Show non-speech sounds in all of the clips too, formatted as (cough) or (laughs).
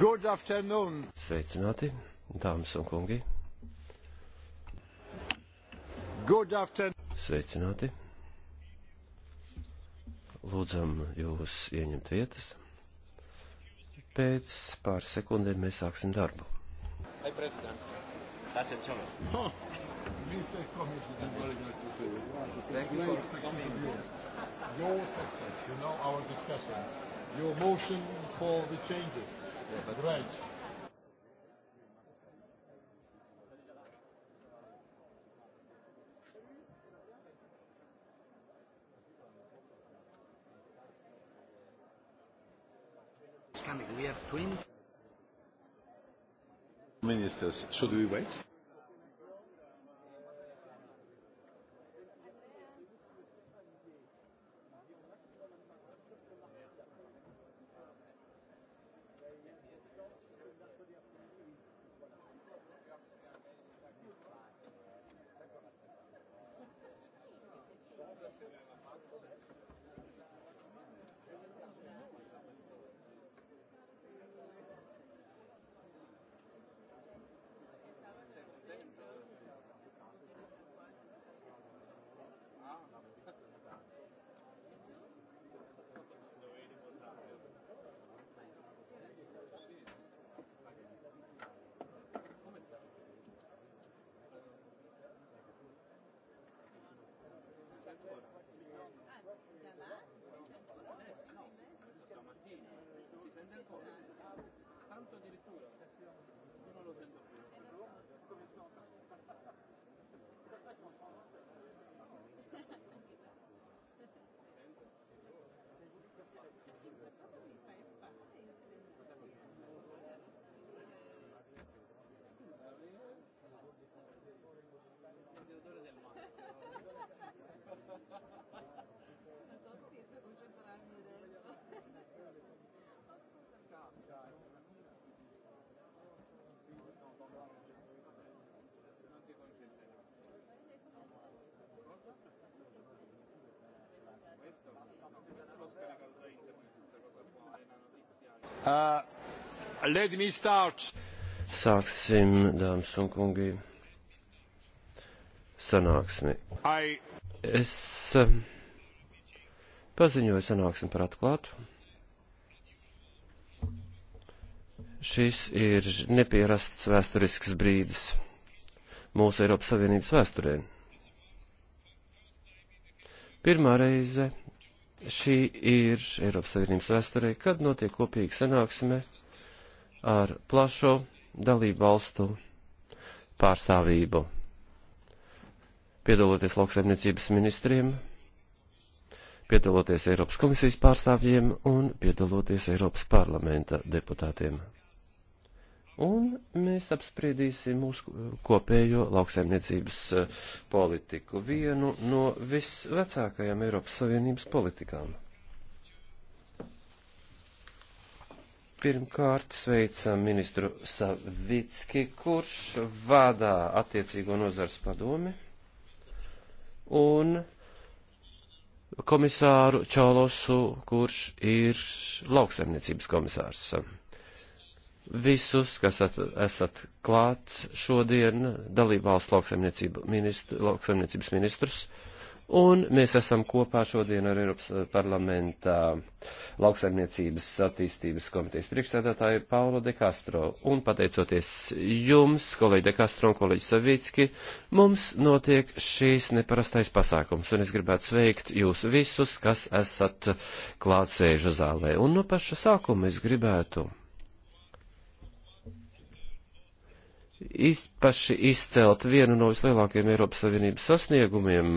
Good afternoon! Sveicināti, dāmas un kungi! Good afternoon! Sveicināti! Lūdzam jūs ieņemt vietas. Pēc pāris sekundēm mēs sāksim darbu. Hey, prezidents! Tas ir Čomis. Oh. Mr. Commissioner, very good to see you. Thank you for coming here. Your success, you know our discussion, your motion for the changes. Right. It's coming. We have 20 ministers. Should we wait? Uh, let me start. Sāksim, dāmas un kungi, sanāksmi. I... Es um, paziņoju sanāksmi par atklātu. Šis ir nepierasts vēsturisks brīdis mūsu Eiropas Savienības vēsturē. Pirmā reize Šī ir Eiropas Savienības vēsturē, kad notiek kopīga sanāksme ar plašo dalību valstu pārstāvību. Piedaloties lauksaimniecības ministriem, piedaloties Eiropas komisijas pārstāvjiem un piedaloties Eiropas parlamenta deputātiem un mēs apspriedīsim mūsu kopējo lauksaimniecības eh, politiku, vienu no visvecākajām Eiropas Savienības politikām. Pirmkārt sveicam ministru Savicki, kurš vadā attiecīgo nozars padomi, un komisāru Čolosu, kurš ir lauksaimniecības komisārs visus, kas at, esat klāts šodien, dalībvalsts ministru, lauksaimniecības ministrus, un mēs esam kopā šodien ar Eiropas parlamentā lauksaimniecības attīstības komitejas priekšsēdētāju Paulo de Castro, un pateicoties jums, kolēģi de Castro un kolēģi Savicki, mums notiek šīs neparastais pasākums, un es gribētu sveikt jūs visus, kas esat klātsēžu zālē, un no paša sākuma es gribētu izpaši izcelt vienu no vislielākajiem Eiropas Savienības sasniegumiem,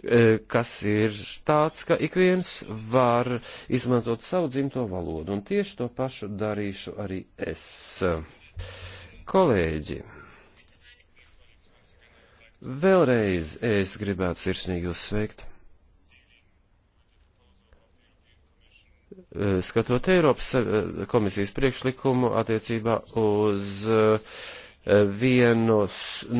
e, kas ir tāds, ka ik viens var izmantot savu dzimto valodu, un tieši to pašu darīšu arī es. Kolēģi, vēlreiz es gribētu sirsnīgi jūs sveikt. Eh, skatot Eiropas eh, komisijas priekšlikumu attiecībā uz eh, vienos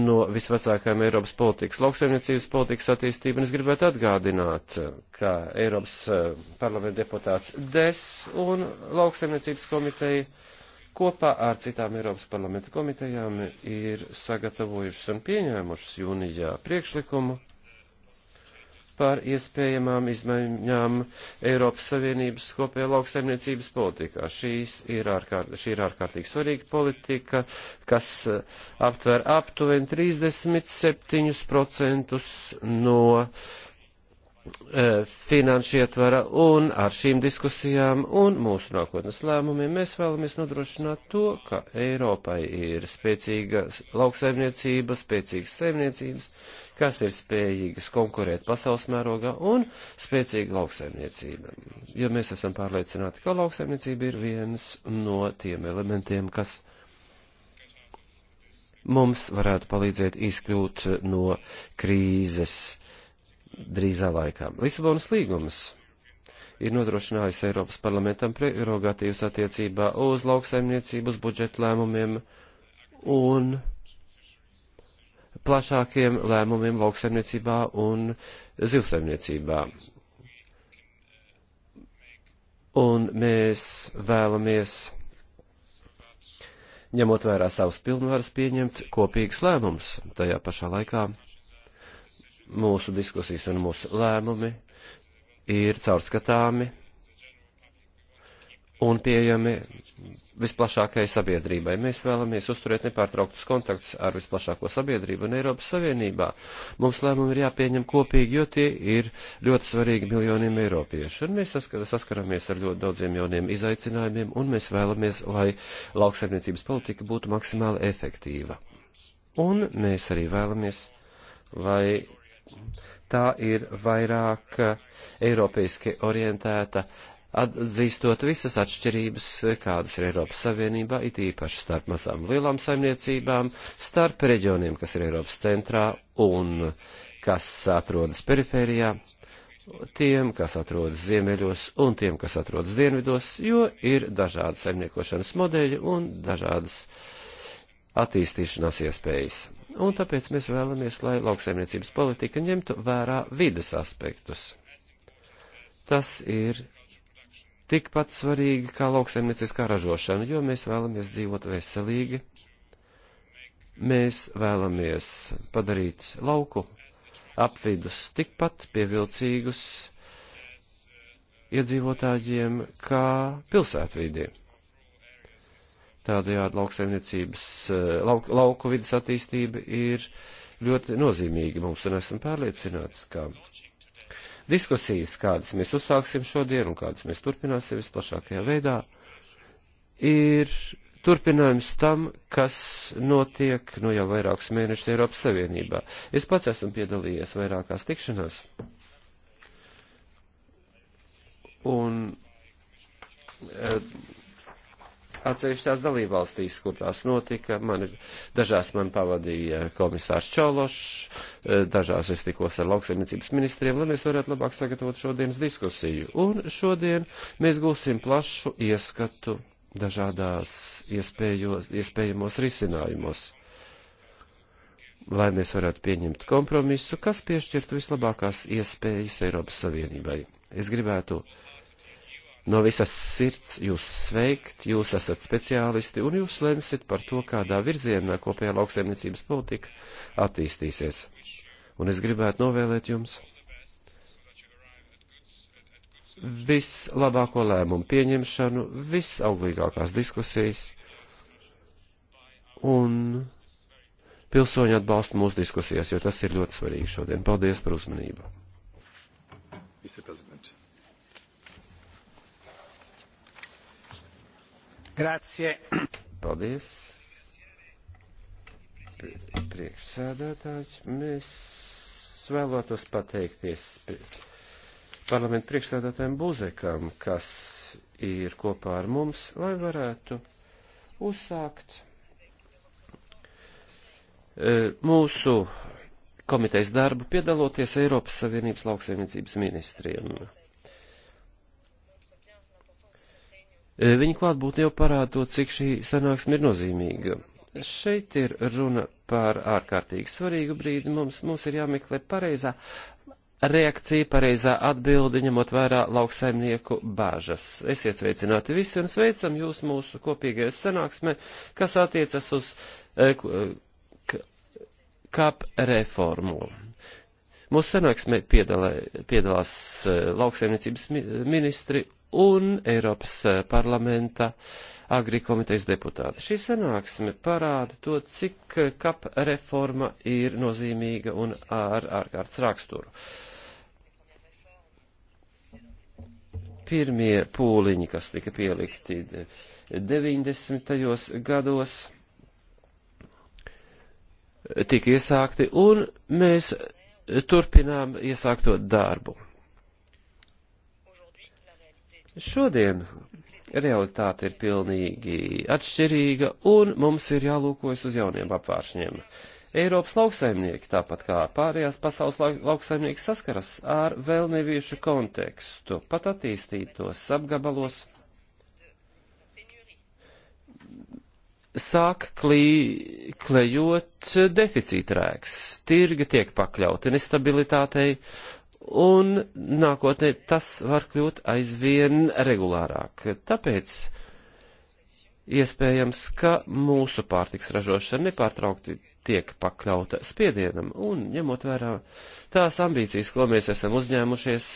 no visvecākajām Eiropas politikas lauksaimniecības politikas attīstību, un es gribētu atgādināt, ka Eiropas parlamenta deputāts DES un lauksaimniecības komiteja kopā ar citām Eiropas parlamenta komitejām ir sagatavojušas un pieņēmušas jūnijā priekšlikumu par iespējamām izmaiņām Eiropas Savienības kopējā lauksaimniecības politikā. Šīs ir ārkārt, šī ir ārkārtīgi svarīga politika, kas eh, aptver aptuveni 37% no uh, E, finanšu ietvara un ar šīm diskusijām un mūsu nākotnes lēmumiem mēs vēlamies nodrošināt to, ka Eiropai ir spēcīga lauksaimniecība, spēcīgas saimniecības, kas ir spējīgas konkurēt pasaules mērogā un spēcīga lauksaimniecība. Jo mēs esam pārliecināti, ka lauksaimniecība ir viens no tiem elementiem, kas mums varētu palīdzēt izkļūt no krīzes drīzā laikā. Lisabonas līgums ir nodrošinājis Eiropas parlamentam prerogatīvas attiecībā uz lauksaimniecību, uz budžetu lēmumiem un plašākiem lēmumiem lauksaimniecībā un zivsaimniecībā. Un mēs vēlamies, ņemot vērā savas pilnvaras, pieņemt kopīgus lēmumus tajā pašā laikā mūsu diskusijas un mūsu lēmumi ir caurskatāmi un pieejami visplašākajai sabiedrībai. Mēs vēlamies uzturēt nepārtrauktus kontaktus ar visplašāko sabiedrību un Eiropas Savienībā. Mums lēmumi ir jāpieņem kopīgi, jo tie ir ļoti svarīgi miljoniem eiropiešu. Un mēs saskar, saskaramies ar ļoti daudziem jauniem izaicinājumiem, un mēs vēlamies, lai lauksaimniecības politika būtu maksimāli efektīva. Un mēs arī vēlamies, lai tā ir vairāk eh, eiropeiski orientēta, atzīstot visas atšķirības, kādas ir Eiropas Savienībā, it īpaši starp mazām lielām saimniecībām, starp reģioniem, kas ir Eiropas centrā un kas atrodas perifērijā, tiem, kas atrodas ziemeļos un tiem, kas atrodas dienvidos, jo ir dažādi saimniekošanas modeļi un dažādas attīstīšanās iespējas un tāpēc mēs vēlamies, lai lauksaimniecības politika ņemtu vērā vides aspektus. Tas ir tikpat svarīgi kā lauksaimnieciskā ražošana, jo mēs vēlamies dzīvot veselīgi, mēs vēlamies padarīt lauku apvidus tikpat pievilcīgus iedzīvotājiem kā pilsētvidiem. Tādējādi lauksaimniecības, eh, lauk, lauku vidas attīstība ir ļoti nozīmīga mums, un esam pārliecināti, ka diskusijas, kādas mēs uzsāksim šodien un kādas mēs turpināsim visplašākajā veidā, ir turpinājums tam, kas notiek nu jau vairākus mēnešus Eiropas Savienībā. Es pats esmu piedalījies vairākās tikšanās. Un eh, atsevišķās dalībvalstīs, kur tās notika. Man ir, dažās man pavadīja komisārs Čološs, eh, dažās es tikos ar lauksaimniecības ministriem, lai mēs varētu labāk sagatavot šodienas diskusiju. Un šodien mēs gūsim plašu ieskatu dažādās iespējamos risinājumos, lai mēs varētu pieņemt kompromisu, kas piešķirtu vislabākās iespējas Eiropas Savienībai. Es gribētu uh, no visas sirds jūs sveikt, jūs esat speciālisti un jūs lemsit par to, kādā virzienā kopējā lauksaimniecības politika attīstīsies. Un es gribētu novēlēt jums vislabāko lēmumu pieņemšanu, visauglīgākās diskusijas un pilsoņu atbalstu mūsu diskusijās, jo tas ir ļoti svarīgi šodien. Paldies par uzmanību. Vice President. Grazie. Paldies. Priekšsēdētājs, mēs vēlētos pateikties parlamentu priekšsēdētājiem Buzekam, kas ir kopā ar mums, lai varētu uzsākt e, mūsu komitejas darbu, piedaloties Eiropas Savienības lauksaimniecības ministriem. E, viņa klātbūtne jau parāda to, cik šī sanāksme ir nozīmīga. Šeit ir runa par ārkārtīgi svarīgu brīdi. Mums, mums ir jāmeklē pareizā reakcija, pareizā atbildi, ņemot vērā lauksaimnieku bāžas. Esiet sveicināti visi un sveicam jūs mūsu kopīgajā sanāksmē, kas attiecas uz e, e, kap reformu. Mūsu sanāksmē piedalē, piedalās lauksaimniecības ministri un Eiropas eh, parlamenta agrikomitejas deputāti. Šī sanāksme parāda to, cik eh, kap reforma ir nozīmīga un ar ārkārtas raksturu. Pirmie pūliņi, kas tika pielikti 90. Eh, gados, tika iesākti, un mēs turpinām iesākto darbu. Šodien realitāte ir pilnīgi atšķirīga, un mums ir jālūkojas uz jauniem apvāršņiem. Eiropas lauksaimnieki, tāpat kā pārējās pasaules lauksaimnieki, saskaras ar vēl neviešu kontekstu, pat attīstītos apgabalos. Sāk klī, klejot deficītrēks, tirgi tiek pakļauti nestabilitātei, un nākotnē tas var kļūt aizvien regulārāk. Tāpēc iespējams, ka mūsu pārtiks ražošana nepārtraukti tiek pakļauta spiedienam, un ņemot vērā tās ambīcijas, ko mēs esam uzņēmušies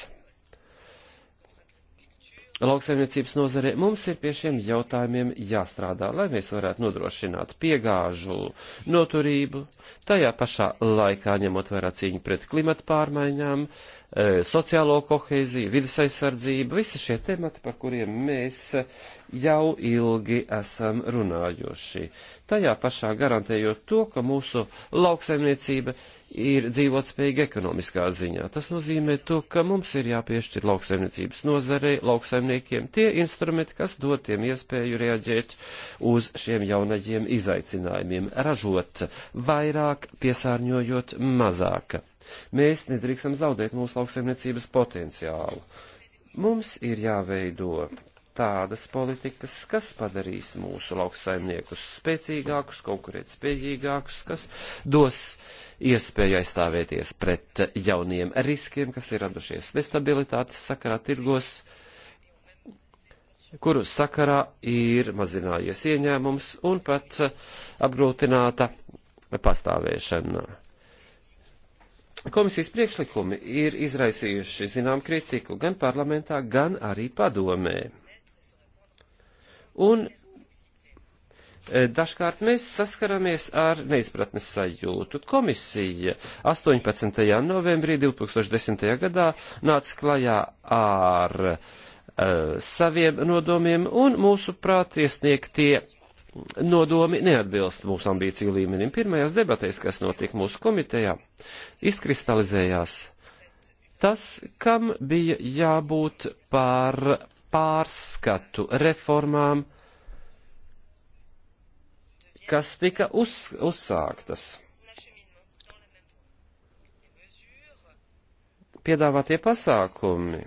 lauksaimniecības nozarē, mums ir pie šiem jautājumiem jāstrādā, lai mēs varētu nodrošināt piegāžu, noturību, tajā pašā laikā ņemot vērā cīņu pret klimata pārmaiņām, uh, E, sociālo kohēziju, vidas aizsardzību, visi šie temati, par kuriem mēs jau ilgi esam runājoši. Tajā pašā garantējot to, ka mūsu lauksaimniecība ir dzīvotspējīga ekonomiskā ziņā. Tas nozīmē to, ka mums ir jāpiešķir lauksaimniecības nozarei, lauksaimniekiem tie instrumenti, kas dod tiem iespēju reaģēt uz šiem jaunajiem izaicinājumiem, ražot vairāk, piesārņojot mazāk. Mēs nedrīkstam zaudēt mūsu lauksaimniecības potenciālu. Mums ir jāveido tādas politikas, kas padarīs mūsu lauksaimniekus spēcīgākus, konkurētspējīgākus, kas dos iespēju aizstāvēties pret jauniem riskiem, kas ir radušies nestabilitātes sakarā tirgos, kuru sakarā ir mazinājies ieņēmums un pat apgrūtināta pastāvēšana Komisijas priekšlikumi ir izraisījuši zinām kritiku gan parlamentā, gan arī padomē. Un e, Dažkārt mēs saskaramies ar neizpratnes sajūtu. Komisija 18. novembrī 2010. gadā nāca klajā ar uh, saviem nodomiem un mūsu prāt iesniegtie nodomi neatbilst mūsu ambīciju līmenim. Pirmajās debatēs, kas notika mūsu komitejā, izkristalizējās tas, kam bija jābūt par pārskatu reformām, kas tika uz, uzsāktas. Piedāvātie pasākumi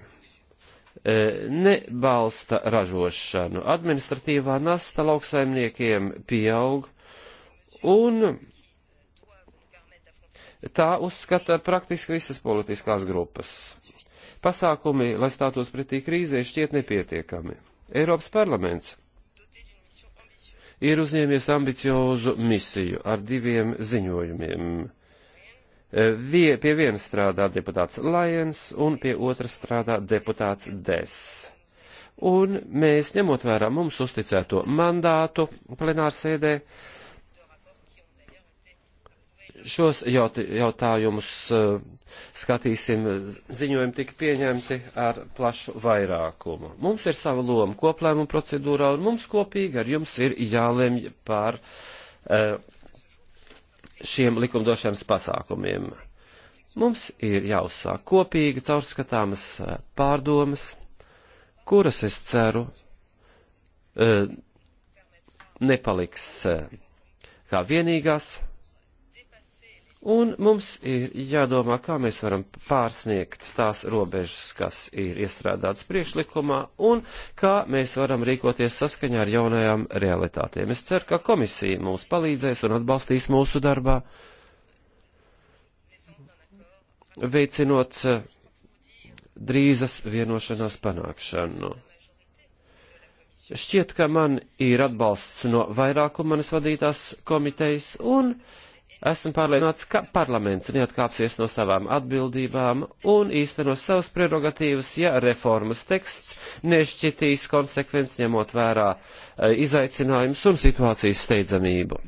E, nebalsta ražošanu. Administratīvā nasta lauksaimniekiem pieaug, un tā uzskata praktiski visas politiskās grupas. Pasākumi, lai stātos pretī krīzē, šķiet nepietiekami. Eiropas parlaments ir uzņēmies ambiciozu misiju ar diviem ziņojumiem Vie, pie viena strādā deputāts Lajens un pie otra strādā deputāts Des. Un mēs, ņemot vērā mums uzticēto mandātu plenārsēdē, šos jautājumus eh, skatīsim. Ziņojumi tika pieņemti ar plašu vairākumu. Mums ir sava loma koplēmuma procedūrā, un mums kopīgi ar jums ir jālemj par uh, šiem likumdošanas pasākumiem. Mums ir jāuzsāk kopīgi caurskatāmas eh, pārdomas, kuras es ceru eh, nepaliks eh, kā vienīgās Un mums ir jādomā, kā mēs varam pārsniegt tās robežas, kas ir iestrādātas priekšlikumā, un kā mēs varam rīkoties saskaņā ar jaunajām realitātēm. Es ceru, ka komisija mūs palīdzēs un atbalstīs mūsu darbā, veicinot eh, drīzas vienošanās panākšanu. Šķiet, ka man ir atbalsts no vairāku manas vadītās komitejas, un Esmu pārliecināts, ka parlaments neatkāpsies no savām atbildībām un īstenos savas prerogatīvas, ja reformas teksts nešķitīs konsekvences ņemot vērā e, izaicinājumus un situācijas steidzamību.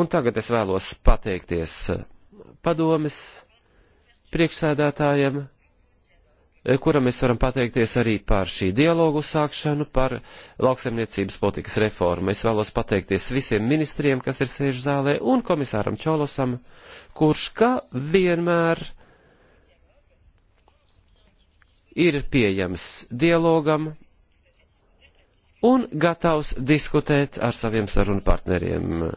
Un tagad es vēlos pateikties e, padomis priekšsēdētājiem Eh, kuram mēs varam pateikties arī par šī dialogu sākšanu, par lauksaimniecības politikas reformu. Es vēlos pateikties visiem ministriem, kas ir sēž zālē, un komisāram Čolosam, kurš kā vienmēr ir pieejams dialogam un gatavs diskutēt ar saviem sarunu partneriem.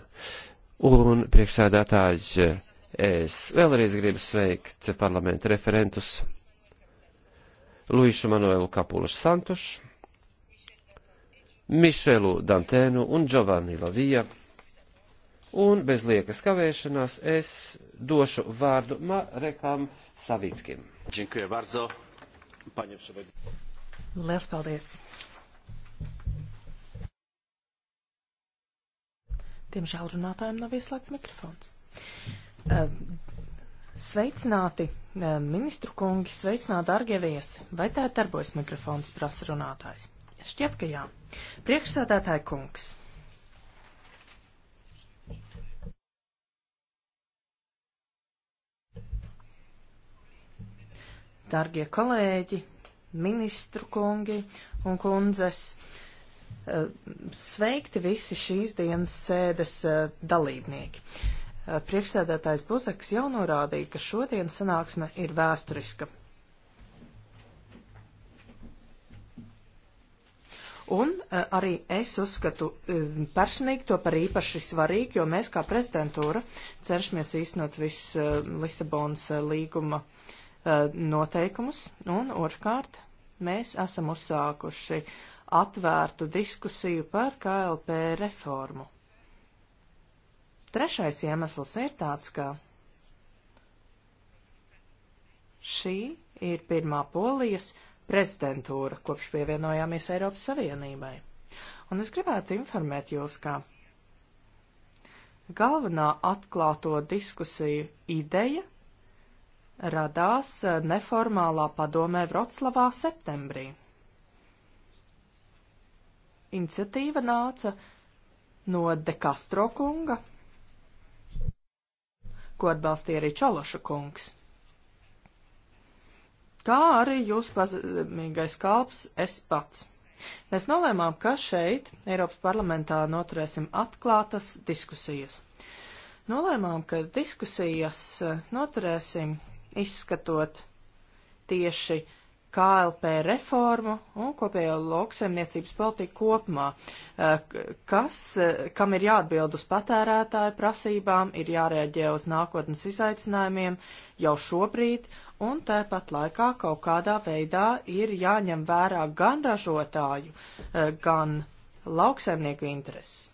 Un priekšsēdētāji, es vēlreiz gribu sveikt parlamenta referentus Luīšu Manuelu Kapulušu Santušu, Mišelu Dantēnu un Giovanni Lavija. Un bez liekas kavēšanās es došu vārdu Marekam Savickim. Lielas paldies! Diemžēl runātājiem nav ieslēgts mikrofons. Uh, Sveicināti, eh, ministru kungi, sveicināti, dargie viesi. Vai tā darbojas mikrofons, prasa runātājs? Šķiet, ka jā. Priekšsādātāja kungs. Dargie kolēģi, ministru kungi un kundzes, eh, sveikti visi šīs dienas sēdes eh, dalībnieki. Eh, priekšsēdētājs Buzeks jau norādīja, ka šodien sanāksme ir vēsturiska. Un eh, arī es uzskatu eh, personīgi to par īpaši svarīgu, jo mēs kā prezidentūra cenšamies īstenot visus Lisabonas līguma noteikumus. Un otrkārt, mēs esam uzsākuši atvērtu diskusiju par KLP reformu. Trešais iemesls ir tāds, ka šī ir pirmā polijas prezidentūra, kopš pievienojāmies Eiropas Savienībai. Un es gribētu informēt jūs, ka galvenā atklāto diskusiju ideja radās eh, neformālā padomē Vroclavā septembrī. Iniciatīva nāca no De Castro kunga, ko atbalstīja arī Čaloša kungs. Kā arī jūs pazemīgais kalps, es pats. Mēs nolēmām, ka šeit, Eiropas parlamentā, noturēsim atklātas diskusijas. Nolēmām, ka diskusijas eh, noturēsim izskatot tieši uh, KLP reformu un kopējo lauksaimniecības politiku kopumā, eh, kas, eh, kam ir jāatbild uz patērētāju prasībām, ir jārēģē uz nākotnes izaicinājumiem jau šobrīd, un tāpat laikā kaut kādā veidā ir jāņem vērā gan ražotāju, eh, gan lauksaimnieku intereses.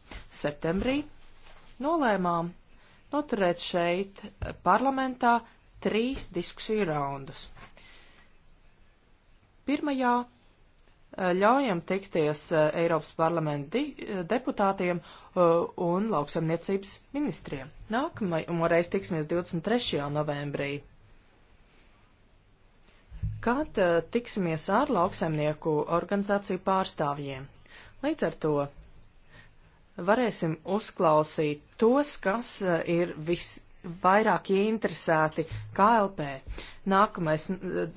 Septembrī nolēmām noturēt šeit parlamentā trīs diskusiju raundus. Pirmajā eh, ļaujam tikties eh, Eiropas parlamenta eh, deputātiem un lauksamniecības ministriem. Nākamreiz tiksimies 23. novembrī. Kad tiksimies ar lauksaimnieku organizāciju pārstāvjiem. Līdz ar to varēsim uzklausīt tos, kas ir vis, vairāk interesēti KLP. Nākamais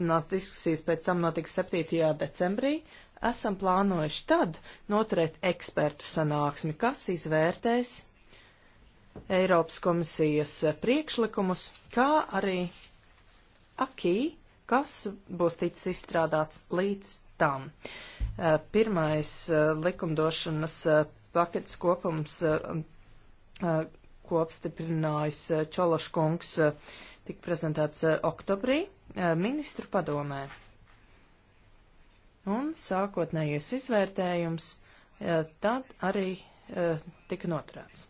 nās diskusijas pēc tam notiks 7. decembrī. Esam plānojuši tad noturēt ekspertu sanāksmi, kas izvērtēs Eiropas komisijas priekšlikumus, kā arī akī, kas būs ticis izstrādāts līdz tam. Eh, pirmais eh, likumdošanas eh, paketes kopums ko apstiprinājis eh, Čološkungs, eh, tika prezentēts eh, oktobrī ministru padomē. Un sākotnējais izvērtējums tad arī tika noturēts.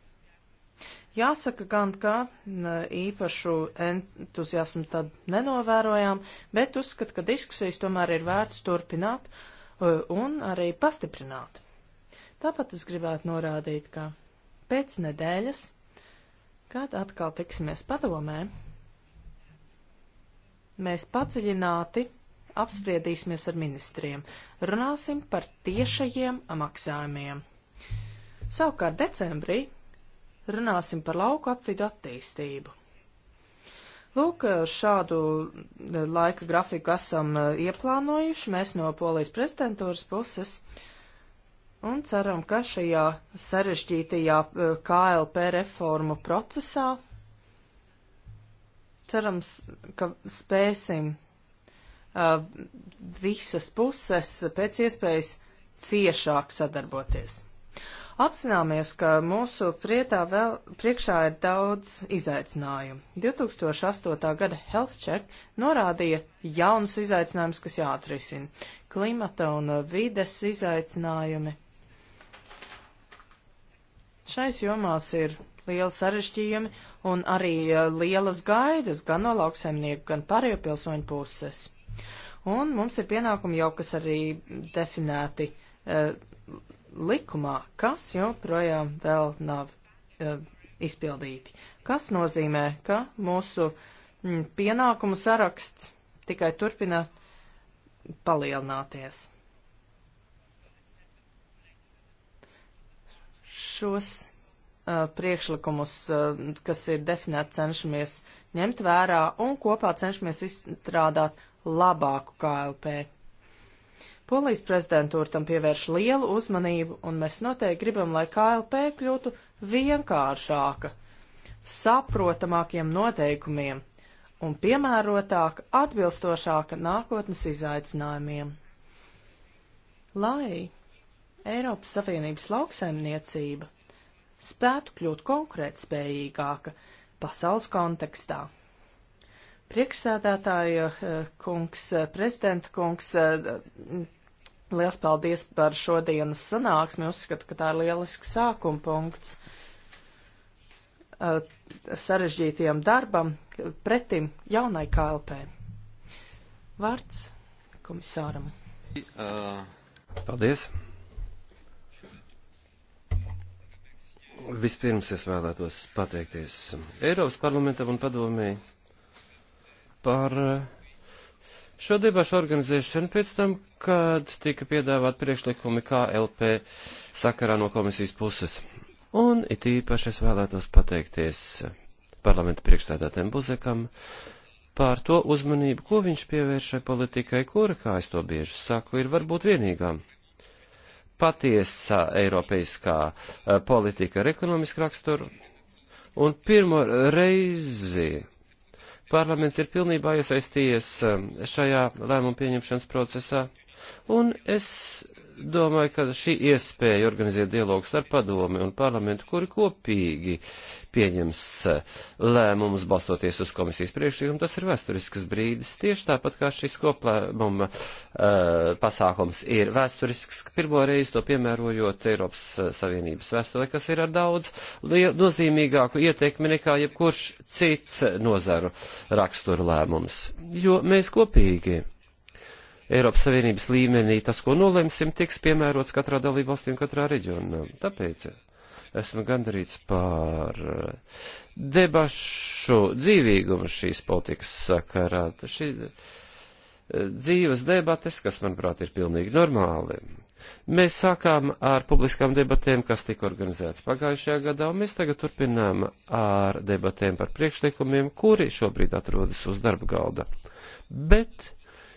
Jāsaka gan, ka īpašu entuziasmu tad nenovērojām, bet uzskat, ka diskusijas tomēr ir vērts turpināt un arī pastiprināt. Tāpat es gribētu norādīt, ka pēc nedēļas Kad atkal tiksimies padomē, mēs padziļināti apspriedīsimies ar ministriem, runāsim par tiešajiem maksājumiem. Savukārt decembrī runāsim par lauku apvidu attīstību. Lūk, šādu eh, laika grafiku esam eh, ieplānojuši mēs no Polijas prezidentūras puses. Uh, un ceram, ka šajā sarežģītajā eh, KLP reformu procesā cerams, ka spēsim uh, visas puses pēc iespējas ciešāk sadarboties. Apzināmies, ka mūsu prietā vēl priekšā ir daudz izaicinājumu. 2008. gada Health Check norādīja jaunus izaicinājumus, kas jāatrisina - klimata un vides izaicinājumi Šais jomās ir liela sarežģījumi un arī eh, lielas gaidas gan no lauksaimnieku, gan pārējo pilsoņu puses. Un mums ir pienākumi jau, kas arī definēti e, likumā, kas joprojām vēl nav e, izpildīti. Kas nozīmē, ka mūsu m, mm, pienākumu saraksts tikai turpina palielināties. šos uh, priekšlikumus, uh, kas ir definēti, cenšamies ņemt vērā un kopā cenšamies izstrādāt labāku KLP. Polijas prezidentūra tam pievērš lielu uzmanību, un mēs noteikti gribam, lai KLP kļūtu vienkāršāka, saprotamākiem noteikumiem un piemērotāka, atbilstošāka nākotnes izaicinājumiem. Lai Eiropas Savienības lauksaimniecība spētu kļūt konkurētspējīgāka pasaules kontekstā. Priekšsēdētāja eh, kungs, eh, prezidenta kungs, eh, liels paldies par šodienas sanāksmi. Uzskatu, ka tā ir lielisks sākuma punkts sarežģītajam darbam pretim jaunai KLP. Vārds komisāram. Paldies! Vispirms es vēlētos pateikties Eiropas parlamentam un padomēji par eh, šo debašu organizēšanu pēc tam, kad tika piedāvāt priekšlikumi KLP sakarā no komisijas puses. Un it īpaši es vēlētos pateikties parlamenta priekšsēdētājiem Buzekam pār to uzmanību, ko viņš pievērš šai politikai, kura, kā es to bieži saku, ir varbūt vienīgām patiesā eiropeiskā eh, politika ar ekonomisku raksturu. Un pirmo reizi parlaments ir pilnībā iesaistījies eh, šajā lēmumu pieņemšanas procesā. Un es domāju, ka šī iespēja organizēt dialogu starp padomi un parlamentu, kuri kopīgi pieņems uh, lēmumus balstoties uz komisijas priekšlikumu, tas ir vēsturisks brīdis. Tieši tāpat kā šis koplēmuma uh, pasākums ir vēsturisks, pirmo reizi to piemērojot Eiropas uh, Savienības vēsturē, kas ir ar daudz nozīmīgāku ietekmi nekā jebkurš cits nozaru rakstura lēmums. Jo mēs kopīgi Eiropas Savienības līmenī tas, ko nolemsim, tiks piemērots katrā dalībvalstī un katrā reģionā. Tāpēc esmu gandarīts par eh, debašu dzīvīgumu šīs politikas sakarā. Šī eh, dzīves debates, kas, manuprāt, ir pilnīgi normāli. Mēs sākām ar publiskām debatēm, kas tika organizētas pagājušajā gadā, un mēs tagad turpinām ar debatēm par priekšlikumiem, kuri šobrīd atrodas uz darba galda. Bet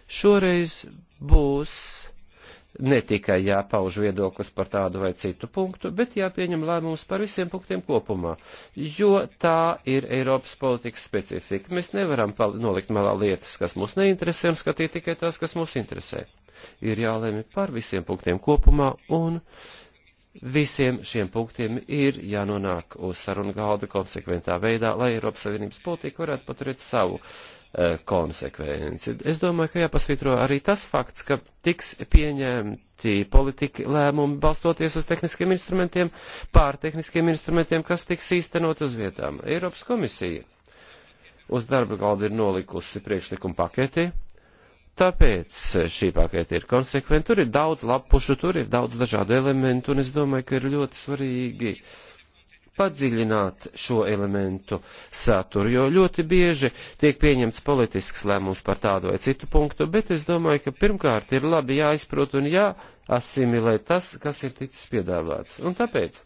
Šoreiz būs ne tikai jāpauž viedoklis par tādu vai citu punktu, bet jāpieņem lēmums par visiem punktiem kopumā, jo tā ir Eiropas politikas specifika. Mēs nevaram nolikt malā lietas, kas mūs neinteresē, un skatīt tikai tās, kas mūs interesē. Ir jālēmi par visiem punktiem kopumā, un visiem šiem punktiem ir jānonāk uz sarunu galda konsekventā veidā, lai Eiropas Savienības politika varētu paturēt savu uh, E, konsekvenci. Es domāju, ka jāpasvītro arī tas fakts, ka tiks pieņemti politika lēmumi balstoties uz tehniskiem instrumentiem, pārtehniskiem instrumentiem, kas tiks īstenot uz vietām. Eiropas komisija uz darba galda ir nolikusi priekšlikumu paketi, tāpēc šī paketi ir konsekventi. Tur ir daudz lapušu, tur ir daudz dažādu elementu, un es domāju, ka ir ļoti svarīgi uh, padziļināt šo elementu saturu, jo ļoti bieži tiek pieņemts politisks lēmums par tādu vai citu punktu, bet es domāju, ka pirmkārt ir labi jāizprot un jāasimilē tas, kas ir ticis piedāvāts. Un tāpēc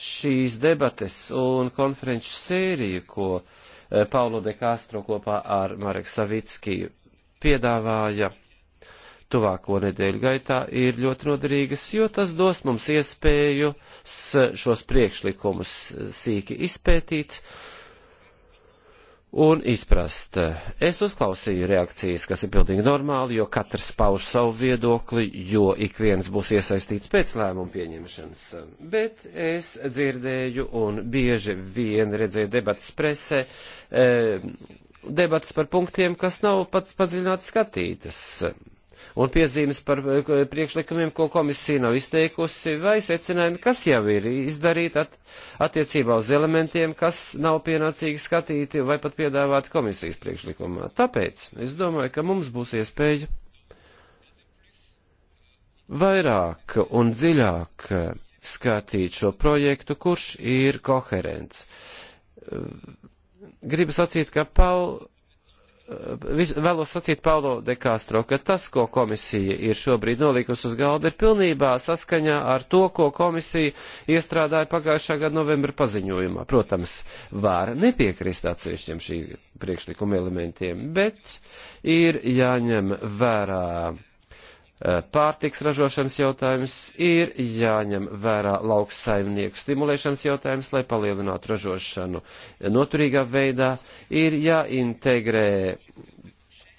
šīs debates un konferenču sēriju, ko eh, Paulo de Castro kopā ar Marek Savickiju piedāvāja, tuvāko nedēļu gaitā ir ļoti noderīgas, jo tas dos mums iespēju šos priekšlikumus sīki izpētīt un izprast. Es uzklausīju reakcijas, kas ir pilnīgi normāli, jo katrs pauž savu viedokli, jo ik viens būs iesaistīts pēc lēmumu pieņemšanas. Bet es dzirdēju un bieži vien redzēju debatas presē. E, eh, Debats par punktiem, kas nav pats padziļināti skatītas un piezīmes par eh, priekšlikumiem, ko komisija nav izteikusi, vai secinājumi, kas jau ir izdarīti at, attiecībā uz elementiem, kas nav pienācīgi skatīti vai pat piedāvāti komisijas priekšlikumā. Tāpēc es domāju, ka mums būs iespēja vairāk un dziļāk skatīt šo projektu, kurš ir koherents. Gribu sacīt, ka Paul vēlos sacīt Paulo de Castro, ka tas, ko komisija ir šobrīd nolikusi uz galda, ir pilnībā saskaņā ar to, ko komisija iestrādāja pagājušā gada novembra paziņojumā. Protams, var nepiekrist atsevišķiem šī priekšlikuma elementiem, bet ir jāņem vērā Eh, pārtiks ražošanas jautājums, ir jāņem vērā lauksaimnieku stimulēšanas jautājums, lai palielinātu ražošanu noturīgā veidā, ir jāintegrē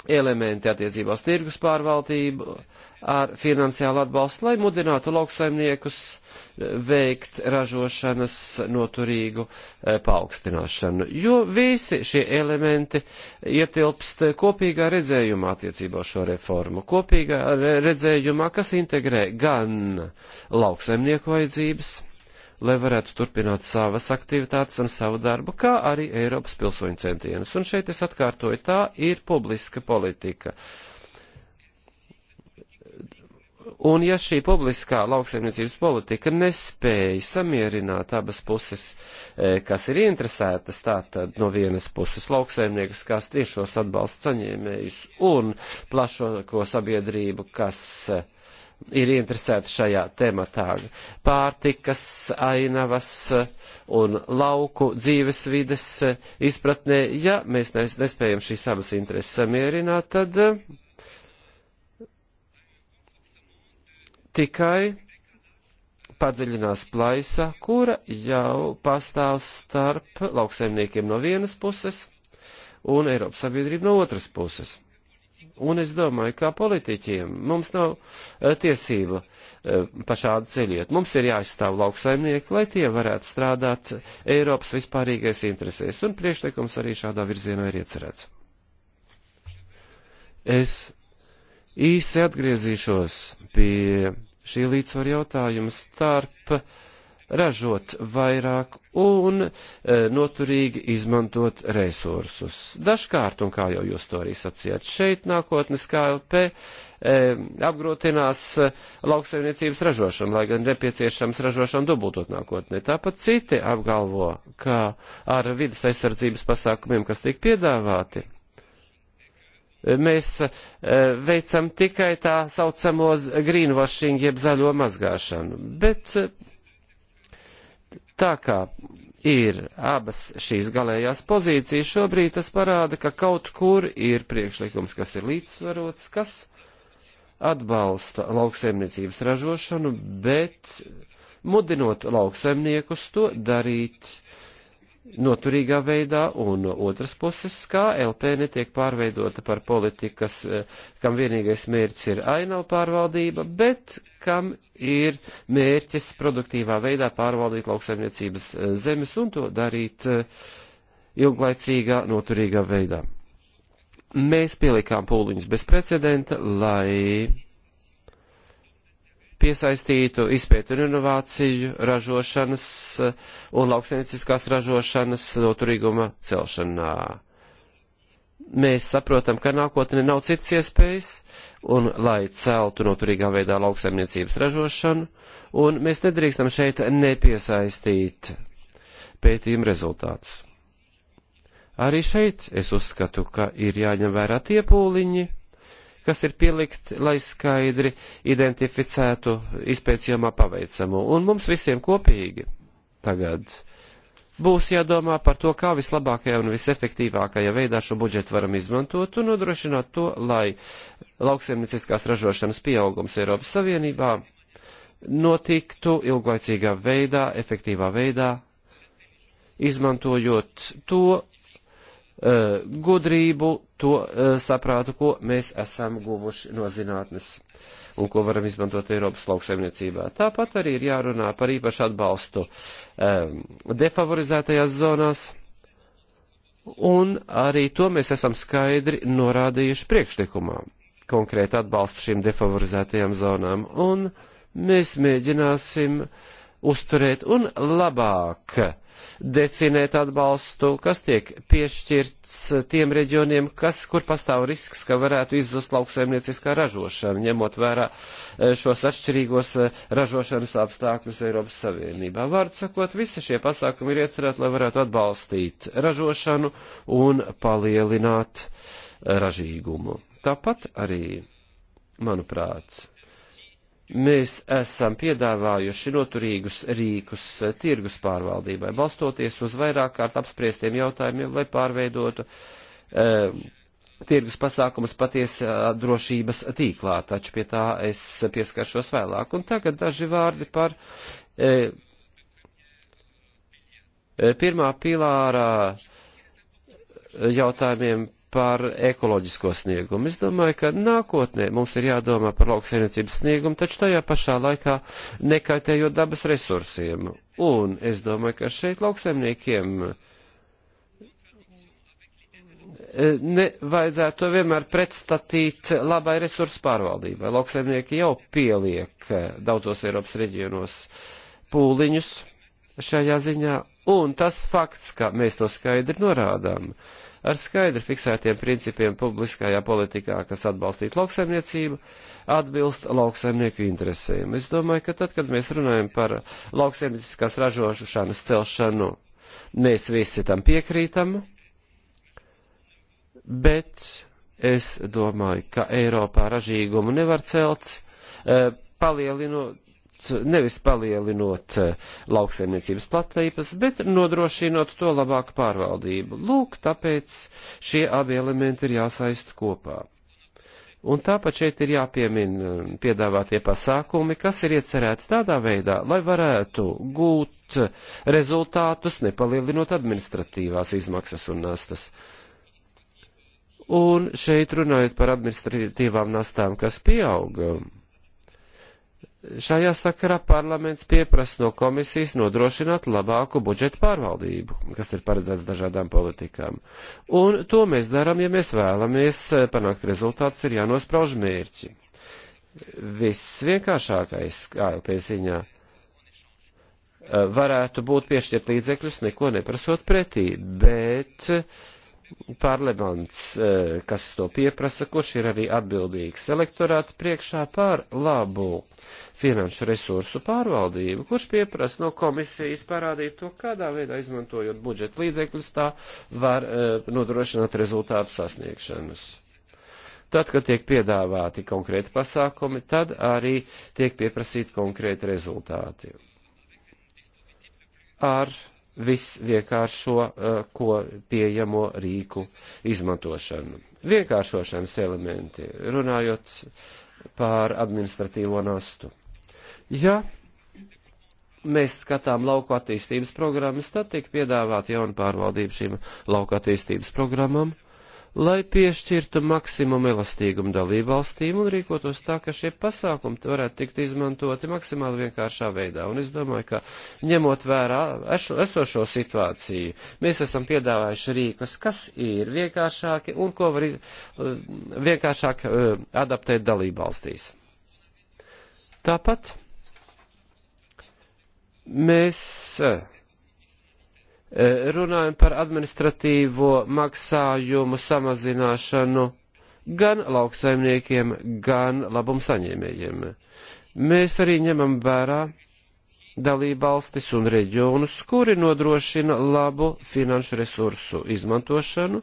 elementi attiecībā uz tirgus pārvaldību, ar finansiālu atbalstu, lai mudinātu lauksaimniekus eh, veikt ražošanas noturīgu eh, paaugstināšanu. Jo visi šie elementi ietilpst kopīgā redzējumā attiecībā uz šo reformu, kopīgā redzējumā, kas integrē gan lauksaimnieku vajadzības, lai varētu turpināt savas aktivitātes un savu darbu, kā arī Eiropas pilsoņu centienus. Un šeit es atkārtoju, tā ir publiska politika. Un ja šī publiskā lauksaimniecības politika nespēja samierināt abas puses, e, kas ir interesētas, tātad no vienas puses lauksaimniekus, kas tiešos atbalsts saņēmējus, un plašāko sabiedrību, kas uh, ir interesēti šajā tematā. Pārtikas, ainavas eh, un lauku dzīves vides eh, izpratnē, ja mēs nespējam šīs abas intereses samierināt, tad eh, tikai padziļinās plaisa, kura jau pastāv starp lauksaimniekiem no vienas puses un Eiropas sabiedrību no otras puses. Un es domāju, kā politiķiem mums nav uh, tiesība uh, pa šādu ceļiet. Mums ir jāizstāv lauksaimnieki, lai tie varētu strādāt Eiropas vispārīgais interesēs. Un priekšlikums arī šādā virzienā ir iecerēts. Es īsi atgriezīšos pie šī līdzsvar jautājuma starp uh, ražot vairāk un e, noturīgi izmantot resursus. Dažkārt, un kā jau jūs to arī sacījāt, šeit nākotnes KLP e, apgrūtinās e, lauksaimniecības ražošanu, lai gan nepieciešams ražošanu dubultot nākotnē. Tāpat citi apgalvo, ka ar vidas aizsardzības pasākumiem, kas tiek piedāvāti, e, mēs e, veicam tikai tā saucamo greenwashing jeb zaļo mazgāšanu. Bet e, Tā kā ir abas šīs galējās pozīcijas, šobrīd tas parāda, ka kaut kur ir priekšlikums, kas ir līdzsvarots, kas atbalsta lauksaimniecības ražošanu, bet mudinot lauksaimniekus to darīt uh, noturīgā veidā, un no otras puses, kā LP netiek pārveidota par politikas, eh, kam vienīgais mērķis ir ainavu pārvaldība, bet kam ir mērķis produktīvā veidā pārvaldīt lauksaimniecības eh, zemes un to darīt eh, ilglaicīgā, noturīgā veidā. Mēs pielikām pūliņus bez precedenta, lai piesaistītu izpētu un inovāciju, ražošanas eh, un lauksaimnieciskās ražošanas noturīguma celšanā. Mēs saprotam, ka nākotnē nav citas iespējas, un lai celtu noturīgā veidā lauksaimniecības ražošanu, un mēs nedrīkstam šeit nepiesaistīt pētījumu rezultātus. Arī šeit es uzskatu, ka ir jāņem vērā tie pūliņi, kas ir pielikt, lai skaidri identificētu izpēcījumā paveicamo. Un mums visiem kopīgi tagad būs jādomā par to, kā vislabākajā un visefektīvākajā veidā šo budžetu varam izmantot un nodrošināt to, lai lauksaimnieciskās ražošanas pieaugums Eiropas Savienībā notiktu ilglaicīgā veidā, efektīvā veidā, izmantojot to Eh, gudrību, to eh, saprātu, ko mēs esam guvuši no zinātnes un ko varam izmantot Eiropas lauksaimniecībā. Tāpat arī ir jārunā par īpašu atbalstu um, defavorizētajās zonās, un arī to mēs esam skaidri norādījuši priekšlikumā, konkrēti atbalstu šīm defavorizētajām zonām, un mēs mēģināsim uh, uzturēt un labāk definēt atbalstu, kas tiek piešķirts tiem reģioniem, kas, kur pastāv risks, ka varētu izzust lauksaimnieciskā ražošana, ņemot vērā e, šos atšķirīgos e, ražošanas apstākļus Eiropas Savienībā. Vārds sakot, visi šie pasākumi ir iecerēti, lai varētu atbalstīt ražošanu un palielināt ražīgumu. Tāpat arī, manuprāt, Mēs esam piedāvājuši noturīgus rīkus tirgus pārvaldībai, balstoties uz vairāk kārt apspriestiem jautājumiem, lai pārveidotu um, tirgus pasākumus patiesā drošības tīklā, taču pie tā es pieskaršos vēlāk. Un tagad daži vārdi par e, pirmā pilārā jautājumiem par ekoloģisko sniegumu. Es domāju, ka nākotnē mums ir jādomā par lauksainiecības sniegumu, taču tajā pašā laikā nekaitējot dabas resursiem. Un es domāju, ka šeit lauksaimniekiem e, nevajadzētu to vienmēr pretstatīt labai resursu pārvaldībai. Lauksaimnieki jau pieliek daudzos Eiropas reģionos pūliņus šajā ziņā, un tas fakts, ka mēs to skaidri norādām, uh, ar skaidri fiksētiem principiem publiskajā politikā, kas atbalstītu lauksaimniecību, atbilst lauksaimnieku interesēm. Es domāju, ka tad, kad mēs runājam par lauksaimnieciskās ražošanas celšanu, mēs visi tam piekrītam, bet es domāju, ka Eiropā ražīgumu nevar celt, eh, palielinot nevis palielinot eh, lauksaimniecības platības, bet nodrošinot to labāku pārvaldību. Lūk, tāpēc šie abi elementi ir jāsaist kopā. Un tāpat šeit ir jāpiemina eh, piedāvātie pasākumi, kas ir iecerēts tādā veidā, lai varētu gūt eh, rezultātus, nepalielinot administratīvās izmaksas un nastas. Un šeit runājot par administratīvām nastām, kas pieauga, Šajā sakarā parlaments pieprasa no komisijas nodrošināt labāku budžetu pārvaldību, kas ir paredzēts dažādām politikām. Un to mēs darām, ja mēs vēlamies eh, panākt rezultātus, ir jānosprauž mērķi. Viss vienkāršākais, kā jau pēc ziņā, eh, varētu būt piešķirt līdzekļus, neko neprasot pretī, bet uh, parlaments, e, kas to pieprasa, kurš ir arī atbildīgs elektorāta priekšā par labu finanšu resursu pārvaldību, kurš pieprasa no komisijas parādīt to, kādā veidā izmantojot budžeta līdzekļus, tā var e, nodrošināt rezultātu sasniegšanas. Tad, kad tiek piedāvāti konkrēti pasākumi, tad arī tiek pieprasīti konkrēti rezultāti. Ar visvienkāršo, eh, ko pieejamo rīku izmantošanu. Vienkāršošanas elementi, runājot pār administratīvo nastu. Ja mēs skatām lauku attīstības programmas, tad tiek piedāvāta jauna pārvaldība šīm lauku attīstības programmam. Uh, lai piešķirtu maksimumu elastīgumu dalībvalstīm un rīkotos tā, ka šie pasākumi varētu tikt izmantoti maksimāli vienkāršā veidā. Un es domāju, ka ņemot vērā esošo situāciju, mēs esam piedāvājuši rīkus, kas ir vienkāršāki un ko var eh, vienkāršāk eh, adaptēt dalībvalstīs. Tāpat mēs eh, Eh, runājam par administratīvo maksājumu samazināšanu gan lauksaimniekiem, gan labumsaņēmējiem. Mēs arī ņemam vērā dalībvalstis un reģionus, kuri nodrošina labu finanšu resursu izmantošanu,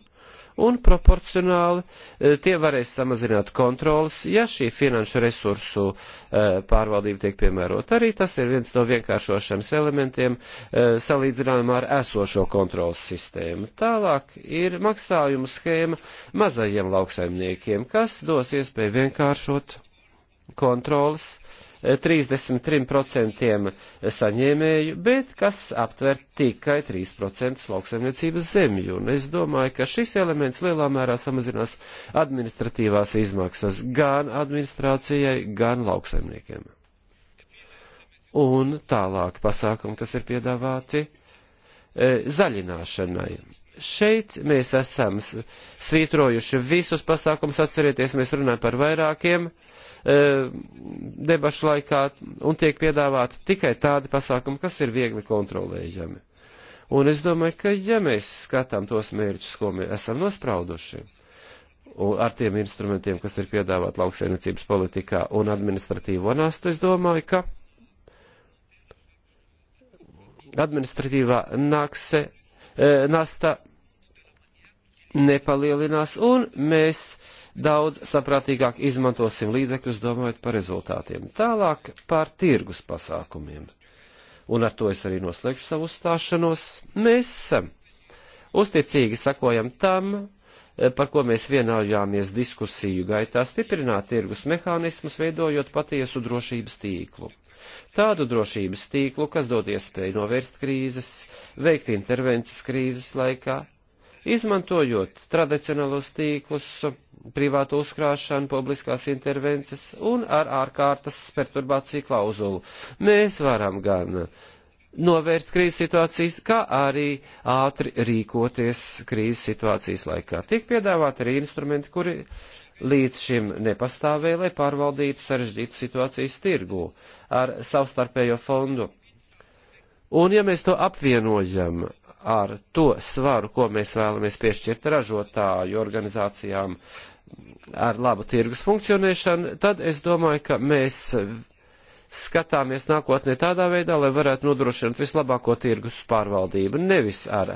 un proporcionāli eh, tie varēs samazināt kontrolas, ja šī finanšu resursu eh, pārvaldība tiek piemērota. Arī tas ir viens no vienkāršošanas elementiem eh, salīdzinājumā ar esošo kontrolas sistēmu. Tālāk ir maksājumu schēma mazajiem lauksaimniekiem, kas dos iespēju vienkāršot kontrolas uh, 33% saņēmēju, bet kas aptver tikai 3% lauksaimniecības zemju. Un es domāju, ka šis elements lielā mērā samazinās administratīvās izmaksas gan administrācijai, gan lauksaimniekiem. Un tālāk pasākumi, kas ir piedāvāti e, zaļināšanai šeit mēs esam svītrojuši visus pasākumus, atcerieties, mēs runājam par vairākiem e, debašu laikā un tiek piedāvāti tikai tādi pasākumi, kas ir viegli kontrolējami. Un es domāju, ka ja mēs skatām tos mērķus, ko mēs esam nosprauduši, un ar tiem instrumentiem, kas ir piedāvāti lauksaimniecības politikā un administratīvo nastu, es domāju, ka administratīvā nakse, e, nasta nepalielinās, un mēs daudz saprātīgāk izmantosim līdzekļus, domājot par rezultātiem. Tālāk par tirgus pasākumiem. Un ar to es arī noslēgšu savu stāšanos. Mēs eh, uzticīgi sakojam tam, eh, par ko mēs vienojāmies diskusiju gaitā, stiprināt tirgus mehānismus, veidojot patiesu drošības tīklu. Tādu drošības tīklu, kas dod iespēju novērst krīzes, veikt intervences krīzes laikā, izmantojot tradicionālos tīklus, privātu uzkrāšanu, publiskās intervences un ar ārkārtas perturbāciju klauzulu. Mēs varam gan novērst krīzes situācijas, kā arī ātri rīkoties krīzes situācijas laikā. Tiek piedāvāti arī instrumenti, kuri līdz šim nepastāvēja, lai pārvaldītu sarežģītu situācijas tirgu ar savstarpējo fondu. Un ja mēs to apvienojam ar to svaru, ko mēs vēlamies piešķirt ražotāju organizācijām ar labu tirgus funkcionēšanu, tad es domāju, ka mēs skatāmies nākotnē tādā veidā, lai varētu nodrošināt vislabāko tirgus pārvaldību, nevis ar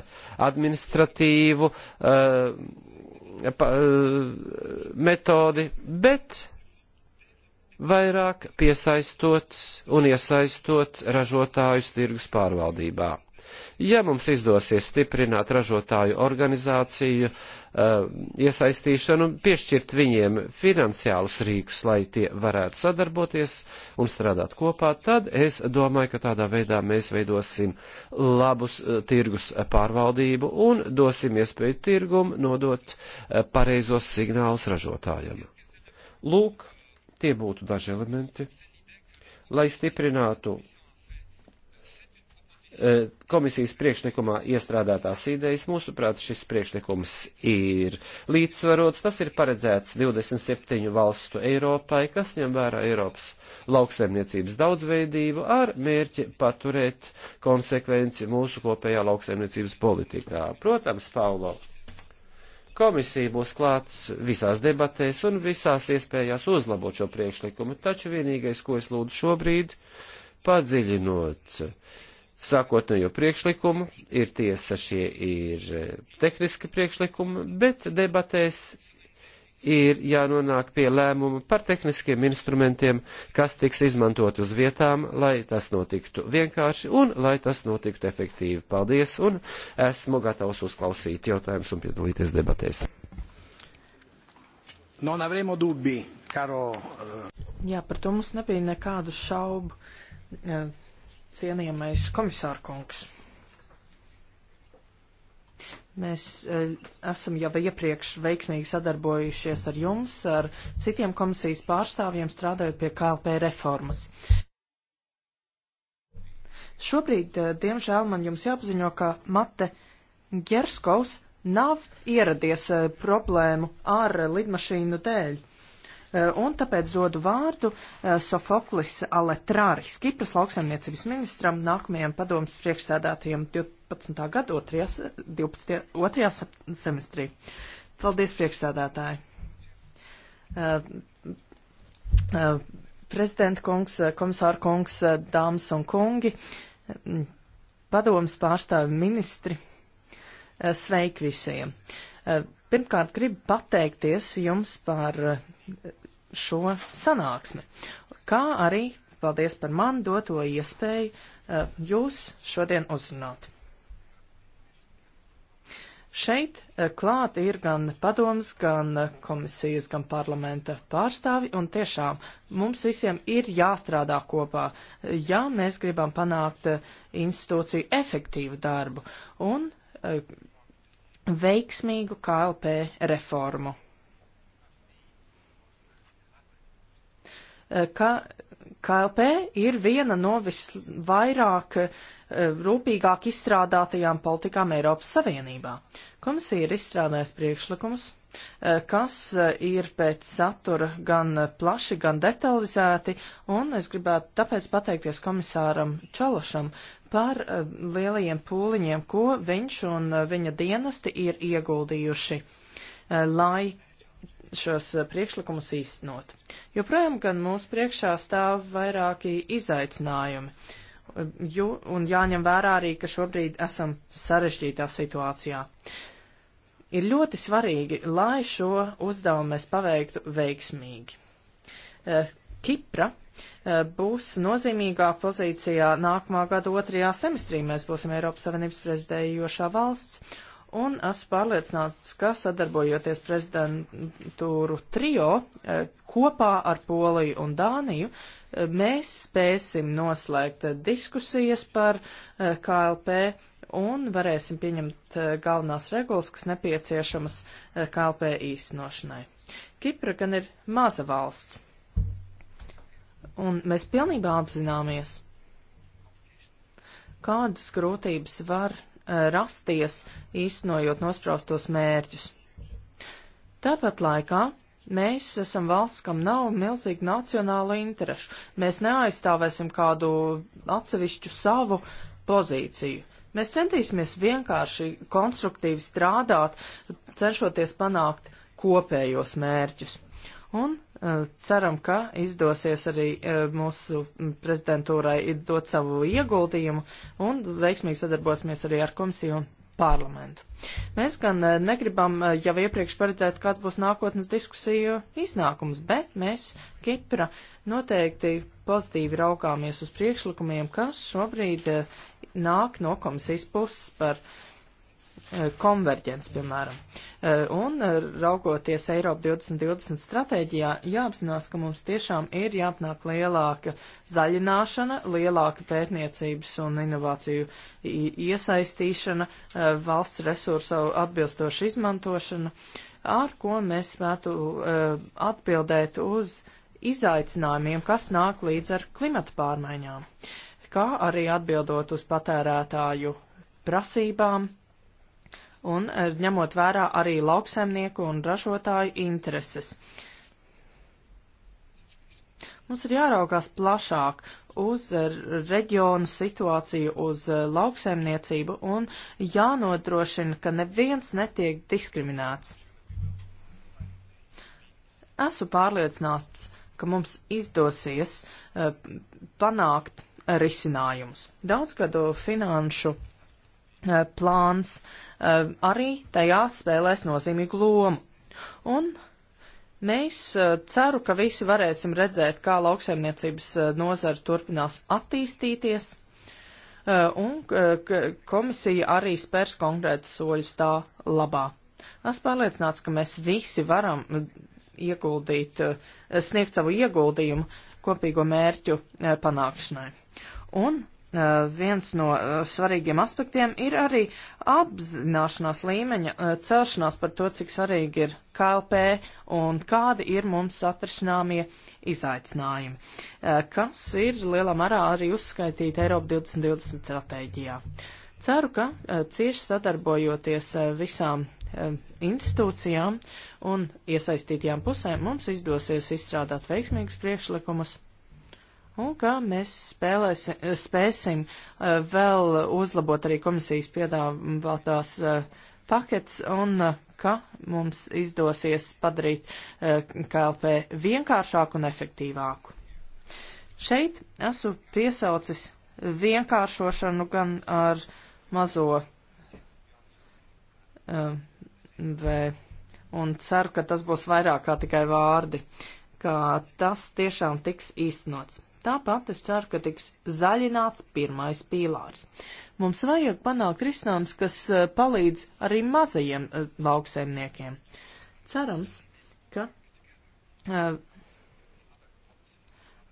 administratīvu uh, pa, uh, metodi, bet vairāk piesaistot un iesaistot ražotājus tirgus pārvaldībā. Ja mums izdosies stiprināt ražotāju organizāciju, eh, iesaistīšanu, piešķirt viņiem finansiālus rīkus, lai tie varētu sadarboties un strādāt kopā, tad es domāju, ka tādā veidā mēs veidosim labus eh, tirgus pārvaldību un dosim iespēju tirgumu nodot eh, pareizos signālus ražotājiem. Lūk, tie būtu daži elementi, lai stiprinātu E, komisijas priekšlikumā iestrādātās idejas. Mūsuprāt, šis priekšlikums ir līdzsvarots. Tas ir paredzēts 27 valstu Eiropai, kas ņem vērā Eiropas lauksaimniecības daudzveidību ar mērķi paturēt konsekvenci mūsu kopējā lauksaimniecības politikā. Protams, Paulo. Komisija būs klāts visās debatēs un visās iespējās uzlabot šo priekšlikumu, taču vienīgais, ko es lūdzu šobrīd, padziļinot uh, sākotnējo priekšlikumu, ir tiesa, šie ir e, tehniski priekšlikumi, bet debatēs ir jānonāk pie lēmumu par tehniskiem instrumentiem, kas tiks izmantot uz vietām, lai tas notiktu vienkārši un lai tas notiktu efektīvi. Paldies, un esmu gatavs uzklausīt jautājumus un piedalīties debatēs. Non avremo dubbi, caro. Eh. Jā, par to mums nebija nekādu šaubu. Eh, Cienījamais komisārkungs. Mēs e, esam jau iepriekš veiksmīgi sadarbojušies ar jums, ar citiem komisijas pārstāvjiem, strādājot pie KLP reformas. Šobrīd, e, diemžēl, man jums jāpaziņo, ka Mate Gerskovs nav ieradies e, problēmu ar lidmašīnu dēļ. Eh, un tāpēc dodu vārdu eh, Sofoklis Aletrāris, Kipras lauksaimniecības ministram, nākamajam padomus priekšsēdātajam 12. gada 2. 12. semestrī. Paldies, priekšsēdātāji! Eh, Prezidenta kungs, komisāra kungs, dāmas un kungi, padomas pārstāvi ministri, sveiki visiem! Pirmkārt, gribu pateikties jums par šo sanāksmi, kā arī paldies par man doto iespēju uh, jūs šodien uzrunāt. Šeit uh, klāt ir gan padoms, gan uh, komisijas, gan parlamenta pārstāvi, un tiešām mums visiem ir jāstrādā kopā, eh, ja mēs gribam panākt institūciju efektīvu darbu un veiksmīgu KLP reformu. Eh, ka KLP ir viena no visvairāk eh, rūpīgāk izstrādātajām politikām Eiropas Savienībā. Komisija ir izstrādājusi priekšlikumus, eh, kas ir pēc satura gan plaši, gan detalizēti, un es gribētu tāpēc pateikties komisāram Čalašam par lielajiem pūliņiem, ko viņš un viņa dienesti ir ieguldījuši, lai šos eh, priekšlikumus īstenot. Joprojām gan mūsu priekšā stāv vairāki izaicinājumi, eh, jo, un jāņem vērā arī, ka šobrīd esam sarežģītā situācijā. Ir ļoti svarīgi, lai šo uzdevumu mēs paveiktu veiksmīgi. Eh, Kipra būs nozīmīgā pozīcijā nākamā gada otrajā semestrī. Mēs būsim Eiropas Savienības prezidējošā valsts, Un esmu pārliecināts, ka sadarbojoties prezidentūru trio eh, kopā ar Poliju un Dāniju, eh, mēs spēsim noslēgt eh, diskusijas par KLP un varēsim pieņemt galvenās regulas, kas nepieciešamas KLP īstenošanai. Kipra gan ir maza valsts, un mēs pilnībā apzināmies, kādas grūtības var Eh, rasties, īstenojot nospraustos mērķus. Tāpat laikā Mēs esam valsts, kam nav milzīgi nacionāla interešu. Mēs neaizstāvēsim kādu atsevišķu savu pozīciju. Mēs centīsimies vienkārši konstruktīvi strādāt, cenšoties panākt kopējos mērķus. Un Eh, ceram, ka izdosies arī eh, mūsu prezidentūrai dot savu ieguldījumu un veiksmīgi sadarbosimies arī ar komisiju un parlamentu. Mēs gan eh, negribam jau iepriekš paredzēt, kāds būs nākotnes diskusiju iznākums, bet mēs Kipra noteikti pozitīvi raugāmies uz priekšlikumiem, kas šobrīd nāk no komisijas puses par uh, Eh, konverģents, piemēram. Eh, un eh, raugoties Eiropa 2020 stratēģijā, jāapzinās, ka mums tiešām ir jāpanāk lielāka zaļināšana, lielāka pētniecības un inovāciju iesaistīšana, valsts resursu atbilstoša izmantošana, ar ko mēs spētu atbildēt uz izaicinājumiem, kas nāk līdz ar klimata pārmaiņām, kā arī atbildot uz patērētāju prasībām, un eh, ņemot vērā arī lauksaimnieku un ražotāju intereses. Mums ir jāraugās plašāk uz eh, reģionu situāciju, uz eh, lauksaimniecību un jānodrošina, ka neviens netiek diskriminēts. Esmu pārliecināts, ka mums izdosies uh, panākt risinājumus. Daudzgado finanšu Eh, plāns eh, arī tajā spēlēs nozīmīgu lomu. Un mēs eh, ceru, ka visi varēsim redzēt, kā lauksaimniecības nozara turpinās attīstīties, un komisija arī spērs konkrētus soļus tā labā. Es pārliecināts, ka mēs visi varam ieguldīt, sniegt savu ieguldījumu kopīgo mērķu panākšanai. Un Eh, viens no eh, svarīgiem aspektiem ir arī apzināšanās līmeņa eh, celšanās par to, cik svarīgi ir KLP un kādi ir mums atrisināmie izaicinājumi, kas ir lielā mērā arī uzskaitīti Eiropa 2020 stratēģijā. Ceru, ka cieši sadarbojoties visām institūcijām un iesaistītajām pusēm mums izdosies izstrādāt veiksmīgus priekšlikumus un kā mēs spēlēsim, spēsim eh, vēl uzlabot arī komisijas piedāvātās eh, pakets un eh, ka mums izdosies padarīt KLP vienkāršāku un efektīvāku. Šeit esmu piesaucis vienkāršošanu gan ar mazo V un ceru, ka tas būs vairāk kā tikai vārdi, ka tas tiešām tiks īstenots. Tāpat es ceru, ka tiks zaļināts pirmais pīlārs. Mums vajag panākt risinājums, kas eh, palīdz arī mazajiem eh, lauksaimniekiem. Cerams, ka eh,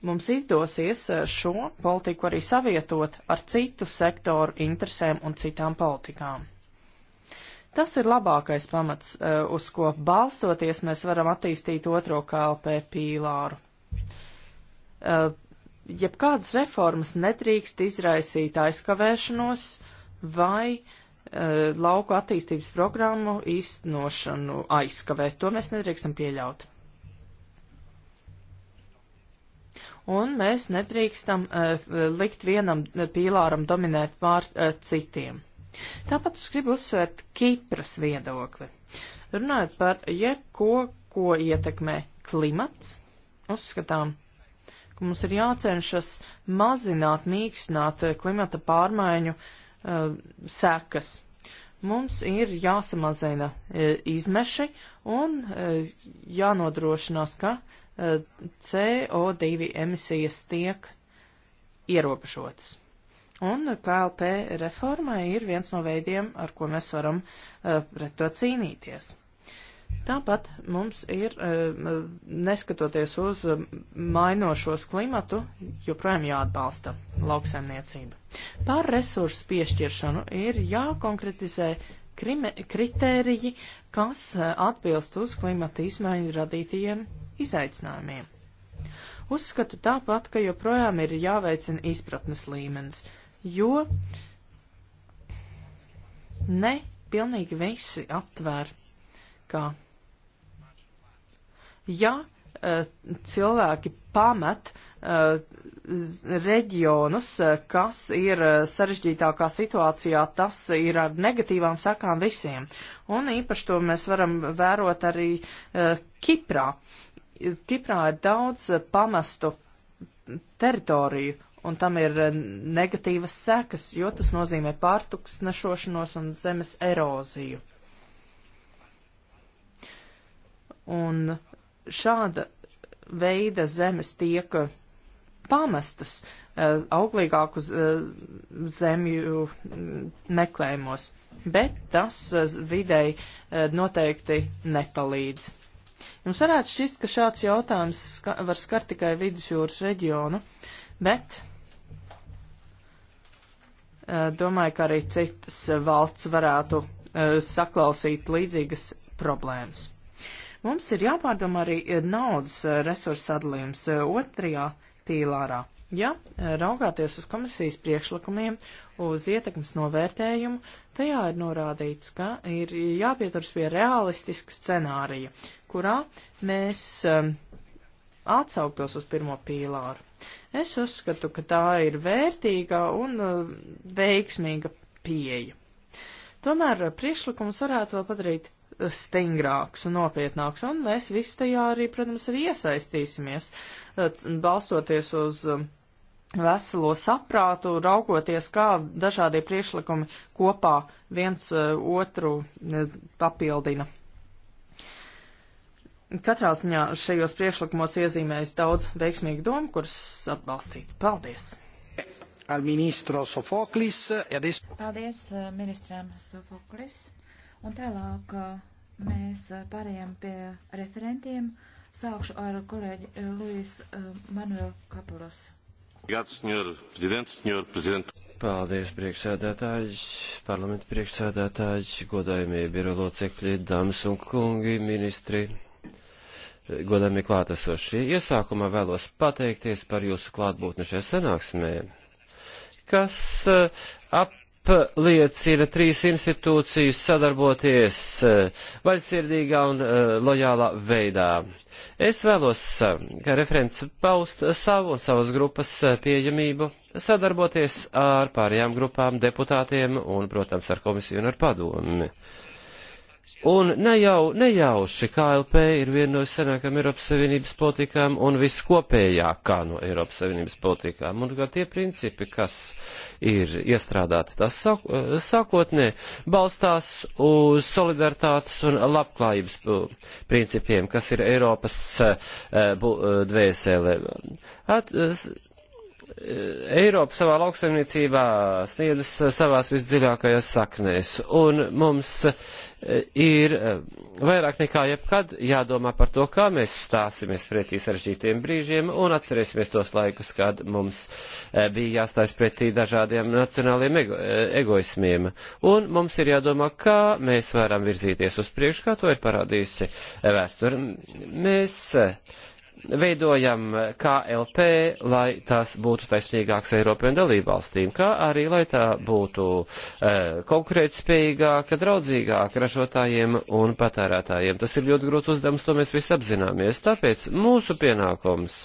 mums izdosies šo politiku arī savietot ar citu sektoru interesēm un citām politikām. Tas ir labākais pamats, uz ko balstoties mēs varam attīstīt otro KLP pīlāru jebkādas reformas nedrīkst izraisīt aizkavēšanos vai e, lauku attīstības programmu īstenošanu aizskavēt. To mēs nedrīkstam pieļaut. Un mēs nedrīkstam e, likt vienam pīlāram dominēt pār e, citiem. Tāpat es gribu uzsvērt Kipras viedokli. Runājot par jebko, ko ietekmē klimats, uzskatām, ka mums ir jācenšas mazināt, mīkstināt eh, klimata pārmaiņu uh, sekas. Mums ir jāsamazina uh, izmeši un uh, jānodrošinās, ka CO2 emisijas tiek ierobežotas. Un KLP reformai ir viens no veidiem, ar ko mēs varam pret to cīnīties. Tāpat mums ir, eh, neskatoties uz eh, mainošos klimatu, joprojām jāatbalsta lauksaimniecība. Par resursu piešķiršanu ir jākonkretizē kritēriji, kas eh, atbilst uz klimata izmaiņu radītajiem izaicinājumiem. Uzskatu tāpat, ka joprojām ir jāveicina izpratnes līmenis, jo ne pilnīgi visi aptvērt ka ja eh, cilvēki pamet eh, reģionus, eh, kas ir sarežģītākā situācijā, tas ir ar negatīvām sakām visiem. Un īpaši to mēs varam vērot arī Kiprā. Kiprā ir daudz pamestu teritoriju, un tam ir negatīvas sekas, jo tas nozīmē pārtuksnešošanos un zemes eroziju. Un šāda veida zemes tiek pamestas eh, auglīgāku eh, zemju mm, meklējumos, bet tas eh, videi noteikti nepalīdz. Jums varētu šķist, ka šāds jautājums var skart tikai vidusjūras reģionu, bet domāju, ka arī citas valsts varētu saklausīt līdzīgas problēmas. Mums ir jāpārdomā arī e, naudas e, resursu sadalījums e, otrajā pīlārā. Ja raugāties uz komisijas priekšlikumiem, uz ietekmes novērtējumu, tajā ir norādīts, ka ir jāpieturas pie realistiska scenārija, kurā mēs um, atsauktos uz pirmo pīlāru. Es uzskatu, ka tā ir vērtīga un uh, veiksmīga pieeja. Tomēr priekšlikums varētu vēl padarīt stingrāks un nopietnāks, un mēs visi tajā arī, protams, arī iesaistīsimies, eh, balstoties uz um, veselo saprātu, raugoties, kā dažādie priekšlikumi kopā viens eh, otru eh, papildina. Katrā ziņā šajos priekšlikumos iezīmējas daudz veiksmīgu domu, kuras atbalstīt. Paldies! Al ministro Sofoklis. E Paldies ministram Sofoklis. Un tālāk Mēs eh, pārējām pie referentiem. Sākšu ar kolēģi eh, Luis eh, Manuel Kapulos. Paldies, priekšsēdētājs, parlamenta priekšsēdētājs, godājumie biro locekļi, dāmas un kungi, ministri, godājumie klātesošie. Iesākumā vēlos pateikties par jūsu klātbūtni šajā sanāksmē, kas ap apliecina trīs institūcijas sadarboties eh, vaļsirdīgā un eh, lojālā veidā. Es vēlos, eh, kā referents, paust savu un savas grupas pieejamību, sadarboties ar pārējām grupām, deputātiem un, protams, ar komisiju un ar padomi. Un ne jau nejauši KLP ir viena no senākām Eiropas Savienības politikām un viskopējākā no Eiropas Savienības politikām. Un kā tie principi, kas ir iestrādāti tās sāk, eh, sākotnē, balstās uz solidaritātes un labklājības eh, principiem, kas ir Eiropas uh, dvēsele. At, uh, Eh, Eiropa savā lauksaimniecībā sniedzas eh, savās visdziļākajās saknēs, un mums eh, ir vairāk nekā jebkad jādomā par to, kā mēs stāsimies pretī sarežģītiem brīžiem, un atcerēsimies tos laikus, kad mums bija jāstājas pretī dažādiem nacionāliem ego egoismiem, un mums ir jādomā, kā mēs varam virzīties uz priekšu, kā to ir parādījusi vēsture. Mēs veidojam KLP, lai tas būtu taisnīgāks Eiropai un dalībvalstīm, kā arī, lai tā būtu e, konkurētspējīgāka, draudzīgāka ražotājiem un patērētājiem. Tas ir ļoti grūts uzdevums, to mēs visi apzināmies. Tāpēc mūsu pienākums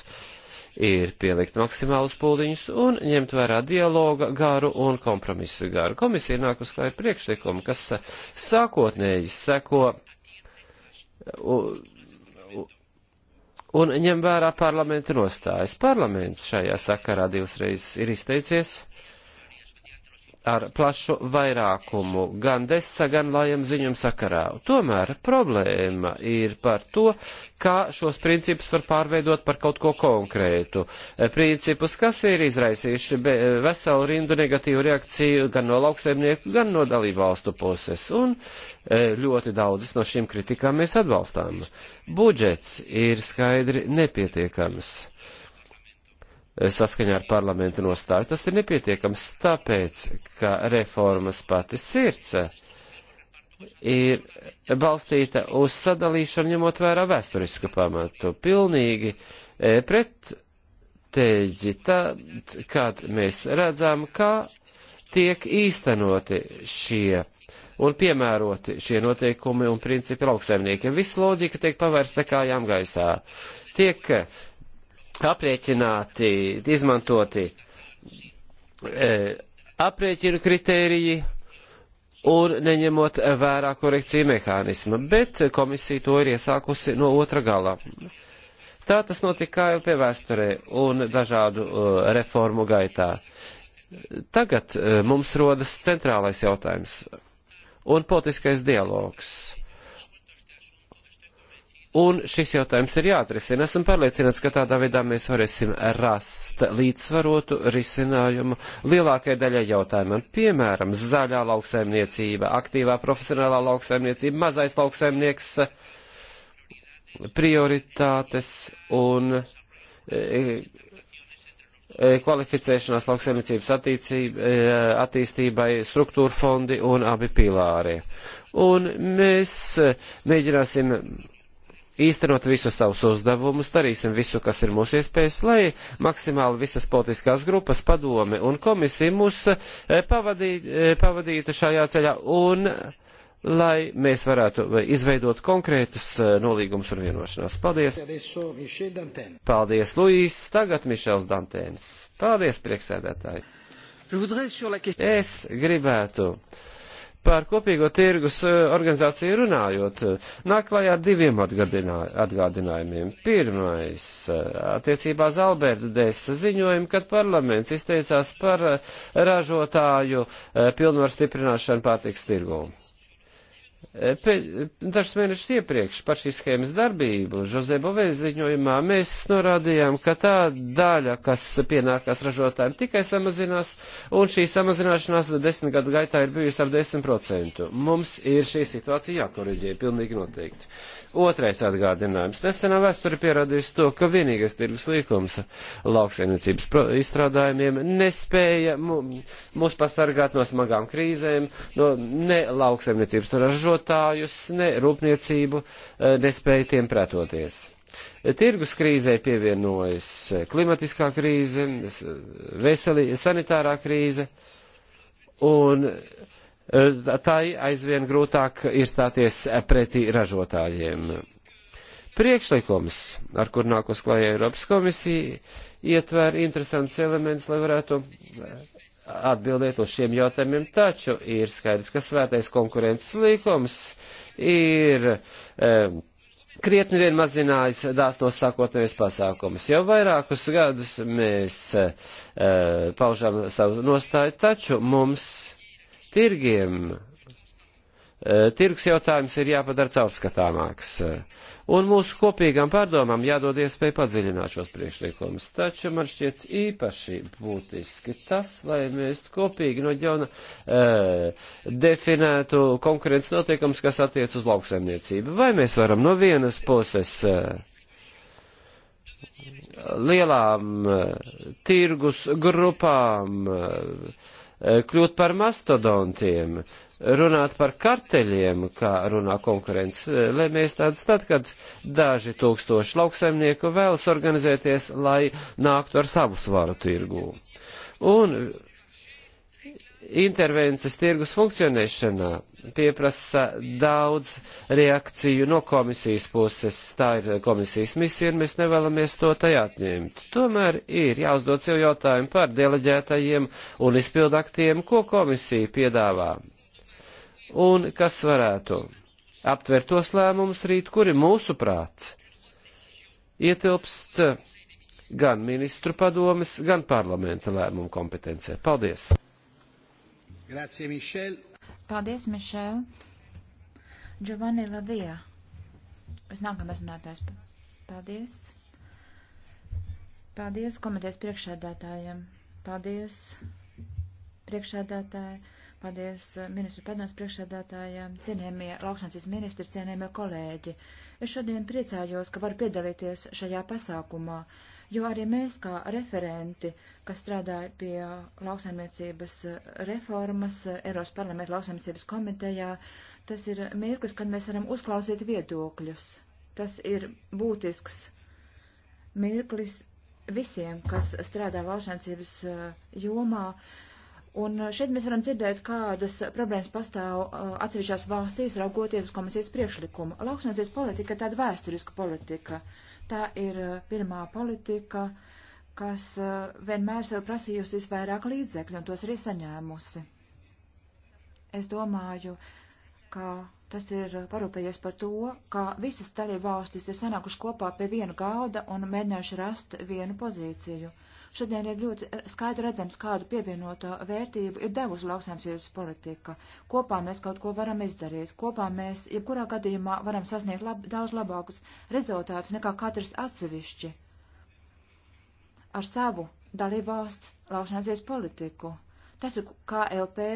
ir pielikt maksimālus pūliņus un ņemt vērā dialoga garu un kompromisa garu. Komisija nāk uz klāju priekšlikumu, kas sākotnēji seko. U, un ņem vērā parlamenta nostājas. Parlaments šajā sakarā divas reizes ir izteicies ar plašu vairākumu gan desa, gan lajam ziņam sakarā. Tomēr problēma ir par to, kā šos principus var pārveidot par kaut ko konkrētu. Principus, kas ir izraisījuši veselu rindu negatīvu reakciju gan no lauksaimnieku, gan no dalību valstu puses. Un e, ļoti daudzas no šīm kritikām mēs atbalstām. Budžets ir skaidri nepietiekams. Eh, saskaņā ar parlamentu nostāju. Tas ir nepietiekams tāpēc, ka reformas pati sirds eh, ir balstīta uz sadalīšanu, ņemot vērā vēsturisku pamatu. Pilnīgi eh, pretēji tad, kad mēs redzam, kā tiek īstenoti šie un piemēroti šie noteikumi un principi lauksaimniekiem. Viss loģika tiek pavērsta kājām gaisā. Tiek aprēķināti, izmantoti e, aprēķinu kritēriji un neņemot vērā korekciju mehānismu, bet komisija to ir iesākusi no otra galā. Tā tas notika KLP vēsturē un dažādu uh, reformu gaitā. Tagad uh, mums rodas centrālais jautājums un politiskais dialogs Un šis jautājums ir jāatrisina. Esam pārliecināts, ka tādā veidā mēs varēsim rast līdzsvarotu risinājumu lielākajai daļai jautājumam. Piemēram, zaļā lauksaimniecība, aktīvā profesionālā lauksaimniecība, mazais lauksaimnieks, prioritātes un e, e, kvalificēšanās lauksaimniecības e, attīstībai, struktūra fondi un abi pilāri. Un mēs mēģināsim īstenot visus savus uzdevumus, darīsim visu, kas ir mūsu iespējas, lai maksimāli visas politiskās grupas padome un komisija mūs eh, pavadī, eh, pavadītu šajā ceļā un lai mēs varētu eh, izveidot konkrētus nolīgumus un vienošanās. Paldies! Paldies, Luīs! Tagad Mišels Dantēns. Paldies, priekšsēdētāji! Es gribētu Par kopīgo tirgus eh, organizāciju runājot, nāk klajā ar diviem atgādinājumiem. Pirmais, eh, attiecībā uz Alberta Desa ziņojumu, kad parlaments izteicās par eh, ražotāju pilnvaru stiprināšanu pārtiks tirgumu. E, dažus mēnešus iepriekš par šīs schēmas darbību Žozē Bovē ziņojumā mēs norādījām, ka tā daļa, kas pienākās ražotājiem, tikai samazinās, un šī samazināšanās desmit gadu gaitā ir bijusi ap 10%. Mums ir šī situācija jākoriģē, pilnīgi noteikti. Otrais atgādinājums. Nesenā vēsture pierādījusi to, ka vienīgais tirgus līkums lauksainicības izstrādājumiem nespēja mūs pasargāt no smagām krīzēm, no ne lauksainicības ražotājiem ražotājus, ne rūpniecību eh, nespēja tiem pretoties. Tirgus krīzē pievienojas klimatiskā krīze, veseli, sanitārā krīze, un eh, tai aizvien grūtāk ir stāties pretī ražotājiem. Priekšlikums, ar kur nāk uz klājā Eiropas komisija, ietver interesants elements, lai varētu atbildēt uz šiem jautājumiem, taču ir skaidrs, ka svētais konkurences līkums ir um, krietni vien mazinājis dāsnos sākotnējos pasākumus. Jau vairākus gadus mēs uh, paužam savu nostāju, taču mums tirgiem Eh, tirgus jautājums ir jāpadara caurskatāmāks. Eh, un mūsu kopīgām pārdomām jādod iespēja padziļināt šos priekšlikumus. Taču man šķiet īpaši būtiski tas, lai mēs kopīgi no jauna e, definētu konkurences notiekums, kas attiec uz lauksaimniecību. Vai mēs varam no vienas puses e, lielām e, tirgus grupām e, E, kļūt par mastodontiem, runāt par karteļiem, kā runā konkurence, e, lai mēs tāds tad, kad daži tūkstoši lauksaimnieku vēlas organizēties, lai nāktu ar savu svaru tirgū. Un intervences tirgus funkcionēšanā pieprasa daudz reakciju no komisijas puses. Tā ir komisijas misija, un mēs nevēlamies to tajā atņemt. Tomēr ir jāuzdod sev jautājumu par deleģētajiem un izpildaktiem, ko komisija piedāvā. Un kas varētu aptvert tos lēmumus rīt, kuri mūsu prāts ietilpst gan ministru padomes, gan parlamenta lēmumu kompetencē. Paldies! Grazie, Mišel. Paldies, Mišel. Giovanni Lavija. Es nākamais runātājs. Paldies. Paldies komitejas priekšsēdētājiem. Paldies priekšsēdētāji. Paldies eh, ministru padomus priekšsēdētājiem, cienījamie lauksnācijas ministri, cienījamie kolēģi. Es šodien priecājos, ka varu piedalīties šajā pasākumā. Uh, jo arī mēs kā referenti, kas strādāja pie lauksaimniecības reformas Eiropas parlamenta lauksaimniecības komitejā, tas ir mirklis, kad mēs varam uzklausīt viedokļus. Tas ir būtisks mirklis visiem, kas strādā lauksaimniecības eh, jomā. Un šeit mēs varam dzirdēt, kādas problēmas pastāv uh, atsevišķās valstīs, raugoties uz komisijas priekšlikumu. Lauksnācijas politika ir tāda vēsturiska politika. Tā ir eh, pirmā politika, kas eh, vienmēr sev prasījusi visvairāk līdzekļu un tos arī saņēmusi. Es domāju, ka tas ir parūpējies par to, ka visas dalībvalstis ir sanākuši kopā pie viena galda un mēģinājuši rast vienu pozīciju. Šodien ir ļoti skaidri redzams, kādu pievienoto vērtību ir devusi lauksaimniecības politika. Kopā mēs kaut ko varam izdarīt, kopā mēs jebkurā gadījumā varam sasniegt lab daudz labākus rezultātus nekā katrs atsevišķi ar savu dalībvalsts lauksaimniecības politiku. Tas ir KLP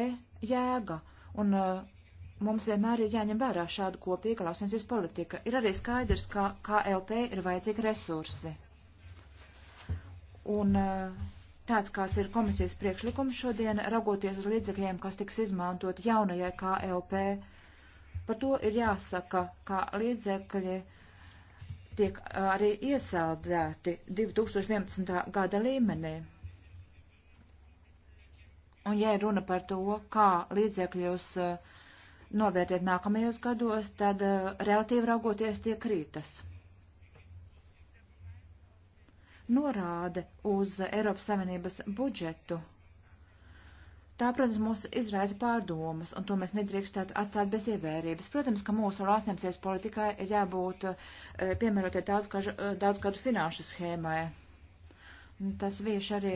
jēga, un uh, mums vienmēr ir jāņem vērā šāda kopīga lauksaimniecības politika. Ir arī skaidrs, ka KLP ir vajadzīgi resursi Un eh, tāds, kāds ir komisijas priekšlikums šodien, raugoties uz līdzekļiem, kas tiks izmantot jaunajai KLP, par to ir jāsaka, ka līdzekļi tiek eh, arī iesaldēti 2011. gada līmenī. Un, ja ir runa par to, kā līdzekļus eh, novērtēt nākamajos gados, tad relatīvi raugoties tie krītas norāde uz Eiropas Savienības budžetu. Tā, protams, mūs izraisa pārdomas, un to mēs nedrīkstētu atstāt bez ievērības. Protams, ka mūsu lauksniecības politikai ir jābūt e, piemērotie daudzgadu daudz e, finanšu schēmai. Tas vieš arī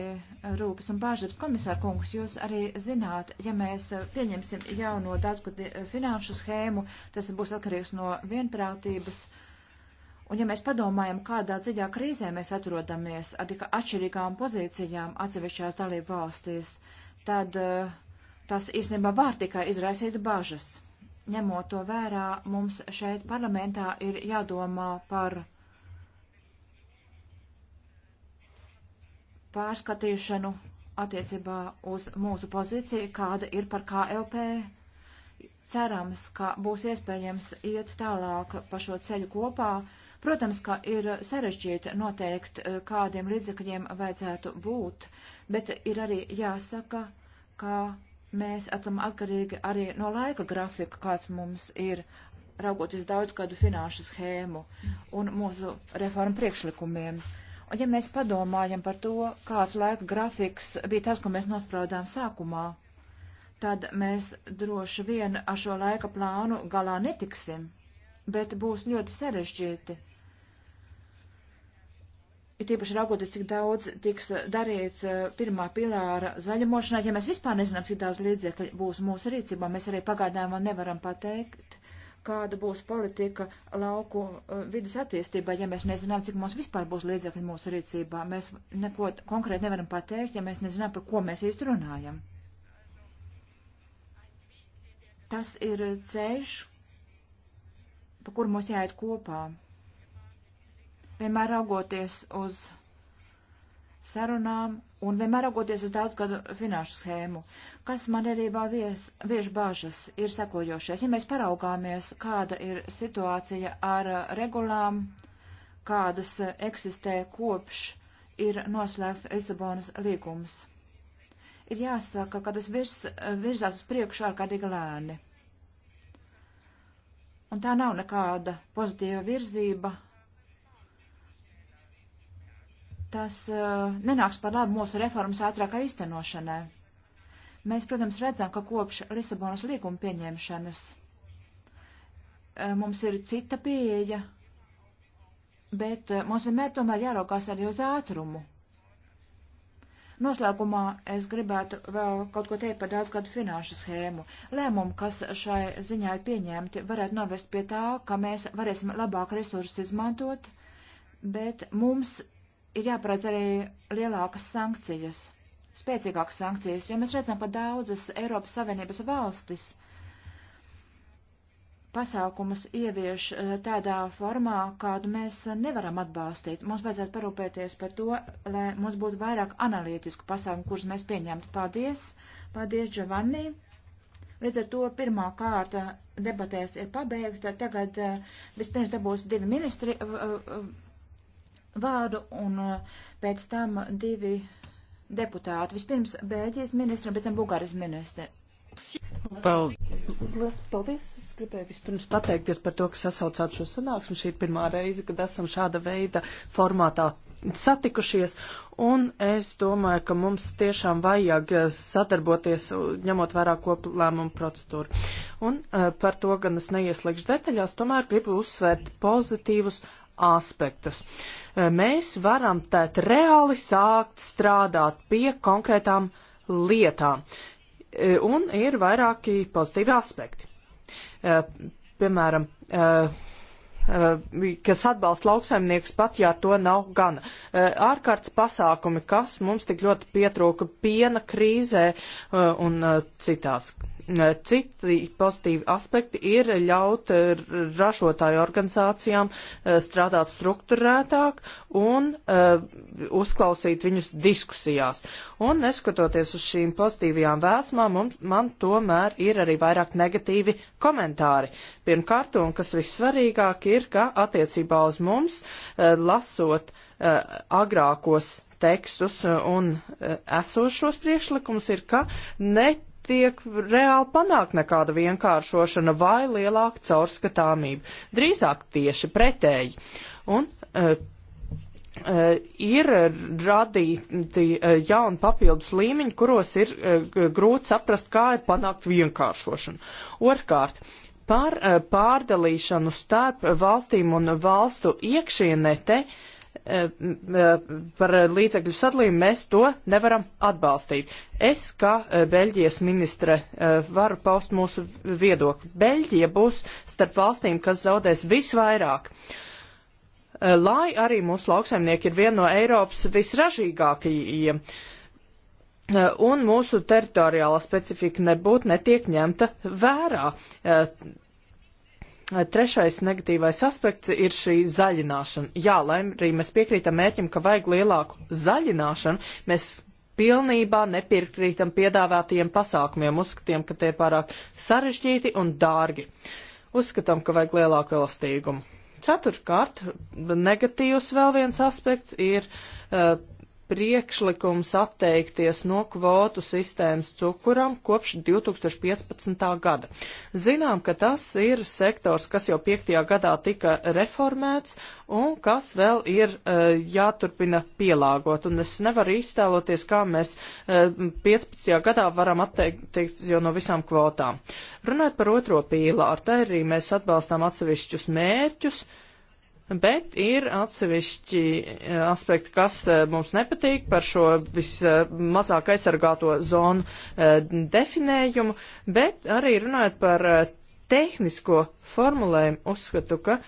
rūpes un bāžas. Komisāra kungs, jūs arī zināt, ja mēs pieņemsim jauno daudzgadu e, finanšu schēmu, tas būs atkarīgs no vienprātības. Uh, Un ja mēs padomājam, kādā dziļā krīzē mēs atrodamies ar tik atšķirīgām pozīcijām atsevišķās dalību valstīs, tad eh, tas īstenībā var tikai izraisīt bažas. Ņemot to vērā, mums šeit parlamentā ir jādomā par pārskatīšanu attiecībā uz mūsu pozīciju, kāda ir par KLP. Cerams, ka būs iespējams iet tālāk pa šo ceļu kopā Protams, ka ir sarežģīti noteikt, eh, kādiem līdzekļiem vajadzētu būt, bet ir arī jāsaka, ka mēs esam atkarīgi arī no laika grafika, kāds mums ir, raugoties daudz kādu finanšu schēmu un mūsu reformu priekšlikumiem. Un ja mēs padomājam par to, kāds laika grafiks bija tas, ko mēs nospraudām sākumā, tad mēs droši vien ar šo laika plānu galā netiksim, bet būs ļoti sarežģīti ir tiepaši raugoties, cik daudz tiks eh, darīts eh, pirmā pilāra zaļumošanā, ja mēs vispār nezinām, cik daudz līdzekļu būs mūsu rīcībā, mēs arī pagaidām nevaram pateikt, kāda būs politika lauku eh, vidas attīstībā, ja mēs nezinām, cik mums vispār būs līdzekļi mūsu rīcībā. Mēs neko konkrēti nevaram pateikt, ja mēs nezinām, par ko mēs īsti runājam. Tas ir ceļš, pa kuru mums jāiet kopā vienmēr raugoties uz sarunām un vienmēr raugoties uz daudzgadu finanšu schēmu, kas man arī vies, vieš bāžas ir sekojošais. Ja mēs paraugāmies, kāda ir situācija ar regulām, kādas eksistē kopš ir noslēgts Lisabonas līgums. Ir jāsaka, ka tas virs, virzās uz priekšu ārkārtīgi lēni. Un tā nav nekāda pozitīva virzība tas uh, nenāks par labu mūsu reformas ātrākai īstenošanai. Mēs, protams, redzam, ka kopš Lisabonas līguma pieņemšanas uh, mums ir cita pieeja, bet uh, mums vienmēr tomēr jāraukās arī uz ātrumu. Noslēgumā es gribētu vēl kaut ko teikt par daudzgadu finanšu schēmu. Lēmumu, kas šai ziņā ir pieņemti, varētu novest pie tā, ka mēs varēsim labāk resursus izmantot, bet mums ir jāparedz arī lielākas sankcijas, spēcīgākas sankcijas, jo mēs redzam, ka daudzas Eiropas Savienības valstis pasākumus ievieš eh, tādā formā, kādu mēs nevaram atbalstīt. Mums vajadzētu parūpēties par to, lai mums būtu vairāk analītisku pasākumu, kurus mēs pieņemtu. Paldies! Paldies, Giovanni! Līdz ar to pirmā kārta debatēs ir pabeigta. Tagad eh, vispirms dabūs divi ministri. Uh, uh, vārdu un uh, pēc tam divi deputāti. Vispirms Bēļģijas ministra, pēc tam Bulgārijas ministra. Paldies. Paldies! Es gribēju vispirms pateikties par to, ka sasaucāt šo sanāksmi. Šī ir pirmā reize, kad esam šāda veida formātā satikušies, un es domāju, ka mums tiešām vajag uh, sadarboties, ņemot vērā koplēmumu procedūru. Un uh, par to gan es neieslēgšu detaļās, tomēr gribu uzsvērt pozitīvus aspektus. Mēs varam tēt reāli sākt strādāt pie konkrētām lietām, un ir vairāki pozitīvi aspekti. Eh, piemēram, eh, eh, kas atbalsta lauksaimniekus pat, ja to nav gana. Ārkārtas pasākumi, kas mums tik ļoti pietrūka piena krīzē un citās Citi pozitīvi aspekti ir ļaut ražotāju organizācijām e, strādāt struktūrētāk un e, uzklausīt viņus diskusijās. Un neskatoties uz šīm pozitīvajām vēsmām, mums, man tomēr ir arī vairāk negatīvi komentāri. Pirmkārt, un kas vissvarīgāk ir, ka attiecībā uz mums, e, lasot agrākos tekstus un esošos priekšlikumus, ir, ka ne tiek reāli panākt nekāda vienkāršošana vai lielāka caurskatāmība. Drīzāk tieši pretēji. Un, uh, Uh, ir radīti uh, jauni papildus līmeņi, kuros ir uh, grūti saprast, kā ir panākt vienkāršošanu. Otrkārt, par pārdalīšanu starp valstīm un valstu iekšienē te uh, Eh, eh, par līdzekļu sadalījumu mēs to nevaram atbalstīt. Es, kā eh, Beļģijas ministre, varu paust mūsu viedokli. Beļģija būs starp valstīm, kas zaudēs visvairāk. Lai arī mūsu lauksaimnieki ir viena no Eiropas visražīgākajiem, un mūsu teritoriālā specifika nebūtu netiek ņemta vērā. Trešais negatīvais aspekts ir šī zaļināšana. Jā, lai arī mēs piekrītam mērķim, ka vajag lielāku zaļināšanu, mēs pilnībā nepiekrītam piedāvātajiem pasākumiem, uzskatiem, ka tie ir pārāk sarežģīti un dārgi. Uzskatām, ka vajag lielāku elastīgumu. Ceturtkārt, negatīvs vēl viens aspekts ir uh, priekšlikums atteikties no kvotu sistēmas cukuram kopš 2015. gada. Zinām, ka tas ir sektors, kas jau 5. gadā tika reformēts un kas vēl ir uh, jāturpina pielāgot. Un es nevaru iztēloties, kā mēs uh, eh, 15. gadā varam atteikties jau no visām kvotām. Runājot par otro pīlāru, tā arī mēs atbalstām atsevišķus mērķus. Uh, Bet ir atsevišķi eh, aspekti, kas eh, mums nepatīk par šo vismazāk aizsargāto zonu eh, definējumu, bet arī runājot par tehnisko formulējumu, uzskatu, ka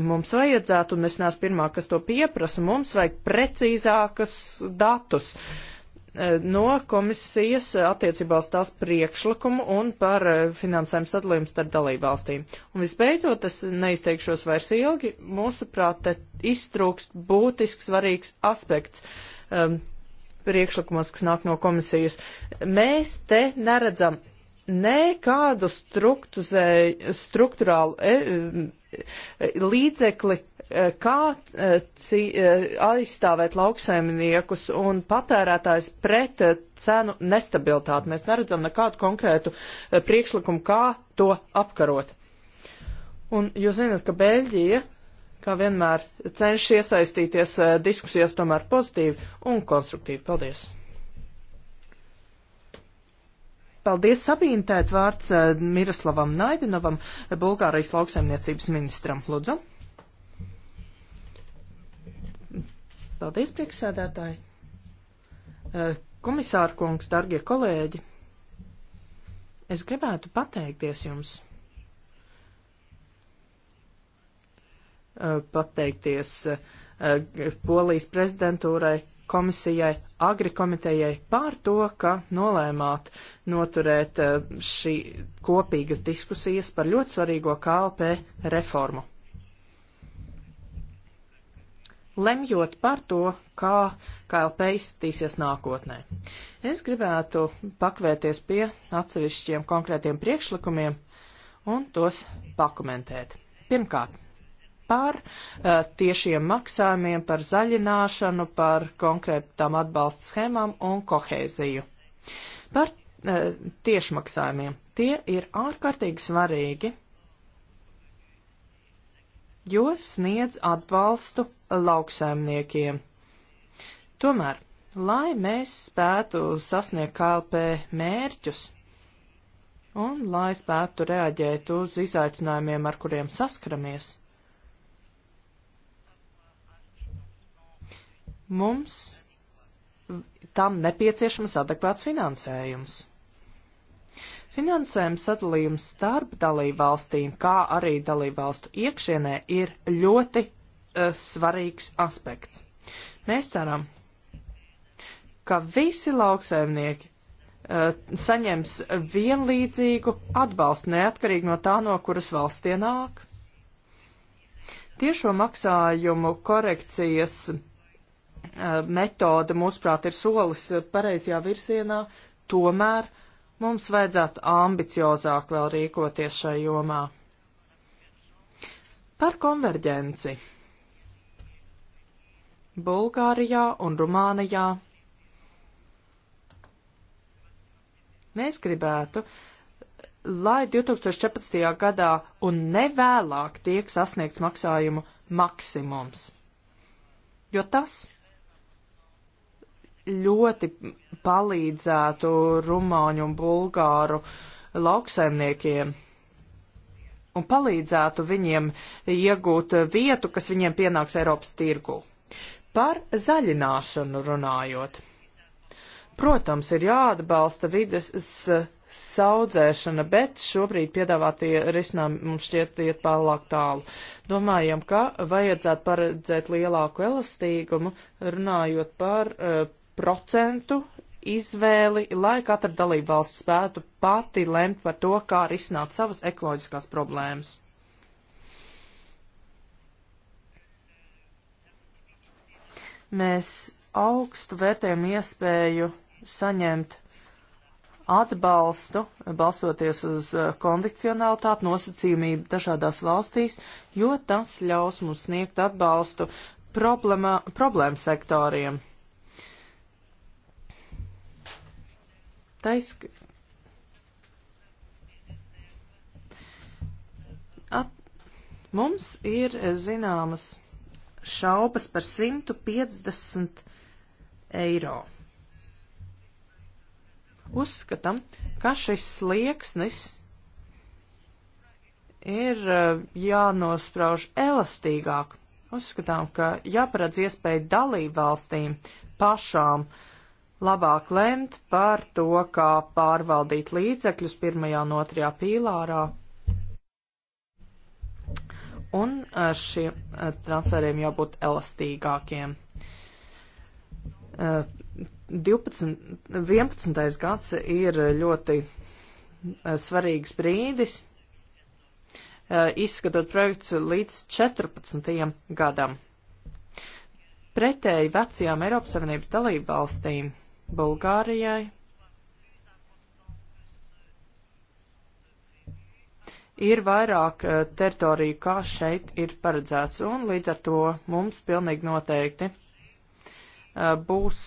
mums vajadzētu, un es neesmu pirmā, kas to pieprasa, mums vajag precīzākas datus. Uh, no komisijas attiecībā uz tās priekšlikumu un par eh, finansējumu sadalījumu starp dalībvalstīm. Un visbeidzot, es neizteikšos vairs ilgi, mūsuprāt, te iztrūkst būtisks svarīgs aspekts. Um, priekšlikumos, kas nāk no komisijas. Mēs te neredzam nekādu struktūrālu e, e, līdzekli, Eh, kā eh, cī, eh, aizstāvēt lauksaimniekus un patērētājs pret cenu nestabilitāti. Mēs neredzam nekādu konkrētu priekšlikumu, kā to apkarot. Un jūs zināt, ka Beļģija, kā vienmēr, cenšas iesaistīties diskusijās tomēr pozitīvi un konstruktīvi. Paldies! Paldies Sabīne, tēt vārds Miroslavam Naidinovam, Bulgārijas lauksaimniecības ministram. Lūdzu! Paldies, priekšsēdētāji! Eh, Komisāra kungs, dargie kolēģi! Es gribētu pateikties jums. Eh, pateikties eh, Polijas prezidentūrai, komisijai, agri komitejai pār to, ka nolēmāt noturēt šī kopīgas diskusijas par ļoti svarīgo KLP reformu lemjot par to, kā KLP izskatīsies nākotnē. Es gribētu pakvēties pie atsevišķiem konkrētiem priekšlikumiem un tos pakomentēt. Pirmkārt, par uh, tiešiem maksājumiem, par zaļināšanu, par konkrētām atbalsta schēmām un kohēziju. Par uh, tiešmaksājumiem. Tie ir ārkārtīgi svarīgi jo sniedz atbalstu lauksaimniekiem. Tomēr, lai mēs spētu sasniegt KLP mērķus un lai spētu reaģēt uz izaicinājumiem, ar kuriem saskaramies, mums tam nepieciešams adekvāts finansējums. Finansējuma sadalījums starp dalībvalstīm, kā arī dalībvalstu iekšienē, ir ļoti uh, svarīgs aspekts. Mēs ceram, ka visi lauksaimnieki uh, saņems vienlīdzīgu atbalstu neatkarīgi no tā, no kuras valsts tie nāk. Tiešo maksājumu korekcijas uh, metode, mūsuprāt, ir solis pareizajā virzienā, tomēr uh, Mums vajadzētu ambiciozāk vēl rīkoties šai jomā. Par konverģenci. Bulgārijā un Rumānijā. Mēs gribētu, lai 2014. gadā un nevēlāk tiek sasniegts maksājumu maksimums, jo tas ļoti palīdzētu rumāņu un bulgāru lauksaimniekiem un palīdzētu viņiem iegūt vietu, kas viņiem pienāks Eiropas tirgu. Par zaļināšanu runājot. Protams, ir jāatbalsta vides saudzēšana, bet šobrīd piedāvātie risinājumi mums šķiet iet pārlāk tālu. Domājam, ka vajadzētu paredzēt lielāku elastīgumu, runājot par uh, procentu izvēli, lai katra dalība valsts spētu pati lemt par to, kā risināt savas ekoloģiskās problēmas. Mēs augstu vērtējam iespēju saņemt atbalstu, balstoties uz uh, kondicionalitāti, nosacījumību dažādās valstīs, jo tas ļaus mums sniegt atbalstu problēma, problēmu sektoriem. tas, ka Ap, mums ir eh, zināmas šaubas par 150 eiro. Uzskatām, ka šis slieksnis ir eh, jānosprauž elastīgāk. Uzskatām, ka jāparedz iespēja dalību valstīm pašām uh, labāk lemt par to, kā pārvaldīt līdzekļus pirmajā un otrajā pīlārā. Un e, šiem e, transferiem jābūt elastīgākiem. 12, e, 11. gads ir ļoti svarīgs brīdis, izskatot projekts līdz 14. gadam. Pretēji vecajām Eiropas Savienības dalību valstīm Bulgārijai ir vairāk eh, teritoriju, kā šeit ir paredzēts, un līdz ar to mums pilnīgi noteikti eh, būs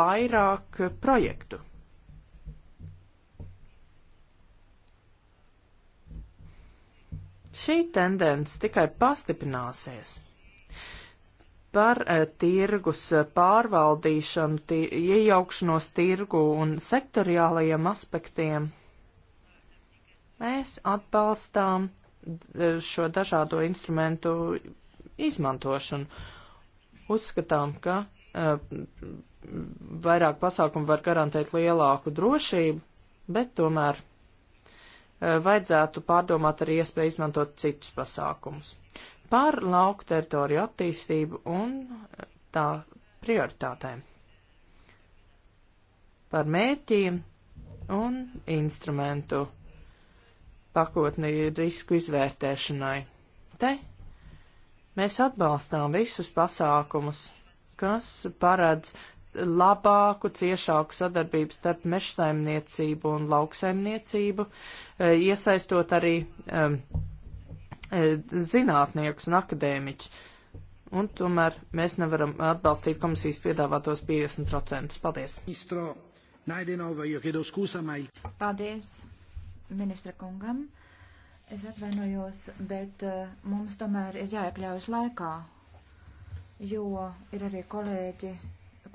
vairāk projektu. Šī tendence tikai pastiprināsies par eh, tirgus eh, pārvaldīšanu, tī, iejaukšanos tirgu un sektoriālajiem aspektiem. Mēs atbalstām eh, šo dažādo instrumentu izmantošanu. Uzskatām, ka vairāk pasākumu var garantēt lielāku drošību, bet tomēr vajadzētu pārdomāt arī iespēju izmantot citus pasākumus par lauku teritoriju attīstību un tā prioritātēm, par mērķiem un instrumentu pakotni risku izvērtēšanai. Te mēs atbalstām visus pasākumus, kas paredz labāku, ciešāku sadarbību starp mežsaimniecību un lauksaimniecību, e, iesaistot arī um, E, zinātniekus un akadēmiķus. Un tomēr mēs nevaram atbalstīt komisijas piedāvātos 50%. Paldies! Paldies ministra kungam. Es atvainojos, bet uh, mums tomēr ir jāiekļaujas laikā, jo ir arī kolēģi,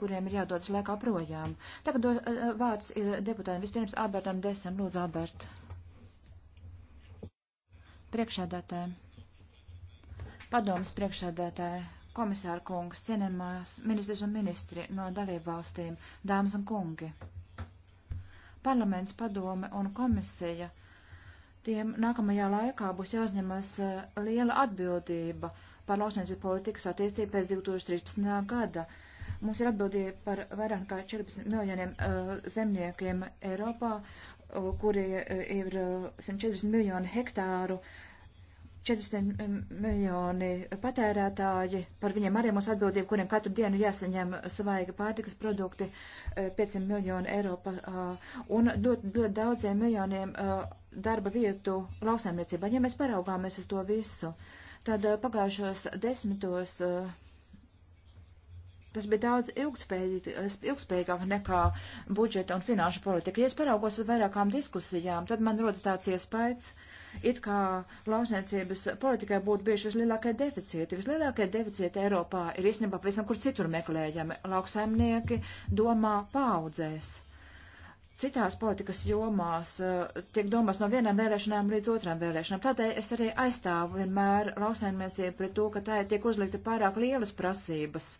kuriem ir jādodas laikā projām. Tagad uh, vārds ir deputātam vispirms Albertam Desam. Lūdzu, Albert priekšēdētāji, padomas priekšēdētāji, komisāra kungs, cienījumās ministrs un ministri no dalību valstīm, dāmas un kungi. Parlaments, padome un komisija tiem nākamajā laikā būs jāuzņemas eh, liela atbildība par lauksainicības politikas attīstību pēc 2013. gada. Mums ir atbildība par vairāk kā 14 miljoniem uh, zemniekiem Eiropā, kuri e, ir 140 e, miljoni hektāru, 40 miljoni patērētāji, par viņiem arī mūsu atbildību, kuriem katru dienu jāsaņem svaigi pārtikas produkti, 500 e, miljoni Eiropā un ļoti, ļoti daudziem miljoniem darba vietu lausēmniecībā. Ja mēs paraugāmies uz to visu, tad pagājušos desmitos uh, Tas bija daudz ilgspējīgāk nekā budžeta un finanšu politika. Ja es paraugos uz vairākām diskusijām, tad man rodas tāds iespējas, it kā lausniecības politikai būtu bijuši vislielākie deficīti. Vislielākie deficīti Eiropā ir īstenībā pavisam kur citur meklējami. Lauksaimnieki domā paudzēs. Citās politikas jomās eh, tiek domās no vienām vēlēšanām līdz otrām vēlēšanām. Tādēļ es arī aizstāvu vienmēr lauksaimniecību pret to, ka tā tiek uzlikta pārāk lielas prasības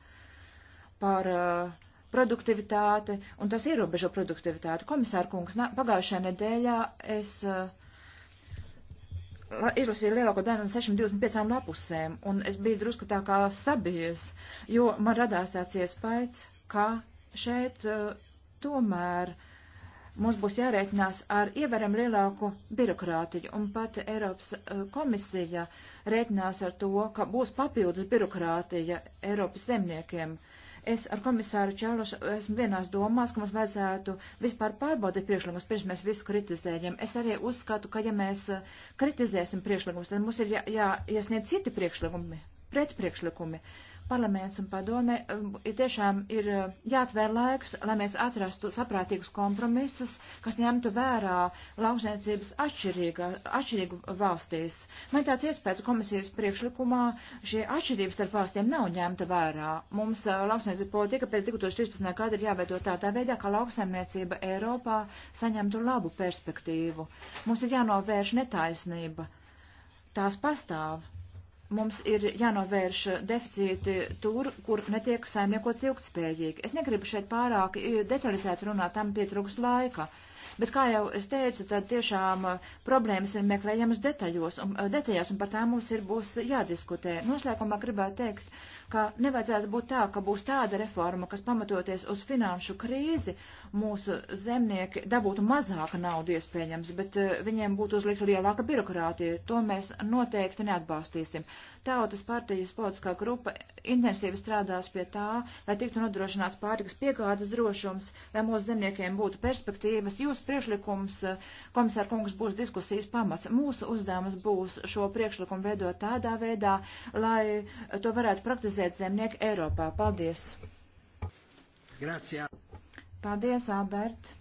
par uh, produktivitāti, un tas ierobežo produktivitāti. Komisāra kungs, pagājušajā nedēļā es uh, izlasīju lielāko daļu no 625 lapusēm, un es biju drusku tā kā sabijies, jo man radās tāds iespējas, ka šeit uh, tomēr mums būs jārēķinās ar ievaram lielāku birokrātiju, un pat Eiropas uh, komisija rēķinās ar to, ka būs papildus birokrātija Eiropas zemniekiem. Uh, Es ar komisāru Čēlošu esmu vienās domās, ka mums vajadzētu vispār pārbaudīt priekšlikumus, pirms mēs visu kritizējam. Es arī uzskatu, ka ja mēs eh, kritizēsim priekšlikumus, tad mums ir jā, jāiesniedz citi priekšlikumi pretpriekšlikumi. Parlaments un padome um, ir tiešām ir uh, jāatvēr laiks, lai mēs atrastu saprātīgus kompromisus, kas ņemtu vērā lauksniecības atšķirīgu valstīs. Man tāds iespējas komisijas priekšlikumā šie atšķirības starp valstiem nav ņemta vērā. Mums uh, lauksniecības politika pēc 2013. gada ir jāveido tādā veidā, ka lauksaimniecība Eiropā saņemtu labu perspektīvu. Mums ir jānovērš netaisnība tās pastāv mums ir jānovērš deficīti tur, kur netiek saimniekots ilgtspējīgi. Es negribu šeit pārāk eh, detalizēt runāt, tam pietrūks laika. Uh, Bet, kā jau es teicu, tad tiešām uh, problēmas ir meklējamas detaļos, un, uh, detaļās, un par tām mums ir būs jādiskutē. Noslēgumā gribētu teikt, ka nevajadzētu būt tā, ka būs tāda reforma, kas pamatoties uz finanšu krīzi, mūsu zemnieki dabūtu mazāka naudu iespējams, bet uh, viņiem būtu uzlikta lielāka birokrātija. To mēs noteikti neatbalstīsim. Tautas partijas politiskā grupa intensīvi strādās pie tā, lai tiktu nodrošināts pārtikas piegādes drošums, lai mūsu zemniekiem būtu perspektīvas Jūsu priekšlikums, eh, komisār kungs, būs diskusijas pamats. Mūsu uzdevums būs šo priekšlikumu veidot tādā veidā, lai to varētu praktizēt zemnieki Eiropā. Paldies! Grazie. Paldies, Albert!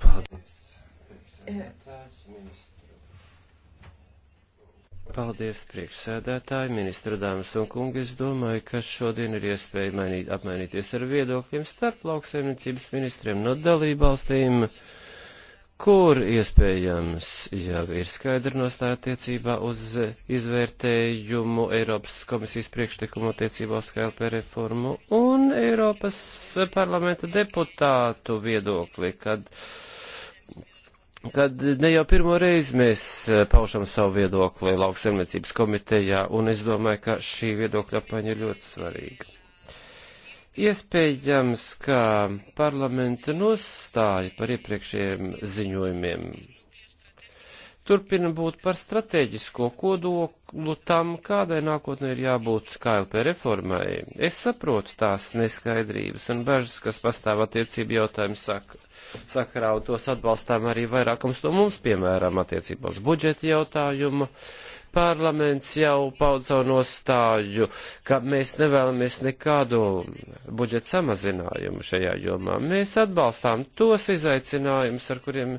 Paldies! Eh, Priekšsēdētājs, ministrs. Paldies, priekšsēdētāji, ministru dāmas un kungi. Es domāju, ka šodien ir iespēja mainīt, apmainīties ar viedokļiem starp lauksaimniecības ministriem no dalībvalstīm, kur iespējams jau ir skaidra nostāja attiecībā uz izvērtējumu Eiropas komisijas priekšlikumu attiecībā uz KLP reformu un Eiropas parlamenta deputātu viedokli, kad. Uh, kad ne jau pirmo reizi mēs e, paušam savu viedokli lauksaimniecības komitejā, un es domāju, ka šī viedokļa apaņa ir ļoti svarīga. Iespējams, ka parlamenta nostāja par iepriekšējiem ziņojumiem turpina būt par strateģisko kodolu tam, kādai nākotnē ir jābūt KLP reformai. Es saprotu tās neskaidrības un bažas, kas pastāv attiecību jautājumu sak sakarā, un tos atbalstām arī vairākums no mums, piemēram, attiecībā uz budžeta jautājumu, Parlaments jau paudz savu nostāju, ka mēs nevēlamies nekādu budžeta samazinājumu šajā jomā. Mēs atbalstām tos izaicinājumus, ar kuriem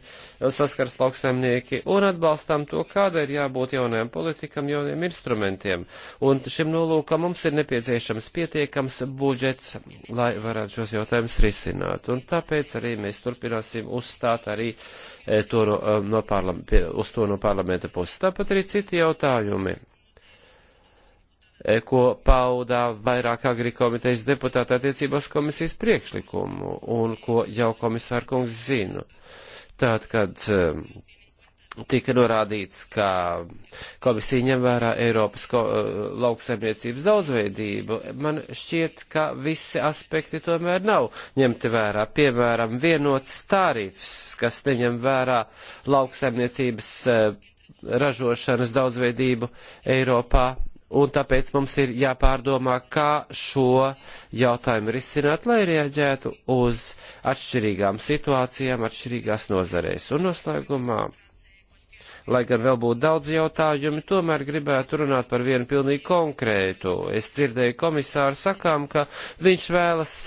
saskars lauksaimnieki, un atbalstām to, kāda ir jābūt jaunajam politikam, jauniem instrumentiem. Un šim nolūkam mums ir nepieciešams pietiekams budžets, lai varētu šos jautājumus risināt. Un tāpēc arī mēs turpināsim uzstāt arī eh, to no, eh, no parlam, uz to no parlamenta puses. Tāpat arī citi jautājumi jautājumi, eh, ko paudā vairāk agrikomitejas deputāti attiecībā uz komisijas priekšlikumu un ko jau komisārkungs zinu. Tātad, kad eh, tika norādīts, ka komisija ņem vērā Eiropas ko, eh, lauksaimniecības daudzveidību. Man šķiet, ka visi aspekti tomēr nav ņemti vērā. Piemēram, vienots tarifs, kas neņem vērā lauksaimniecības ražošanas daudzveidību Eiropā. Un tāpēc mums ir jāpārdomā, kā šo jautājumu risināt, lai reaģētu uz atšķirīgām situācijām, atšķirīgās nozarēs. Un noslēgumā, lai gan vēl būtu daudz jautājumu, tomēr gribētu runāt par vienu pilnīgi konkrētu. Es dzirdēju komisāru sakām, ka viņš vēlas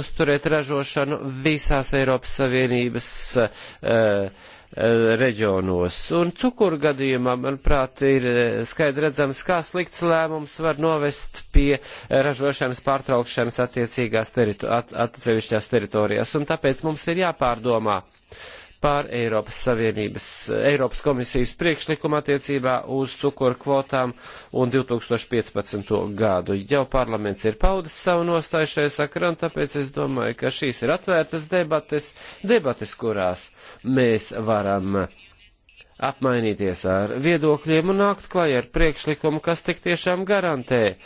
uzturēt ražošanu visās Eiropas Savienības. Uh, Eh, reģionos. Un cukuru gadījumā, manuprāt, ir eh, skaidri redzams, kā slikts lēmums var novest pie eh, ražošanas pārtraukšanas attiecīgās teritu, at, atsevišķās teritorijās. Un tāpēc mums ir jāpārdomā. Uh, pār Eiropas Savienības, Eiropas komisijas priekšlikumu attiecībā uz cukuru kvotām un 2015. gadu. Jau parlaments ir paudis savu nostāju šajā sakarā, un tāpēc es domāju, ka šīs ir atvērtas debates, debates, kurās mēs varam apmainīties ar viedokļiem un nākt klajā ar priekšlikumu, kas tik tiešām garantē e,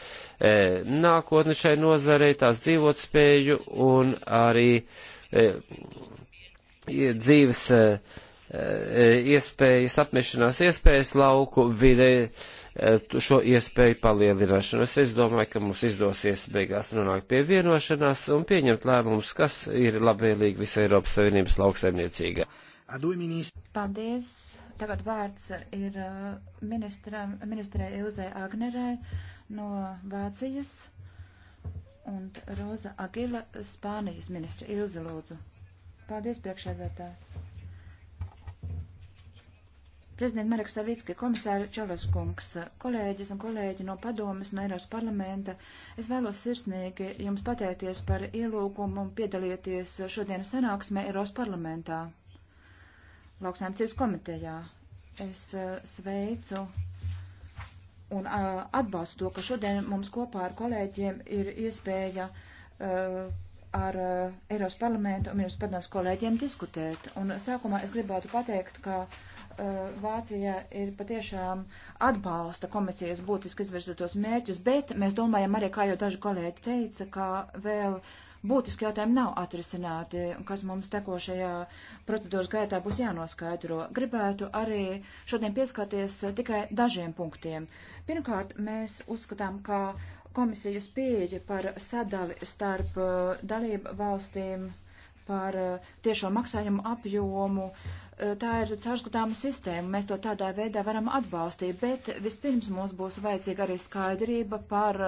nākotni šai nozarei, tās dzīvotspēju un arī e, dzīves e, e, iespējas, apmešanās iespējas lauku vidē, e, šo iespēju palielināšanos. Es domāju, ka mums izdosies beigās nonākt pie vienošanās un pieņemt lēmumus, kas ir labvēlīgi visai Eiropas Savienības lauksaimniecīgā. Paldies! Tagad vārds ir ministram, ministrē Ilzē Agnerē no Vācijas un Roza Agila, Spānijas ministra Ilze Lūdzu. Paldies, priekšēdētā. Prezidenta Marek Savicki, komisāra Čalas kungs, kolēģis un kolēģi no padomas no Eiropas parlamenta, es vēlos sirsnīgi jums pateikties par ielūgumu un piedalieties šodienas sanāksmē Eiropas parlamentā, lauksaimniecības komitejā. Es eh, sveicu un eh, atbalstu to, ka šodien mums kopā ar kolēģiem ir iespēja uh, ar uh, Eiropas parlamentu un ministru padomus kolēģiem diskutēt. Un sākumā es gribētu pateikt, ka uh, Vācija ir patiešām atbalsta komisijas būtiski izvirzītos mērķus, bet mēs domājam arī, kā jau daži kolēģi teica, ka vēl būtiski jautājumi nav atrisināti, kas mums tekošajā procedūras gaitā būs jānoskaidro. Gribētu arī šodien pieskarties tikai dažiem punktiem. Pirmkārt, mēs uzskatām, ka komisijas pieeja par sadali starp eh, dalību valstīm, par eh, tiešo maksājumu apjomu. Eh, tā ir caurskatāma sistēma, mēs to tādā veidā varam atbalstīt, bet vispirms mums būs vajadzīga arī skaidrība par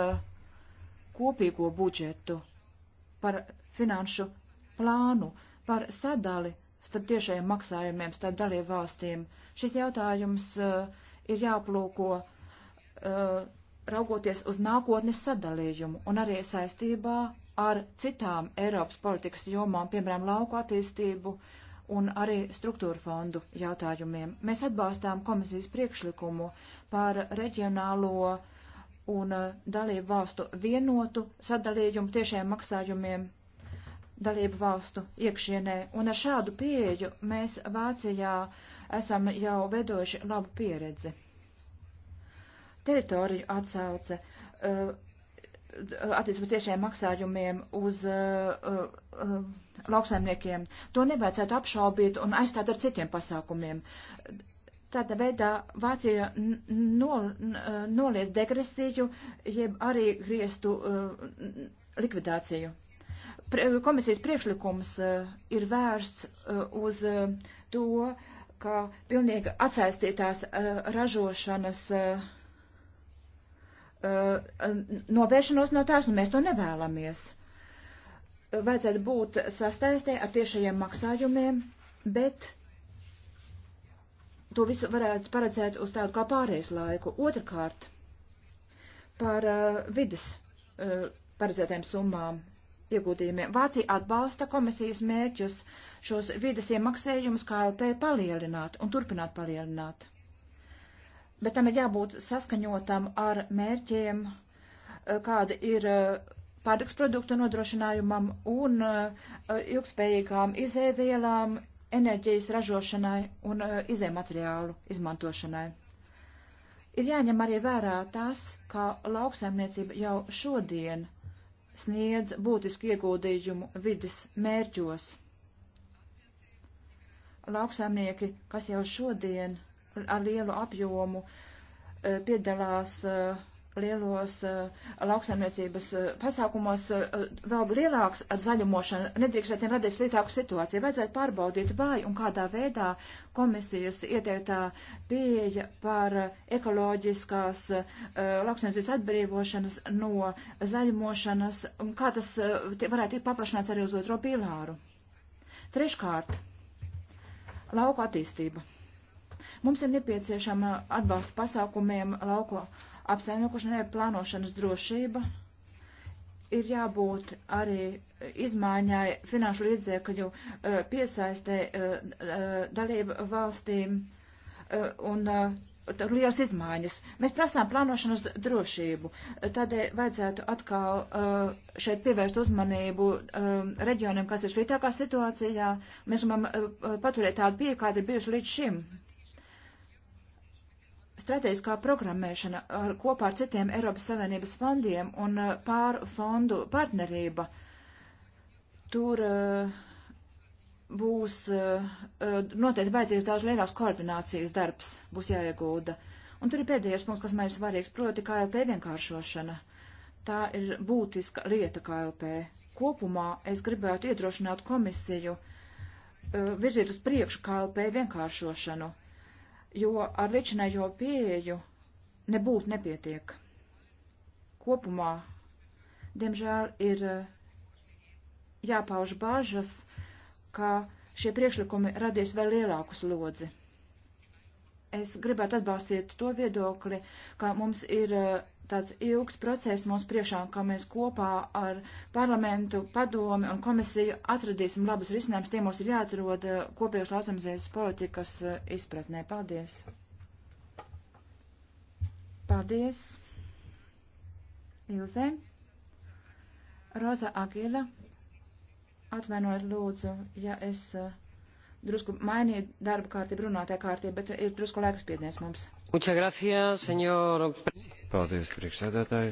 kopīgo budžetu, par finanšu plānu, par sadali starp tiešajiem maksājumiem, starp dalību valstīm. Šis jautājums uh, ir jāplūko uh, raugoties uz nākotnes sadalījumu un arī saistībā ar citām Eiropas politikas jomām, piemēram, lauku attīstību un arī struktūra fondu jautājumiem. Mēs atbalstām komisijas priekšlikumu par reģionālo un uh, dalību valstu vienotu sadalījumu tiešiem maksājumiem dalību valstu iekšienē. Un ar šādu pieeju mēs Vācijā esam jau vedojuši labu pieredzi teritoriju atsauce uh, attiecībā tiešiem maksājumiem uz uh, uh, lauksaimniekiem. To nevajadzētu apšaubīt un aizstāt ar citiem pasākumiem. Tādā veidā Vācija nol, nolies degresiju, jeb arī griestu uh, likvidāciju. Pre, komisijas priekšlikums uh, ir vērsts uh, uz uh, to, ka pilnīgi atsaistītās uh, ražošanas uh, Uh, novēršanos no tās, un mēs to nevēlamies. Vajadzētu būt sastaistē ar tiešajiem maksājumiem, bet to visu varētu paredzēt uz tādu kā pārējais laiku. Otrakārt, par uh, vidas uh, paredzētām summām iegūtījumiem. Vācija atbalsta komisijas mērķus šos vidas iemaksējumus KLP palielināt un turpināt palielināt bet tam ir jābūt saskaņotam ar mērķiem, eh, kāda ir eh, pārtiks produktu nodrošinājumam un eh, ilgspējīgām izēvielām, enerģijas ražošanai un izēmateriālu izmantošanai. Ir jāņem arī vērā tas, ka lauksaimniecība jau šodien sniedz būtisku ieguldījumu vidas mērķos. Lauksaimnieki, kas jau šodien ar lielu apjomu e, piedalās e, lielos e, lauksaimniecības pasākumos, vēl lielāks ar zaļumošanu, nedrīkstētiem radīt sliktāku situāciju. Vajadzētu pārbaudīt, vai un kādā veidā komisijas ieteiktā pieeja par ekoloģiskās lauksaimniecības atbrīvošanas no zaļumošanas, un kā tas varētu tikt paplašināts arī uz otro pīlāru. Treškārt, lauka attīstība. Mums ir nepieciešama atbalsta pasākumiem lauko apsaimniekošanai plānošanas drošība. Ir jābūt arī izmaiņai finanšu līdzekļu e, piesaistē e, e, dalību valstīm un tur liels izmaiņas. Mēs prasām plānošanas drošību, tādēļ vajadzētu atkal uh, šeit pievērst uzmanību um, reģioniem, kas ir sliktākā situācijā. Mēs varam uh, paturēt tādu pieeju, kāda ir bijusi līdz šim strateģiskā programmēšana ar, kopā ar citiem Eiropas Savienības fondiem un eh, pār fondu partnerība. Tur uh, būs uh, noteikti vajadzīgs daudz lielās koordinācijas darbs, būs jāiegūda. Un tur ir pēdējais punkts, kas man ir svarīgs, proti KLP vienkāršošana. Tā ir būtiska lieta KLP. Kopumā es gribētu iedrošināt komisiju uh, virzīt uz priekšu KLP vienkāršošanu. Uh, jo ar līdzinējo pieeju nebūtu nepietiek. Kopumā, diemžēl, ir eh, jāpauž bāžas, ka šie priekšlikumi radīs vēl lielāku slodzi. Es gribētu atbalstīt to viedokli, ka mums ir eh, tāds ilgs process mūsu priekšā, ka mēs kopā ar parlamentu, padomi un komisiju atradīsim labus risinājumus. Tie mums ir jāatrod eh, kopējās lauksaimniecības politikas eh, izpratnē. Paldies! Paldies! Ilze! Roza Agila, atvainojiet lūdzu, ja es eh, drusku mainīju darba kārtību, runātā kārtību, bet ir drusku laikas piediens mums. Gracias, senor... Paldies, priekšsēdētāji.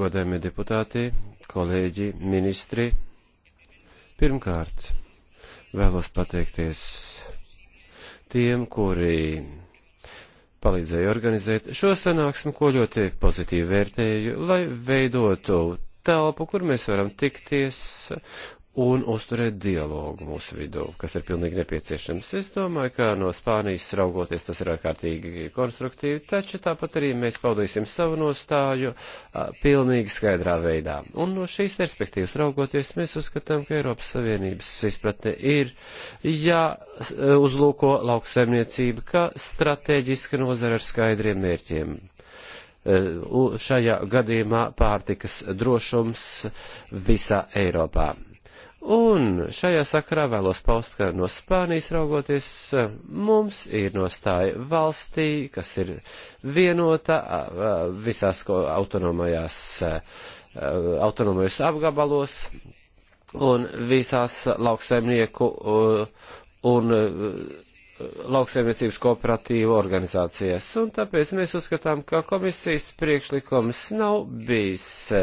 Godējumie deputāti, kolēģi, ministri. Pirmkārt, vēlos pateikties tiem, kuri palīdzēja organizēt šo sanāksmi, ko ļoti pozitīvi vērtēju, lai veidotu telpu, kur mēs varam tikties un uzturēt dialogu mūsu vidū, kas ir pilnīgi nepieciešams. Es domāju, ka no Spānijas raugoties tas ir ārkārtīgi konstruktīvi, taču tāpat arī mēs paudīsim savu nostāju a, pilnīgi skaidrā veidā. Un no šīs perspektīvas raugoties, mēs uzskatām, ka Eiropas Savienības izpratne ir jāuzlūko ja e, lauksaimniecība, ka strateģiska nozara ar skaidriem mērķiem e, šajā gadījumā pārtikas drošums visā Eiropā. Un šajā sakarā vēlos paust, ka no Spānijas raugoties mums ir nostāja valstī, kas ir vienota visās autonomajās, autonomajos apgabalos un visās lauksaimnieku un lauksaimniecības kooperatīvu organizācijas. Un tāpēc mēs uzskatām, ka komisijas priekšlikums nav bijis e,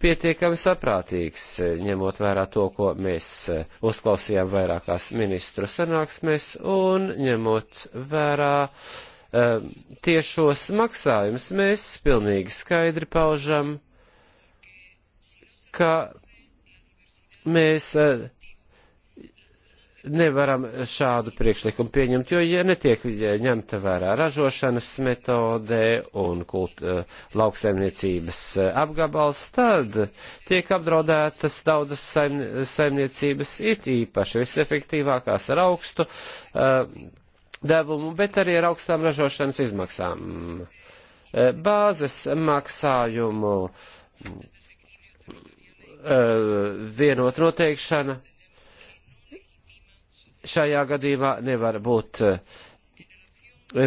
pietiekami saprātīgs, e, ņemot vērā to, ko mēs e, uzklausījām vairākās ministru sanāksmēs un ņemot vērā um, tiešos maksājumus. Mēs pilnīgi skaidri paužam, ka mēs uh, nevaram šādu priekšlikumu pieņemt, jo, ja netiek ņemta vērā ražošanas metode un kult, eh, lauksaimniecības eh, apgabals, tad tiek apdraudētas daudzas saim, saimniecības, it īpaši visefektīvākās ar augstu uh, devumu, bet arī ar augstām ražošanas izmaksām. Bāzes maksājumu uh, vienot noteikšana šajā gadījumā nevar būt eh,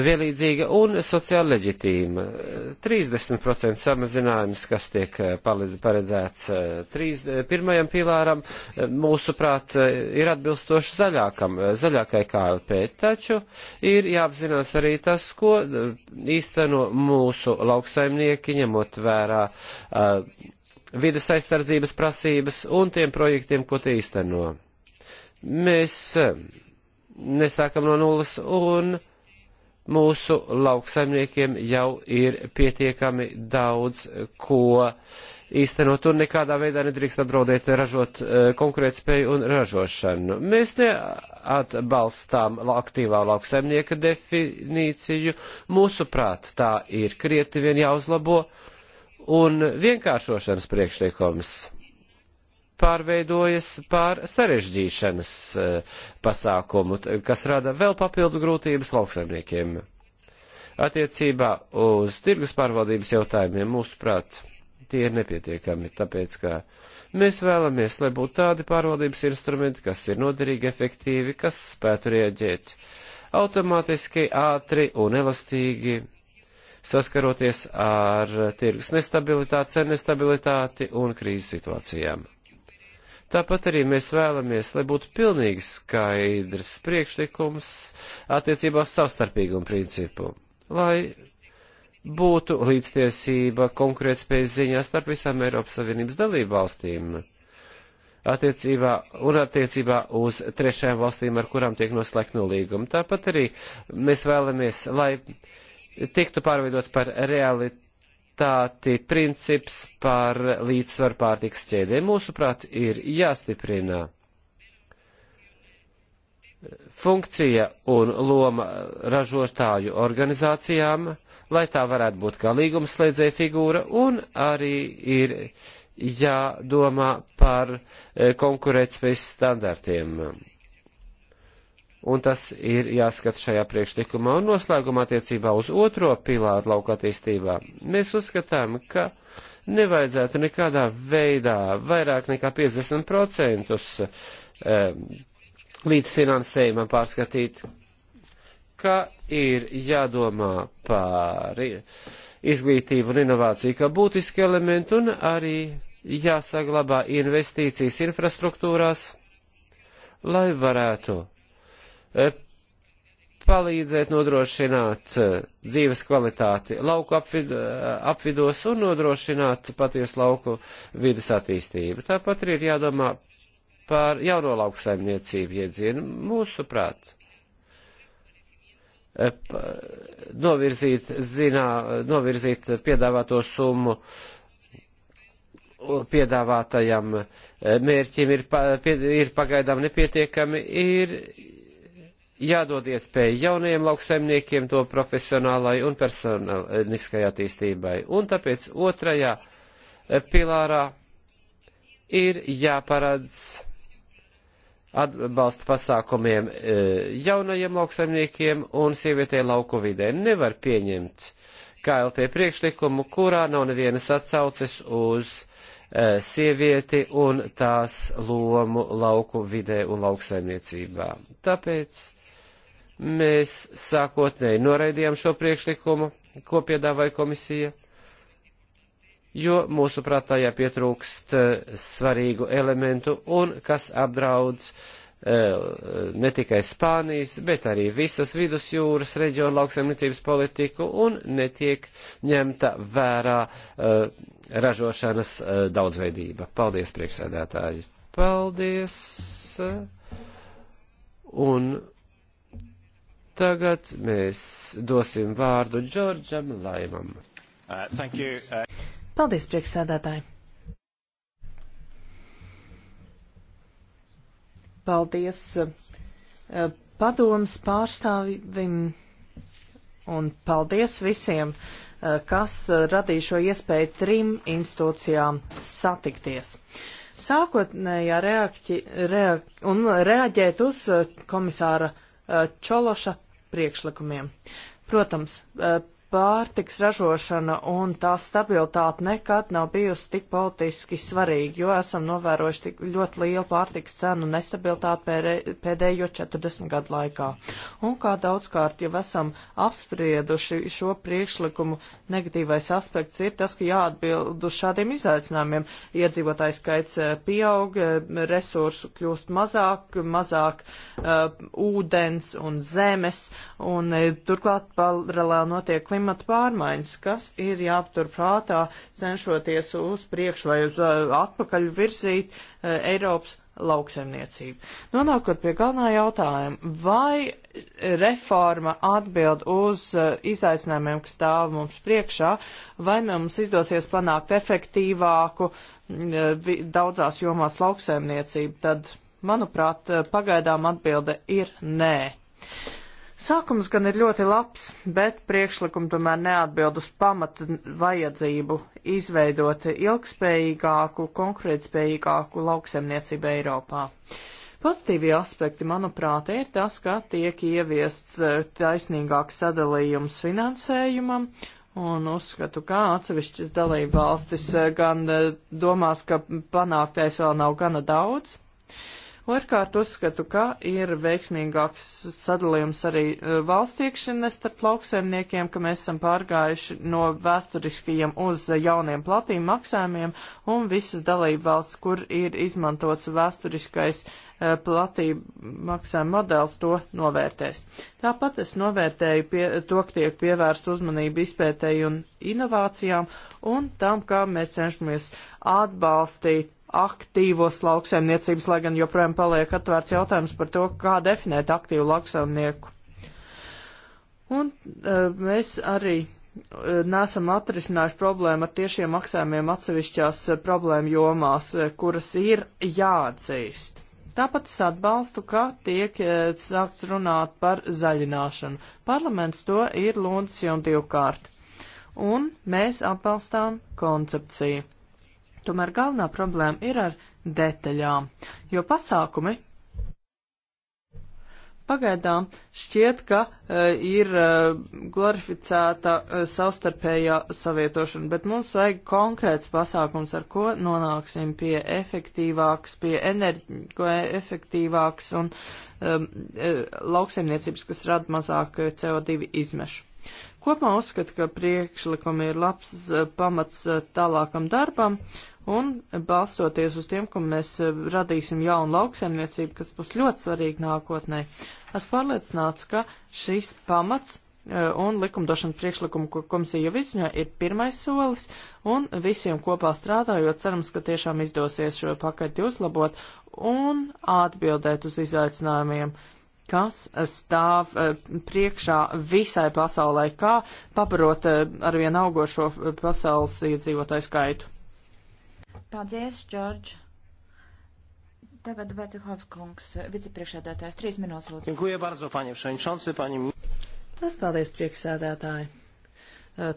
vienlīdzīga un sociāli leģitīma. 30% samazinājums, kas tiek eh, paredzēts eh, trīs, pirmajam pilāram, mūsuprāt, ir atbilstoši zaļākam, zaļākai KLP, taču ir jāapzinās arī tas, ko īsteno mūsu lauksaimnieki, ņemot vērā uh, vides aizsardzības prasības un tiem projektiem, ko tie īsteno. Mēs eh, nesākam no nulles un mūsu lauksaimniekiem jau ir pietiekami daudz, ko īstenot un nekādā veidā nedrīkst apdraudēt ražot eh, konkurētspēju un ražošanu. Mēs neatbalstām aktīvā lauksaimnieka definīciju. Mūsuprāt, tā ir krieti vien jāuzlabo un vienkāršošanas priekšlikums pārveidojas pār sarežģīšanas e, pasākumu, kas rada vēl papildu grūtības lauksaimniekiem. Attiecībā uz tirgus pārvaldības jautājumiem mūsuprāt tie ir nepietiekami, tāpēc ka mēs vēlamies, lai būtu tādi pārvaldības instrumenti, kas ir noderīgi, efektīvi, kas spētu rieģēt automātiski, ātri un elastīgi, saskaroties ar tirgus nestabilitāti, cenu nestabilitāti un krīzes situācijām. Tāpat arī mēs vēlamies, lai būtu pilnīgi skaidrs priekšlikums attiecībā uz savstarpīgumu principu, lai būtu līdztiesība konkurētspējas ziņā starp visām Eiropas Savienības dalību valstīm attiecībā un attiecībā uz trešajām valstīm, ar kurām tiek noslēgt nolīgumi. Tāpat arī mēs vēlamies, lai tiktu pārveidots par realitāti prioritāti princips par līdzsvaru pārtiks ķēdē. Mūsuprāt, ir jāstiprina funkcija un loma ražotāju organizācijām, lai tā varētu būt kā līgumslēdzēja figūra, un arī ir jādomā par eh, konkurētspējas standartiem un tas ir jāskat šajā priekšlikumā. Un noslēgumā attiecībā uz otro pilāru lauka attīstībā mēs uzskatām, ka nevajadzētu nekādā veidā vairāk nekā 50% eh, līdz finansējumam pārskatīt, ka ir jādomā par izglītību un inovāciju kā būtiski elementi un arī jāsaglabā investīcijas infrastruktūrās, lai varētu E, palīdzēt nodrošināt e, dzīves kvalitāti lauku apvid, e, apvidos un nodrošināt patiesu lauku vidas attīstību. Tāpat ir jādomā par jauno lauksaimniecību iedzienu mūsu prāt. Novirzīt, zinā, novirzīt piedāvāto summu piedāvātajam mērķim ir, pa, pie, ir pagaidām nepietiekami, ir jādod iespēja jaunajiem lauksaimniekiem to profesionālai un personiskai attīstībai. Un tāpēc otrajā e, pilārā ir jāparedz atbalsta pasākumiem e, jaunajiem lauksaimniekiem un sievietē lauku vidē. Nevar pieņemt KLP priekšlikumu, kurā nav nevienas atsauces uz e, sievieti un tās lomu lauku vidē un lauksaimniecībā. Tāpēc Mēs sākotnēji noraidījām šo priekšlikumu, ko piedāvāja komisija, jo mūsu prātājā pietrūkst eh, svarīgu elementu un kas apdraud eh, ne tikai Spānijas, bet arī visas vidusjūras reģiona lauksaimniecības politiku un netiek ņemta vērā uh, ražošanas uh, daudzveidība. Paldies, priekšsēdētāji! Paldies! Un Tagad mēs dosim vārdu Džordžam Laimam. Uh, you, uh... Paldies, priekšsēdētāji! Paldies uh, padomas pārstāvim un paldies visiem, uh, kas uh, radīja šo iespēju trim institūcijām satikties. Sākotnējā reakti, reak, un reaģēt uz uh, komisāra Čološa priekšlikumiem. Protams, eh, pārtiks ražošana un tā stabilitāte nekad nav bijusi tik politiski svarīga, jo esam novērojuši tik ļoti lielu pārtiks cenu nestabilitāti pēdējo 40 gadu laikā. Un kā daudzkārt jau esam apsprieduši šo priekšlikumu, negatīvais aspekts ir tas, ka jāatbild uz šādiem izaicinājumiem. Iedzīvotājs skaits eh, pieaug, eh, resursu kļūst mazāk, mazāk uh, ūdens un zemes, un uh, turklāt paralēli notiek klimata klimata pārmaiņas, kas ir jāaptur prātā, cenšoties uz priekšu vai uz uh, atpakaļ virzīt uh, Eiropas lauksemniecību. Nonākot pie galvenā jautājuma, vai reforma atbild uz uh, izaicinājumiem, kas stāv mums priekšā, vai mums izdosies panākt efektīvāku mm, daudzās jomās lauksemniecību, tad, manuprāt, pagaidām atbilde ir nē. Sākums gan ir ļoti labs, bet priekšlikumi tomēr neatbild uz pamata vajadzību izveidot ilgspējīgāku, konkurētspējīgāku lauksemniecību Eiropā. Pozitīvie aspekti, manuprāt, ir tas, ka tiek ieviests eh, taisnīgāks sadalījums finansējumam, un uzskatu, ka atsevišķas dalība valstis eh, gan eh, domās, ka panāktais vēl nav gana daudz. Uh, Otrkārt, uzskatu, ka ir veiksmīgāks sadalījums arī e, valsts iekšienē starp lauksaimniekiem, ka mēs esam pārgājuši no vēsturiskajiem uz jauniem platīm maksājumiem un visas dalību valsts, kur ir izmantots vēsturiskais e, platība maksājuma modelis to novērtēs. Tāpat es novērtēju pie, to, ka tiek pievērst uzmanību izpētēju un inovācijām un tam, kā mēs cenšamies atbalstīt aktīvos lauksaimniecības, lai gan joprojām paliek atvērts jautājums par to, kā definēt aktīvu lauksaimnieku. Un uh, mēs arī uh, nesam atrisinājuši problēmu ar tiešiem maksājumiem atsevišķās uh, problēmu jomās, uh, kuras ir jāatzīst. Tāpat es atbalstu, ka tiek uh, sākts runāt par zaļināšanu. Parlaments to ir lūdzis jau divkārt. Un mēs atbalstām koncepciju Tomēr galvenā problēma ir ar detaļām, jo pasākumi pagaidām šķiet, ka uh, ir uh, glorificēta uh, savstarpējā savietošana, bet mums vajag konkrēts pasākums, ar ko nonāksim pie efektīvāks, pie energoefektīvāks un um, lauksaimniecības, kas rada mazāk CO2 izmešu. Kopumā uzskatu, ka priekšlikumi ir labs pamats tālākam darbam Un balstoties uz tiem, ka mēs eh, radīsim jaunu lauksaimniecību, kas būs ļoti svarīga nākotnē, es pārliecināts, ka šis pamats eh, un likumdošana priekšlikumu, ko komisija jau izņo, ir pirmais solis, un visiem kopā strādājot, cerams, ka tiešām izdosies šo paketi uzlabot un atbildēt uz izaicinājumiem kas eh, stāv priekšā visai pasaulē, kā pabarot arvien augošo pasaules iedzīvotāju skaitu. Paldies, Džordž. Tagad Vecehovskungs, vicepriekšsēdētājs, trīs minūtes lūdzu. Dziękuję bardzo, panie przewodniczący, pani. Tas paldies, priekšsēdētāji.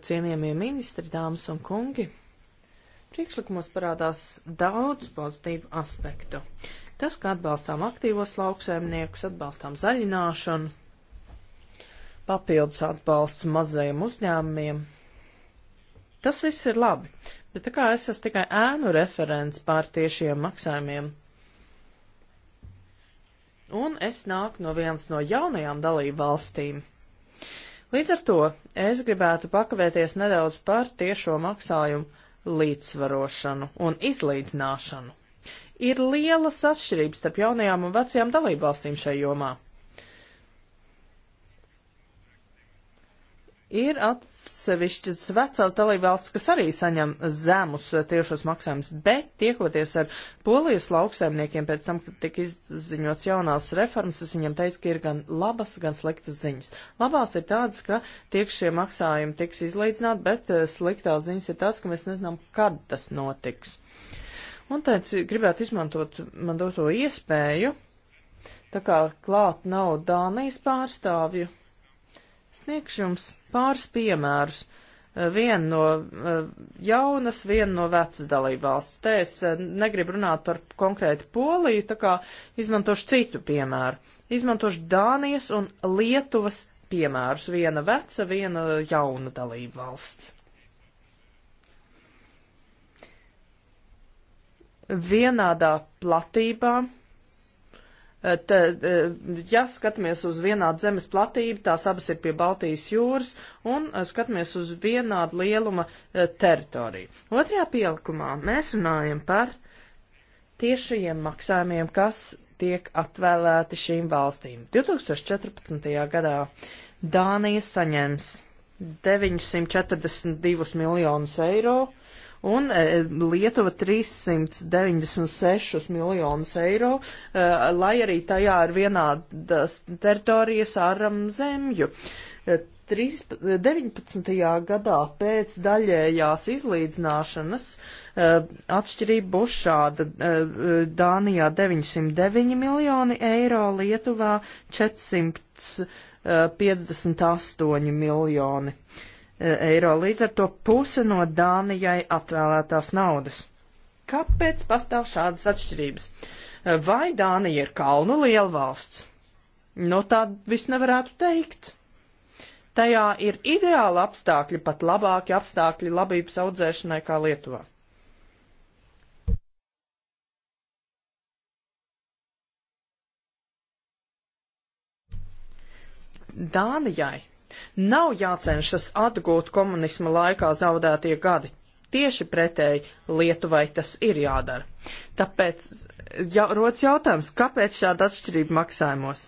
Cienījamie ministri, dāmas un kungi. Priekšlikumos parādās daudz pozitīvu aspektu. Tas, ka atbalstām aktīvos lauksaimniekus, atbalstām zaļināšanu, papildus atbalsts mazajiem uzņēmumiem, Tas viss ir labi, bet tā kā es esmu tikai ēnu referents pār tiešiem maksājumiem, un es nāku no vienas no jaunajām dalību valstīm. Līdz ar to es gribētu pakavēties nedaudz par tiešo maksājumu līdzsvarošanu un izlīdzināšanu. Ir lielas atšķirības starp jaunajām un vecajām dalībvalstīm šajā jomā. Ir atsevišķas vecās dalībvalsts, kas arī saņem zemus eh, tiešos maksājumus, bet tiekoties ar polijas lauksaimniekiem pēc tam, kad tika izziņots jaunās reformas, es viņiem teicu, ka ir gan labas, gan sliktas ziņas. Labās ir tādas, ka tiek šie maksājumi tiks izlīdzināti, bet eh, sliktās ziņas ir tās, ka mēs nezinām, kad tas notiks. Un tāds gribētu izmantot man doto iespēju, tā kā klāt nav Dānijas pārstāvju, sniegšu jums Pāris piemērus. Eh, viena no eh, jaunas, viena no vecas dalībvalsts. Te es eh, negribu runāt par konkrēti Poliju, tā kā izmantošu citu piemēru. Izmantošu Dānijas un Lietuvas piemērus. Viena veca, viena jauna dalībvalsts. Vienādā platībā Eh, Tad, eh, ja skatāmies uz vienādu zemes platību, tās abas ir pie Baltijas jūras, un eh, skatāmies uz vienādu lieluma teritoriju. Otrajā pielikumā mēs runājam par tiešajiem maksājumiem, kas tiek atvēlēti šīm valstīm. 2014. gadā Dānija saņems 942 miljonus eiro, un e, Lietuva 396 miljonus eiro, e, lai arī tajā ir vienādas teritorijas āram um, zemju. 19. E, gadā pēc daļējās izlīdzināšanas atšķirība būs šāda. Dānijā 909 miljoni eiro, Lietuvā 458 miljoni eiro eiro, līdz ar to puse no Dānijai atvēlētās naudas. Kāpēc pastāv šādas atšķirības? Vai Dānija ir kalnu lielvalsts? Nu, tā viss nevarētu teikt. Tajā ir ideāli apstākļi, pat labāki apstākļi labības audzēšanai kā Lietuvā. Dānijai Nav jācenšas atgūt komunisma laikā zaudētie gadi. Tieši pretēji Lietuvai tas ir jādara. Tāpēc ja, rodas jautājums, kāpēc šāda atšķirība maksājumos?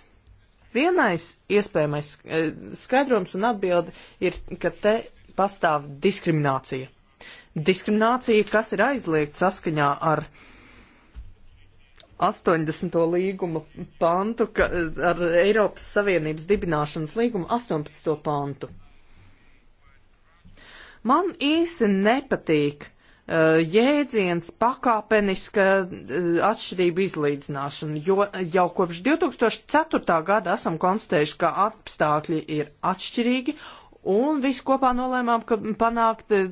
Vienais iespējamais eh, skaidrojums un atbildi ir, ka te pastāv diskriminācija. Diskriminācija, kas ir aizliegta saskaņā ar uh, 80. līguma pantu, ka, ar Eiropas Savienības dibināšanas līguma 18. pantu. Man īsti nepatīk uh, jēdziens pakāpeniska uh, atšķirība izlīdzināšana, jo jau kopš 2004. gada esam konstatējuši, ka apstākļi ir atšķirīgi un visi kopā nolēmām, ka panākt eh,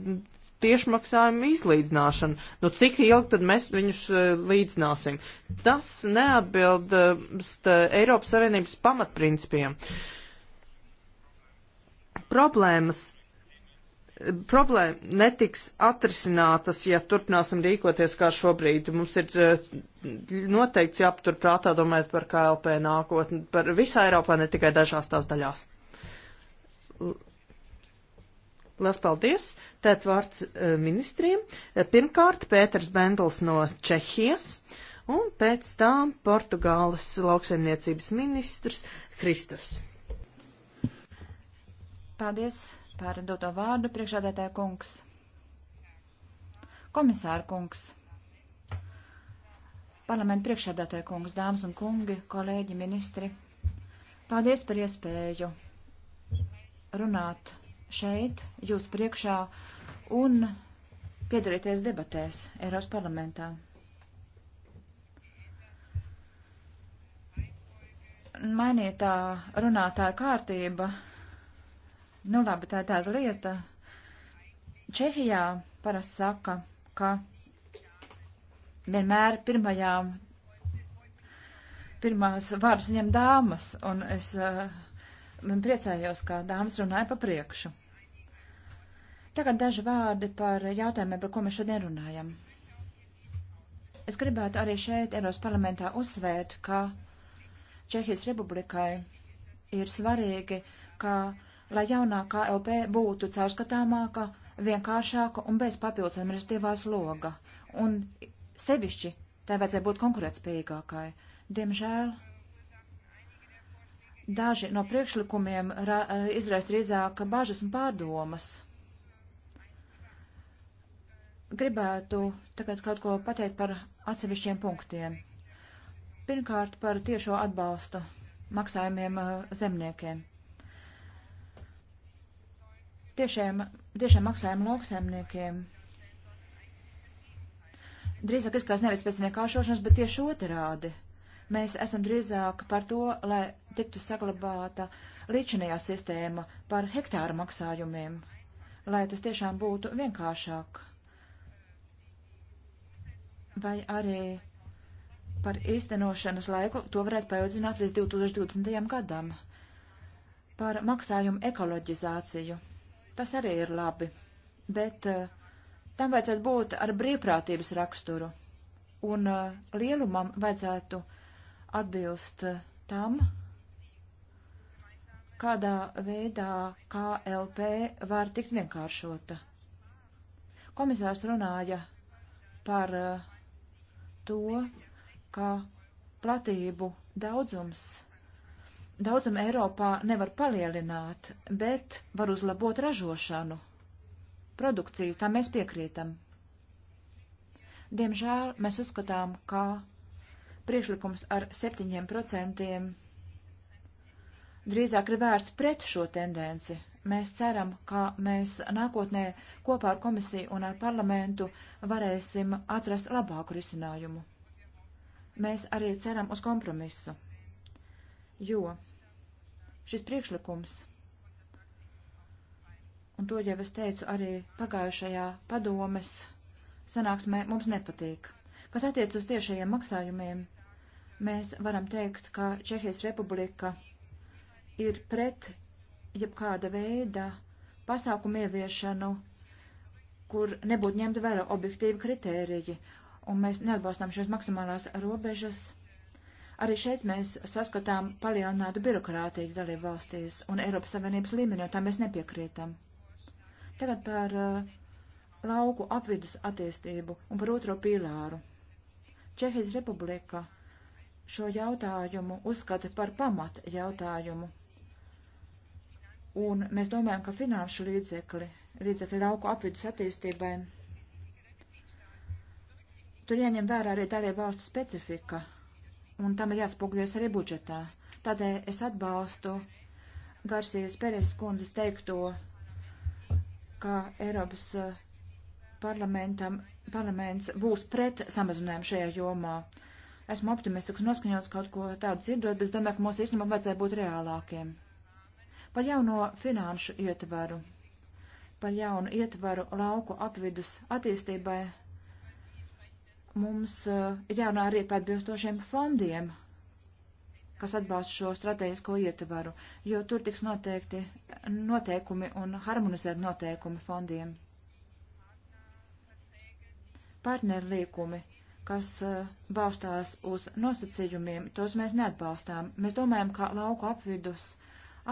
tiešmaksājumu izlīdzināšanu. Nu, cik ilgi tad mēs viņus uh, līdzināsim? Tas neatbilst e, uh, Eiropas Savienības pamatprincipiem. Problēmas. Problēma netiks atrisinātas, ja turpināsim rīkoties kā šobrīd. Mums ir uh, e, noteikti jāpatur prātā domājot par KLP nākotni, par visā Eiropā, ne tikai dažās tās daļās. L Lielas paldies! Tēt vārds eh, ministriem. Pirmkārt, Pēters Bendels no Čehijas, un pēc tam Portugāles lauksaimniecības ministrs Kristus. Paldies par doto vārdu, priekšādētāja kungs. Komisāra kungs. Parlamenta priekšādātāja kungs, dāmas un kungi, kolēģi, ministri. Paldies par iespēju runāt šeit, jūs priekšā, un piedalīties debatēs Eiropas parlamentā. Mainītā runātāja kārtība, nu labi, tā ir tāda lieta. Čehijā parasti saka, ka vienmēr pirmajām, pirmās varas ņem dāmas, un es uh, man priecājos, ka dāmas runāja pa priekšu. Tagad daži vārdi par jautājumiem, par ko mēs šodien runājam. Es gribētu arī šeit, Eiros parlamentā, uzsvērt, ka Čehijas republikai ir svarīgi, ka, lai jaunā KLP būtu caurskatāmāka, vienkāršāka un bez papildus administratīvā sloga. Un sevišķi tai vajadzēja būt konkurētspējīgākai. Diemžēl daži no priekšlikumiem ra, izraist drīzāk bažas un pārdomas gribētu tagad kaut ko pateikt par atsevišķiem punktiem. Pirmkārt, par tiešo atbalstu maksājumiem uh, zemniekiem. Tiešiem, tiešiem maksājumu lauksaimniekiem drīzāk izskatās nevis pēc vienkāršošanas, bet tieši otrādi. Mēs esam drīzāk par to, lai tiktu saglabāta līdzinējā sistēma par hektāru maksājumiem, lai tas tiešām būtu vienkāršāk vai arī par īstenošanas laiku to varētu paildzināt līdz 2020. gadam. Par maksājumu ekoloģizāciju. Tas arī ir labi, bet uh, tam vajadzētu būt ar brīvprātības raksturu, un uh, lielumam vajadzētu atbilst uh, tam, kādā veidā KLP var tikt vienkāršota. Komisārs runāja par uh, to, ka platību daudzums daudzumu Eiropā nevar palielināt, bet var uzlabot ražošanu, produkciju, tam mēs piekrītam. Diemžēl mēs uzskatām, ka priekšlikums ar 7% drīzāk ir vērts pret šo tendenci, mēs ceram, ka mēs nākotnē kopā ar komisiju un ar parlamentu varēsim atrast labāku risinājumu. Mēs arī ceram uz kompromisu, jo šis priekšlikums, un to jau es teicu arī pagājušajā padomes sanāksmē, mums nepatīk. Kas attiec uz tiešajiem maksājumiem, mēs varam teikt, ka Čehijas republika ir pret jebkāda veida pasākumu ieviešanu, kur nebūtu ņemta vērā objektīva kritērija, un mēs neatbalstām šīs maksimālās robežas. Arī šeit mēs saskatām palielinātu birokrātiju dalību valstīs un Eiropas Savienības līmenī, un tā mēs nepiekrītam. Tagad par uh, lauku apvidus attīstību un par otro pīlāru. Čehijas republika šo jautājumu uzskata par pamat jautājumu Un mēs domājam, ka finanšu līdzekļi, līdzekļi lauku apvidus attīstībai, tur jāņem vērā arī dalie valstu specifika, un tam ir jāspogļies arī budžetā. Tādēļ es atbalstu Garsijas Peres kundzes teikto, ka Eiropas eh, parlaments būs pret samazinājumu šajā jomā. Esmu optimistisks noskaņots kaut ko tādu dzirdot, bet es domāju, ka mums īstenībā vajadzēja būt reālākiem par jauno finanšu ietvaru, par jaunu ietvaru lauku apvidus attīstībai. Mums uh, ir jānā arī par atbilstošiem fondiem, kas atbalsta šo strateģisko ietvaru, jo tur tiks noteikti noteikumi un harmonizēt noteikumi fondiem. Partnerlīkumi kas uh, balstās uz nosacījumiem, tos mēs neatbalstām. Mēs domājam, ka lauku apvidus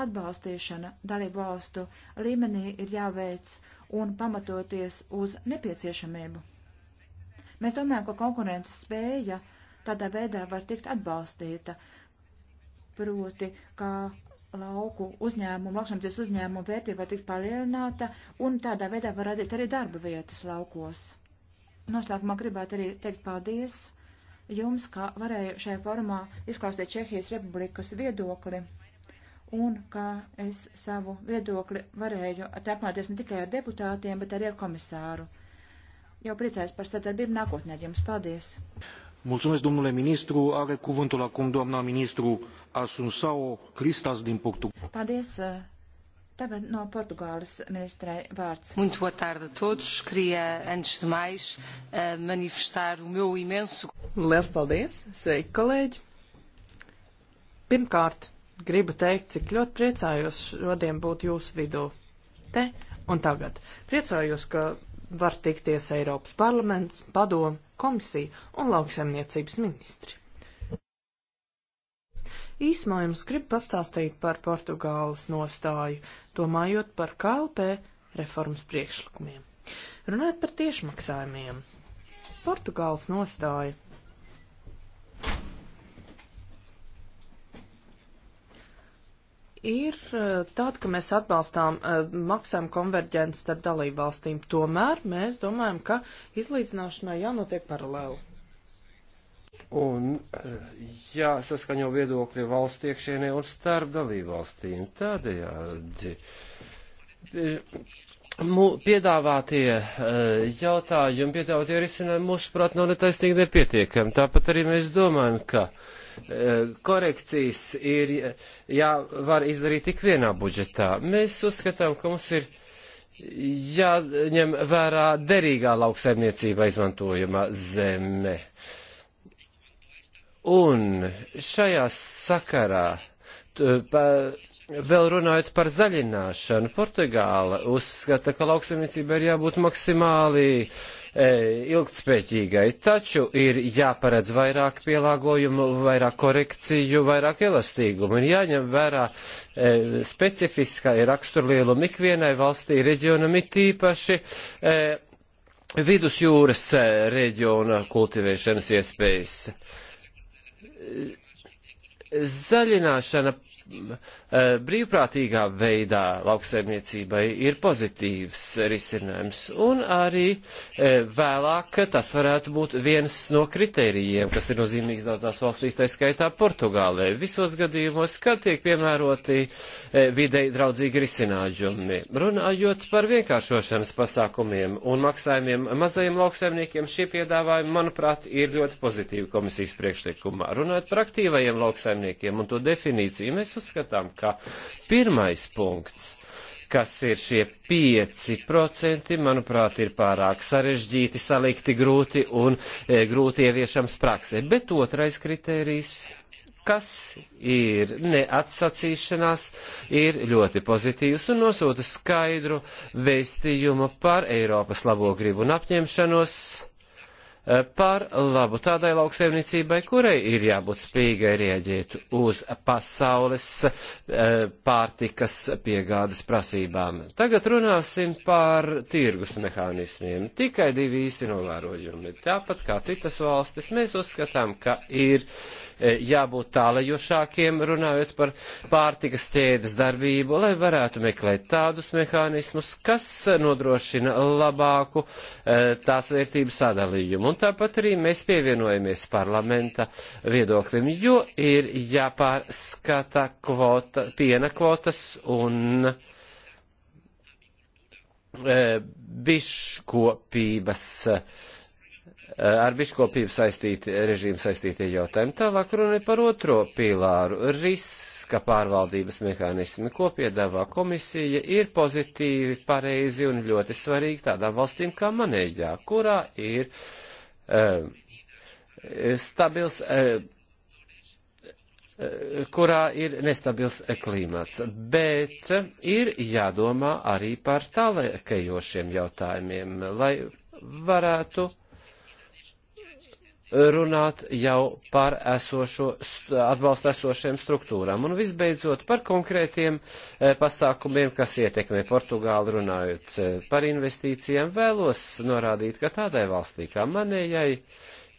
atbalstīšana dalību valstu līmenī ir jāveic un pamatoties uz nepieciešamību. Mēs domājam, ka konkurences spēja tādā veidā var tikt atbalstīta, proti, kā lauku uzņēmumu, lauksamcības uzņēmumu vērtība var tikt palielināta un tādā veidā var radīt arī darba vietas laukos. Noslēgumā gribētu arī teikt paldies jums, ka varēju šajā formā izklāstīt Čehijas republikas viedokli un kā es savu viedokli varēju apmainīties ne tikai ar deputātiem, bet arī ar komisāru. Jau priecājos par sadarbību nākotnē ar jums. Paldies! Mulțumesc, domnule ministru. Are cuvântul acum doamna ministru Asunsao Cristas din Portugalia. Paldies. Eh, Tagad no Portugāles ministrei vārds. Muito boa tarde a todos. Queria, antes de mais, eh, manifestar o meu imenso. Lielas paldies. Sveiki, kolēģi. Pirmkārt, gribu teikt, cik ļoti priecājos šodien būt jūsu vidū. Te un tagad. Priecājos, ka var tikties Eiropas parlaments, padomu, komisija un lauksaimniecības ministri. Īsumā jums gribu pastāstīt par Portugāles nostāju, domājot par KLP reformas priekšlikumiem. Runājot par tiešmaksājumiem, Portugāles nostāja ir eh, tāda, ka mēs atbalstām eh, maksājumu konverģences starp dalību valstīm. Tomēr mēs domājam, ka izlīdzināšanai jānotiek paralēli. Un eh, jāsaskaņo viedokļi valsts iekšienē un starp dalību valstīm. Tādējādi piedāvātie jautājumi, piedāvātie risinājumi, mūsuprāt, nav netaisnīgi nepietiekami. Tāpat arī mēs domājam, ka Eh, korekcijas ir jāvar izdarīt tik vienā budžetā. Mēs uzskatām, ka mums ir jāņem vērā derīgā lauksaimniecība izmantojama zeme. Un šajā sakarā pa, vēl runājot par zaļināšanu, Portugāla uzskata, ka lauksaimniecība ir jābūt maksimāli uh, E, ilgtspēķīgai, taču ir jāparedz vairāk pielāgojumu, vairāk korekciju, vairāk elastīgumu un jāņem vērā e, specifiskā raksturlieluma ikvienai valstī, reģionam ir tīpaši e, vidusjūras reģiona kultivēšanas iespējas. Zaļināšana Eh, brīvprātīgā veidā lauksaimniecībai ir pozitīvs risinājums. Un arī eh, vēlāk tas varētu būt viens no kritērijiem, kas ir nozīmīgs daudzās valstīs, tā skaitā Portugālē. Visos gadījumos, kad tiek piemēroti eh, videi draudzīgi risinājumi. Runājot par vienkāršošanas pasākumiem un maksājumiem mazajiem lauksaimniekiem, šie piedāvājumi, manuprāt, ir ļoti pozitīvi komisijas priekšlikumā. Runājot par aktīvajiem lauksaimniekiem un to definīciju, mēs uzskatām, ka pirmais punkts kas ir šie 5%, manuprāt, ir pārāk sarežģīti, salikti, grūti un e, grūti ieviešams praksē. Bet otrais kritērijs kas ir neatsacīšanās, ir ļoti pozitīvs un nosūta skaidru vēstījumu par Eiropas labo gribu un apņemšanos Eh, par labu tādai lauksaimniecībai, kurai ir jābūt spīgai rieģēt uz pasaules eh, pārtikas piegādes prasībām. Tagad runāsim par tirgus mehānismiem. Tikai divi īsi novērojumi. Tāpat kā citas valstis, mēs uzskatām, ka ir eh, jābūt tālajošākiem runājot par pārtikas ķēdes darbību, lai varētu meklēt tādus mehānismus, kas nodrošina labāku tās vērtības sadalījumu Un tāpat arī mēs pievienojamies parlamenta viedoklim, jo ir jāpārskata kvota, piena kvotas un e, biškopības. E, ar biškopību saistīti, režīmu saistītie jautājumi. Tālāk runa ir par otro pīlāru. Riska pārvaldības mehānismi, ko piedāvā komisija, ir pozitīvi, pareizi un ļoti svarīgi tādām valstīm kā Manēģā, kurā ir uh, Eh, stabils, eh, eh, kurā ir nestabils klimats. Bet ir jādomā arī par tālākajiem jautājumiem, lai varētu runāt jau par esošo, atbalstu esošiem struktūrām. Un visbeidzot par konkrētiem eh, pasākumiem, kas ietekmē Portugāli runājot eh, par investīcijām, vēlos norādīt, ka tādai valstī kā manējai,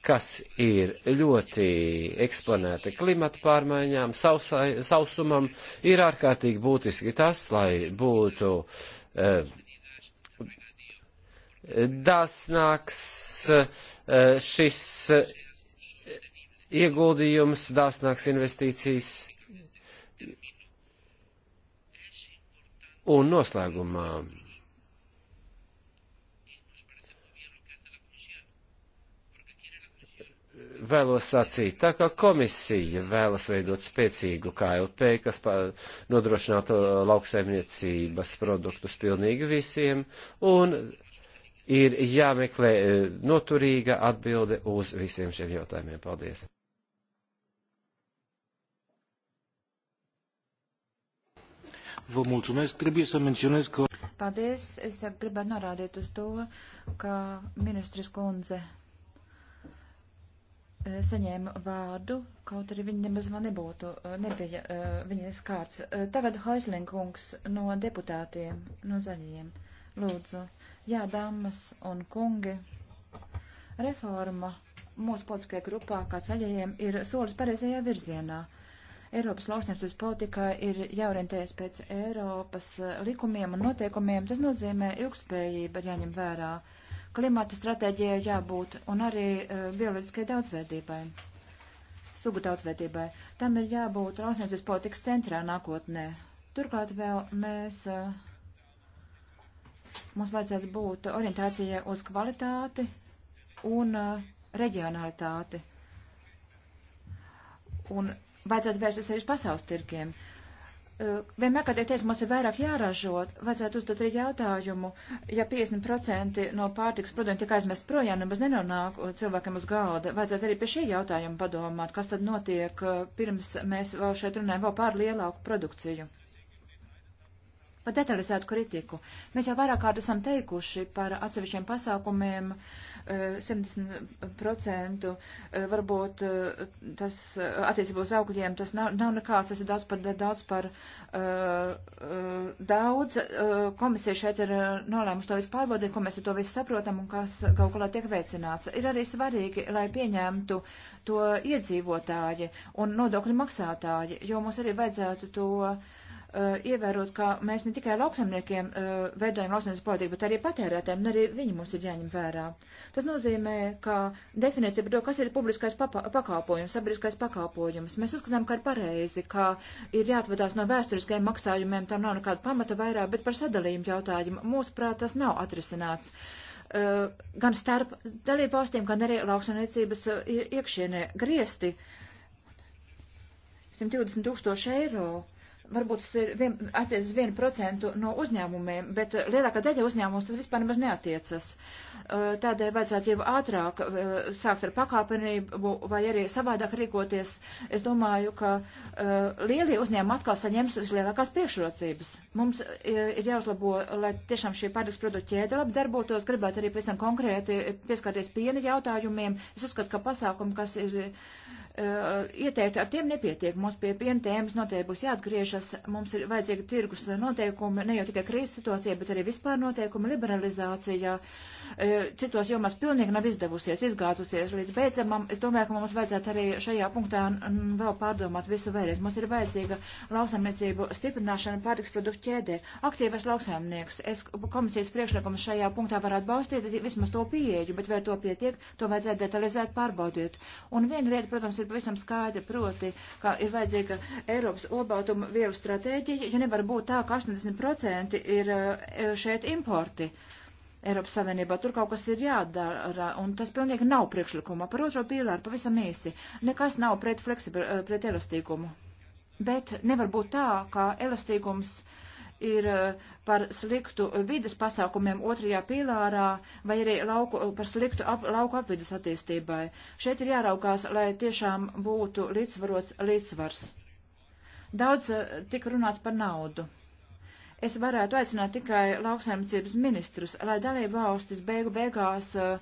kas ir ļoti eksponēta klimata pārmaiņām, sausai, sausumam, ir ārkārtīgi būtiski tas, lai būtu eh, dāsnāks eh, šis eh, ieguldījums, dāsnāks investīcijas. Un noslēgumā vēlos sacīt, tā kā komisija vēlas veidot spēcīgu KLP, kas nodrošinātu lauksaimniecības produktus pilnīgi visiem, un ir jāmeklē eh, noturīga atbilde uz visiem šiem jautājumiem. Paldies! Vă mulțumesc. Trebuie să menționez că... Paldies. Es gribētu norādīt uz to, ka ministres kundze eh, saņēma vārdu, kaut arī viņa nemaz vēl nebūtu, eh, nebija viņas kārts. Tagad Hoislinkungs no deputātiem, no zaļajiem. Lūdzu. Jā, dāmas un kungi, reforma mūsu politiskajā grupā, kā saļajiem, ir solis pareizajā virzienā. Eiropas lauksniecības politikā ir jāorientējas pēc Eiropas eh, likumiem un noteikumiem. Tas nozīmē ilgspējība ir jāņem vērā. Klimata stratēģijai jābūt un arī uh, bioloģiskai daudzveidībai, sugu daudzveidībai. Tam ir jābūt lauksniecības politikas centrā nākotnē. Turklāt vēl mēs uh, Mums vajadzētu būt orientācijai uz kvalitāti un uh, reģionalitāti. Un vajadzētu vērsties arī uz pasaules tirkiem. Uh, eh, vienmēr, kad ir teicis, mums ir vairāk jāražot, vajadzētu uzdot arī jautājumu, ja 50% no pārtiks produktu tiek aizmest projām, nemaz nenonāk eh, cilvēkam uz galda, vajadzētu arī pie šī jautājuma padomāt, kas tad notiek, uh, pirms mēs vēl šeit runājam vēl pār lielāku produkciju par detalizētu kritiku. Mēs jau vairāk kārt esam teikuši par atsevišķiem pasākumiem, 70% eh, eh, varbūt eh, tas attiecībā uz augļiem, tas nav, nav nekāds, tas ir daudz par daudz. Par, daudz. Komisija šeit ir nolēmusi to visu pārbaudīt, ko mēs ar to visu saprotam un kas kaut kādā tiek veicināts. Ir arī svarīgi, lai pieņemtu to iedzīvotāji un nodokļu maksātāji, jo mums arī vajadzētu to. Uh, Eh, ievērot, ka mēs ne tikai lauksamniekiem eh, veidojam lauksamnieku politiku, bet arī patērētēm, un arī viņi mums ir jāņem vērā. Tas nozīmē, ka definīcija par to, kas ir publiskais pakāpojums, sabiedriskais pakāpojums, mēs uzskatām, ka ir pareizi, ka ir jāatvadās no vēsturiskajiem maksājumiem, tam nav nekāda pamata vairāk, bet par sadalījumu jautājumu mūsuprāt tas nav atrisināts eh, gan starp dalību valstīm, gan arī lauksaimniecības iekšienē griesti 120 tūkstoši eiro varbūt tas ir vien, attiec uz 1% no uzņēmumiem, bet lielākā daļa uzņēmumus tas vispār nemaz neatiecas. Tādēļ vajadzētu jau ātrāk sākt ar pakāpenību vai arī savādāk rīkoties. Es domāju, ka lielie uzņēmumi atkal saņems vislielākās priekšrocības. Mums ir jāuzlabo, lai tiešām šī pārtiks produktu ķēde labi darbotos. Gribētu arī pēc tam konkrēti pieskarties piena jautājumiem. Es uzskatu, ka pasākumi, kas ir Eh, ieteikt, ar tiem nepietiek. Mums pie piena tēmas noteikti būs jāatgriežas. Mums ir vajadzīga tirgus noteikumi, ne jau tikai krīzes situācija, bet arī vispār noteikumi liberalizācijā. Eh, citos jomās pilnīgi nav izdevusies, izgāzusies līdz beidzamam. Es domāju, ka mums vajadzētu arī šajā punktā vēl pārdomāt visu vēlreiz. Mums ir vajadzīga lauksaimniecību stiprināšana pārtiks produktu ķēdē. Aktīvais lauksaimnieks. Es komisijas priekšlikumu šajā punktā varētu balstīt vismaz to pieeju, bet vai to pietiek, to vajadzētu detalizēt pārbaudīt. Un viena lieta, protams, ir pavisam skaidri, proti, ka ir vajadzīga Eiropas olbaltuma vielu stratēģija, jo nevar būt tā, ka 80% ir e, šeit importi. Eiropas Savienībā tur kaut kas ir jādara, un tas pilnīgi nav priekšlikuma. Par otro pīlāru pavisam īsi. Nekas nav pret, fleksibil, e, pret elastīgumu. Bet nevar būt tā, ka elastīgums ir eh, par sliktu vides pasākumiem otrajā pīlārā vai arī lauku, eh, par sliktu ap, lauku apvidus attīstībai. Šeit ir jāraukās, lai tiešām būtu līdzsvarots līdzsvars. Daudz eh, tika runāts par naudu. Es varētu aicināt tikai lauksaimniecības ministrus, lai dalība valstis beigu beigās uh,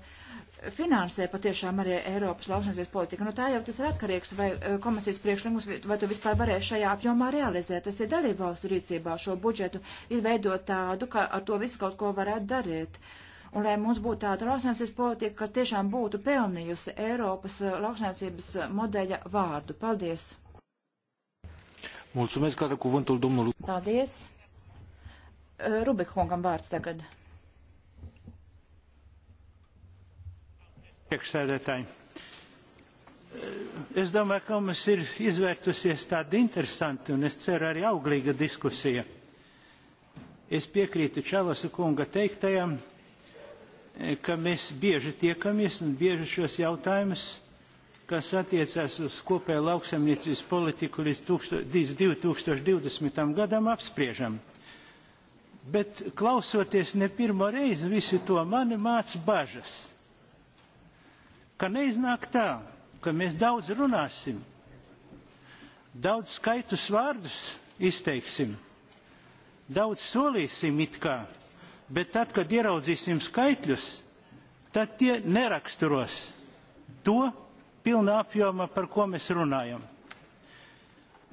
finansē patiešām arī Eiropas lauksnesības politika. Nu, tā jau tas ir atkarīgs, vai eh, komisijas priekšlikums, vai tu vispār varēsi šajā apjomā realizēt. Tas ir dalībvalstu rīcībā šo budžetu izveidot tādu, ka ar to visu kaut ko varētu darīt. Un lai mums būtu tāda lauksnesības politika, kas tiešām būtu pelnījusi Eiropas eh, lauksnesības eh, modeļa vārdu. Paldies! Mulțumesc, are cuvântul domnului. Paldies! Rubik kungam vārds tagad. Priekšsēdētāji, es domāju, ka mums ir izvērtusies tāda interesanta un es ceru arī auglīga diskusija. Es piekrītu Čalasa kunga teiktajam, ka mēs bieži tiekamies un bieži šos jautājumus, kas attiecās uz kopēju lauksaimniecības politiku līdz 2020. gadam, apspriežam. Bet klausoties ne pirmo reizi, visi to mani māca bažas ka neiznāk tā, ka mēs daudz runāsim, daudz skaitus vārdus izteiksim, daudz solīsim it kā, bet tad, kad ieraudzīsim skaitļus, tad tie neraksturos to pilnā apjoma, par ko mēs runājam.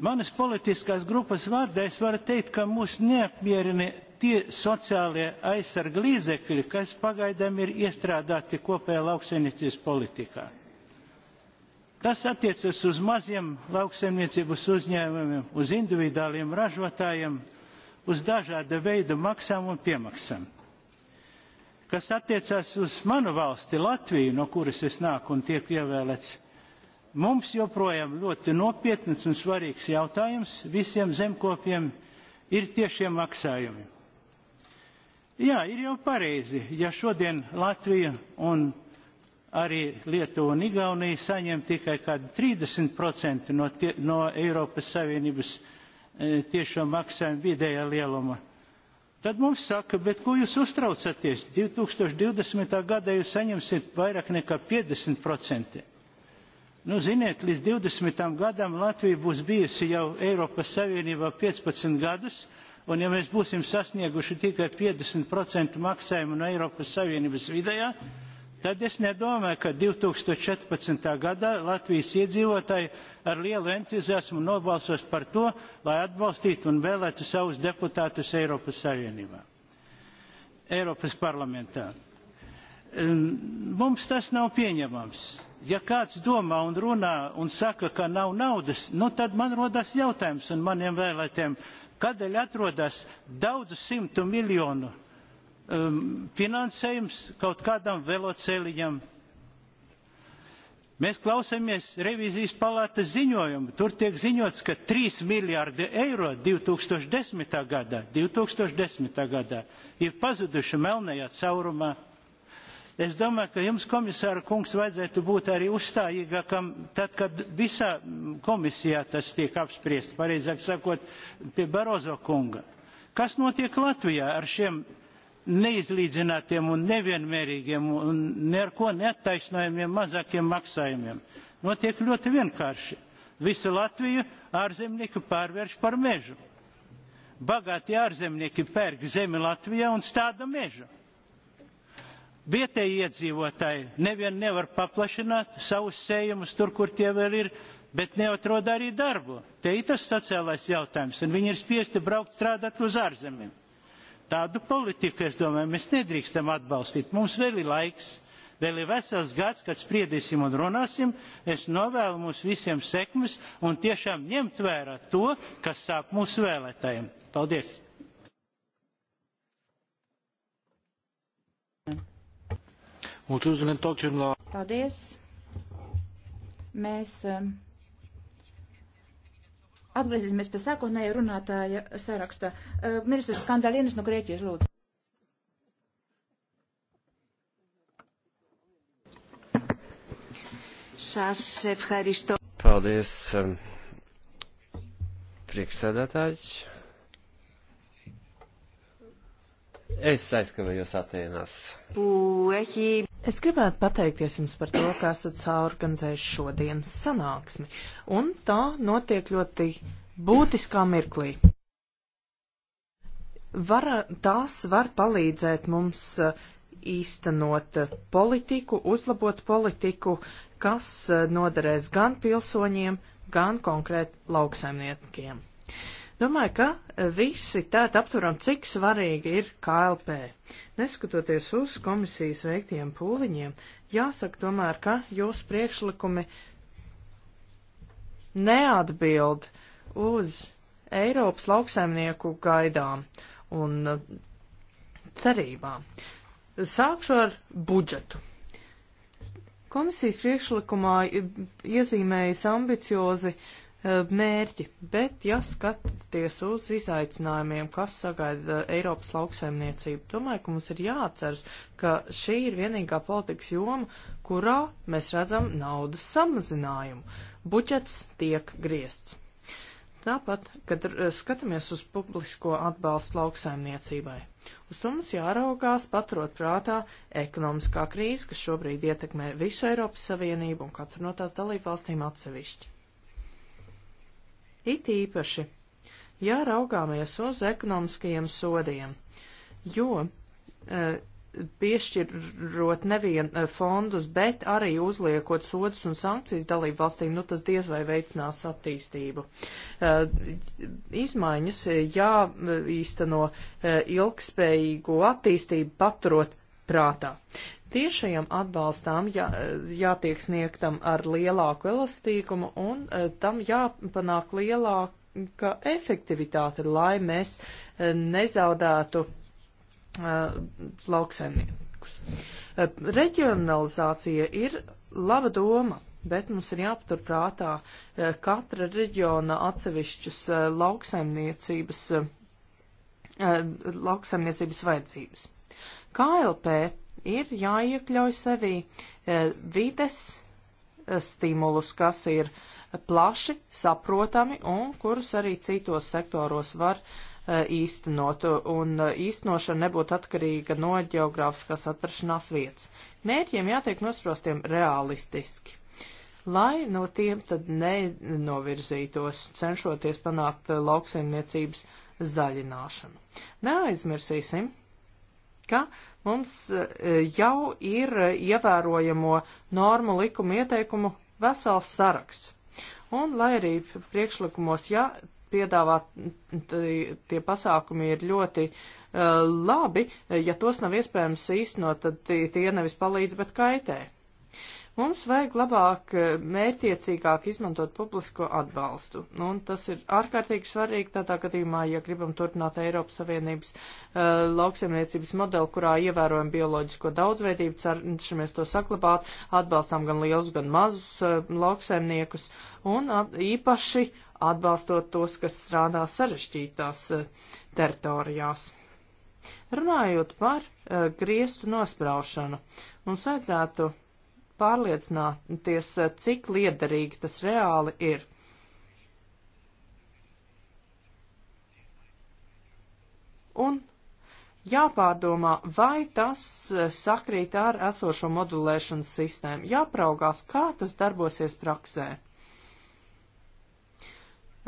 Manas politiskās grupas vārdā es varu teikt, ka mūs neapmierina tie sociālie aizsarga līdzekļi, kas pagaidām ir iestrādāti kopējā lauksaimniecības politikā. Tas attiecas uz maziem lauksaimniecības uzņēmumiem, uz individuāliem ražotājiem, uz dažāda veida maksām un piemaksām. Kas attiecas uz manu valsti, Latviju, no kuras es nāku un tiek ievēlēts, mums joprojām ļoti nopietns un svarīgs jautājums visiem zemkopiem ir tiešie maksājumi. Jā, ir jau pareizi, ja šodien Latvija un arī Lietuva un Igaunija saņem tikai kādu 30% no, tie, no Eiropas Savienības e, tiešo maksājumu vidējā lieluma. Tad mums saka, bet ko jūs uztraucaties? 2020. gadā jūs saņemsiet vairāk nekā 50%. Nu, ziniet, līdz 20. gadam Latvija būs bijusi jau Eiropas Savienībā 15 gadus, Un ja mēs būsim sasnieguši tikai 50% maksājumu no Eiropas Savienības vidējā, tad es nedomāju, ka 2014. gadā Latvijas iedzīvotāji ar lielu entuziasmu nobalsos par to, lai atbalstītu un vēlētu savus deputātus Eiropas Savienībā, Eiropas parlamentā. Mums tas nav pieņemams. Ja kāds domā un runā un saka, ka nav naudas, nu tad man rodas jautājums un maniem vēlētiem kādēļ atrodas daudzu simtu miljonu um, finansējums kaut kādam veloceļam. Mēs klausāmies revizijas palātas ziņojumu. Tur tiek ziņots, ka 3 miljārdi eiro 2010. gadā, 2010. gadā ir pazuduši melnajā caurumā. Es domāju, ka jums, komisāra kungs, vajadzētu būt arī uzstājīgākam, tad, kad visā mm, komisijā tas tiek apspriests, pareizāk sakot, pie Barozo kunga. Kas notiek Latvijā ar šiem neizlīdzinātiem un nevienmērīgiem un neko neattaisnojamiem mazākiem maksājumiem? Notiek ļoti vienkārši. Visu Latviju ārzemnieki pārvērš par mežu. Bagāti ārzemnieki pērk zemi Latvijā un stāda mežu Vietēji iedzīvotāji nevien nevar paplašināt savus sējumus tur, kur tie vēl ir, bet neatrod arī darbu. Te ir tas sociālais jautājums, un viņi ir spiesti braukt strādāt uz ārzemēm. Tādu politiku, es domāju, mēs nedrīkstam atbalstīt. Mums vēl ir laiks, vēl ir vesels gads, kad spriedīsim un runāsim. Es novēlu mums visiem sekmes un tiešām ņemt vērā to, kas sāp mūsu vēlētājiem. Paldies! Mulțumesc, ne întoarcem la... Paldies. Mēs um, atgriezīsimies pie sākotnēja runātāja saraksta. Uh, ministrs Skandalīnas no Grieķijas lūdzu. Σας ευχαριστώ. Paldies, um, priekšsēdētājs. Es aizkavējos Atēnās. Που έχει Es gribētu pateikties jums par to, ka esat saorganizējuši šodienas sanāksmi, un tā notiek ļoti būtiskā mirklī. Var, tās var palīdzēt mums eh, īstenot eh, politiku, uzlabot politiku, kas eh, noderēs gan pilsoņiem, gan konkrēti lauksaimniekiem. Domāju, ka e, visi tēt apturam, cik svarīgi ir KLP. Neskatoties uz komisijas veiktiem pūliņiem, jāsaka tomēr, ka jūsu priekšlikumi neatbild uz Eiropas lauksaimnieku gaidām un e, cerībām. Sākšu ar budžetu. Komisijas priekšlikumā iezīmējas ambiciozi uh, E, mērķi, bet ja skatāties uz izaicinājumiem, kas sagaida Eiropas lauksaimniecību, domāju, ka mums ir jāatceras, ka šī ir vienīgā politikas joma, kurā mēs redzam naudas samazinājumu. Budžets tiek griezts. Tāpat, kad skatāmies uz publisko atbalstu lauksaimniecībai, uz to mums jāraugās paturot prātā ekonomiskā krīze, kas šobrīd ietekmē visu Eiropas Savienību un katru no tās dalību valstīm atsevišķi. It īpaši, ja raugāmies uz ekonomiskajiem sodiem, jo e, piešķirot nevien eh, fondus, bet arī uzliekot sodus un sankcijas dalību valstīm, nu tas diez vai veicinās attīstību. Eh, izmaiņas jāīsteno ilgspējīgu attīstību paturot prātā tiešajam atbalstām jā, jātiek sniegtam ar lielāku elastīgumu un e, tam jāpanāk lielāka efektivitāte, lai mēs e, nezaudētu uh, lauksaimniekus. Reģionalizācija ir laba doma, bet mums ir jāpatur prātā katra reģiona atsevišķas lauksaimniecības, lauksaimniecības vajadzības. KLP ir jāiekļauj sevī e, vides e, stimulus, kas ir plaši saprotami un kurus arī citos sektoros var e, īstenot, un īstenošana nebūtu atkarīga no geogrāfiskās atrašanās vietas. Mērķiem jātiek nosprostiem realistiski. Lai no tiem tad nenovirzītos, cenšoties panākt lauksaimniecības zaļināšanu. Neaizmirsīsim, ka mums e, jau ir e, ievērojamo normu likumu ieteikumu vesels saraksts. Un, lai arī priekšlikumos, ja piedāvā tie pasākumi ir ļoti uh, labi, ja tos nav iespējams īstenot, tad tie nevis palīdz, bet kaitē. Mums vajag labāk, eh, mērķiecīgāk izmantot publisko atbalstu, nu, un tas ir ārkārtīgi svarīgi tādā gadījumā, ja gribam turpināt Eiropas Savienības uh, lauksaimniecības modeli, kurā ievērojam bioloģisko daudzveidību, cenšamies to saglabāt, atbalstām gan lielus, gan mazus uh, lauksaimniekus, un at, īpaši atbalstot tos, kas strādā sarežģītās uh, teritorijās. Runājot par uh, griestu nospraušanu, mums vajadzētu pārliecināties, eh, cik liederīgi tas reāli ir. Un jāpārdomā, vai tas eh, sakrīt ar esošo modulēšanas sistēmu, jāpraugās, kā tas darbosies praksē.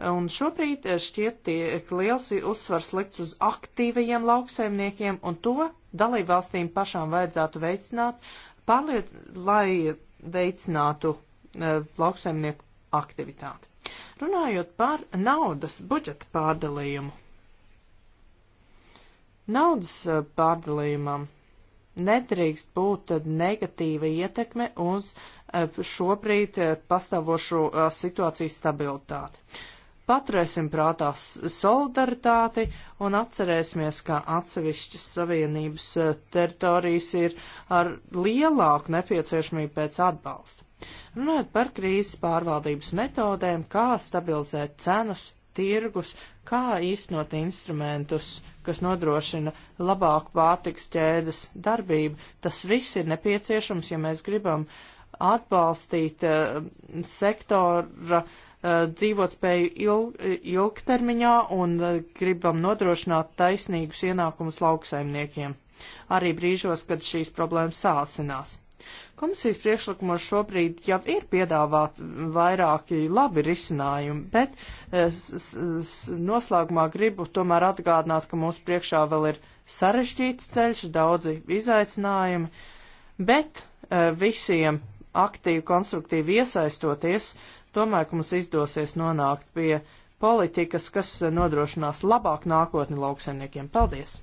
Un šobrīd eh, šķiet tiek liels uzsvars likts uz aktīvajiem lauksaimniekiem, un to dalībvalstīm pašām vajadzētu veicināt, pārliec, lai veicinātu eh, lauksaimnieku aktivitāti. Runājot par naudas budžeta pārdalījumu. Naudas eh, pārdalījumam nedrīkst būt negatīva ietekme uz eh, šobrīd pastāvošo situācijas stabilitāti. Paturēsim prātā solidaritāti un atcerēsimies, ka atsevišķas savienības e, teritorijas ir ar lielāku nepieciešamību pēc atbalsta. Runājot par krīzes pārvaldības metodēm, kā stabilizēt cenas, tirgus, kā īstenot instrumentus, kas nodrošina labāku pārtiks ķēdes darbību, tas viss ir nepieciešams, ja mēs gribam atbalstīt uh, sektora uh, Uh, dzīvotspēju ilg, ilgtermiņā un uh, gribam nodrošināt taisnīgus ienākumus lauksaimniekiem, arī brīžos, kad šīs problēmas sāsinās. Komisijas priekšlikumos šobrīd jau ir piedāvāti vairāki labi risinājumi, bet es, uh, es, noslēgumā gribu tomēr atgādināt, ka mūsu priekšā vēl ir sarežģīts ceļš, daudzi izaicinājumi, bet visiem aktīvi, konstruktīvi iesaistoties, uh, Domāju, ka mums izdosies nonākt pie politikas, kas nodrošinās labāk nākotni lauksaimniekiem. Paldies!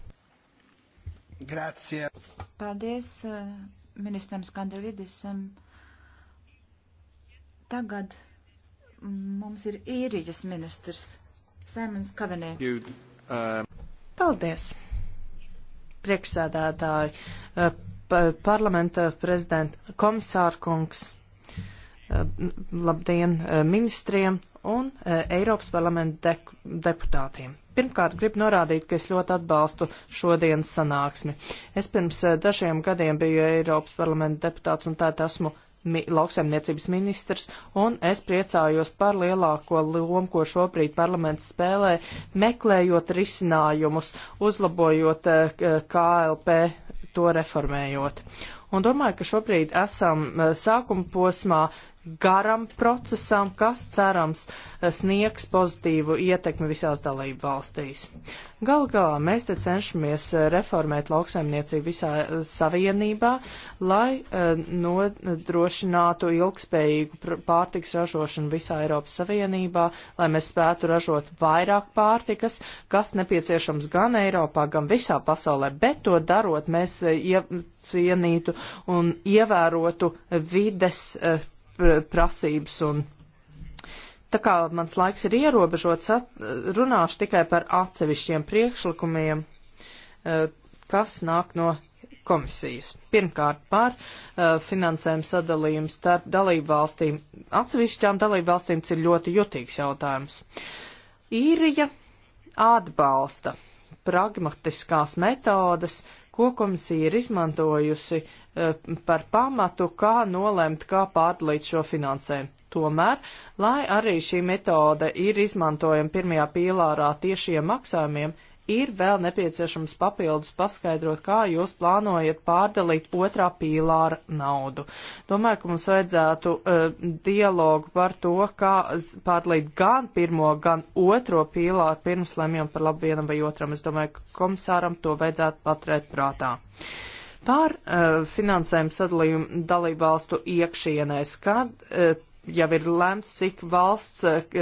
Grazie! Paldies eh, ministram Skandalidisam. Tagad mums ir īrijas ministrs Saimons Kavenē. Uh, Paldies! Priekšsēdētāji, eh, parlamenta prezidenta komisārkungs. Eh, labdien eh, ministriem un eh, Eiropas parlamenta deputātiem. Pirmkārt, gribu norādīt, ka es ļoti atbalstu šodienas sanāksmi. Es pirms dažiem gadiem biju Eiropas parlamenta deputāts un tātad esmu mi lauksaimniecības ministrs, un es priecājos par lielāko lomu, ko šobrīd parlaments spēlē, meklējot risinājumus, uzlabojot KLP, to reformējot. Un domāju, ka šobrīd esam sākuma posmā, garam procesam, kas cerams eh, sniegs pozitīvu ietekmi visās dalību valstīs. Galu galā mēs te cenšamies eh, reformēt lauksaimniecību visā eh, savienībā, lai nodrošinātu ilgspējīgu pārtiks ražošanu visā Eiropas Savienībā, lai mēs spētu ražot vairāk pārtikas, kas nepieciešams gan Eiropā, gan visā pasaulē, bet to darot mēs cienītu un ievērotu vides prasības un tā kā mans laiks ir ierobežots, runāšu tikai par atsevišķiem priekšlikumiem, e, kas nāk no komisijas. Pirmkārt, par uh, finansējumu sadalījumu starp dalību valstīm. Atsevišķām dalību valstīm ir ļoti jutīgs jautājums. Īrija atbalsta pragmatiskās metodas, ko komisija ir izmantojusi uh, Eh, par pamatu, kā nolemt, kā pārdalīt šo finansējumu. Tomēr, lai arī šī metode ir izmantojama pirmajā pīlārā tiešiem maksājumiem, ir vēl nepieciešams papildus paskaidrot, kā jūs plānojat pārdalīt otrā pīlāra naudu. Domāju, ka mums vajadzētu uh, dialogu par to, kā pārdalīt gan pirmo, gan otro pīlāru pirms lemjam par labu vienam vai otram. Es domāju, ka komisāram to vajadzētu paturēt prātā. Uh, par uh, finansējumu sadalījumu dalībvalstu iekšienēs, kad uh, jau ir lemts, cik valsts uh,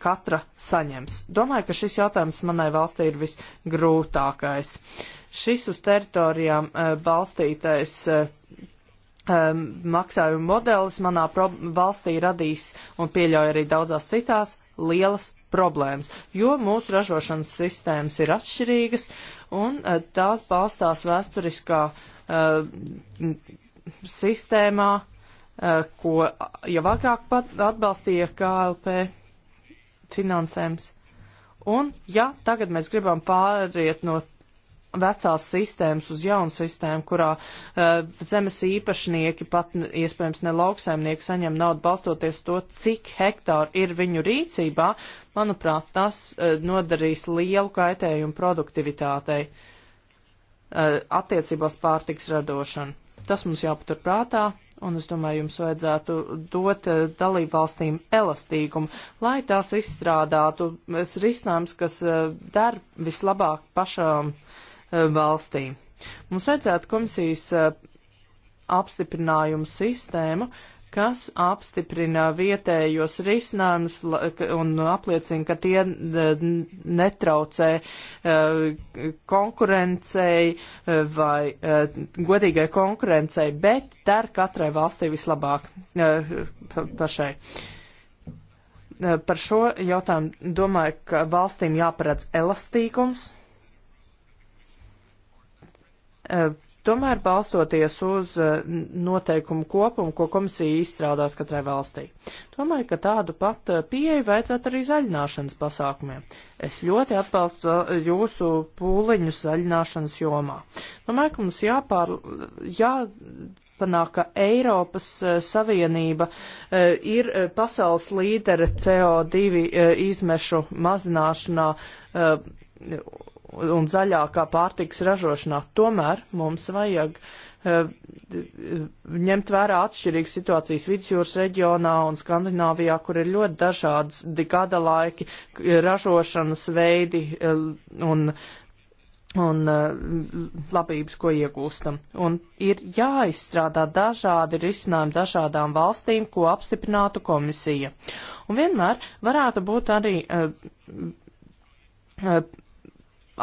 katra saņems. Domāju, ka šis jautājums manai valstī ir visgrūtākais. Šis uz teritorijām uh, balstītais uh, um, maksājuma modelis manā valstī radīs un pieļauj arī daudzās citās lielas problēmas, jo mūsu ražošanas sistēmas ir atšķirīgas un tās balstās vēsturiskā Uh, sistēmā, uh, ko jau agrāk pat atbalstīja KLP finansējums. Un, ja tagad mēs gribam pāriet no vecās sistēmas uz jaunu sistēmu, kurā uh, zemes īpašnieki, pat iespējams ne lauksaimnieki, saņem naudu balstoties to, cik hektāru ir viņu rīcībā, manuprāt, tas uh, nodarīs lielu kaitējumu produktivitātei. Uh, Eh, attiecībās pārtiks radošanu. Tas mums jāpatur prātā, un es domāju, jums vajadzētu dot eh, dalībvalstīm elastīgumu, lai tās izstrādātu eh, risinājums, kas der vislabāk pašām valstīm. Mums vajadzētu komisijas apstiprinājumu sistēmu, kas apstiprina vietējos risinājumus un apliecina, ka tie e, netraucē e, konkurencei e, vai godīgai konkurencei, bet der katrai valstī vislabāk pašai. Par šo jautājumu domāju, ka valstīm jāparedz elastīgums Tomēr balstoties uz eh, noteikumu kopumu, ko komisija izstrādās katrai valstī. Domāju, ka tādu pat eh, pieeju vajadzētu arī zaļināšanas pasākumiem. Es ļoti atbalstu eh, jūsu pūliņus zaļināšanas jomā. Domāju, ka mums jāpār, jāpanāk, ka Eiropas Savienība ir pasaules līdere CO2 izmešu mazināšanā un zaļākā pārtiks ražošanā. Tomēr mums vajag uh, ņemt vērā atšķirīgas situācijas vidusjūras reģionā un Skandināvijā, kur ir ļoti dažādas dekada laiki, ražošanas veidi uh, un un uh, labības, ko iegūstam. Un ir jāizstrādā dažādi risinājumi dažādām valstīm, ko apstiprinātu komisija. Un vienmēr varētu būt arī uh, uh,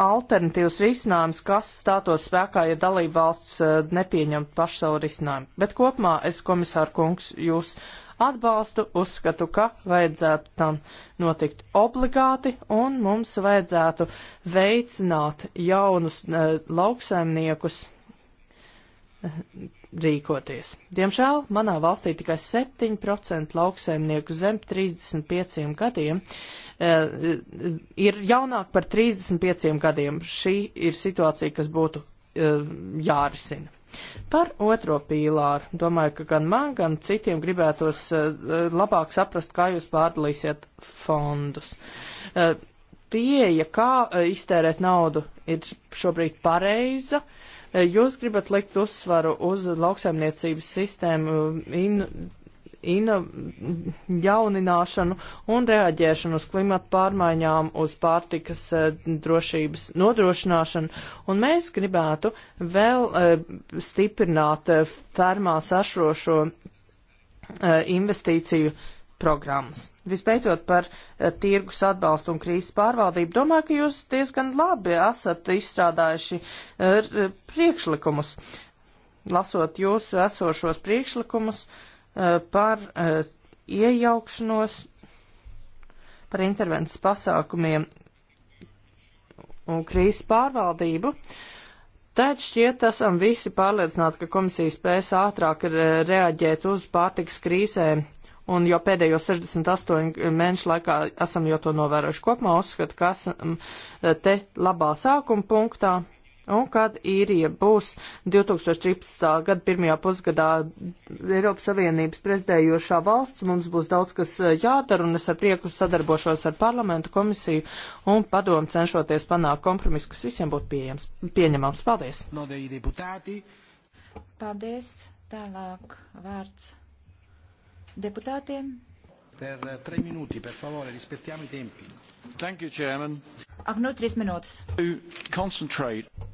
alternatīvs risinājums, kas stātos spēkā, ja dalība valsts eh, nepieņem pašu savu risinājumu. Bet kopumā es, komisāra kungs, jūs atbalstu, uzskatu, ka vajadzētu tam notikt obligāti un mums vajadzētu veicināt jaunus e, lauksaimniekus, rīkoties. Diemžēl manā valstī tikai 7% lauksaimnieku zem 35 gadiem e, ir jaunāk par 35 gadiem. Šī ir situācija, kas būtu e, jārisina. Par otro pīlāru. Domāju, ka gan man, gan citiem gribētos e, labāk saprast, kā jūs pārdalīsiet fondus. Pieeja, kā iztērēt naudu, ir šobrīd pareiza. Uh, Eh, jūs gribat likt uzsvaru uz lauksaimniecības sistēmu eh, in, in, jaunināšanu un reaģēšanu uz klimatu pārmaiņām, uz pārtikas eh, drošības nodrošināšanu, un mēs gribētu vēl stiprināt fermā sašrošo investīciju programmas. Visbeidzot par eh, tirgus atbalstu un krīzes pārvaldību, domāju, ka jūs diezgan labi esat izstrādājuši eh, priekšlikumus. Lasot jūsu esošos priekšlikumus eh, par iejaukšanos, par intervences pasākumiem un krīzes pārvaldību. Tad šķiet esam visi pārliecināti, ka komisija spēs ātrāk reaģēt uz pārtiks krīzēm un jau pēdējo 68 mēnešu laikā esam jau to novērojuši kopumā, uzskatu, ka esam eh, te labā sākuma punktā. Un kad īrija būs 2013. gada pirmajā pusgadā Eiropas Savienības prezidējošā valsts, mums būs daudz, kas eh, jādara, un es ar prieku sadarbošos ar parlamentu komisiju un padomu cenšoties panākt kompromisu, kas visiem būtu pieejams, pieņemams. Paldies! Paldies! Tālāk vārds deputātiem. Per eh, tre minūti, per favore, rispettiamo i tempi. Thank you, Chairman. Ak, nu, trīs minūtes.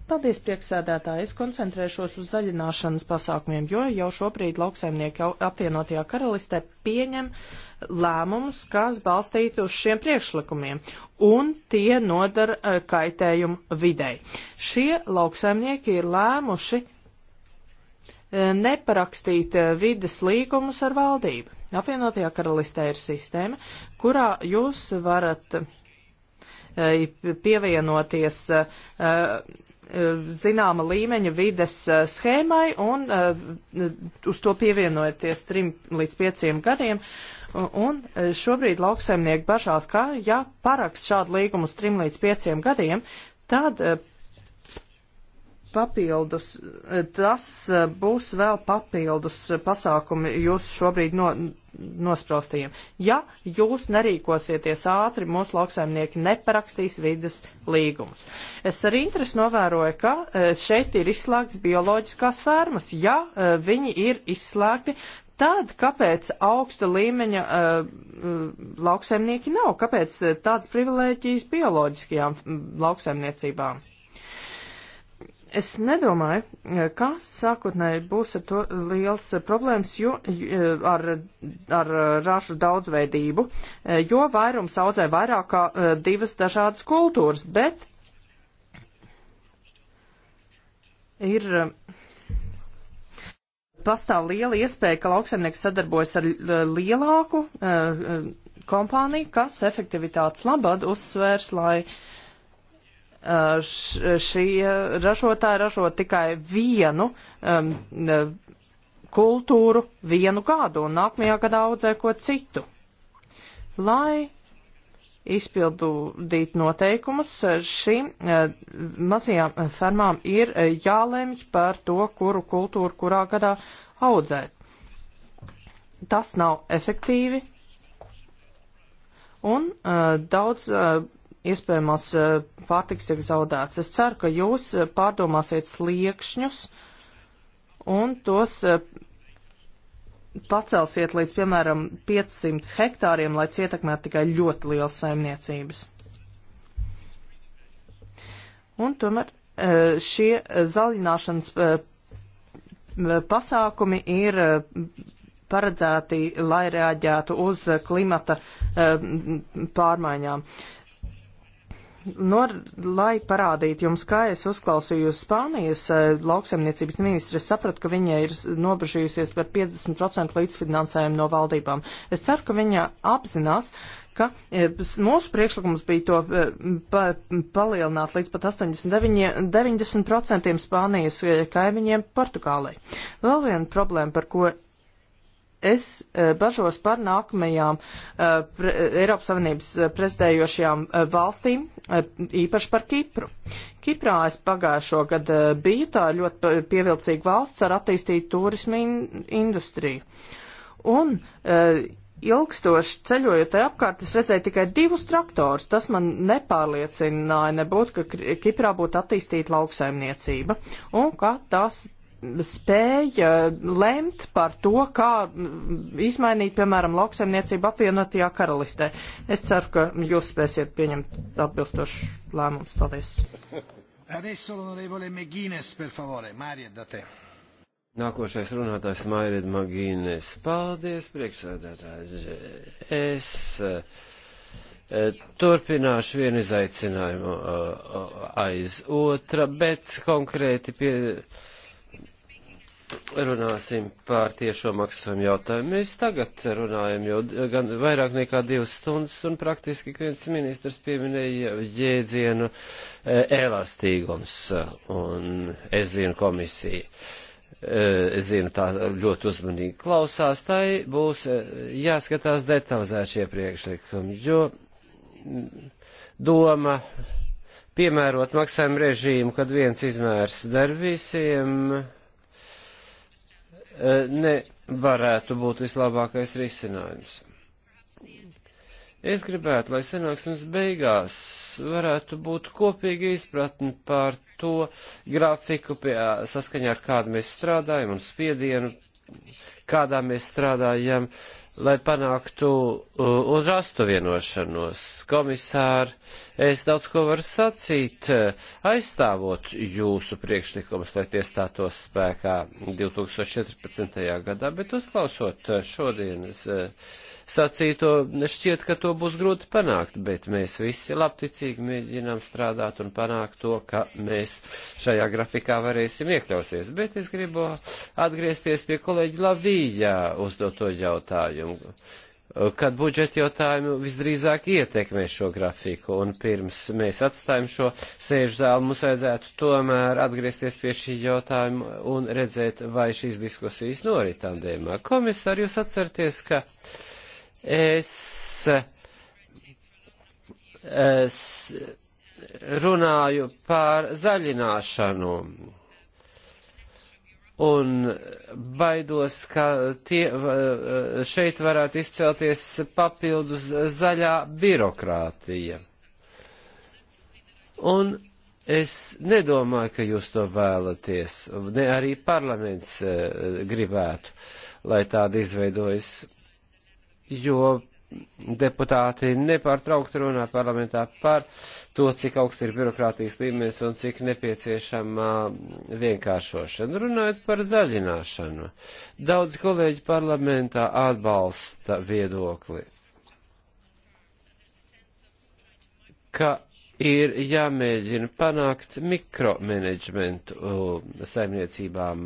Paldies, prieksēdētāji. Es koncentrēšos uz zaļināšanas pasākumiem, jo jau šobrīd lauksaimnieki apvienotajā karalistē pieņem lēmumus, kas balstītu uz šiem priekšlikumiem, un tie nodara eh, kaitējumu videi. Šie lauksaimnieki ir lēmuši eh, neparakstīt vides līgumus ar valdību. Apvienotajā karalistē ir sistēma, kurā jūs varat eh, pievienoties eh, eh, zināma līmeņa vides schēmai un uz to pievienoties trim līdz pieciem gadiem. Un šobrīd lauksaimnieki bažās, ka ja parakst šādu līgumu uz trim līdz pieciem gadiem, tad papildus, eh, tas eh, būs vēl papildus eh, pasākumi jūs šobrīd no, nospraustījiem. Ja jūs nerīkosieties ātri, mūsu lauksaimnieki neparakstīs vidas līgumus. Es ar interesi novēroju, ka šeit ir izslēgts bioloģiskās fermas. Ja viņi ir izslēgti, tad kāpēc augsta līmeņa uh, lauksaimnieki nav? Kāpēc tāds privilēģijas bioloģiskajām mm, lauksaimniecībām? Es nedomāju, e, ka sākotnēji būs ar to liels e, problēmas jo, e, ar, ar rašu daudzveidību, jo vairums audzē vairāk kā divas dažādas kultūras, bet ir pastāv liela iespēja, ka lauksaimnieks sadarbojas ar lielāku kompāniju, kas efektivitātes labad uzsvērs, lai uh, Uh, šie ražotāji ražo tikai vienu um, uh, kultūru vienu gadu un nākamajā gadā audzē ko citu. Lai izpildīt noteikumus, šīm uh, mazajām fermām ir jālemj par to, kuru kultūru kurā gadā audzēt. Tas nav efektīvi, un uh, daudz uh, iespējamās eh, pārtiks tiek zaudēts. Es ceru, ka jūs eh, pārdomāsiet sliekšņus un tos eh, pacelsiet līdz, piemēram, 500 hektāriem, lai cietekmētu tikai ļoti liels saimniecības. Un tomēr šie zaļināšanas pasākumi ir paredzēti, lai reaģētu uz klimata pārmaiņām. Nor, nu, lai parādītu jums, kā es uzklausīju Spānijas eh, lauksaimniecības ministru, es sapratu, ka viņa ir nobežījusies par 50% līdzfinansējumu no valdībām. Es ceru, ka viņa apzinās, ka eh, mūsu priekšlikums bija to eh, pa, palielināt līdz pat 89, 90% Spānijas kaimiņiem Portugālei. Vēl viena problēma, par ko es eh, bažos par nākamajām eh, pre, eh, Eiropas Savienības prezidējošajām valstīm, īpaši par Kipru. Kiprā es pagājušo gadu biju tā ļoti pievilcīga valsts ar attīstītu turismu in, industriju. Un ilgstoši ceļojot apkārt, es redzēju tikai divus traktorus. Tas man nepārliecināja nebūt, ka Kiprā būtu attīstīta lauksaimniecība un ka tās spēja lemt par to, kā izmainīt, piemēram, lauksaimniecību apvienotajā karalistē. Es ceru, ka jūs spēsiet pieņemt atbilstošu lēmumus. Paldies! Adesso l'onorevole McGuinness, per favore. Maria, da te. Nākošais runātājs Mairida Magīnes. Paldies, priekšsēdētājs. Es eh, turpināšu vienu izaicinājumu eh, aiz otra, bet konkrēti pie runāsim par tiešo maksājumu jautājumu. Mēs tagad runājam jau gan vairāk nekā divas stundas, un praktiski viens ministrs pieminēja jēdzienu e, elastīgums, un es zinu komisiju. E, es zinu, tā ļoti uzmanīgi klausās, tai būs e, jāskatās detalizēt šie priekšlikumi, jo doma piemērot maksājumu režīmu, kad viens izmērs dar visiem, nevarētu būt vislabākais risinājums. Es gribētu, lai sanāksmes beigās varētu būt kopīga izpratne par to grafiku, pie, saskaņā ar kādu mēs strādājam un spiedienu, kādā mēs strādājam. Uh, lai panāktu un rastu vienošanos. Komisāri, es daudz ko varu sacīt, aizstāvot jūsu priekšlikumus, lai tie stātos spēkā 2014. gadā, bet uzklausot šodienas. Uh, sacīto, šķiet, ka to būs grūti panākt, bet mēs visi labticīgi mēģinām strādāt un panākt to, ka mēs šajā grafikā varēsim iekļausies. Bet es gribu atgriezties pie kolēģi Lavījā uzdoto jautājumu kad budžeta jautājumu visdrīzāk ietekmēs šo grafiku, un pirms mēs atstājam šo sēžu zāli, mums vajadzētu tomēr atgriezties pie šī jautājuma un redzēt, vai šīs diskusijas norit tandēmā. Komisār, jūs atcerties, ka Es, es runāju par zaļināšanu un baidos, ka tie, šeit varētu izcelties papildus zaļā birokrātija. Un es nedomāju, ka jūs to vēlaties, ne arī parlaments eh, gribētu, lai tāda izveidojas jo deputāti nepārtraukti runā parlamentā par to, cik augsts ir birokrātijas līmenis un cik nepieciešama vienkāršošana. Runājot par zaļināšanu, daudz kolēģi parlamentā atbalsta viedokli, ka ir jāmēģina panākt mikromanagementu um, saimniecībām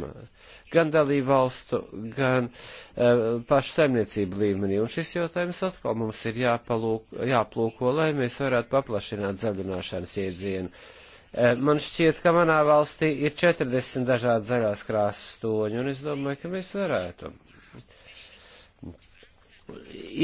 gan dalību valstu, gan uh, pašu saimniecību līmenī. Un šis jautājums atkal mums ir jāpalūk, jāplūko, lai mēs varētu paplašināt zaļināšanas iedzienu. Uh, man šķiet, ka manā valstī ir 40 dažādi zaļās krāsas toņi, un es domāju, ka mēs varētu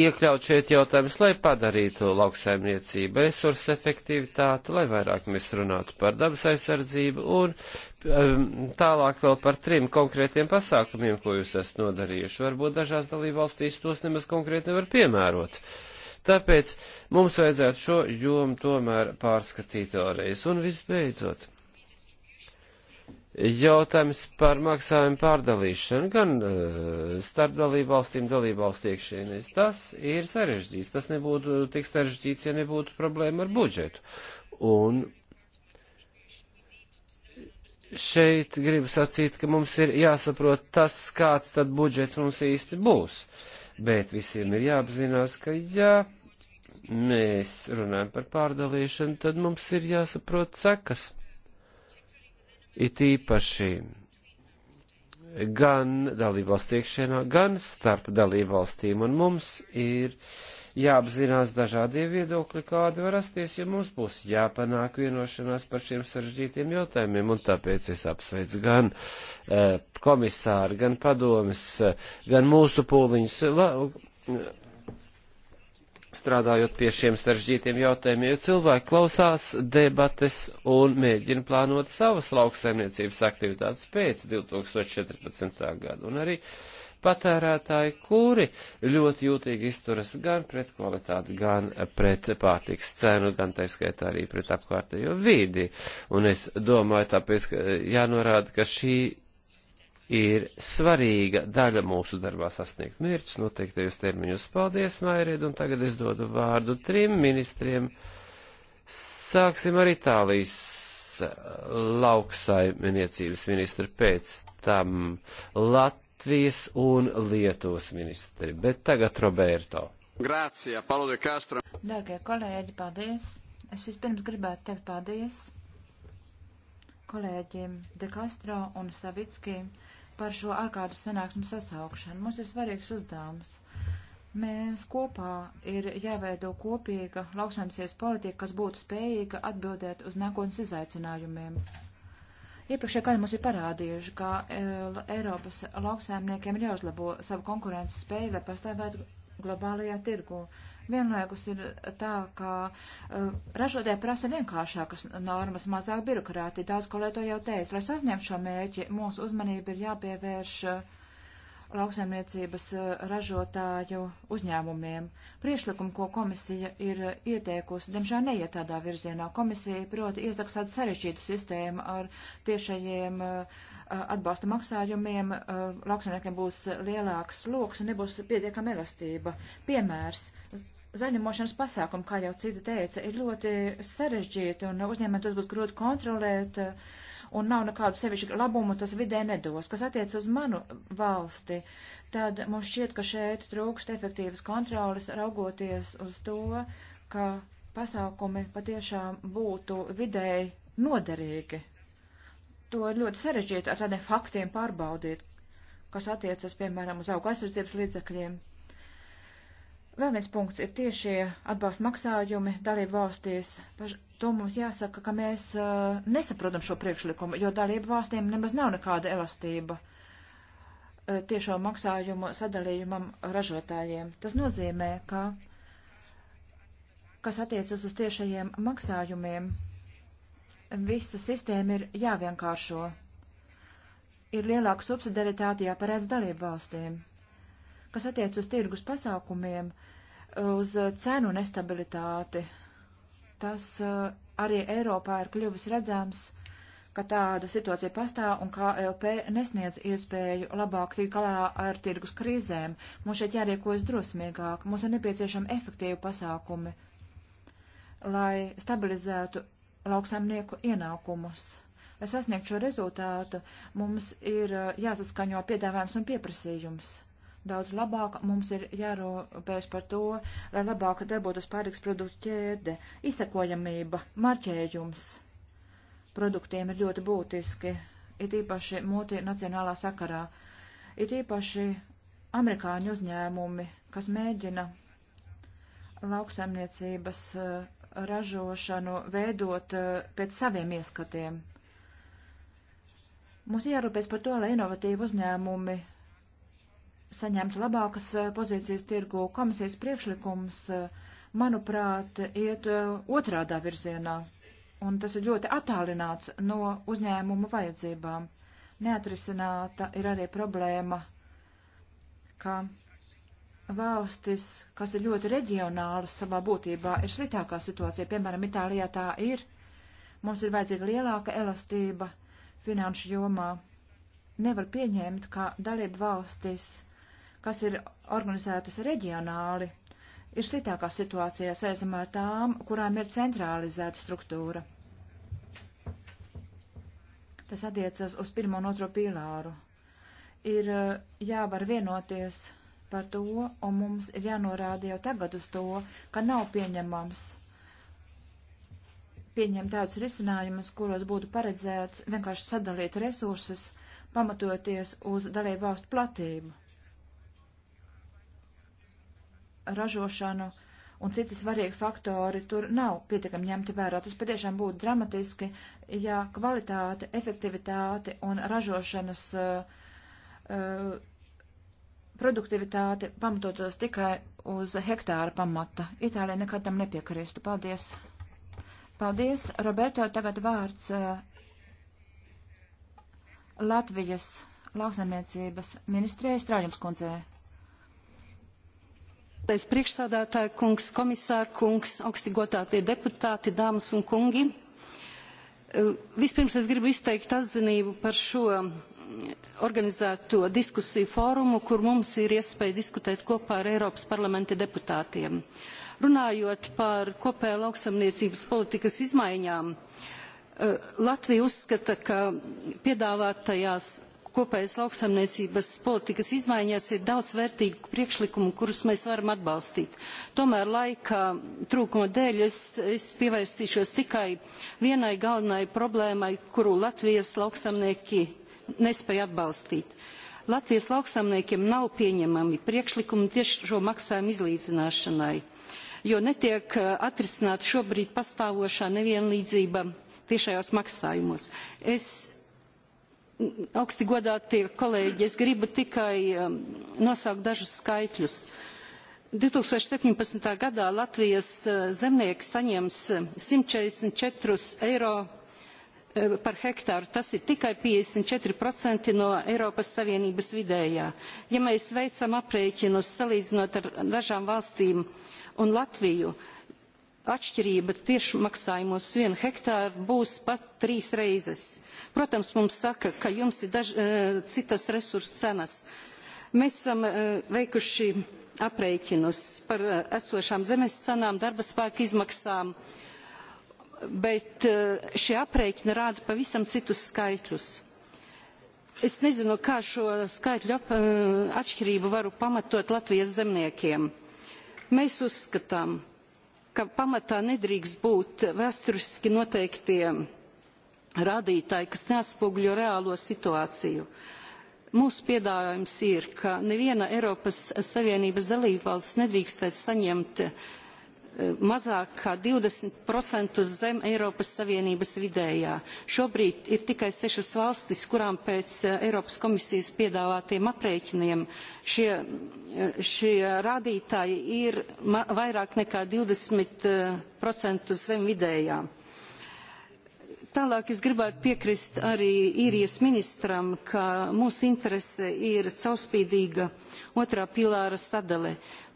iekļaut šeit jautājumus, lai padarītu lauksaimniecību resursu efektivitātu, lai vairāk mēs runātu par dabas aizsardzību un um, tālāk vēl par trim konkrētiem pasākumiem, ko jūs esat nodarījuši. Varbūt dažās dalībvalstīs tos nemaz konkrēti nevar piemērot. Tāpēc mums vajadzētu šo jomu tomēr pārskatīt vēlreiz. Un visbeidzot Jautājums par maksājumu pārdalīšanu gan eh, starp dalību valstīm, dalību valstu iekšēnēs. Tas ir sarežģīts. Tas nebūtu tik sarežģīts, ja nebūtu problēma ar budžetu. Un šeit gribu sacīt, ka mums ir jāsaprot tas, kāds tad budžets mums īsti būs. Bet visiem ir jāapzinās, ka ja mēs runājam par pārdalīšanu, tad mums ir jāsaprot sekas it īpaši gan dalībvalstu iekšēnā, gan starp dalībvalstīm, un mums ir jāapzinās dažādie viedokļi, kādi var rasties, jo mums būs jāpanāk vienošanās par šiem sarežģītiem jautājumiem, un tāpēc es apsveicu gan e, eh, komisāru, gan padomis, eh, gan mūsu pūliņus. La, strādājot pie šiem sarežģītiem jautājumiem, jo cilvēki klausās debates un mēģina plānot savas lauksaimniecības aktivitātes pēc 2014. gada. Un arī patērētāji, kuri ļoti jūtīgi izturas gan pret kvalitāti, gan pret pārtiks cenu, gan tā skaitā arī pret apkārtējo vidi. Un es domāju, tāpēc, ka jānorāda, ka šī ir svarīga daļa mūsu darbā sasniegt mērķus noteiktajos termiņos. Paldies, Mairid, un tagad es dodu vārdu trim ministriem. Sāksim ar Itālijas eh, lauksaimniecības ministru pēc tam Latvijas un Lietuvas ministri, bet tagad Roberto. Grācijā, Paulo de Castro. Dargie kolēģi, paldies. Es vispirms gribētu teikt paldies kolēģiem De Castro un Savickiem par šo ārkārtas sanāksmu sasaukšanu. Mums ir svarīgs uzdevums. Mēs kopā ir jāveido kopīga lauksaimniecības politika, kas būtu spējīga atbildēt uz nākotnes izaicinājumiem. Iepriekšējā gada mums ir parādījuši, ka e, Eiropas lauksaimniekiem ir jāuzlabo savu konkurences spēju, lai pastāvētu globālajā tirgu. Vienlaikus ir tā, ka uh, ražotāji prasa vienkāršākas normas, mazāk birokrāti. Daudz kolēto jau teica, lai sasniegtu šo mērķi, mūsu uzmanība ir jāpievērš uh, lauksaimniecības uh, ražotāju uzņēmumiem. Priešlikumi, ko komisija ir ieteikusi, diemžēl neiet tādā virzienā. Komisija proti iesaka tādu sarežģītu sistēmu ar tiešajiem uh, atbalsta maksājumiem lauksaimniekiem būs lielāks sloks un nebūs pietiekama elastība. Piemērs. Zaļumošanas pasākumi, kā jau cita teica, ir ļoti sarežģīti un uzņēmēm tas būs grūti kontrolēt un nav nekādu sevišķu labumu tas vidē nedos. Kas attiec uz manu valsti, tad mums šķiet, ka šeit trūkst efektīvas kontrolas raugoties uz to, ka pasākumi patiešām būtu vidēji noderīgi to ir ļoti sarežģīti ar tādiem faktiem pārbaudīt, kas attiecas, piemēram, uz auga aizsardzības līdzekļiem. Vēl viens punkts ir tiešie atbalsta maksājumi dalību valstīs. Paž to mums jāsaka, ka mēs uh, nesaprotam šo priekšlikumu, jo dalību valstīm nemaz nav nekāda elastība uh, tiešo maksājumu sadalījumam ražotājiem. Tas nozīmē, ka, kas attiecas uz tiešajiem maksājumiem, uh, visa sistēma ir jāvienkāršo. Ir lielāka subsidiaritāte jāparēc dalību valstīm. Kas attiec uz tirgus pasākumiem, uz uh, cenu nestabilitāti, tas uh, arī Eiropā ir kļuvis redzams, ka tāda situācija pastāv un kā LP nesniedz iespēju labāk tikt galā ar tirgus krīzēm. Mums šeit jārīkojas drosmīgāk, mums ir nepieciešami efektīvi pasākumi, lai stabilizētu lauksaimnieku ienākumus. Lai sasniegtu šo rezultātu, mums ir uh, jāsaskaņo piedāvājums un pieprasījums. Daudz labāk mums ir jārūpēs par to, lai labāk darbotos pārtiks produktu ķēde, izsekojamība, marķējums. Produktiem ir ļoti būtiski, it īpaši multinacionālā sakarā, it īpaši amerikāņu uzņēmumi, kas mēģina lauksaimniecības uh, ražošanu veidot eh, pēc saviem ieskatiem. Mums jārūpēs par to, lai inovatīvi uzņēmumi saņemtu labākas eh, pozīcijas tirgu. Komisijas priekšlikums, eh, manuprāt, iet otrādā virzienā, un tas ir ļoti attālināts no uzņēmumu vajadzībām. Neatrisināta ir arī problēma, ka valstis, kas ir ļoti reģionālas savā būtībā, ir sliktākā situācija. Piemēram, Itālijā tā ir. Mums ir vajadzīga lielāka elastība finanšu jomā. Nevar pieņemt, ka dalību valstis, kas ir organizētas reģionāli, ir sliktākā situācijā saistībā ar tām, kurām ir centralizēta struktūra. Tas attiecas uz pirmo un otro pīlāru. Ir eh, jāvar vienoties par to, un mums ir jānorāda jau tagad uz to, ka nav pieņemams pieņemt tādus risinājumus, kuros būtu paredzēts vienkārši sadalīt resursus, pamatoties uz dalību valstu platību, ražošanu un citi svarīgi faktori tur nav pietiekami ņemti vērā. Tas patiešām būtu dramatiski, ja kvalitāte, efektivitāte un ražošanas uh, uh, produktivitāte pamatotos tikai uz hektāra pamata. Itālija nekad tam nepiekristu. Paldies. Paldies, Roberto. Tagad vārds eh, Latvijas lauksaimniecības ministrijai Strāļums kundzē. Paldies, priekšsādātāja kungs, komisāra kungs, augstigotātie deputāti, dāmas un kungi. Eh, vispirms es gribu izteikt atzinību par šo organizēto diskusiju fórumu, kur mums ir iespēja diskutēt kopā ar Eiropas parlamenta deputātiem. Runājot par kopējā lauksamniecības politikas izmaiņām, eh, Latvija uzskata, ka piedāvātajās kopējas lauksaimniecības politikas izmaiņās ir daudz vērtīgu priekšlikumu, kurus mēs varam atbalstīt. Tomēr laika trūkuma dēļ es, es pievērsīšos tikai vienai galvenai problēmai, kuru Latvijas lauksaimnieki nespēja atbalstīt. Latvijas lauksaimniekiem nav pieņemami priekšlikumi tieši šo maksājumu izlīdzināšanai, jo netiek eh, atrisināta šobrīd pastāvošā nevienlīdzība tiešajos maksājumos. Es mm, augsti godātie kolēģi, es gribu tikai um, nosaukt dažus skaitļus. 2017. gadā Latvijas uh, eh, zemnieks saņems 144 eiro Eh, par hektāru. Tas ir tikai 54% no Eiropas Savienības vidējā. Ja mēs veicam aprēķinus salīdzinot ar dažām valstīm un Latviju, atšķirība tiešmaksājumos vienu hektāru būs pat trīs reizes. Protams, mums saka, ka jums ir daž, eh, citas resursu cenas. Mēs esam eh, veikuši aprēķinus par esošām zemes cenām, darba spēka izmaksām, uh, bet eh, šie aprēķini rāda pavisam citus skaitļus. Es nezinu, kā šo skaitļu eh, atšķirību varu pamatot Latvijas zemniekiem. Mēs uzskatām, ka pamatā nedrīkst būt vēsturiski noteiktie rādītāji, kas neatspoguļo reālo situāciju. Mūsu piedāvājums ir, ka neviena Eiropas Savienības dalībvalsts nedrīkstētu saņemt uh, Eh, mazāk kā 20% zem Eiropas Savienības vidējā. Šobrīd ir tikai sešas valstis, kurām pēc eh, Eiropas komisijas piedāvātiem aprēķiniem šie, eh, šie rādītāji ir vairāk nekā 20% zem vidējām. Tālāk es gribētu piekrist arī īrijas ministram, ka mūsu interese ir caurspīdīga otrā pilāra sadale.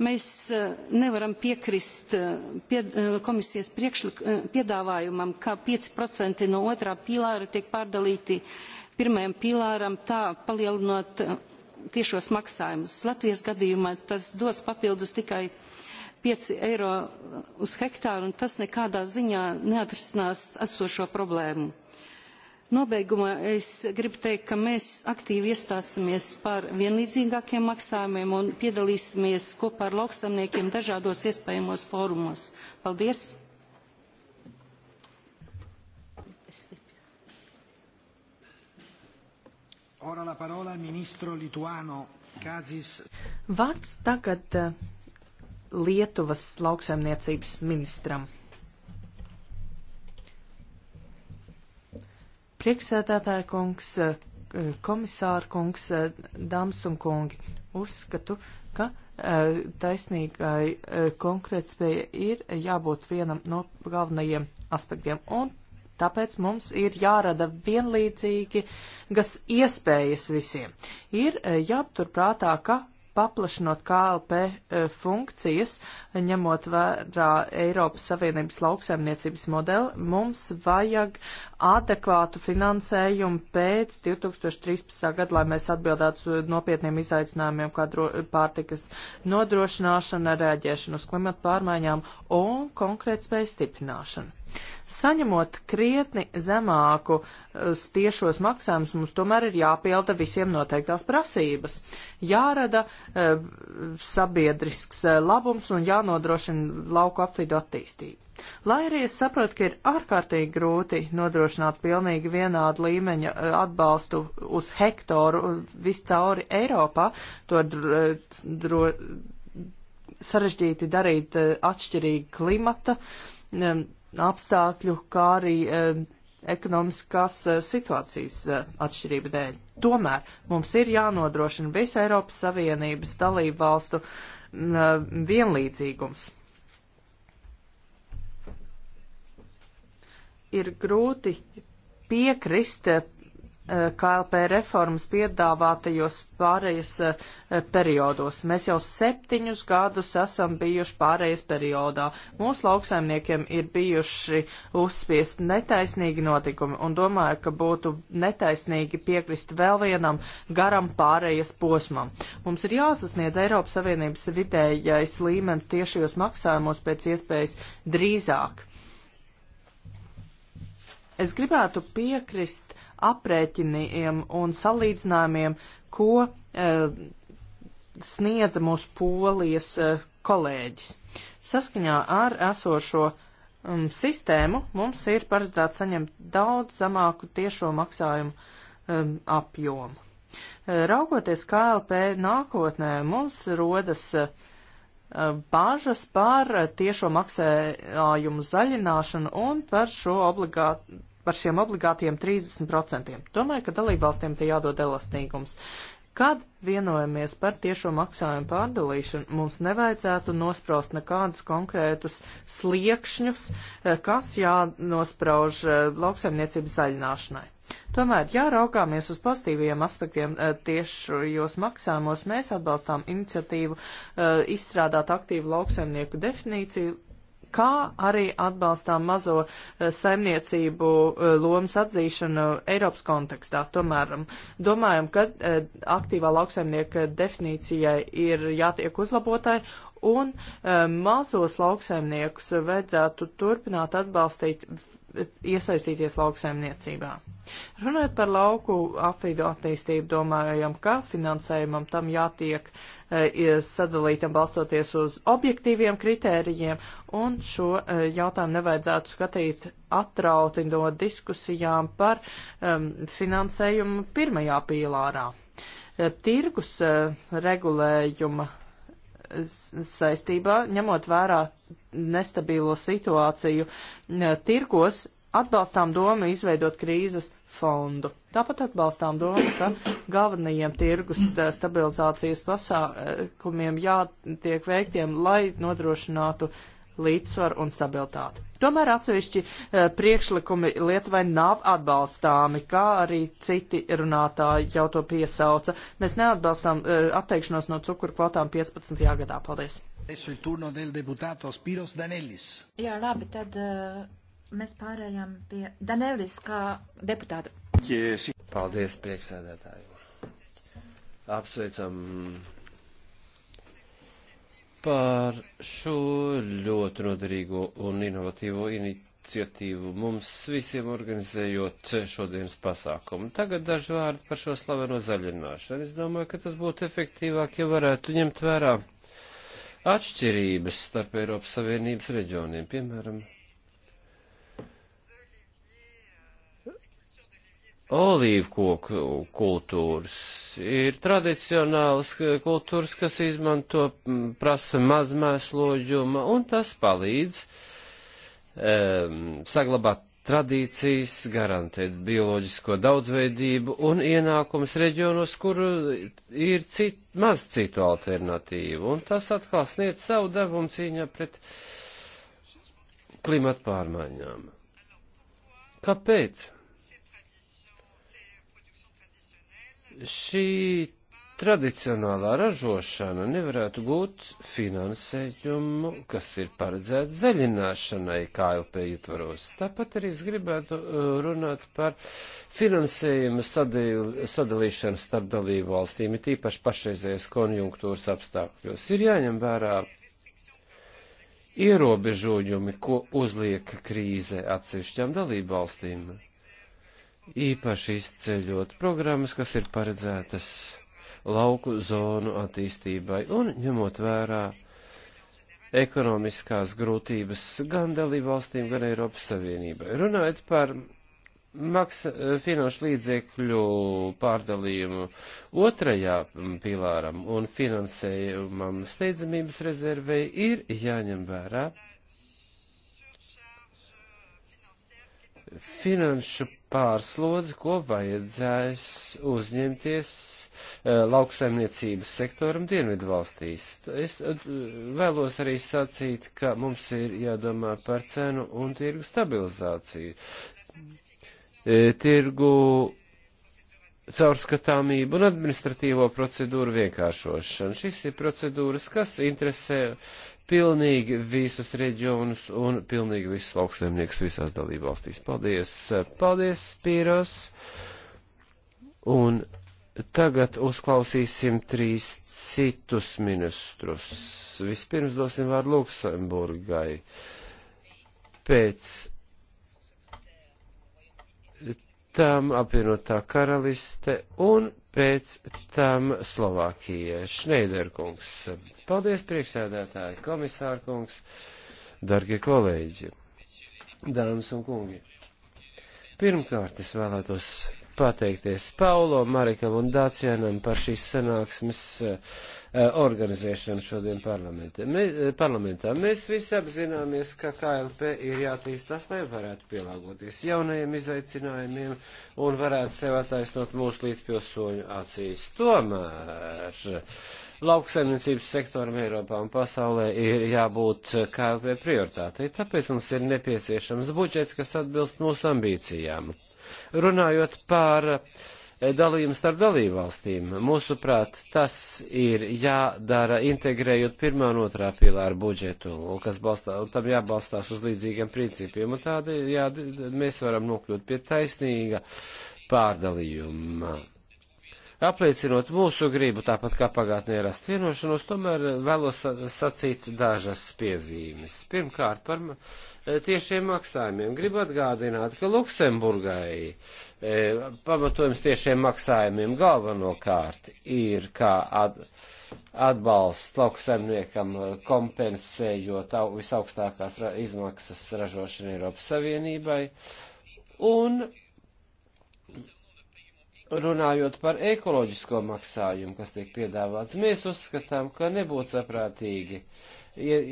Mēs eh, nevaram piekrist eh, pie, eh, komisijas priekšlik, piedāvājumam, ka 5% no otrā pilāra tiek pārdalīti pirmajam pilāram, tā palielinot tiešos maksājumus. Latvijas gadījumā tas dos papildus tikai 0,5% 5 eiro uz hektāru, un tas nekādā ziņā neatrisinās esošo problēmu. Nobeigumā es gribu teikt, ka mēs aktīvi iestāsimies par vienlīdzīgākiem maksājumiem un piedalīsimies kopā ar lauksaimniekiem dažādos iespējamos fórumos. Paldies! Ora la parola al ministro lituano Kazis. Vārds tagad Lietuvas lauksaimniecības ministram. Prieksētātāja kungs, eh, komisāra kungs, eh, dāmas un kungi, uzskatu, ka eh, taisnīgai konkrētspēja ir jābūt vienam no galvenajiem aspektiem. Un tāpēc mums ir jārada vienlīdzīgi, kas iespējas visiem. Ir jāpaturprātā, ka paplašinot KLP eh, funkcijas, ņemot vērā Eiropas Savienības lauksaimniecības modeli, mums vajag adekvātu finansējumu pēc 2013. gada, lai mēs atbildētu uz nopietniem izaicinājumiem, kā dro, pārtikas nodrošināšana, rēģēšana uz klimatu pārmaiņām un konkrētspējas stiprināšana. Saņemot krietni zemāku eh, tiešos maksājumus, mums tomēr ir jāpilda visiem noteiktās prasības. Jārada e, sabiedrisks eh, labums un jānodrošina lauku apvidu attīstību. Lai arī es saprotu, ka ir ārkārtīgi grūti nodrošināt pilnīgi vienādu līmeņa eh, atbalstu uz hektoru viscauri Eiropā, to dro, dro, sarežģīti darīt eh, atšķirīgi klimata ehm, apstākļu, kā arī ehm, ekonomiskās eh, situācijas atšķirību dēļ. Tomēr mums ir jānodrošina visu Eiropas Savienības dalību valstu vienlīdzīgums. ir grūti piekrist eh, KLP reformas piedāvātajos pārējas eh, periodos. Mēs jau septiņus gadus esam bijuši pārējas periodā. Mūsu lauksaimniekiem ir bijuši uzspiest netaisnīgi notikumi un domāju, ka būtu netaisnīgi piekrist vēl vienam garam pārējas posmam. Mums ir jāsasniedz Eiropas Savienības vidējais līmenis tiešajos maksājumos pēc iespējas drīzāk. Es gribētu piekrist aprēķiniem un salīdzinājumiem, ko eh, sniedza mūsu polijas eh, kolēģis. Saskaņā ar esošo um, sistēmu mums ir paredzēts saņemt daudz zamāku tiešo maksājumu um, apjomu. E, raugoties KLP nākotnē, mums rodas uh, e, bāžas par tiešo maksājumu zaļināšanu un par šo obligātu par šiem obligātiem 30%. Domāju, ka dalībvalstiem te jādod elastīgums. Kad vienojamies par tiešo maksājumu pārdalīšanu, mums nevajadzētu nospraust nekādus konkrētus sliekšņus, eh, kas jānosprauž eh, lauksaimniecības zaļināšanai. Tomēr, ja raugāmies uz pozitīviem aspektiem eh, tiešos maksājumos, mēs atbalstām iniciatīvu izstrādāt aktīvu lauksaimnieku definīciju, kā arī atbalstām mazo eh, saimniecību eh, lomas atzīšanu Eiropas kontekstā. Tomēr um, domājam, ka eh, aktīvā lauksaimnieka definīcijai ir jātiek uzlabotai un mazos lauksaimniekus vajadzētu turpināt atbalstīt iesaistīties lauksaimniecībā. Runājot par lauku apvidu attīstību, domājam, ka finansējumam tam jātiek e, sadalītam balstoties uz objektīviem kritērijiem, un šo e, jautājumu nevajadzētu skatīt atrauti no diskusijām par um, e, finansējumu pirmajā pīlārā. E, tirgus e, regulējuma saistībā, ņemot vērā nestabilo situāciju tirkos, atbalstām domu izveidot krīzes fondu. Tāpat atbalstām domu, ka galvenajiem tirgus stabilizācijas pasākumiem jātiek veiktiem, lai nodrošinātu uh, līdzsvaru un stabilitāti. Tomēr atsevišķi eh, priekšlikumi Lietuvai nav atbalstāmi, kā arī citi runātāji jau to piesauca. Mēs neatbalstām eh, atteikšanos no cukuru kvotām 15. gadā. Paldies! Jā, labi, tad eh, mēs pārējām pie Danelis kā deputāta. Paldies, priekšsēdētāji! Apsveicam par šo ļoti noderīgo un inovatīvo iniciatīvu mums visiem organizējot šodienas pasākumu. Tagad daži vārdi par šo slaveno zaļināšanu. Es domāju, ka tas būtu efektīvāk, ja varētu ņemt vērā atšķirības starp Eiropas Savienības reģioniem. Piemēram, olīvkoku kultūras. Ir tradicionālas kultūras, kas izmanto prasa mazmēslojuma, un tas palīdz um, saglabāt tradīcijas, garantēt bioloģisko daudzveidību un ienākums reģionos, kur ir cit, maz citu alternatīvu. Un tas atkal sniedz savu devumu cīņā pret klimatu pārmaiņām. Kāpēc? šī tradicionālā ražošana nevarētu būt finansējumu, kas ir paredzēts zaļināšanai KLP ietvaros. Tāpat arī es gribētu uh, runāt par finansējumu sadal sadalīšanu starp dalību valstīm, it īpaši pašreizējais konjunktūras apstākļos. Ir jāņem vērā ierobežojumi, ko uzliek krīze atsevišķām dalību valstīm īpaši izceļot programmas, kas ir paredzētas lauku zonu attīstībai un ņemot vērā ekonomiskās grūtības gan dalībvalstīm, gan Eiropas Savienībai. Runājot par maksa, finanšu līdzekļu pārdalījumu otrajā pilāram un finansējumam steidzamības rezervei, ir jāņem vērā finanšu pārslodzi, ko vajadzēs uzņemties eh, lauksaimniecības sektoram dienvidu valstīs. Es eh, vēlos arī sacīt, ka mums ir jādomā par cenu un tirgu stabilizāciju. Eh, tirgu caurskatāmību un administratīvo procedūru vienkāršošanu. Šis ir procedūras, kas interesē pilnīgi visus reģionus un pilnīgi visus lauksaimniekus visās dalībvalstīs. Paldies! Paldies, Spīros! Un tagad uzklausīsim trīs citus ministrus. Vispirms dosim vārdu Luksemburgai. Pēc tam apvienotā karaliste un pēc tam Slovākija. Šneiderkungs. Paldies, priekšsēdētāji, komisārkungs, dargie kolēģi, dāmas un kungi. Pirmkārt, es vēlētos pateikties Paulo, Marikam un Dācijanam par šīs sanāksmes eh, organizēšanu šodien parlamentā. Mē, eh, parlamentā. Mēs visi apzināmies, ka KLP ir jātīstās, lai varētu pielāgoties jaunajiem izaicinājumiem un varētu sev attaisnot mūsu līdzpilsoņu acīs. Tomēr lauksaimniecības sektoram Eiropā un pasaulē ir jābūt KLP prioritātei, tāpēc mums ir nepieciešams budžets, kas atbilst mūsu ambīcijām. Runājot par eh, dalījumu starp dalībvalstīm, mūsuprāt, tas ir jādara integrējot pirmā un otrā pilāra budžetu, un kas balstā, un tam jābalstās uz līdzīgiem principiem, un tādi, jā, mēs varam nokļūt pie taisnīga pārdalījuma apliecinot mūsu gribu, tāpat kā pagātnē rast vienošanos, tomēr vēlos sacīt dažas piezīmes. Pirmkārt, par eh, tiešiem maksājumiem. Gribu atgādināt, ka Luksemburgai e, pamatojums tiešiem maksājumiem galvenokārt ir kā at, atbalsts lauksaimniekam eh, kompensējot visaugstākās ra, izmaksas ražošanu Eiropas Savienībai. Un Runājot par ekoloģisko maksājumu, kas tiek piedāvāts, mēs uzskatām, ka nebūtu saprātīgi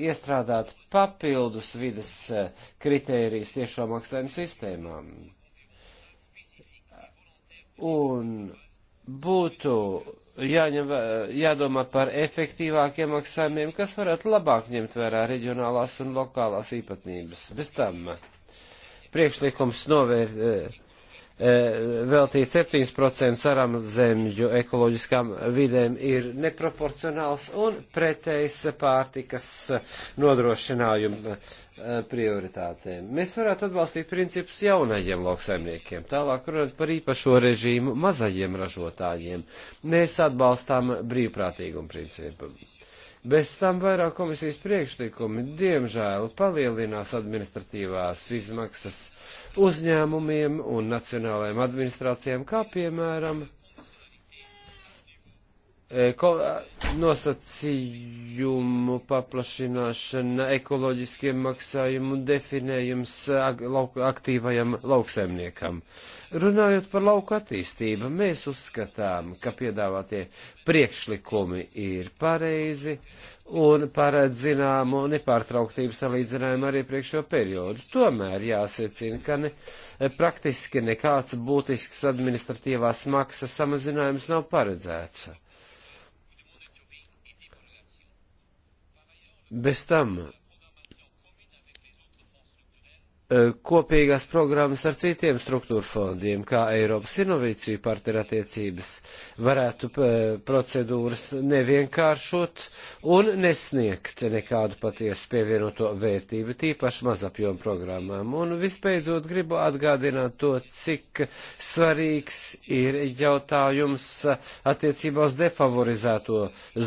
iestrādāt papildus vidas eh, kritērijas tiešo maksājumu sistēmām. Un būtu jāņem, jādomā par efektīvākiem maksājumiem, kas varētu labāk ņemt vērā reģionālās un lokālās īpatnības. Bez tam priekšlikums novērt eh, E, veltīt 7% saram zemju ekoloģiskām vidēm ir neproporcionāls un pretējs pārtikas nodrošinājuma e, prioritātēm. Mēs varētu atbalstīt principus jaunajiem lauksaimniekiem, tālāk runāt par īpašo režīmu mazajiem ražotājiem. Mēs atbalstām brīvprātīgumu principu. Bez tam vairāk komisijas priekšlikumi, diemžēl, palielinās administratīvās izmaksas uzņēmumiem un nacionālajām administrācijām, kā piemēram E, e, nosacījumu paplašināšana, ekoloģiskiem maksājumu definējums e, aktīvajam lauksaimniekam. Runājot par lauku attīstību, mēs uzskatām, ka piedāvātie priekšlikumi ir pareizi un paredz zināmu nepārtrauktību salīdzinājumu arī priekšo periodu. Tomēr jāsacina, ka ne, praktiski nekāds būtisks administratīvās maksas samazinājums nav paredzēts bez tam Eh, kopīgās programmas ar citiem struktūra fondiem, kā Eiropas inovāciju partneru attiecības, varētu eh, procedūras nevienkāršot un nesniegt nekādu patiesu pievienoto vērtību, tīpaši mazapjomu programmām. Un vispēdzot gribu atgādināt to, cik svarīgs ir jautājums attiecībā uz defavorizēto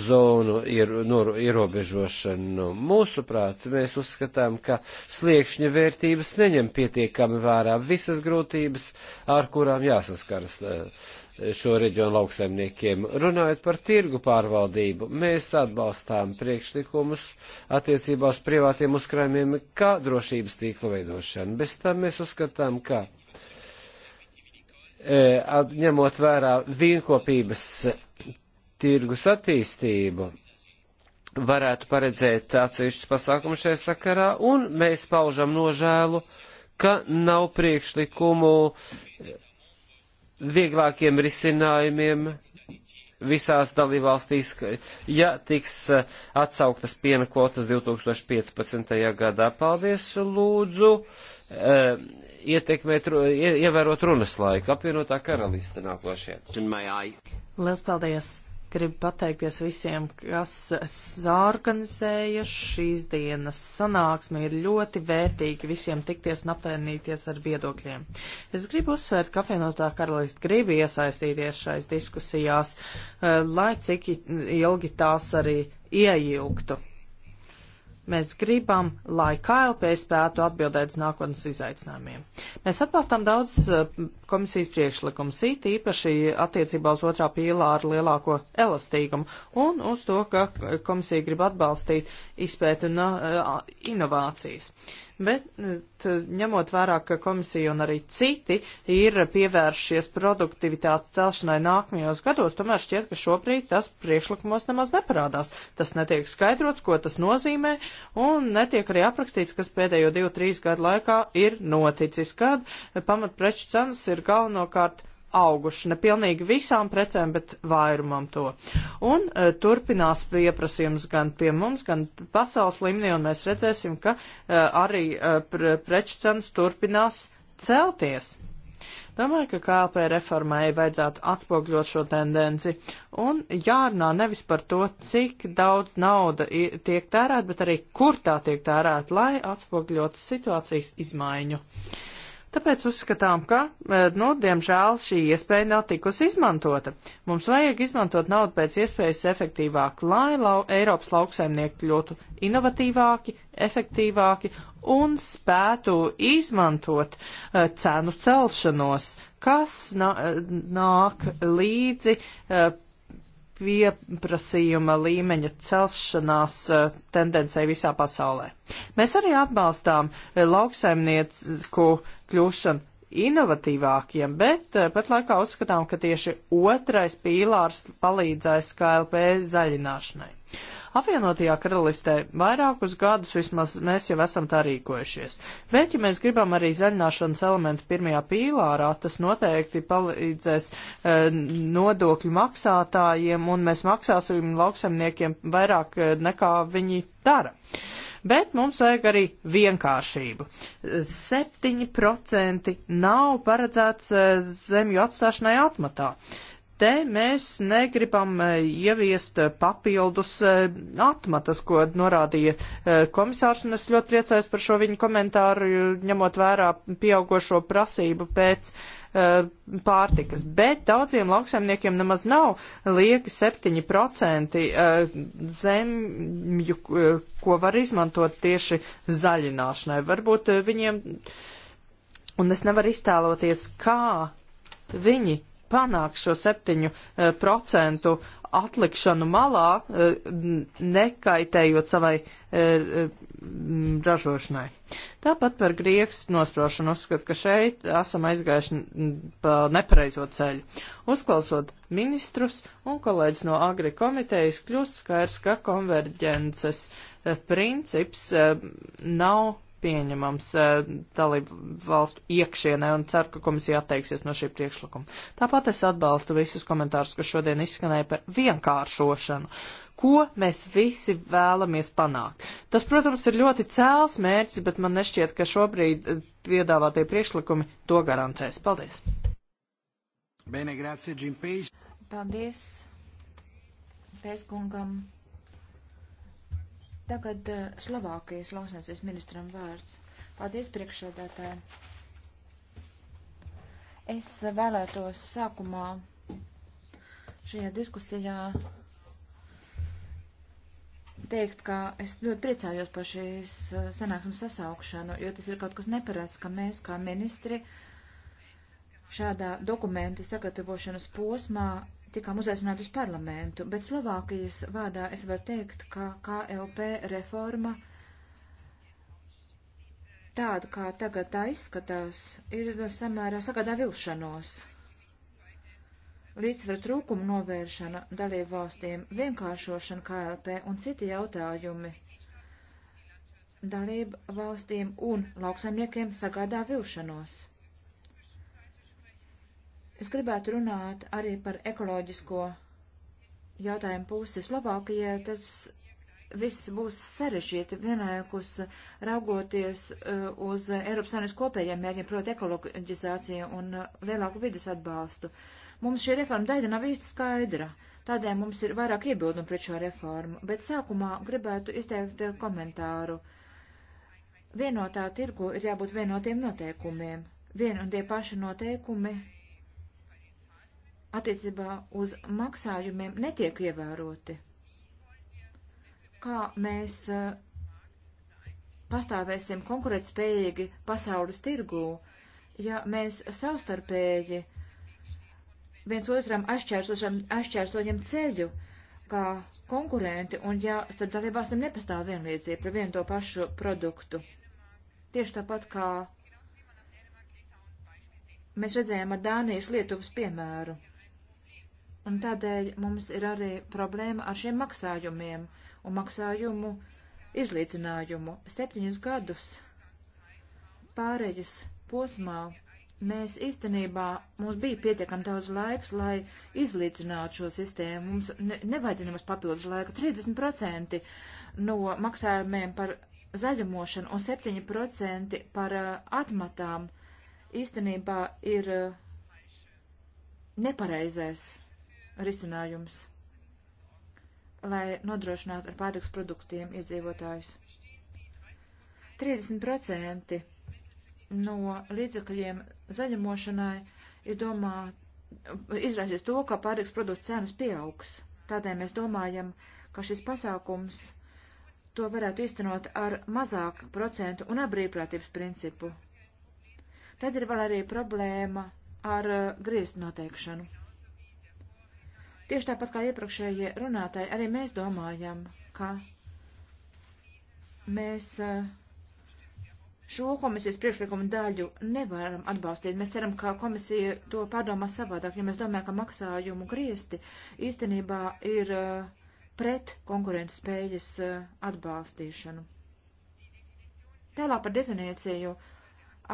zonu ierobežošanu. Mūsuprāt, mēs uzskatām, ka sliekšņa vērtības kas neņem pietiekami vērā visas grūtības, ar kurām jāsaskaras eh, šo reģionu lauksaimniekiem. Runājot par tirgu pārvaldību, mēs atbalstām priekšlikumus attiecībā uz privātiem uzkrājumiem, kā drošības tīkla veidošana. Bez tam mēs uzskatām, ka e, ņemot vērā vienkopības tirgus attīstību, varētu paredzēt atsevišķus pasākumus šajā sakarā, un mēs paužam nožēlu, ka nav priekšlikumu vieglākiem risinājumiem visās dalībvalstīs, ja tiks eh, atsauktas piena kvotas 2015. gadā. Paldies, lūdzu, eh, ietekmēt, ievērot runas laiku. Apvienotā karalista nākošie. Liels paldies! Gribu pateikties visiem, kas sāorganizēja šīs dienas sanāksmi. Ir ļoti vērtīgi visiem tikties un apvienīties ar viedokļiem. Es gribu uzsvērt, ka apvienotā karalista grib iesaistīties šais diskusijās, eh, lai cik ilgi tās arī ieilgtu. Mēs gribam, lai KLP spētu atbildēt uz nākotnes izaicinājumiem. Mēs atbalstām daudz eh, komisijas priekšlikumus, it īpaši attiecībā uz otrā pīlāra lielāko elastīgumu un uz to, ka eh, komisija grib atbalstīt izpēt un uh, inovācijas. Uh, Bet e, ņemot vērā, ka komisija un arī citi ir pievēršies produktivitātes celšanai nākamajos gados, tomēr šķiet, ka šobrīd tas priekšlikumos nemaz neparādās. Tas netiek skaidrots, ko tas nozīmē, un netiek arī aprakstīts, kas pēdējo divu, trīs gadu laikā ir noticis, kad pamatpreču cenas ir galvenokārt auguši. Ne pilnīgi visām precēm, bet vairumam to. Un uh, turpinās pieprasījums gan pie mums, gan pasaules līmenī, un mēs redzēsim, ka uh, arī uh, pre preču cenas turpinās celties. Domāju, ka KLP reformai vajadzētu atspogļot šo tendenci un jārunā nevis par to, cik daudz nauda tiek tērēt, bet arī kur tā tiek tērēt, lai atspogļotu situācijas izmaiņu. Uh, Tāpēc uzskatām, ka, e, nu, diemžēl šī iespēja nav tikusi izmantota. Mums vajag izmantot naudu pēc iespējas efektīvāk, lai lau, Eiropas lauksaimnieki kļūtu inovatīvāki, efektīvāki un spētu izmantot uh, cenu celšanos, kas nā, e, nāk līdzi uh, pieprasījuma līmeņa celšanās e, tendencei visā pasaulē. Mēs arī atbalstām e, lauksaimnieku kļūšanu inovatīvākiem, bet e, pat laikā uzskatām, ka tieši otrais pīlārs palīdzēs KLP zaļināšanai. Apvienotajā karalistē vairākus gadus vismaz mēs jau esam tā rīkojušies. Bet, ja mēs gribam arī zaļināšanas elementu pirmajā pīlārā, tas noteikti palīdzēs e, nodokļu maksātājiem, un mēs maksāsim lauksemniekiem vairāk e, nekā viņi dara bet mums vajag arī vienkāršību. 7% nav paredzēts e, zemju atstāšanai atmatā te mēs negribam e, ieviest e, papildus e, atmatas, ko norādīja komisārs, un es ļoti priecājos par šo viņu komentāru, ņemot vērā pieaugošo prasību pēc pārtikas. Bet daudziem lauksaimniekiem nemaz nav lieki 7% zemju, ko var izmantot tieši zaļināšanai. Varbūt viņiem, un es nevaru iztēloties, kā viņi panāks šo 7% eh, atlikšanu malā, eh, nekaitējot savai eh, ražošanai. Tāpat par grieķis nosprošanu uzskatu, ka šeit esam aizgājuši pa nepareizo ceļu. Uzklausot ministrus un kolēģis no Agri komitejas, kļūst skairs, ka konverģences princips nav pieņemams eh, dalību valstu iekšienē un ceru, ka komisija atteiksies no šī priekšlikuma. Tāpat es atbalstu visus komentārus, kas šodien izskanēja par vienkāršošanu. Ko mēs visi vēlamies panākt? Tas, protams, ir ļoti cēls mērķis, bet man nešķiet, ka šobrīd eh, piedāvātie priekšlikumi to garantēs. Paldies! Bene, grazie, Paldies! Pēskungam! Tagad eh, Slovākijas lauksnēcijas ministram vārds. Paldies, priekšsēdētāji. Es vēlētos sākumā šajā diskusijā teikt, ka es ļoti priecājos par šīs eh, sanāksmes sasaukšanu, jo tas ir kaut kas neparāds, ka mēs kā ministri šādā dokumenta sagatavošanas posmā tikām uzaicināt uz parlamentu, bet Slovākijas vārdā es varu teikt, ka KLP reforma tāda, kā tagad tā izskatās, ir samērā sagadā vilšanos. Līdzsver trūkumu novēršana dalību valstīm, vienkāršošana KLP un citi jautājumi dalību valstīm un lauksaimniekiem sagādā vilšanos. Es gribētu runāt arī par ekoloģisko jautājumu pusi. Slovākijai tas viss būs sarežģīti vienlaikus raugoties uh, uz Eiropas Savienības kopējiem mērķiem, proti ekoloģizāciju un uh, lielāku vidas atbalstu. Mums šī reforma daļa nav īsti skaidra, tādēļ mums ir vairāk iebildumi pret šo reformu, bet sākumā gribētu izteikt uh, komentāru. Vienotā tirgu ir jābūt vienotiem noteikumiem. Vien un tie paši noteikumi attiecībā uz maksājumiem netiek ievēroti. Kā mēs eh, pastāvēsim konkurētspējīgi pasaules tirgū, ja mēs savstarpēji viens otram aizšķērsoņam ceļu kā konkurenti un ja starp dalībvalstīm nepastāv vienlīdzība par vienu to pašu produktu. Tieši tāpat kā mēs redzējām ar Dānijas Lietuvas piemēru. Un tādēļ mums ir arī problēma ar šiem maksājumiem un maksājumu izlīdzinājumu. Septiņus gadus pārējas posmā mēs īstenībā, mums bija pietiekami daudz laiks, lai izlīdzinātu šo sistēmu. Mums ne, nevajadzina mums papildus laika. 30% no maksājumiem par zaļumošanu un 7% par uh, atmatām īstenībā ir uh, nepareizais risinājums, lai nodrošinātu ar pārtiks produktiem iedzīvotājus. 30% no līdzekļiem zaļumošanai ir domā, izraisīs to, ka pārtiks produktu cenas pieaugs. Tādēļ mēs domājam, ka šis pasākums to varētu īstenot ar mazāk procentu un ar brīvprātības principu. Tad ir vēl arī problēma ar uh, griezt noteikšanu. Tieši tāpat kā iepriekšējie runātāji, arī mēs domājam, ka mēs eh, šo komisijas priekšlikumu daļu nevaram atbalstīt. Mēs ceram, ka komisija to pārdomā savādāk, ja mēs domājam, ka maksājumu griesti īstenībā ir eh, pret konkurences spējas eh, atbalstīšanu. Tālāk par definīciju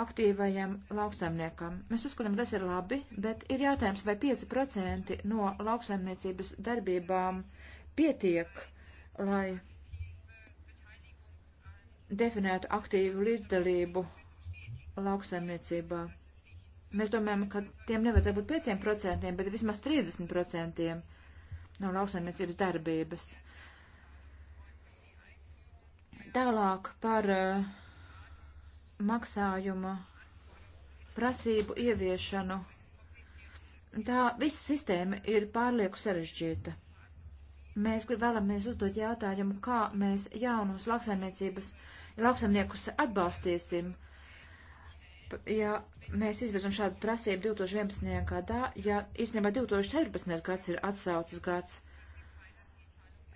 aktīvajam lauksaimniekam. Mēs uzskatām, tas ir labi, bet ir jautājums, vai 5% no lauksaimniecības darbībām pietiek, lai definētu aktīvu līdzdalību lauksaimniecībā. Mēs domājam, ka tiem nevajadzētu būt 5%, bet vismaz 30% no lauksaimniecības darbības. Tālāk par uh, maksājumu prasību ieviešanu. Tā visa sistēma ir pārlieku sarežģīta. Mēs vēlamies uzdot jautājumu, kā mēs jaunus lauksaimniecības lauksaimniekus atbalstīsim. Ja mēs izvirzam šādu prasību 2011. gadā, ja īstenībā 2014. gads ir atsaucis gads,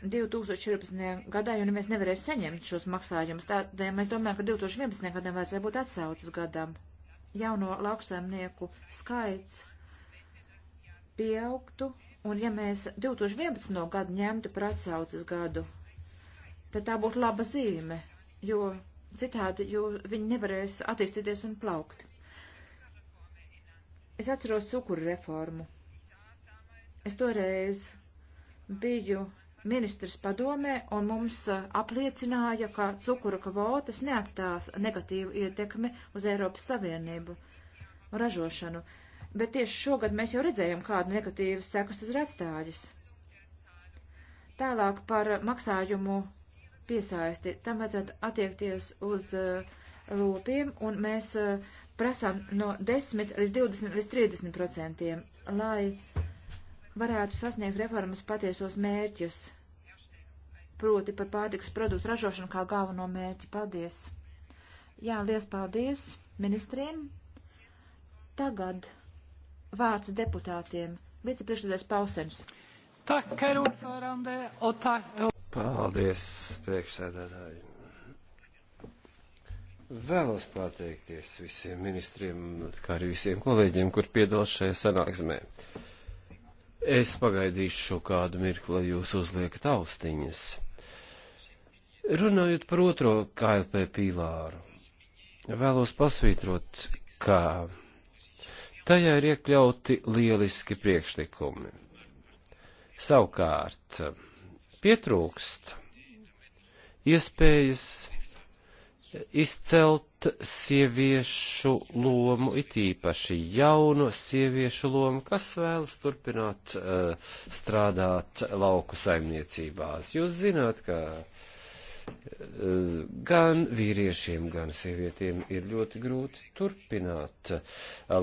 2014. gadā, jo mēs nevarēsim saņemt šos maksājumus. Tādēļ mēs domājam, ka 2011. gadam vajadzēja būt atsaucas gadam. Jauno lauksaimnieku skaits pieaugtu, un ja mēs 2011. gadu ņemtu par atsaucas gadu, tad tā būtu laba zīme, jo citādi jo viņi nevarēs attīstīties un plaukt. Es atceros cukuru reformu. Es toreiz biju ministrs padomē un mums apliecināja, ka cukura kvotas neatstās negatīvu ietekmi uz Eiropas Savienību ražošanu. Bet tieši šogad mēs jau redzējām, kāda negatīvas sekas tas ir atstājis. Tālāk par maksājumu piesaisti. Tam vajadzētu attiekties uz uh, lopiem, un mēs uh, prasām no 10 līdz 20 līdz 30 procentiem, lai varētu sasniegt reformas patiesos mērķus, proti par pārtikas produktu ražošanu kā galveno mērķi. Paldies! Jā, liels paldies ministriem! Tagad vārds deputātiem. Vicepriekšsēdētājs Pausens. Tak, ordförande, o tak. Paldies, priekšsēdētāji. Vēlos pateikties visiem ministriem, kā arī visiem kolēģiem, kur piedalās šajā sanāksmē. Uh, Es pagaidīšu kādu mirkli, lai jūs uzliekat austiņas. Runājot par otro KLP pīlāru, vēlos pasvītrot, ka tajā ir iekļauti lieliski priekšlikumi. Savukārt, pietrūkst iespējas izcelt sieviešu lomu, it īpaši jaunu sieviešu lomu, kas vēlas turpināt uh, strādāt lauku saimniecībās. Jūs zināt, ka uh, Eh, gan vīriešiem, gan sievietiem ir ļoti grūti turpināt eh,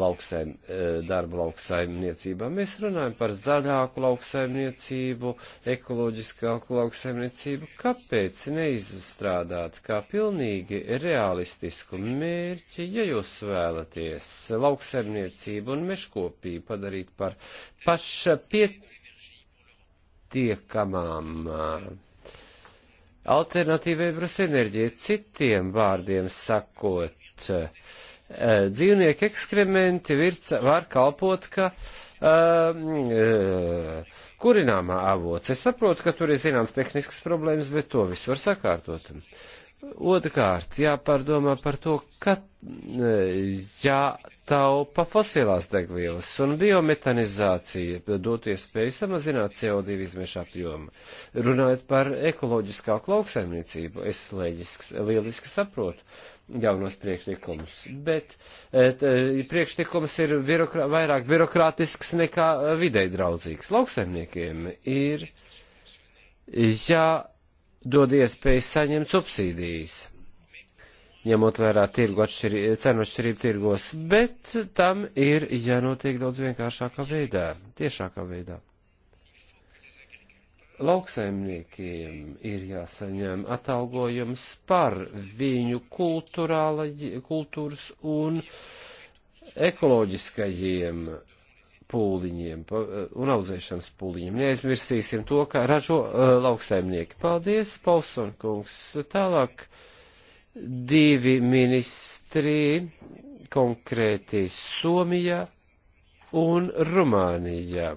lauksaim, eh, darbu lauksaimniecībā. Mēs runājam par zaļāku lauksaimniecību, ekoloģiskāku lauksaimniecību. Kāpēc neizstrādāt kā pilnīgi realistisku mērķi, ja jūs vēlaties lauksaimniecību un meškopību padarīt par paša pietiekamām? Alternatīva ebra sinerģija citiem vārdiem sakot, eh, dzīvnieku ekskrementi virca, var kalpot, ka uh, kurināmā avots. Es saprotu, ka tur ir zināms tehniskas problēmas, bet to visu var sakārtot. Uh, Otrkārt, jāpārdomā par to, ka e, jātaupa fosilās degvielas un biometanizācija dot iespēju samazināt CO2 izmešu apjomu. Runājot par ekoloģiskāku lauksaimniecību, es leģisks, lieliski saprotu jaunos priekšlikumus, bet et, e, priekšlikums ir birokrā, vairāk birokrātisks nekā videi draudzīgs. Lauksaimniekiem ir jā. Ja dod iespēju saņemt subsīdijas, ņemot vērā tirgu atšķirī, cenu atšķirību tirgos, bet tam ir jānotiek daudz vienkāršākā veidā, tiešākā veidā. Lauksaimniekiem ir jāsaņem atalgojums par viņu kultūras un ekoloģiskajiem pūliņiem eh, un audzēšanas pūliņiem. Neaizmirsīsim to, kā ražo uh, lauksaimnieki. Paldies, Paulson kungs. Tālāk divi ministri konkrēti Somijā un Rumānijā.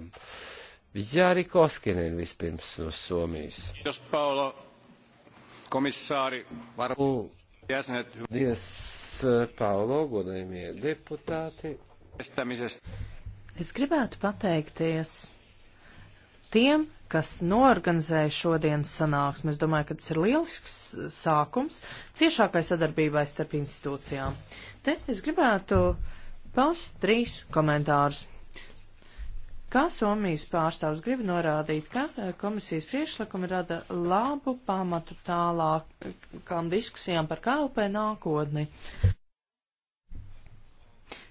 Jāri Koskinen vispirms no Somijas. Jūs, Paula, komisāri, varbūt jäsenet. Paldies, Paulo, godējumie deputāti. Es gribētu pateikties tiem, kas norganizēja šodienas sanāksmi. Es domāju, ka tas ir lielisks sākums ciešākai sadarbībai starp institūcijām. Te es gribētu paust trīs komentārus. Kā Somijas pārstāvs grib norādīt, ka eh, komisijas priešlikumi rada labu pamatu tālākām diskusijām par KLP nākotni.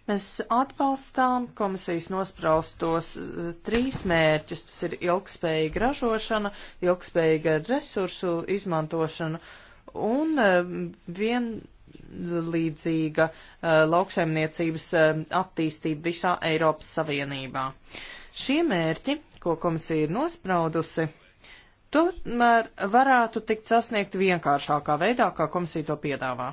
Mēs atbalstām komisijas nospraustos eh, trīs mērķus. Tas ir ilgspējīga ražošana, ilgspējīga resursu izmantošana un eh, vienlīdzīga eh, lauksaimniecības attīstība visā Eiropas Savienībā. Šie mērķi, ko komisija ir nospraudusi, tomēr varētu tikt sasniegt vienkāršākā veidā, kā komisija to piedāvā.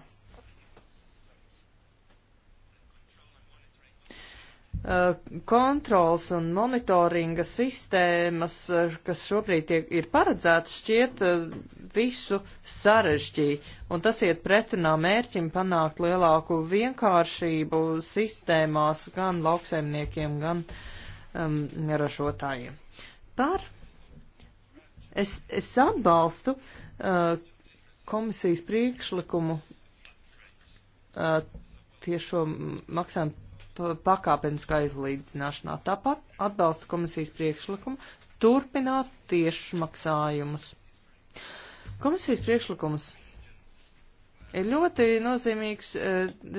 Eh, kontrols un monitoringa sistēmas, eh, kas šobrīd tiek, ir paredzētas, šķiet eh, visu sarežģīja. Un tas iet pretrunā mērķim panākt lielāku vienkāršību sistēmās gan lauksaimniekiem, gan um, ražotājiem. Par es, es atbalstu uh, komisijas priekšlikumu uh, tiešo maksājumu pakāpeniskā izlīdzināšanā. Tāpat atbalsta komisijas priekšlikumu turpināt tiešu maksājumus. Komisijas priekšlikums ir ļoti nozīmīgs e,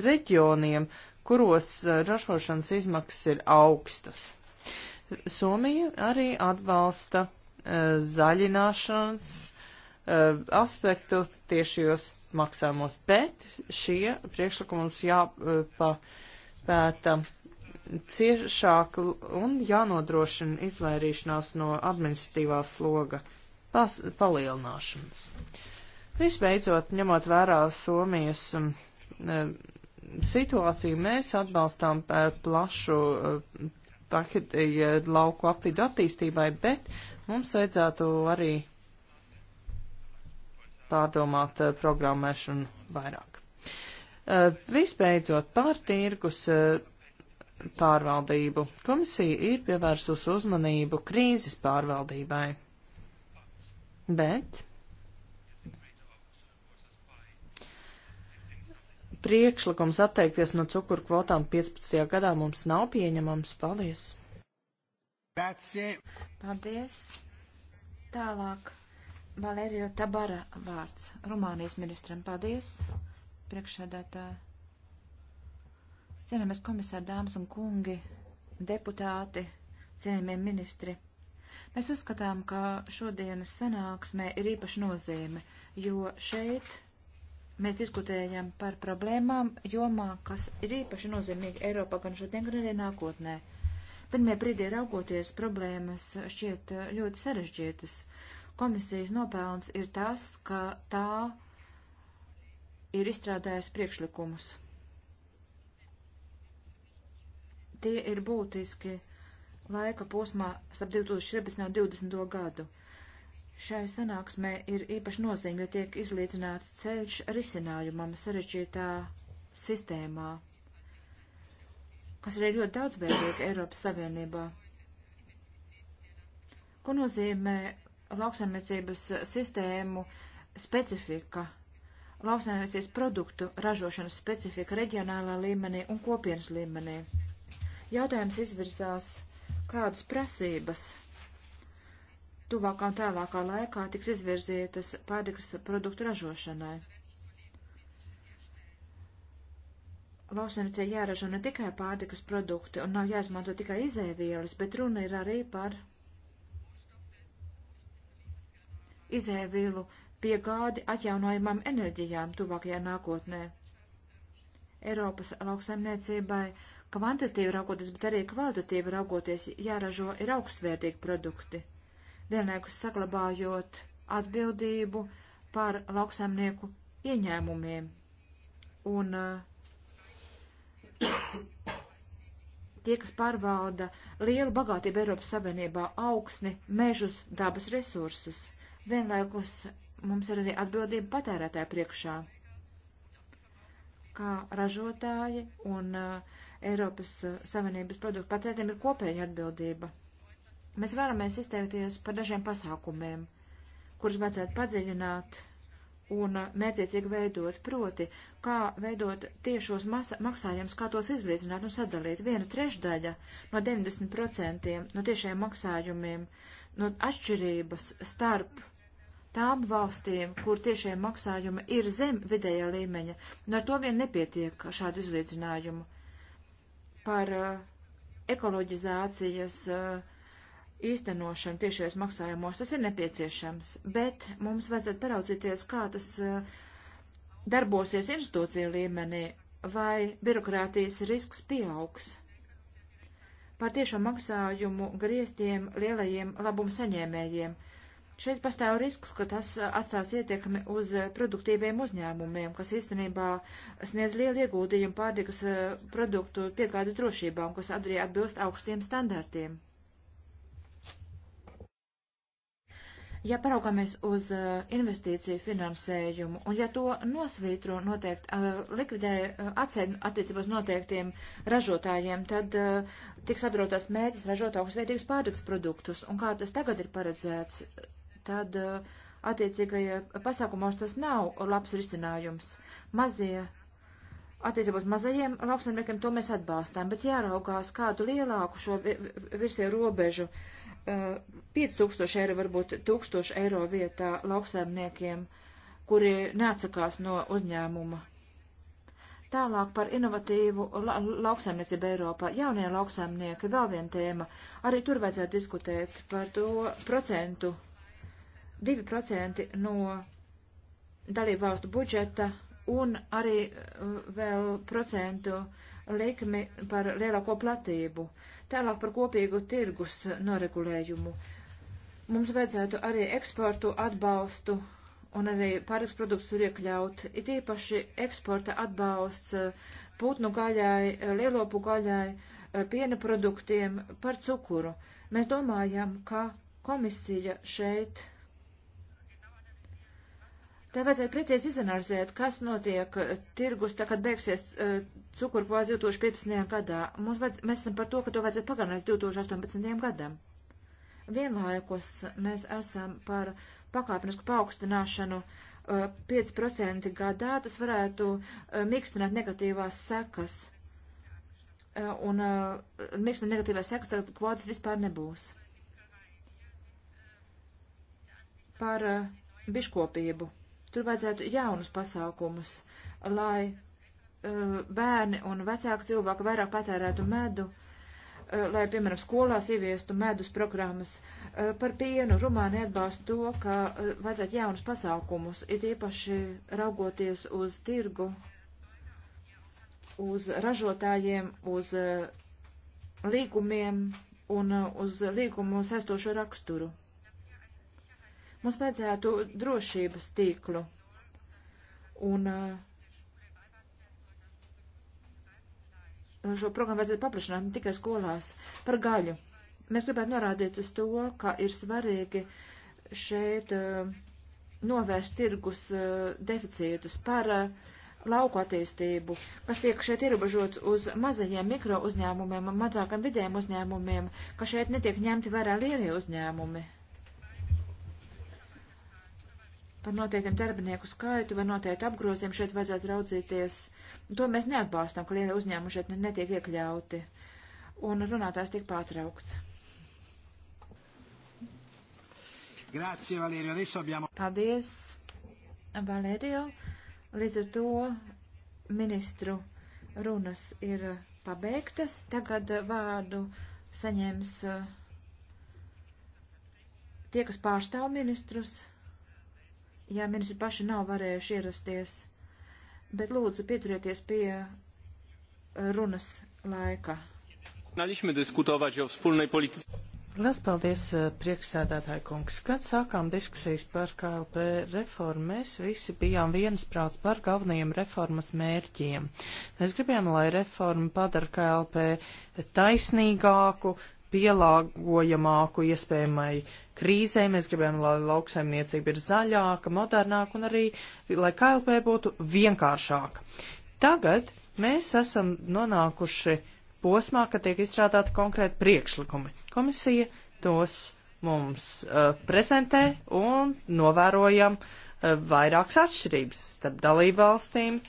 reģioniem, kuros e, ražošanas izmaksas ir augstas. Somija arī atbalsta e, zaļināšanas e, aspektu tiešajos maksājumos, bet šie priekšlikumi mums jāpa. Uh, jāpēta ciešāk un jānodrošina izvairīšanās no administratīvā sloga pas, palielināšanas. Visbeidzot, ņemot vērā Somijas um, um, situāciju, mēs atbalstām uh, plašu uh, paketi uh, lauku apvidu attīstībai, bet mums vajadzētu arī pārdomāt programmēšanu vairāk. Eh, visbeidzot, pār tirgus eh, pārvaldību. Komisija ir pievērsus uzmanību krīzes pārvaldībai. Bet priekšlikums atteikties no cukuru kvotām 15. gadā mums nav pieņemams. Paldies! Paldies! Tālāk Valērija Tabara vārds Rumānijas ministram. Paldies! priekšsēdētāji. Cienījamies komisāri, dāmas un kungi, deputāti, cienījamie ministri. Mēs uzskatām, ka šodienas sanāksmē ir īpaša nozīme, jo šeit mēs diskutējam par problēmām jomā, kas ir īpaši nozīmīgi Eiropā gan šodien, gan arī nākotnē. Pirmie brīdī raugoties, problēmas šķiet ļoti sarežģītas. Komisijas nopelns ir tas, ka tā ir izstrādājis priekšlikumus. Tie ir būtiski laika posmā starp 2014. un 2020. gadu. Šai sanāksmē ir īpaši nozīme, jo tiek izlīdzināts ceļš risinājumam sarežģītā sistēmā, kas arī ļoti daudzveidīga Eiropas Savienībā. Ko nozīmē lauksaimniecības sistēmu specifika lauksainiecības produktu ražošanas specifika reģionālā līmenī un kopienas līmenī. Jautājums izvirzās, kādas prasības tuvākā un tālākā laikā tiks izvirzītas pārtikas produktu ražošanai. Lauksaimniecei jāražo ne tikai pārtikas produkti un nav jāizmanto tikai izēvielas, bet runa ir arī par izēvielu piegādi atjaunojumam enerģijām tuvākajā nākotnē. Eiropas lauksaimniecībai kvantitīvi raugoties, bet arī kvalitatīvi raugoties jāražo ir augstvērtīgi produkti, vienlaikus saglabājot atbildību par lauksaimnieku ieņēmumiem. Un uh, (coughs) tie, kas pārvalda lielu bagātību Eiropas Savienībā, augsni, mežus, dabas resursus, vienlaikus mums ir arī atbildība patērētāja priekšā, kā ražotāji un uh, Eiropas uh, Savienības produktu patērētiem ir kopēja atbildība. Mēs vēlamies izteikties par dažiem pasākumiem, kurus vajadzētu padziļināt un uh, mērķiecīgi veidot, proti, kā veidot tiešos maksājumus, kā tos izlīdzināt un sadalīt. Viena trešdaļa no 90% no tiešajiem maksājumiem, no atšķirības starp tām valstīm, kur tiešie maksājumi ir zem vidējā līmeņa, un ar to vien nepietiek šādu izlīdzinājumu par uh, ekoloģizācijas uh, īstenošanu tiešajos maksājumos. Tas ir nepieciešams, bet mums vajadzētu paraudzīties, kā tas uh, darbosies institūcija līmenī, vai birokrātijas risks pieaugs. Par tiešo maksājumu grieztiem lielajiem labumu saņēmējiem – Šeit pastāv risks, ka tas eh, atstās ietekmi uz eh, produktīviem uzņēmumiem, kas īstenībā sniedz lielu ieguldījumu pārtikas eh, produktu piegādes drošībām, kas arī atbilst augstiem standartiem. Ja paraugamies uz investīciju finansējumu un ja to nosvītro noteikti, likvidē atsēdu attiecībās noteiktiem ražotājiem, tad tiks apdraudēts mērķis ražot augstsvērtīgus pārtiks produktus. Un kā tas tagad ir paredzēts, tad eh, attiecīgajā pasākumos tas nav labs risinājums. Mazie, attiecībos mazajiem lauksaimniekiem to mēs atbalstām, bet jāraugās kādu lielāku šo virsie robežu. 5000 eh, eiro, varbūt 1000 eiro vietā lauksaimniekiem, kuri neatsakās no uzņēmuma. Tālāk par inovatīvu la lauksaimniecību Eiropā. Jaunie lauksaimnieki, vēl viena tēma. Arī tur vajadzētu diskutēt par to procentu 2% no dalību valstu budžeta un arī eh, vēl procentu likmi par lielāko platību. Tālāk par kopīgu tirgus noregulējumu. Mums vajadzētu arī eksportu atbalstu un arī pāris produktus var iekļaut. It īpaši eksporta atbalsts eh, putnu gaļai, eh, lielopu gaļai, piena produktiem par cukuru. Mēs domājam, ka komisija šeit Tā vajadzēja precīzi izanalizēt, kas notiek eh, tirgus, tā kad beigsies uh, cukurkvāze 2015. gadā. Mums vajadz, mēs esam par to, ka to vajadzētu pagarināt 2018. gadam. Vienlaikus mēs esam par pakāpenisku paaugstināšanu uh, eh, 5% gadā, tas varētu uh, eh, mīkstināt negatīvās sekas. Un mīkstināt negatīvās sekas, tad kvotas vispār nebūs. Par biškopību Tur vajadzētu jaunus pasākumus, lai uh, bērni un vecāki cilvēki vairāk patērētu medu, uh, lai, piemēram, skolās ieviestu medus programmas. Uh, par pienu Rumāni atbalsta to, ka uh, vajadzētu jaunus pasākumus, it īpaši raugoties uz tirgu, uz ražotājiem, uz uh, līgumiem un uh, uz līgumu saistošo raksturu. Mums vajadzētu drošības tīklu. Un uh, šo programmu vajadzētu paplašināt ne tikai skolās par gaļu. Mēs gribētu norādīt uz to, ka ir svarīgi šeit uh, novērst tirgus uh, deficītus par lauku attīstību, kas tiek šeit ierobežots uz mazajiem mikro uzņēmumiem un mazākiem vidējiem uzņēmumiem, ka šeit netiek ņemti vērā lielie uzņēmumi. par noteiktiem darbinieku skaitu vai noteiktu apgrozījumu šeit vajadzētu raudzīties. To mēs neatbalstam, ka liela uzņēmuma šeit netiek iekļauti. Un runātājs tiek pārtraukts. Grazie, Valērio. Abbiamo... Paldies, Valērio. Līdz ar to ministru runas ir pabeigtas. Tagad vārdu saņems eh, tie, kas pārstāv ministrus ja ministri paši nav varējuši ierasties, bet lūdzu pieturieties pie eh, runas laika. Liels paldies, eh, priekšsēdētāji kungs. Kad sākām diskusijas par KLP reformu, mēs visi bijām viensprāts par galvenajiem reformas mērķiem. Mēs gribējām, lai reforma padara KLP taisnīgāku, uh, pielāgojamāku iespējamai krīzē. Mēs gribam, lai lauksaimniecība ir zaļāka, modernāka un arī, lai KLP būtu vienkāršāka. Tagad mēs esam nonākuši posmā, ka tiek izstrādāti konkrēti priekšlikumi. Komisija tos mums uh, prezentē un novērojam uh, vairākas atšķirības starp dalībvalstīm,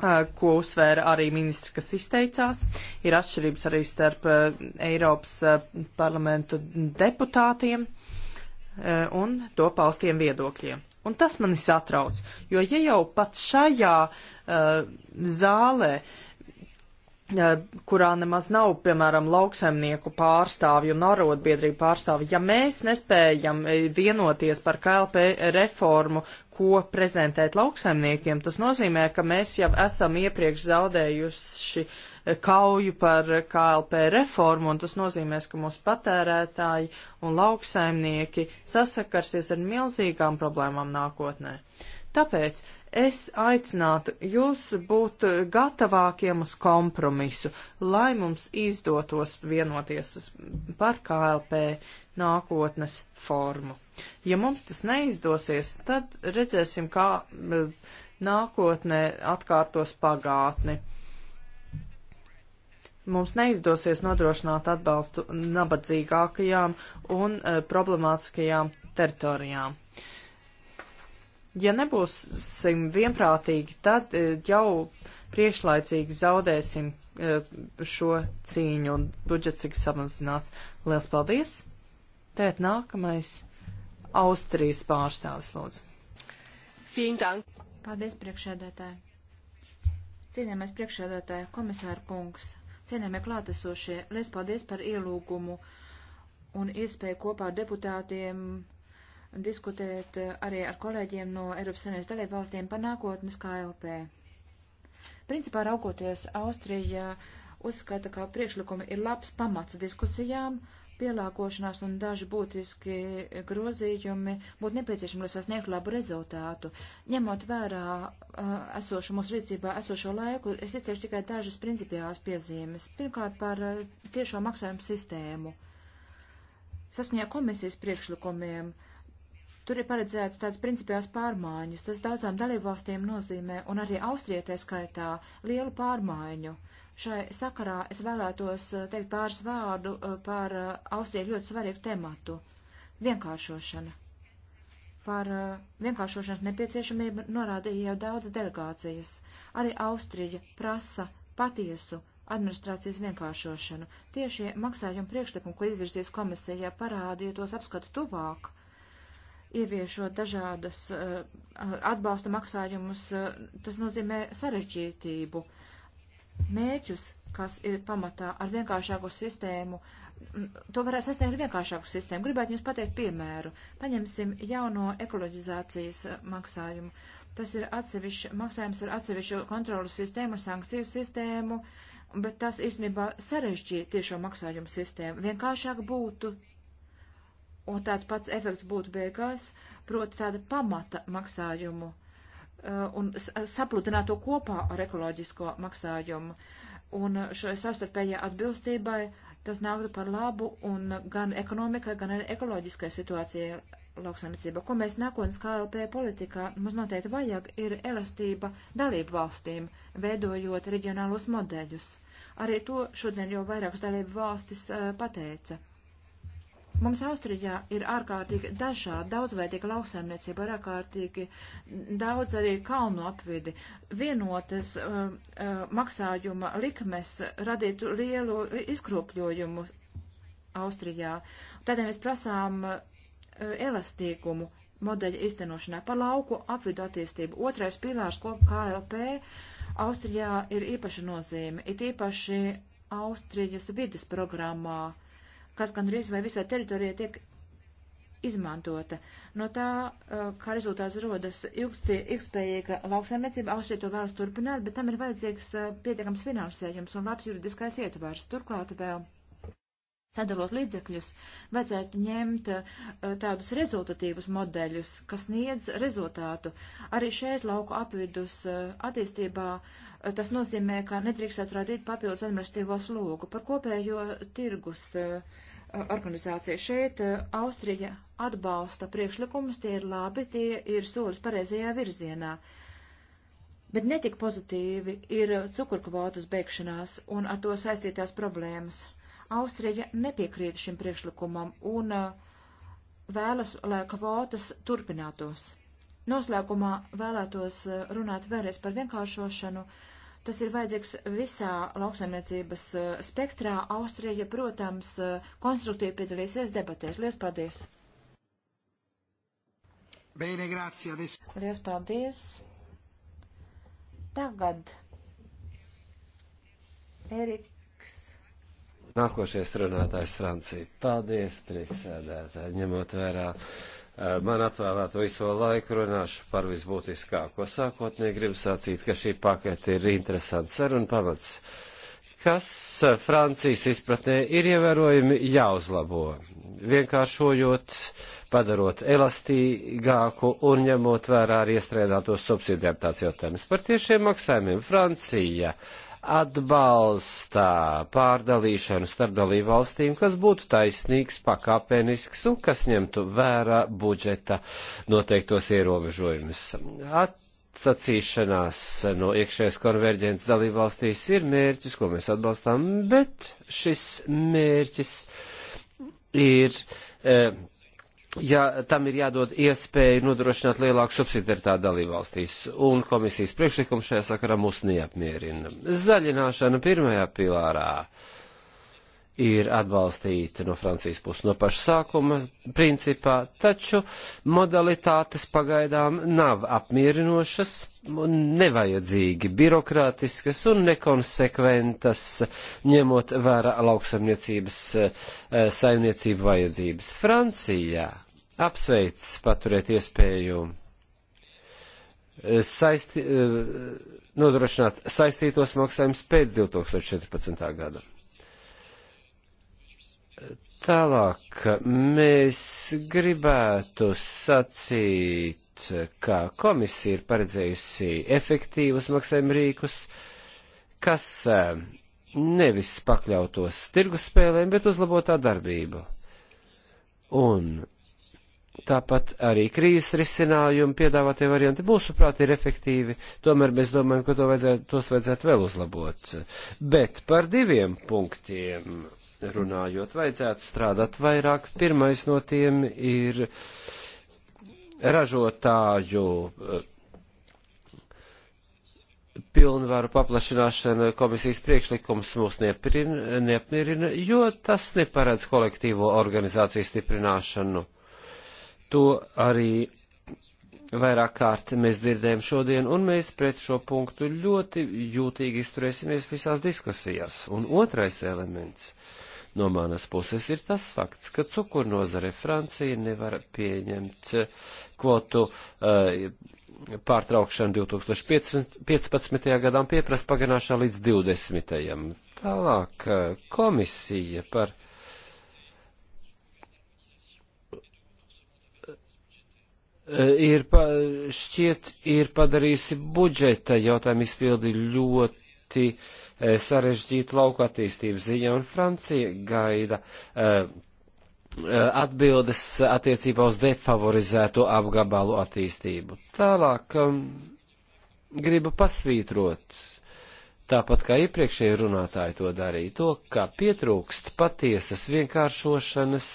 Eh, ko uzsvēra arī ministri, kas izteicās. Ir atšķirības arī starp eh, Eiropas eh, parlamentu deputātiem un to paustiem viedokļiem. Un tas mani satrauc, jo ja jau pat šajā uh, zālē, uh, kurā nemaz nav, piemēram, lauksaimnieku pārstāvju un arotbiedrību pārstāvju, ja mēs nespējam vienoties par KLP reformu ko prezentēt lauksaimniekiem. Tas nozīmē, ka mēs jau esam iepriekš zaudējuši eh, kauju par KLP reformu, un tas nozīmēs, ka mūsu patērētāji un lauksaimnieki sasakarsies ar milzīgām problēmām nākotnē. Tāpēc es aicinātu jūs būt gatavākiem uz kompromisu, lai mums izdotos vienoties par KLP nākotnes formu. Ja mums tas neizdosies, tad redzēsim, kā nākotnē atkārtos pagātni. Mums neizdosies nodrošināt atbalstu nabadzīgākajām un uh, problemātiskajām teritorijām. Ja nebūsim vienprātīgi, tad uh, jau priešlaicīgi zaudēsim uh, šo cīņu un budžets tiks samazināts. Lielas paldies! Tēt nākamais Austrijas pārstāvis, lūdzu. Fīntāk. Paldies, priekšēdētāji. Cienījamais priekšēdētāji, komisāra kungs, cienījamie klātesošie, liels paldies par ielūgumu un iespēju kopā ar deputātiem diskutēt eh, arī ar kolēģiem no Eiropas Savienības dalību valstīm par nākotnes KLP. Principā raugoties, Austrija uzskata, ka priekšlikumi ir labs pamats diskusijām pielāgošanās un daži būtiski grozījumi būtu nepieciešami, lai sasniegtu labu rezultātu. Ņemot vērā uh, esošu mūsu rīcībā esošo laiku, es izteikšu tikai dažas principiālās piezīmes. Pirmkārt, par uh, tiešo maksājumu sistēmu. Sasniegt komisijas priekšlikumiem. Tur ir paredzēts tāds principiāls pārmaiņas. Tas daudzām dalībvalstīm nozīmē, un arī Austrietē skaitā, lielu pārmaiņu. Uh, Šai sakarā es vēlētos eh, teikt pāris vārdu eh, par eh, Austrijai ļoti svarīgu tematu - vienkāršošana. Par vienkāršošanas nepieciešamību norādīja jau daudz delegācijas. Arī Austrija prasa patiesu administrācijas vienkāršošanu. Tiešie maksājumi priekšlikumi, ko izvirzīs komisija, parādīja tos apskatu tuvāk, ieviešot dažādas uh, atbalsta maksājumus, uh, tas nozīmē sarežģītību. Uh, mērķus, kas ir pamatā ar vienkāršāku sistēmu, to varētu sasniegt ar vienkāršāku sistēmu. Gribētu jums pateikt piemēru. Paņemsim jauno ekoloģizācijas maksājumu. Tas ir atsevišķi maksājums ar atsevišķu kontrolu sistēmu, sankciju sistēmu, bet tas īstenībā sarežģīja tiešo maksājumu sistēmu. Vienkāršāk būtu, un tāds pats efekts būtu beigās, proti tāda pamata maksājumu Uh, un uh, sapludināt to kopā ar ekoloģisko maksājumu. Un šai sastarpējā atbilstībai tas nāktu par labu un gan ekonomikai, gan arī ekoloģiskai situācijai lauksaimniecībā. Ko mēs nākotnes KLP politikā mums noteikti vajag, ir elastība dalību valstīm, veidojot reģionālos modeļus. Arī to šodien jau vairākas dalību valstis uh, pateica. Mums Austrijā ir ārkārtīgi dažādi, daudzveidīga lauksaimniecība, ir ārkārtīgi daudz arī kalnu apvidi. Vienotas uh, uh, maksājuma likmes radītu lielu izkropļojumu Austrijā. Tādēļ mēs prasām uh, elastīgumu modeļa iztenošanai par lauku apvidu attīstību. Otrais pilārs KLP Austrijā ir īpaša nozīme, it īpaši Austrijas vidas programmā. Uh, kas gandrīz vai visā teritorijā tiek izmantota. No tā, kā rezultāts rodas ilgspējīga lauksaimniecība, Austrija to vēlas turpināt, bet tam ir vajadzīgs pietiekams finansējums un labs juridiskais ietvars. Turklāt vēl sadalot līdzekļus, vajadzētu ņemt tādus rezultatīvus modeļus, kas sniedz rezultātu. Arī šeit lauku apvidus attīstībā tas nozīmē, ka nedrīkstētu radīt papildus administratīvo slogu par kopējo tirgus uh, organizācija. Šeit eh, Austrija atbalsta priekšlikumus, tie ir labi, tie ir solis pareizajā virzienā. Bet netik pozitīvi ir cukurkvotas beigšanās un ar to saistītās problēmas. Austrija nepiekrīt šim priekšlikumam un eh, vēlas, lai kvotas turpinātos. Noslēgumā vēlētos eh, runāt vēlreiz par vienkāršošanu. Uh, Tas ir vajadzīgs visā lauksaimniecības eh, spektrā. Austrija, protams, eh, konstruktīvi piedalīsies debatēs. Lies paldies! Bene, grazie. Lies paldies! Tagad Eriks. Nākošais runātājs Francija. Paldies, priekšsēdētāji, ņemot vērā. Eh, man atvēlēto viso laiku runāšu par visbūtiskāko. Sākotnēji gribu sacīt, ka šī pakete ir interesants saruna pamats, kas eh, Francijas izpratnē ir ievērojami jāuzlabo, vienkāršojot, padarot elastīgāku un ņemot vērā arī iestrēdātos subsidiartāts jautājumus par tiešiem maksājumiem. Francija uh, atbalsta pārdalīšanu starp dalību valstīm, kas būtu taisnīgs, pakāpenisks un kas ņemtu vērā budžeta noteiktos ierobežojumus. Atsacīšanās no iekšējās konverģences dalību valstīs ir mērķis, ko mēs atbalstām, bet šis mērķis ir. E, eh, ja tam ir jādod iespēju nodrošināt lielāku subsidiaritāti dalībvalstīs, un komisijas priekšlikums šajā sakarā mūs neapmierina. Zaļināšana pirmajā pilārā. Uh, ir atbalstīta no Francijas puses no paša sākuma principā, taču modalitātes pagaidām nav apmierinošas, nevajadzīgi birokrātiskas un nekonsekventas, ņemot vērā lauksaimniecības eh, saimniecību vajadzības. Francijā apsveic paturēt iespēju eh, saisti, eh, nodrošināt saistītos maksājumus pēc 2014. gada. Tālāk mēs gribētu sacīt, ka komisija ir paredzējusi efektīvus maksājuma rīkus, kas eh, nevis pakļautos tirgus spēlēm, bet uzlabotā darbību. Un Tāpat arī krīzes risinājumi piedāvātie varianti mūsuprāt ir efektīvi, tomēr mēs domājam, ka to vajadzētu, tos vajadzētu vēl uzlabot. Bet par diviem punktiem runājot, vajadzētu strādāt vairāk. Pirmais no tiem ir ražotāju eh, pilnvaru paplašināšana komisijas priekšlikums mūs neapmierina, jo tas neparedz kolektīvo organizāciju stiprināšanu. To arī vairāk kārt mēs dzirdējam šodien, un mēs pret šo punktu ļoti jūtīgi izturēsimies visās diskusijās. Un otrais elements no manas puses ir tas fakts, ka cukurnozare Francija nevar pieņemt kvotu uh, pārtraukšanu 2015. gadām pieprast pagarināšanā līdz 20. Tālāk eh, komisija par eh, ir pa, šķiet ir padarījusi budžeta jautājumu izpildi ļoti ļoti e, sarežģīta lauku attīstības ziņa, un Francija gaida e, e, atbildes attiecībā uz defavorizēto apgabalu attīstību. Tālāk um, gribu pasvītrot, tāpat kā iepriekšēji runātāji to darīja, to, ka pietrūkst patiesas vienkāršošanas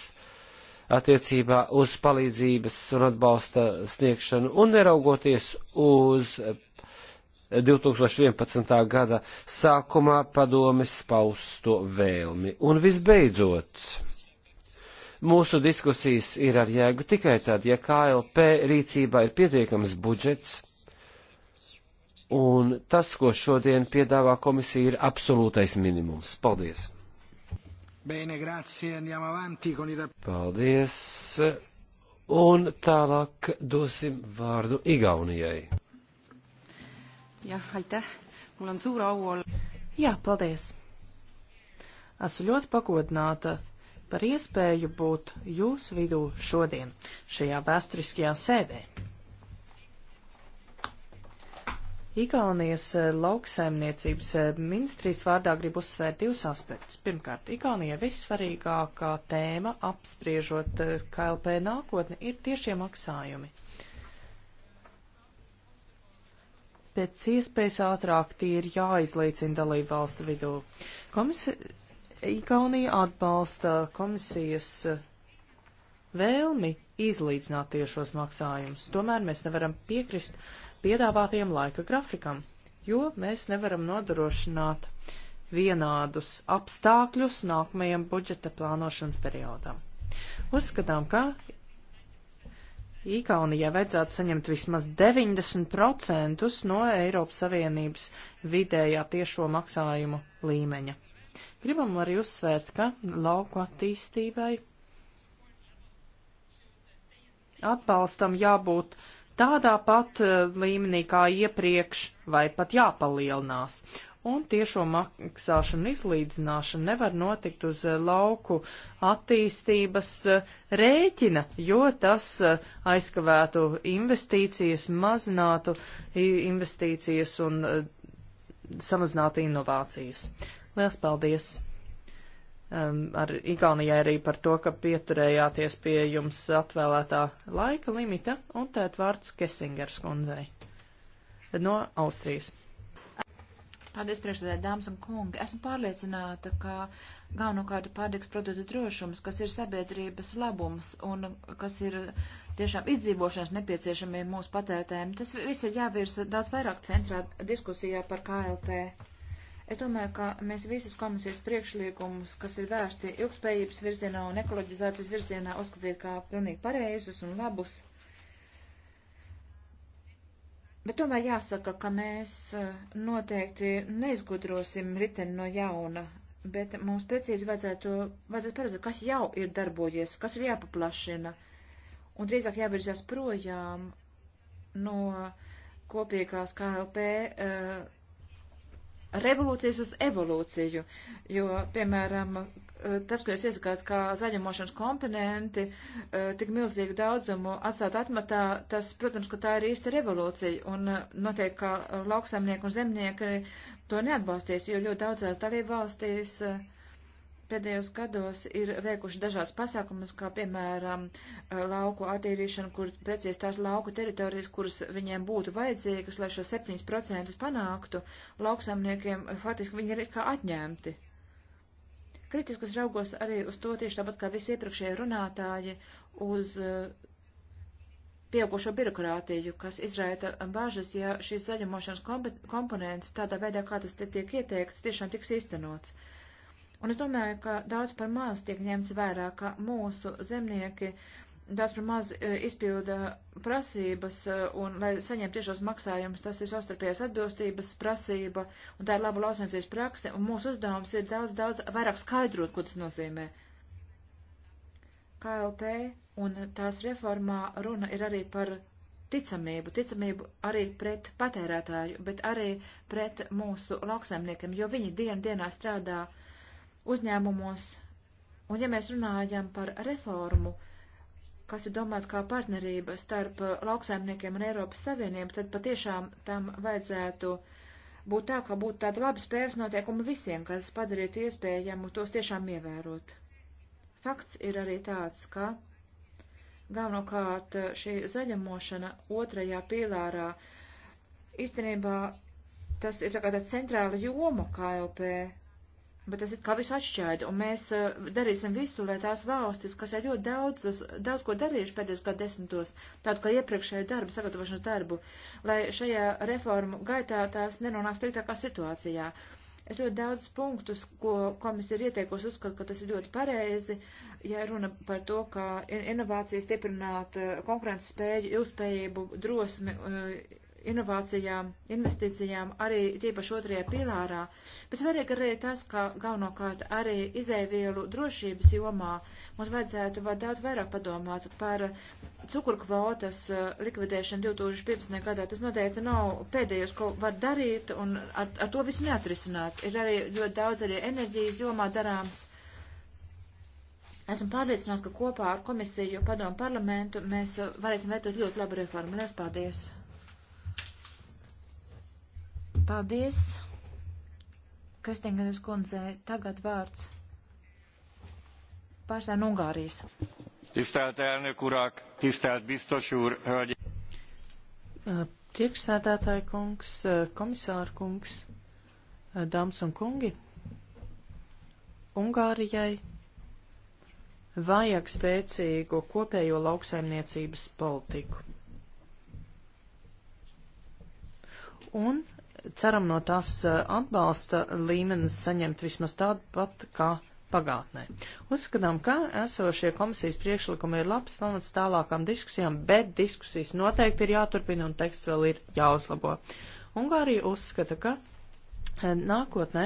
attiecībā uz palīdzības un atbalsta sniegšanu un neraugoties uz 2011. gada sākumā padomes pausto vēlmi. Un visbeidzot, mūsu diskusijas ir ar jēgu tikai tad, ja KLP rīcībā ir pietiekams budžets, un tas, ko šodien piedāvā komisija, ir absolūtais minimums. Paldies! Bene, grazie, andiamo avanti con il... Paldies! Un tālāk dosim vārdu Igaunijai jah, aitäh, mul on suur au olla. jā, paldies. Esmu ļoti pagodināta par iespēju būt jūsu vidū šodien, šajā vēsturiskajā sēdē. Igaunijas eh, lauksaimniecības eh, ministrijas vārdā gribu uzsvērt divus aspektus. Pirmkārt, Igaunija vissvarīgākā tēma apspriežot eh, KLP nākotni ir tiešie maksājumi. pēc iespējas ātrāk tie ir jāizlīdzina dalību valstu vidū. Komisi... Igaunija atbalsta komisijas eh, vēlmi izlīdzināt tiešos maksājumus. Tomēr mēs nevaram piekrist piedāvātajam laika grafikam, jo mēs nevaram nodrošināt vienādus apstākļus nākamajam budžeta plānošanas periodam. Uzskatām, ka Igaunijai vajadzētu saņemt vismaz 90% no Eiropas Savienības vidējā tiešo maksājumu līmeņa. Gribam arī uzsvērt, ka lauku attīstībai atbalstam jābūt tādā pat eh, līmenī kā iepriekš vai pat jāpalielinās un tiešo maksāšanu izlīdzināšana nevar notikt uz eh, lauku attīstības eh, rēķina, jo tas eh, aizkavētu investīcijas, mazinātu investīcijas un samazinātu inovācijas. Lielas paldies! Um, ar Igaunijai arī par to, ka pieturējāties pie jums atvēlētā laika limita, un tēt vārds Kesingers kundzei no Austrijas. Paldies, priekšsēdētāji, dāmas un kungi. Esmu pārliecināta, ka galvenokārt pārtiks produktu drošums, kas ir sabiedrības labums un kas ir tiešām izdzīvošanas nepieciešamie mūsu patērētājiem, tas viss ir jāvirsa daudz vairāk centrā diskusijā par KLP. Es domāju, ka mēs visas komisijas priekšliekumus, kas ir vērsti ilgspējības virzienā un ekoloģizācijas virzienā, uzskatīt kā pilnīgi pareizus un labus. Bet tomēr jāsaka, ka mēs eh, noteikti neizgudrosim riteni no jauna, bet mums precīzi vajadzētu, vajadzētu paredzēt, kas jau ir darbojies, kas ir jāpaplašina, un drīzāk jāvirzās projām no kopīgās KLP uh, eh, revolūcijas uz evolūciju, jo, piemēram, Eh, tas, ko jūs iesakāt kā zaļumošanas komponenti, eh, tik milzīgu daudzumu atstāt atmatā, tas, protams, ka tā ir īsta revolūcija, un eh, noteikti, ka lauksaimnieki un zemnieki to neatbalstīs, jo ļoti daudzās dalību valstīs pēdējos gados ir veikuši dažādas pasākumas, kā piemēram lauku attīrīšana, kur precīzi tās lauku teritorijas, kuras viņiem būtu vajadzīgas, lai šo 7% panāktu, lauksaimniekiem faktiski viņi ir kā atņemti Kritiski es raugos arī uz to tieši tāpat kā visi iepriekšējie runātāji uz eh, pieaugušo birokrātiju, kas izraita bažas, ja šīs zaļumošanas komponents tādā veidā, kā tas te tiek ieteikts, tiešām tiks īstenots. Un es domāju, ka daudz par maz tiek ņemts vērā, ka mūsu zemnieki uh, daudz par maz e, izpilda prasības, e, un lai saņemtu tiešos maksājumus, tas ir savstarpējās atbilstības prasība, un tā ir laba lausniecības prakse, un mūsu uzdevums ir daudz, daudz vairāk skaidrot, ko tas nozīmē. KLP un tās reformā runa ir arī par ticamību, ticamību arī pret patērētāju, bet arī pret mūsu lauksaimniekiem, jo viņi dienu dienā strādā uzņēmumos, un ja mēs runājam par reformu, uh, kas ir domāta kā partnerība starp uh, lauksaimniekiem un Eiropas Savienību, tad patiešām tam vajadzētu būt tā, ka būtu tāda laba spēles noteikuma visiem, kas padarītu iespējamu tos tiešām ievērot. Fakts ir arī tāds, ka galvenokārt uh, šī zaļumošana otrajā pīlārā īstenībā tas ir tā kā tāda centrāla joma KLP, Bet tas ir kā visu atšķaida, un mēs uh, darīsim visu, lai tās valstis, kas ir ļoti daudz, daudz ko darījuši pēdējos gadu desmitos, tādu kā iepriekšēju darbu, sagatavošanas darbu, lai šajā reformu gaitā tās nenonāks sliktākā situācijā. Es ļoti daudz punktus, ko komisija ir ieteikusi, uzskatu, ka tas ir ļoti pareizi, ja runa par to, kā inovācijas stiprināt, eh, konkurences spēju, ilgspējību, drosmi, uh, inovācijām, investīcijām, arī tīpaši otrajā pilārā, bet svarīgi arī tas, ka galvenokārt arī izēvielu drošības jomā mums vajadzētu vēl daudz vairāk padomāt par cukurkvotas eh, likvidēšanu 2015. gadā. Tas noteikti nav pēdējais, ko var darīt, un ar, ar to visu neatrisināt. Ir arī ļoti daudz arī enerģijas jomā darāms. Esmu pārliecināts, ka kopā ar komisiju, padomu parlamentu mēs varēsim veidot ļoti labu reformu. Lielas paldies! Paldies, Kristīnganes kundze. Tagad vārds pārstāv Ungārijas. Tisztelt elnök urak, tisztelt biztos úr, hölgy. Priekšsēdētāja kungs, komisāra kungs, dāmas un kungi. Ungārijai vajag spēcīgu kopējo lauksaimniecības politiku. Un ceram no tās eh, atbalsta līmenis saņemt vismaz tādu pat kā pagātnē. Uzskatām, ka esošie komisijas priekšlikumi ir labs pamats tālākām diskusijām, bet diskusijas noteikti ir jāturpina un teksts vēl ir jāuzlabo. Ungārija uzskata, ka eh, nākotnē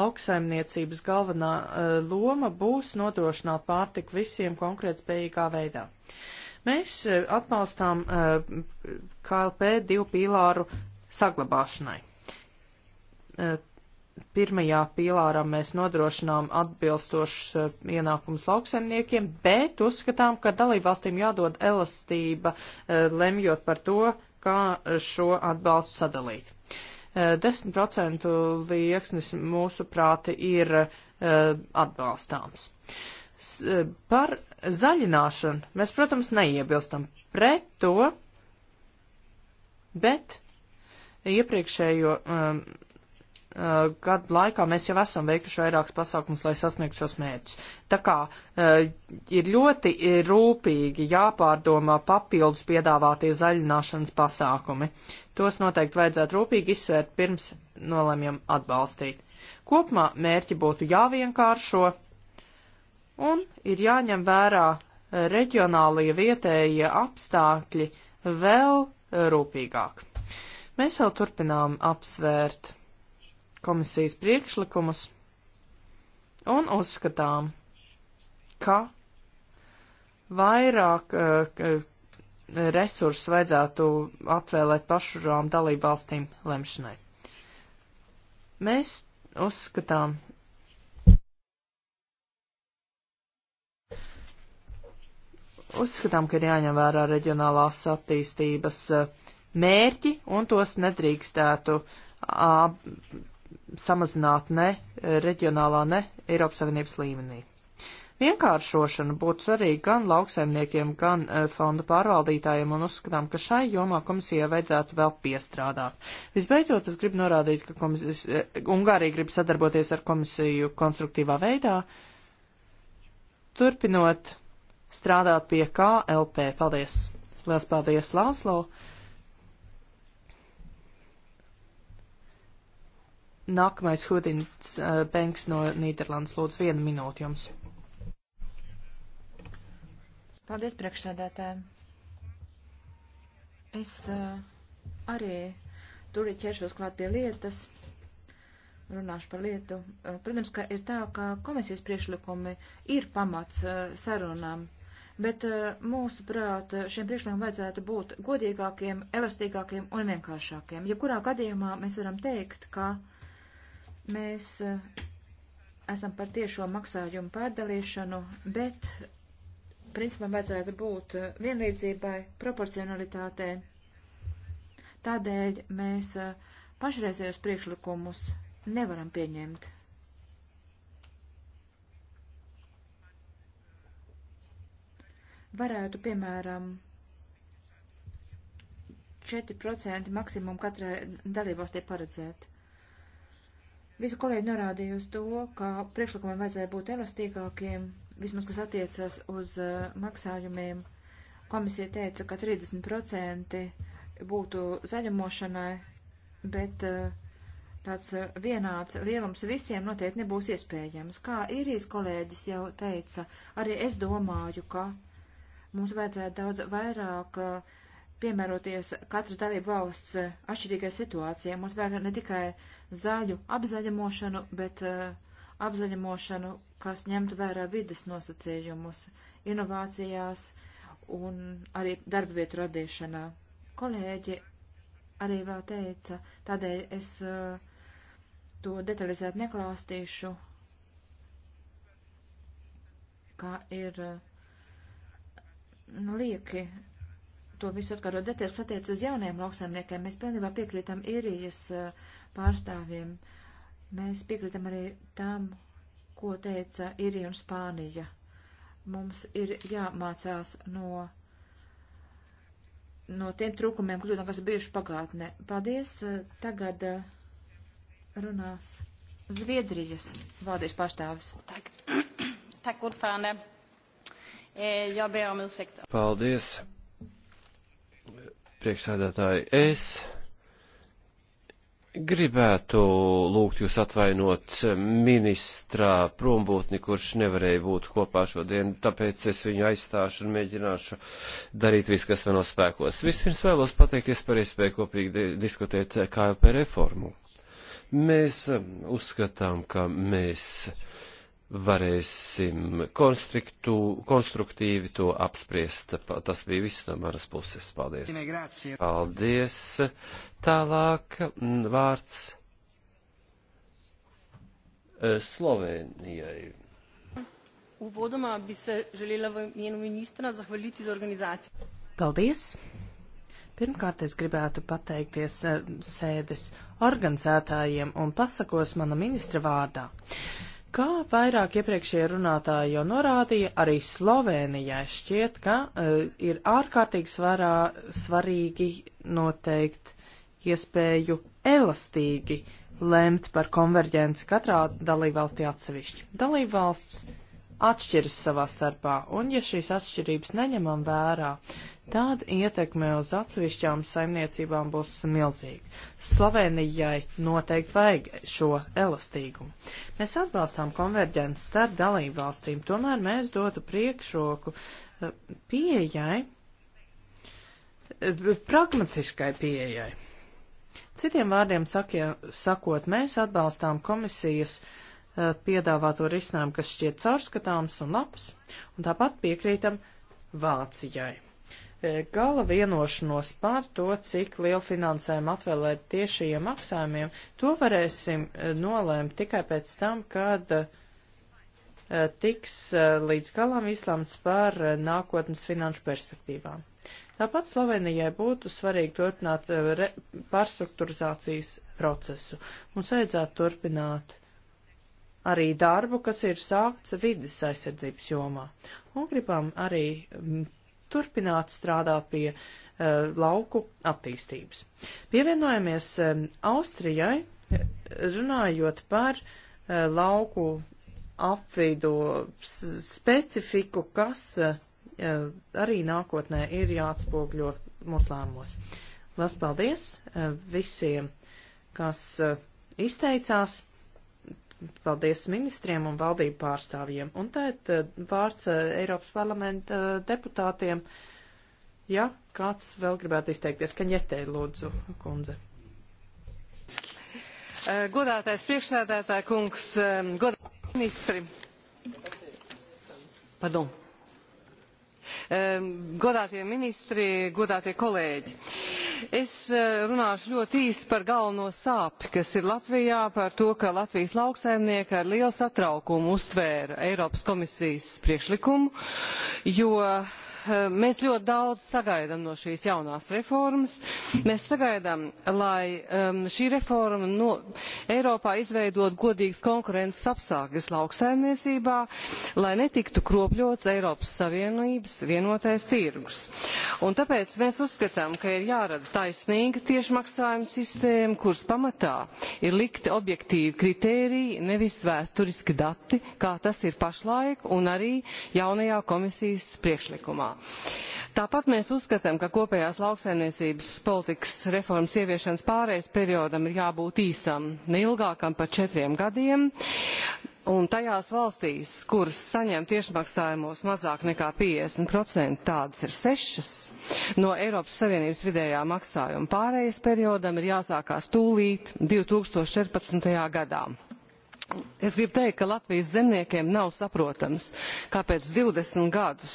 lauksaimniecības galvenā eh, loma būs nodrošināt pārtiku visiem konkrētspējīgā veidā. Mēs atbalstām KLP divu pīlāru saglabāšanai. Pirmajā pīlārā mēs nodrošinām atbilstošus ienākumus lauksaimniekiem, bet uzskatām, ka dalībvalstīm jādod elastība, lemjot par to, kā šo atbalstu sadalīt. 10% lieksnis mūsu prāti ir atbalstāms. Par zaļināšanu mēs, protams, neiebilstam pret to, bet iepriekšējo um, uh, gadu laikā mēs jau esam veikuši vairākus pasākumus, lai sasniegtu šos mērķus. Tā kā uh, ir ļoti eh, rūpīgi jāpārdomā papildus piedāvātie zaļināšanas pasākumi. Tos noteikti vajadzētu rūpīgi izsvērt pirms nolemjam atbalstīt. Kopumā mērķi būtu jāvienkāršo un ir jāņem vērā reģionālie vietējie apstākļi vēl rūpīgāk. Mēs vēl turpinām apsvērt komisijas priekšlikumus un uzskatām, ka vairāk uh, eh, eh, resursu vajadzētu atvēlēt pašurām dalību valstīm lemšanai. Mēs uzskatām, uzskatām, ka ir jāņem vērā reģionālās attīstības eh, mērķi un tos nedrīkstētu samazināt ne eh, reģionālā, ne Eiropas Savienības līmenī. Vienkāršošana būtu svarīga gan lauksaimniekiem, gan eh, fonda pārvaldītājiem un uzskatām, ka šai jomā komisijai vajadzētu vēl piestrādāt. Visbeidzot, es gribu norādīt, ka komisijas, eh, Ungārija grib sadarboties ar komisiju konstruktīvā veidā, turpinot strādāt pie KLP. Paldies! Lielas paldies, Lāslo! Nākamais Hudins uh, Banks no Nīderlandes. Lūdzu, viena minūte jums. Paldies, priekšsēdētāji. Es uh, arī tur ķeršos klāt pie lietas. Runāšu par lietu. Uh, protams, ka ir tā, ka komisijas priekšlikumi ir pamats uh, sarunām, bet uh, mūsu prāt šiem priekšlikumiem vajadzētu būt godīgākiem, elastīgākiem un vienkāršākiem. Jebkurā gadījumā mēs varam teikt, ka uh, Mēs eh, esam par tiešo maksājumu pārdalīšanu, bet principam vajadzētu būt eh, vienlīdzībai, proporcionalitātei. Tādēļ mēs eh, pašreizējos priekšlikumus nevaram pieņemt. Varētu, piemēram, 4% maksimumu katrai dalībvalstī paredzēt. Visu kolēģi norādīja uz to, ka priekšlikumiem vajadzēja būt elastīgākiem, vismaz kas attiecas uz uh, maksājumiem. Komisija teica, ka 30% būtu zaļumošanai, bet uh, tāds uh, vienāds lielums visiem noteikti nebūs iespējams. Kā īrijas kolēģis jau teica, arī es domāju, ka mums vajadzētu daudz vairāk uh, piemēroties katras dalību valsts eh, atšķirīgai situācijai. Mums vajag ne tikai zaļu apzaļamošanu, bet uh, apzaļamošanu, kas ņemtu vērā vidas nosacījumus, inovācijās un arī darbvietu radīšanā. Kolēģi arī vēl teica, tādēļ es uh, to detalizēt neklāstīšu, kā ir uh, lieki to visu atkārtot. Detaļas, kas attiec uz jauniem lauksaimniekiem, mēs pilnībā piekrītam īrijas pārstāvjiem. Mēs piekrītam arī tam, ko teica Irija un Spānija. Mums ir jāmācās no, no tiem trūkumiem, kļūdām, kas bijuši pagātnē. Paldies. Tagad runās Zviedrijas valdības pārstāvis. Tak, (clears throat) tak, ordfārne. E, jābēja, milsekta. Paldies priekšsēdētāji. Es gribētu lūgt jūs atvainot ministrā prombūtni, kurš nevarēja būt kopā šodien, tāpēc es viņu aizstāšu un mēģināšu darīt visu, kas manos spēkos. Vispirms vēlos pateikties par iespēju kopīgi diskutēt KLP reformu. Mēs um, uzskatām, ka mēs varēsim konstruktīvi to apspriest. Tas bija viss no manas puses. Paldies. Paldies. Tālāk vārds e, Slovenijai. Uvodoma bi se želela v imenu ministra zahvaliti za organizacijo. Paldies! Pirmkārt, es gribētu pateikties e, sēdes organizētājiem un pasakos mana ministra vārdā. Uh, Kā vairāk iepriekšējie runātāji jau norādīja, arī Slovenijai šķiet, ka uh, ir ārkārtīgi svarā, svarīgi noteikt iespēju elastīgi lemt par konverģenci katrā dalībvalstī atsevišķi. Dalībvalsts atšķiras savā starpā, un ja šīs atšķirības neņemam vērā, tad ietekme uz atsevišķām saimniecībām būs milzīga. Slovenijai noteikti vajag šo elastīgumu. Mēs atbalstām konverģences starp dalībvalstīm, tomēr mēs dotu priekšroku eh, pieejai, eh, pragmatiskai pieejai. Citiem vārdiem sakie, sakot, mēs atbalstām komisijas uh, Eh, piedāvāto risinājumu, kas šķiet caurskatāms un labs, un tāpat piekrītam Vācijai. Eh, gala vienošanos par to, cik lielu finansējumu atvēlēt tiešajiem maksājumiem, to varēsim eh, nolēmt tikai pēc tam, kad tiks līdz galam izlemts par nākotnes finanšu perspektīvām. Tāpat Slovenijai būtu svarīgi turpināt pārstrukturizācijas procesu. Mums vajadzētu turpināt uh, arī darbu, kas ir sākts vidas aizsardzības jomā. Un gribam arī mm, turpināt strādāt pie uh, lauku attīstības. Pievienojamies um, Austrijai, eh, runājot par uh, lauku apvidu specifiku, kas uh, arī nākotnē ir jāatspogļo mūsu lēmumos. Lielas paldies visiem, kas izteicās. Paldies ministriem un valdību pārstāvjiem. Un tagad eh, vārds eh, Eiropas parlamenta eh, deputātiem. Ja kāds vēl gribētu izteikties, ka ņetē lūdzu, kundze. Godātais priekšsēdētāja kungs, godātais ministri. Pardon. Godātie ministri, godātie kolēģi Es eh, runāšu ļoti īsi par galveno sāpi, kas ir Latvijā, par to, ka Latvijas lauksaimnieki ar lielu satraukumu uztvēra Eiropas komisijas priekšlikumu, jo uh, Eh, mēs ļoti daudz sagaidām no šīs jaunās reformas. Mēs sagaidām, lai šī reforma no Eiropā izveidot godīgas konkurences apstākļus lauksaimniecībā, lai netiktu kropļots Eiropas Savienības vienotais tirgus. Un tāpēc mēs uzskatām, ka ir jārada taisnīga tiešmaksājuma sistēma, kuras pamatā ir likti objektīvi kritēriji, nevis vēsturiski dati, kā tas ir pašlaik un arī jaunajā komisijas priekšlikumā. Tāpat mēs uzskatām, ka kopējās lauksaimniecības politikas reformas ieviešanas pārējais periodam ir jābūt īsam, neilgākam par četriem gadiem. Un tajās valstīs, kuras saņem tiešmaksājumos mazāk nekā 50%, tādas ir sešas, no Eiropas Savienības vidējā maksājuma pārējais periodam ir jāsākās tūlīt 2014. gadā es gribu teikt, ka Latvijas zemniekiem nav saprotams, kāpēc 20 gadus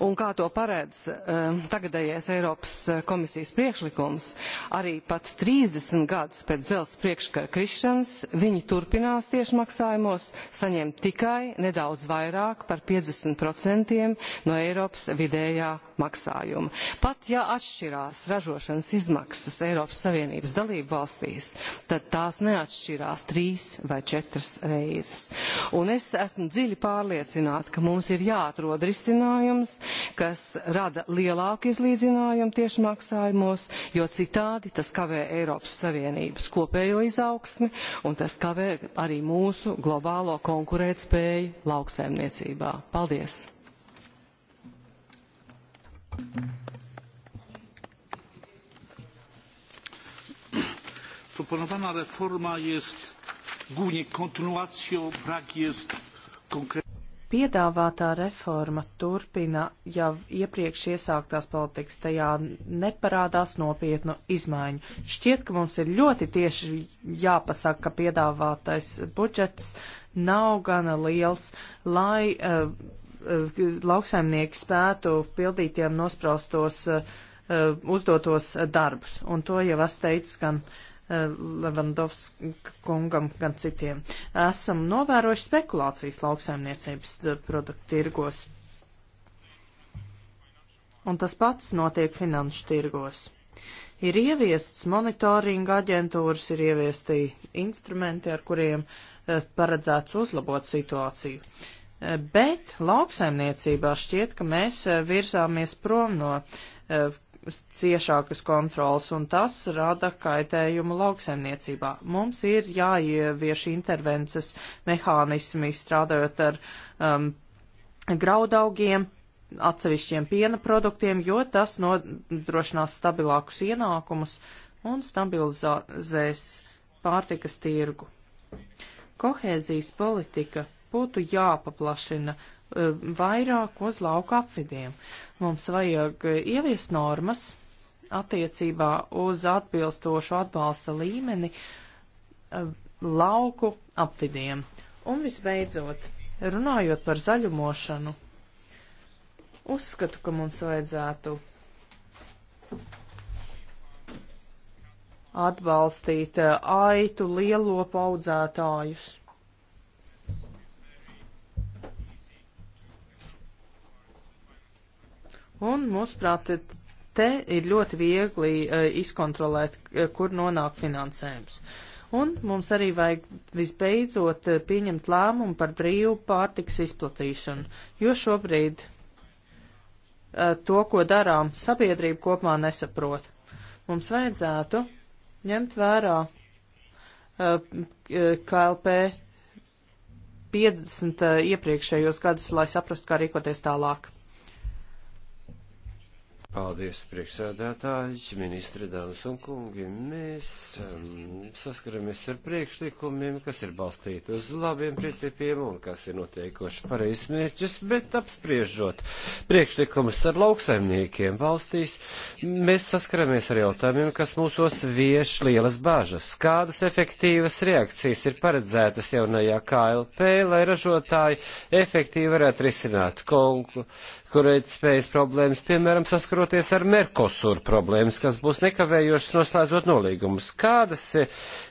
un kā to paredz um, tagadējais Eiropas eh, komisijas priekšlikums, arī pat 30 gadus pēc dzels priekškara krišanas viņi turpinās tieši maksājumos saņemt tikai nedaudz vairāk par 50% no Eiropas vidējā maksājuma. Pat ja atšķirās ražošanas izmaksas Eiropas Savienības dalību valstīs, tad tās neatšķirās 3 vai 4 četras reizes. Un es esmu dziļi pārliecināta, ka mums ir jāatrod risinājums, kas rada lielāku izlīdzinājumu tieši maksājumos, jo citādi tas kavē Eiropas Savienības kopējo izaugsmi un tas kavē arī mūsu globālo konkurētspēju lauksaimniecībā. Paldies! proponowana reforma jest głównie kontynuacją, brak jest konkretnych. Piedāvātā reforma turpina jau iepriekš iesāktās politikas, tajā neparādās nopietnu izmaiņu. Šķiet, ka mums ir ļoti tieši jāpasaka, ka piedāvātais budžets nav gana liels, lai uh, uh, lauksaimnieki spētu pildītiem nospraustos uh, uzdotos darbus. Un to jau es teicu gan. Uh, Levandovskungam, gan citiem. Esam novērojuši spekulācijas lauksaimniecības eh, produktu tirgos. Un tas pats notiek finanšu tirgos. Ir ieviests monitoringa aģentūras, ir ieviesti instrumenti, ar kuriem eh, paredzēts uzlabot situāciju. Eh, bet lauksaimniecībā šķiet, ka mēs virzāmies prom no ciešākas kontrols, un tas rada kaitējumu lauksaimniecībā. Mums ir jāievieš intervences mehānismi, strādājot ar um, graudaugiem, atsevišķiem piena produktiem, jo tas nodrošinās stabilākus ienākumus un stabilizēs pārtikas tirgu. Kohēzijas politika būtu jāpaplašina Eh, vairāk uz lauka apvidiem. Mums vajag ieviest normas attiecībā uz atbilstošu atbalsta līmeni eh, lauku apvidiem. Un visbeidzot, runājot par zaļumošanu, uzskatu, ka mums vajadzētu atbalstīt eh, aitu lielo paudzētājus. Un, mūsuprāt, te ir ļoti viegli uh, izkontrolēt, e, kur nonāk finansējums. Un mums arī vajag visbeidzot e, pieņemt lēmumu par brīvu pārtiks izplatīšanu, jo šobrīd uh, to, ko darām, sabiedrība kopumā nesaprot. Mums vajadzētu ņemt vērā uh, KLP 50 iepriekšējos gadus, lai saprastu, kā rīkoties tālāk. Paldies, priekšsēdētāji, ministri, dāmas un kungi. Mēs um, saskaramies ar priekšlikumiem, kas ir balstīti uz labiem principiem un kas ir noteikoši pareizs mērķis, bet apspriežot priekšlikumus ar lauksaimniekiem valstīs, mēs saskaramies ar jautājumiem, kas mūsos vieš lielas bāžas. Kādas efektīvas reakcijas ir paredzētas jaunajā KLP, lai ražotāji efektīvi varētu risināt konku, konkurētspējas problēmas, piemēram, saskaroties ar Merkosur problēmas, kas būs nekavējošas noslēdzot nolīgumus. Kādas,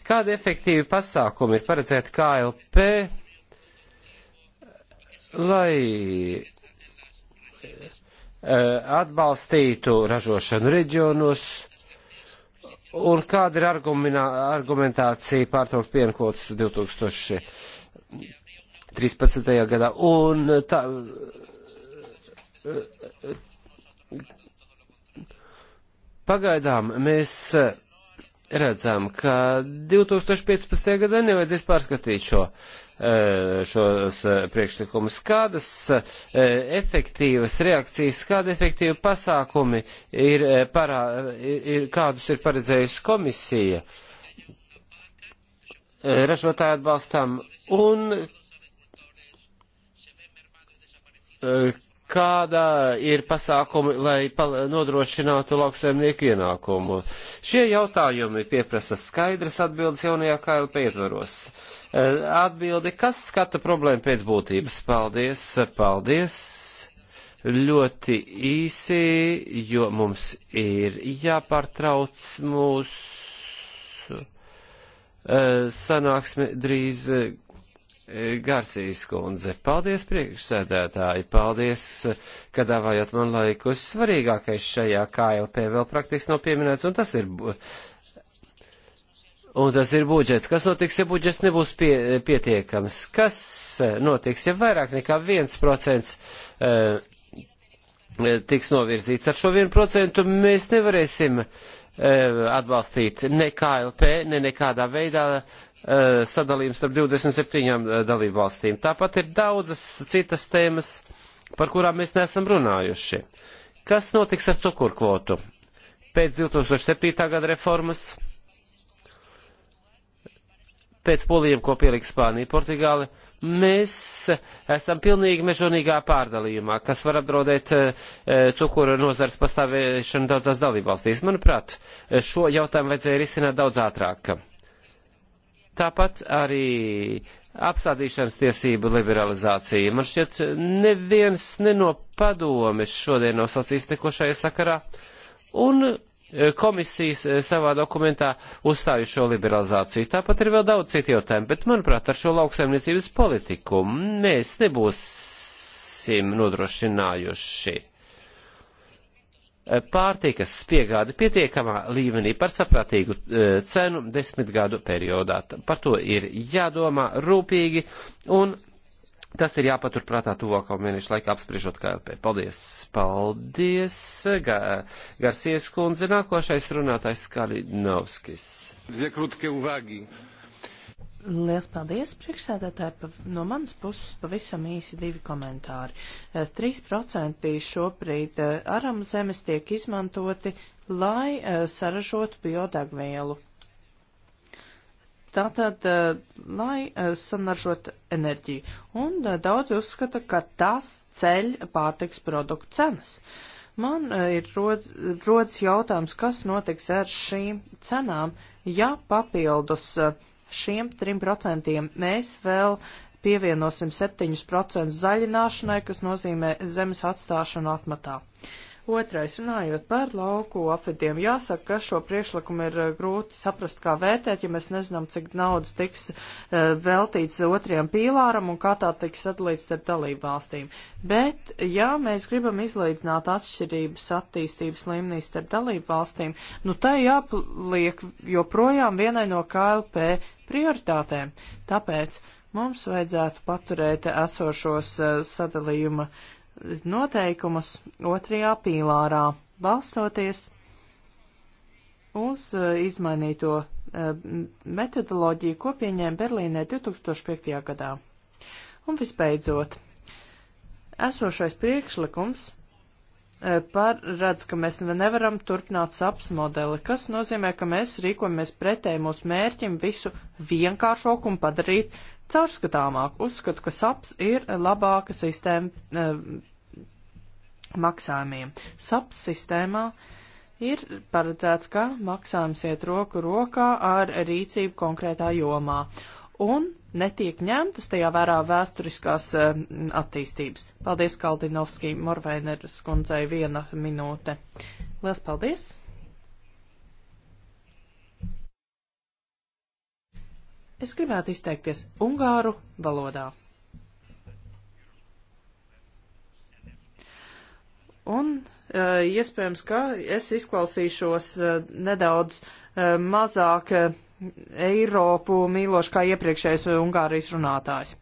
kādi efektīvi pasākumi ir paredzēti KLP, lai eh, atbalstītu ražošanu reģionos, un kāda ir argumentācija pārtraukt pienkvotas 2013. gadā, un tā, Pagaidām mēs eh, redzam, ka 2015. gadā nevajadzēs pārskatīt šo, eh, šos eh, priekšlikumus. Kādas efektīvas reakcijas, kāda efektīva pasākumi ir, parā, ir kādus ir paredzējusi komisija ražotāju atbalstam un kāda ir pasākumi, lai nodrošinātu lauksaimnieku ienākumu. Šie jautājumi pieprasa skaidras atbildes jaunajā KLP ietvaros. E, atbildi, kas skata problēmu pēc būtības? Paldies, paldies! Ļoti īsi, jo mums ir jāpārtrauc mūsu e, sanāksme drīz Garsīs kundze, paldies priekšsēdētāji, paldies, ka davājat man laiku. Svarīgākais šajā KLP vēl praktiski nav pieminēts, un tas ir, un tas ir budžets. Kas notiks, ja budžets nebūs pie, pietiekams? Kas eh, notiks, ja vairāk nekā 1% eh, tiks novirzīts? Ar šo 1% mēs nevarēsim eh, atbalstīt ne KLP, ne nekādā veidā Eh, sadalījums starp 27 eh, dalību valstīm. Tāpat ir daudzas citas tēmas, par kurām mēs neesam runājuši. Kas notiks ar cukurkvotu? Pēc 2007. gada reformas, pēc polijiem, ko pieliks Spānija, Portugāli, mēs esam pilnīgi mežonīgā pārdalījumā, kas var apdraudēt e, cukura nozars pastāvēšanu daudzās dalībvalstīs. Manuprāt, šo jautājumu vajadzēja risināt daudz ātrāk. Tāpat arī apstādīšanas tiesību liberalizācija. Man šķiet, neviens nenopadomis šodien nav sacījis neko šajā sakarā. Un e, komisijas e, savā dokumentā uzstāju šo liberalizāciju. Tāpat ir vēl daudz citu jautājumu, bet, manuprāt, ar šo lauksaimniecības politiku mēs nebūsim nodrošinājuši Eh, pārtikas piegādi pietiekamā līmenī par saprātīgu eh, cenu desmit gadu periodā. Par to ir jādomā rūpīgi un tas ir jāpaturprātā tuvāko mēnešu laikā apspriežot KLP. Paldies! Paldies! Ga, Garsies kundze, nākošais runātājs Skalinovskis. Dvie krutke uvāgi. Liels paldies, priekšsēdētāji. No manas puses pavisam īsi divi komentāri. 3% eh, šobrīd eh, aram zemes tiek izmantoti, lai eh, saražotu biodegvielu. Tātad, lai sanaržot enerģiju. Un daudzi uzskata, ka tas ceļ pārtiks produktu cenas. Man ir rodas, rodas jautājums, kas notiks ar šīm cenām, ja papildus uh, šiem 3% mēs vēl pievienosim 7% zaļināšanai, kas nozīmē zemes atstāšanu atmatā. Uh, Otrais, runājot par lauku apvidiem, jāsaka, ka šo priekšlikumu ir eh, grūti saprast, kā vērtēt, ja mēs nezinām, cik naudas tiks uh, veltīts otriem pīlāram un kā tā tiks sadalīts starp dalību valstīm. Bet, ja mēs gribam izlīdzināt atšķirības attīstības līmenī starp dalību valstīm, nu tai jāpliek joprojām vienai no KLP prioritātēm. Tāpēc mums vajadzētu paturēt esošos uh, sadalījuma uh, noteikumus otrajā pīlārā, balstoties uz eh, izmainīto eh, metodoloģiju, ko pieņēma Berlīnē 2005. gadā. Un visbeidzot, esošais priekšlikums eh, paredz, ka mēs nevaram turpināt saps modeli, kas nozīmē, ka mēs rīkojamies pretēji mūsu mērķim visu vienkāršoku un padarīt caurskatāmāk. Uzskatu, ka SAPS ir labāka sistēma eh, maksājumiem. SAPS sistēmā ir paredzēts, ka maksājums iet roku rokā ar rīcību konkrētā jomā. Un netiek ņemtas tajā vērā vēsturiskās eh, attīstības. Paldies, Kaldinovskī, Morvēneras kundzei viena minūte. Lielas paldies! Es gribētu izteikties ungāru valodā. Un uh, iespējams, ka es izklausīšos uh, nedaudz uh, mazāk Eiropu mīloši kā iepriekšējais Ungārijas runātājs.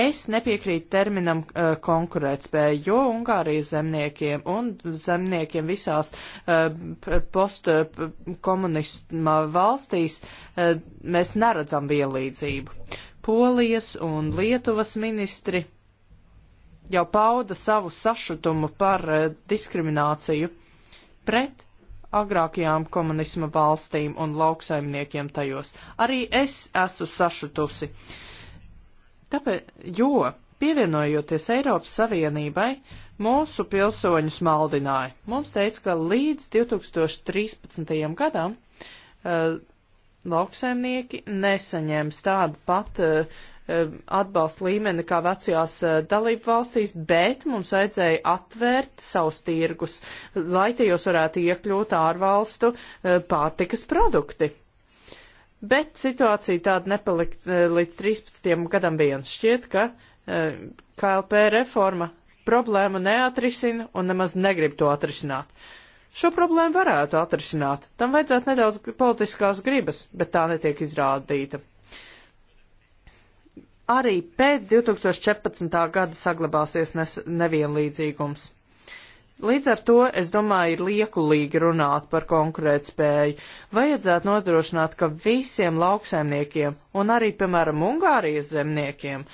Es nepiekrītu terminam uh, konkurētspēja, jo Ungārijas zemniekiem un zemniekiem visās uh, postkomunismā uh, valstīs uh, mēs neredzam vienlīdzību. Polijas un Lietuvas ministri jau pauda savu sašutumu par uh, diskrimināciju pret agrākajām komunisma valstīm un lauksaimniekiem tajos. Arī es esmu sašutusi. Uh, Tāpēc, jo pievienojoties Eiropas Savienībai, mūsu pilsoņus maldināja. Mums teica, ka līdz 2013. gadam uh, lauksaimnieki nesaņems tādu pat uh, atbalsta līmeni kā vecajās uh, dalību valstīs, bet mums vajadzēja atvērt savus tirgus, lai tajos varētu iekļūt ārvalstu pārtikas produkti. Bet situācija tāda nepalika eh, līdz 13. gadam viens. Šķiet, ka eh, KLP reforma problēmu neatrisina un nemaz negrib to atrisināt. Šo problēmu varētu atrisināt, tam vajadzētu nedaudz politiskās gribas, bet tā netiek izrādīta. Arī pēc 2014. gada saglabāsies nevienlīdzīgums. Līdz ar to, es domāju, ir liekulīgi runāt par konkurētspēju. Vajadzētu nodrošināt, ka visiem lauksaimniekiem un arī, piemēram, Ungārijas zemniekiem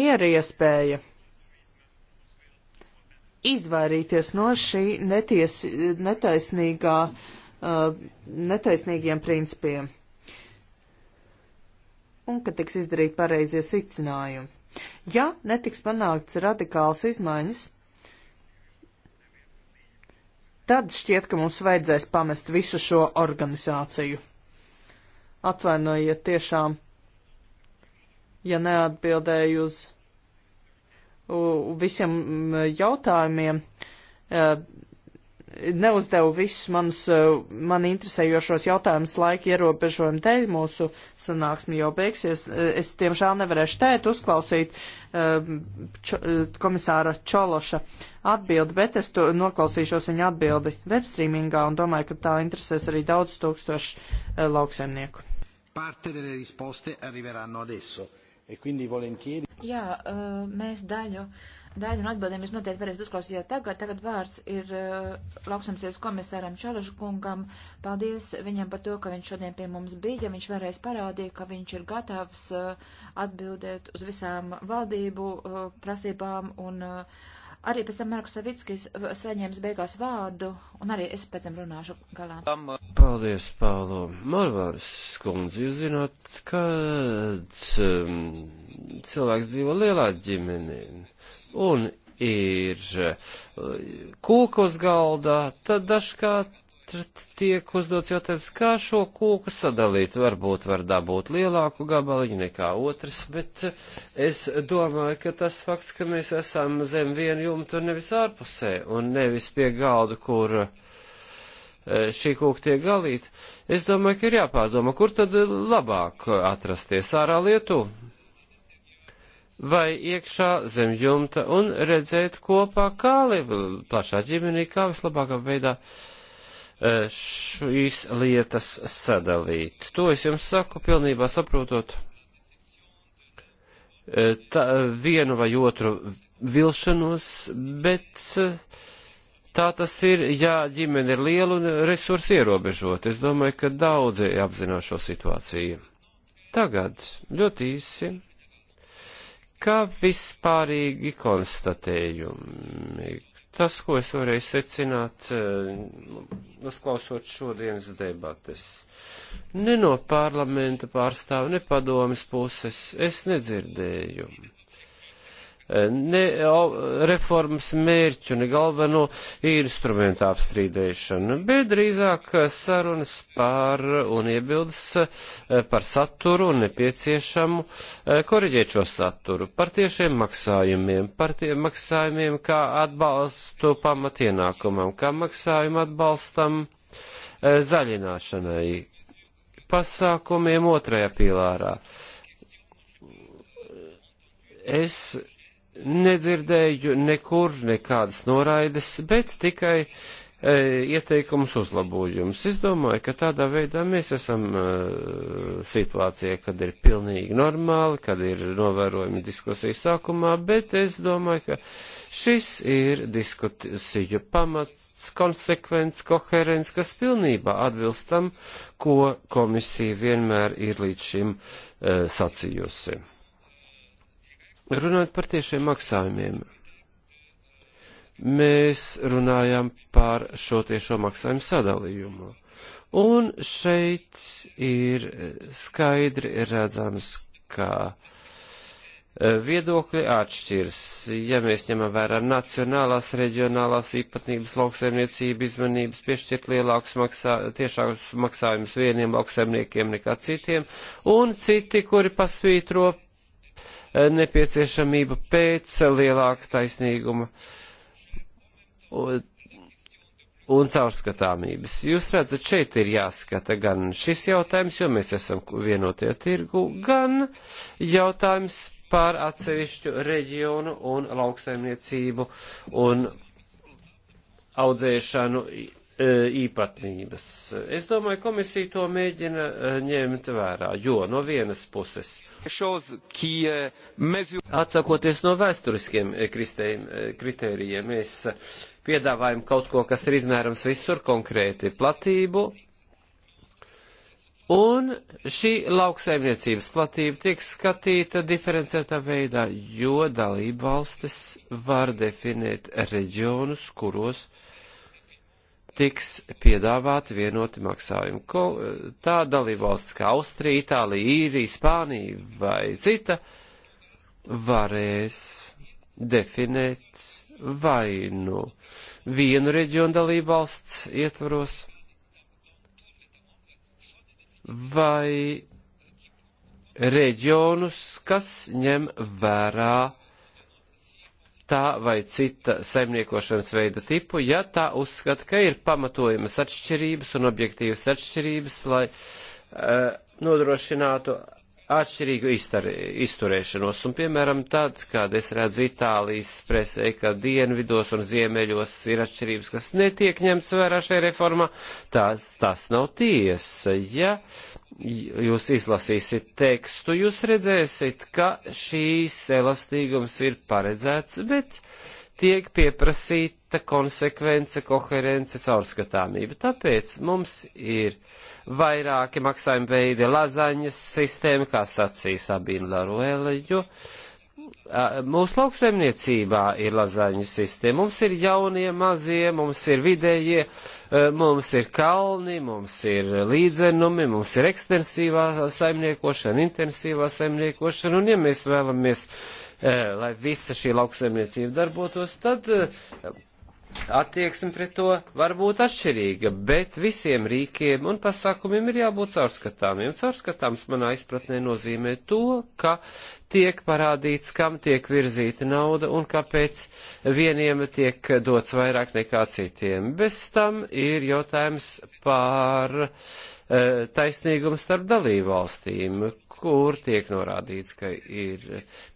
ir iespēja izvairīties no šī neties, netaisnīgā, uh, netaisnīgiem principiem. Un ka tiks izdarīt pareizie sicinājumi. Ja netiks panākts radikāls izmaiņas, tad šķiet, ka mums vajadzēs pamest visu šo organizāciju. Atvainojiet tiešām, ja neatbildēju uz visiem jautājumiem, e, neuzdevu visus manus, eh, man interesējošos jautājumus laika ierobežojumu dēļ. Mūsu sanāksme jau beigsies. Eh, es, tiemžēl, nevarēšu tēt uzklausīt eh, čo, komisāra Čološa atbildi, bet es to noklausīšos viņa atbildi webstreamingā un domāju, ka tā interesēs arī daudz tūkstošu lauksaimnieku. Parte delle risposte arriveranno adesso e quindi volentieri. Jā, mēs daļu uh, daļu un atbildēm jūs noteikti varēsiet uzklausīt jau tagad. Tagad vārds ir uh, eh, lauksamsies komisāram Čalažu kungam. Paldies viņam par to, ka viņš šodien pie mums bija. Viņš vēlreiz parādīja, ka viņš ir gatavs uh, atbildēt uz visām valdību uh, prasībām un uh, arī pēc tam Marks Savickis saņēmis beigās vārdu, un arī es pēc tam runāšu galā. Paldies, Paulo. Marvārs skundze, jūs zināt, kad um, cilvēks dzīvo lielā ģimenē un ir eh, kūka uz galda, tad dažkārt tiek uzdots jautājums, kā šo kūku sadalīt. Varbūt var dabūt lielāku gabaliņu nekā otrs, bet eh, es domāju, ka tas fakts, ka mēs esam zem vienu jumtu nevis ārpusē un nevis pie galda, kur eh, šī kūka tiek galīta, es domāju, ka ir jāpārdomā, kur tad labāk atrasties ārā lietu vai iekšā zem jumta un redzēt kopā kāli plašā ģimenī, kā vislabākā veidā e, šīs lietas sadalīt. To es jums saku pilnībā saprotot e, tā, vienu vai otru vilšanos, bet e, tā tas ir, ja ģimene ir liela un resursi ierobežot. Es domāju, ka daudzi apzinās šo situāciju. Tagad ļoti īsi kā vispārīgi konstatējumi. Tas, ko es varēju secināt, eh, uzklausot šodienas debates, ne no parlamenta pārstāvu, ne padomas puses, es nedzirdēju Eh, ne reformas mērķu, ne galveno instrumentu apstrīdēšanu, bet drīzāk sarunas par un iebildes eh, par saturu un nepieciešamu eh, koriģēt šo saturu, par tiešiem maksājumiem, par tiem maksājumiem kā atbalstu pamatienākumam, kā maksājumu atbalstam zaļināšanai, pasākumiem otrajā pilārā. Es nedzirdēju nekur nekādas noraides, bet tikai e, ieteikums uzlabojums. Es domāju, ka tādā veidā mēs esam e, situācijā, kad ir pilnīgi normāli, kad ir novērojumi diskusijas sākumā, bet es domāju, ka šis ir diskusiju pamats, konsekvents, koherents, kas pilnībā atbilst tam, ko komisija vienmēr ir līdz šim e, sacījusi. Runājot par tiešiem maksājumiem, mēs runājam par šo tiešo maksājumu sadalījumu. Un šeit ir skaidri redzams, ka e, viedokļi atšķirs. Ja mēs ņemam vērā nacionālās, reģionālās īpatnības lauksaimniecību izmanības, piešķirt lielākus maksā, tiešākus maksājumus vieniem lauksaimniekiem nekā citiem, un citi, kuri pasvītro nepieciešamība pēc lielākas taisnīguma un, un caurskatāmības. Jūs redzat, šeit ir jāskata gan šis jautājums, jo mēs esam vienotie tirgu, gan jautājums par atsevišķu reģionu un lauksaimniecību un audzēšanu E, īpatnības. Es domāju, komisija to mēģina e, ņemt vērā, jo no vienas puses. Atsakoties no vēsturiskiem e, kritērijiem, mēs piedāvājam kaut ko, kas ir izmērams visur konkrēti platību. Un šī lauksaimniecības platība tiek skatīta diferencētā veidā, jo dalība valstis var definēt reģionus, kuros uh, tiks piedāvāti vienoti maksājumi. Tā dalībvalsts kā Austrija, Itālija, Īrija, Spānija vai cita varēs definēt vai nu vienu reģionu dalībvalsts ietvaros vai reģionus, kas ņem vērā tā vai cita saimniekošanas veida tipu, ja tā uzskata, ka ir pamatojamas atšķirības un objektīvas atšķirības, lai uh, nodrošinātu atšķirīgu iztar, izturēšanos. Un, piemēram, tad, kad es redzu Itālijas presē, ka dienvidos un ziemeļos ir atšķirības, kas netiek ņemts vērā šajā reformā, tas, tas nav tiesa. Ja jūs izlasīsiet tekstu, jūs redzēsiet, ka šīs elastīgums ir paredzēts, bet tiek pieprasīta konsekvence, koherence, caurskatāmība. Tāpēc mums ir vairāki maksājuma veidi lazaņas sistēma, kā sacīja Sabīna Laruela, jo mūsu lauksaimniecībā ir lazaņas sistēma. Mums ir jaunie, mazie, mums ir vidējie, mums ir kalni, mums ir līdzenumi, mums ir ekstensīvā saimniekošana, intensīvā saimniekošana, un ja mēs vēlamies uh, Eh, lai visa šī lauksaimniecība darbotos, tad eh, attieksme pret to var būt atšķirīga, bet visiem rīkiem un pasākumiem ir jābūt caurskatāmiem. Caurskatāms manā izpratnē nozīmē to, ka tiek parādīts, kam tiek virzīta nauda un kāpēc vieniem tiek dots vairāk nekā citiem. Bez tam ir jautājums par e, taisnīgumu starp dalībvalstīm, kur tiek norādīts, ka ir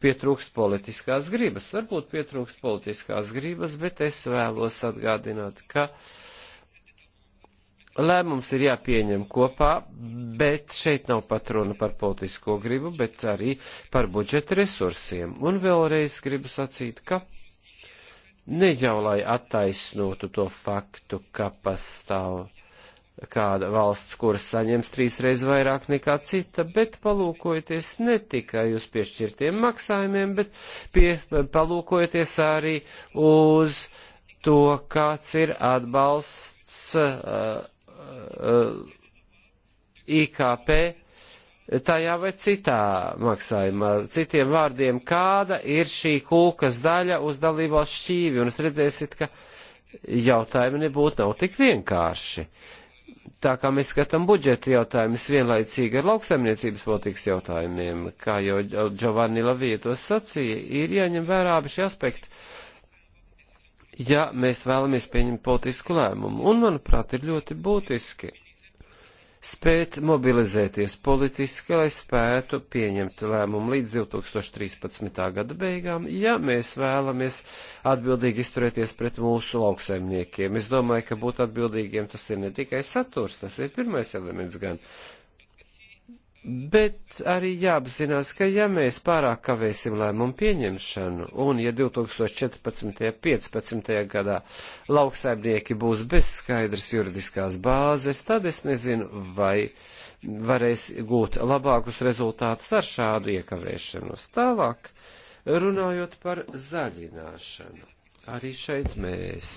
pietrūkst politiskās gribas. Varbūt pietrūkst politiskās gribas, bet es vēlos atgādināt, ka lēmums ir jāpieņem kopā, bet šeit nav pat runa par politisko gribu, bet arī par budžeta resursiem. Un vēlreiz gribu sacīt, ka ne jau lai attaisnotu to faktu, ka pastāv kāda valsts, kuras saņems trīsreiz vairāk nekā cita, bet palūkojieties ne tikai uz piešķirtiem maksājumiem, bet pie, palūkojieties arī uz to, kāds ir atbalsts uh, uh, IKP tajā vai citā maksājumā. Citiem vārdiem, kāda ir šī kūkas daļa uz dalībvalsts šķīvi, un jūs redzēsiet, ka jautājumi nebūtu nav tik vienkārši. Uh, tā kā mēs skatām budžeta jautājumus vienlaicīgi ar lauksaimniecības politikas jautājumiem, kā jau Giovanni Lavija to sacīja, ir jāņem vērā abi šie aspekti, ja mēs vēlamies pieņemt politisku lēmumu. Un, manuprāt, ir ļoti būtiski spēt mobilizēties politiski, lai spētu pieņemt lēmumu līdz 2013. gada beigām, ja mēs vēlamies atbildīgi izturēties pret mūsu lauksaimniekiem. Es domāju, ka būt atbildīgiem tas ir ne tikai saturs, tas ir pirmais elements gan Bet arī jāapzinās, ka ja mēs pārāk kavēsim lēmumu pieņemšanu, un ja 2014. un 2015. gadā lauksaimnieki būs bez skaidras juridiskās bāzes, tad es nezinu, vai varēs gūt labākus rezultātus ar šādu iekavēšanos. Tālāk, runājot par zaļināšanu, arī šeit mēs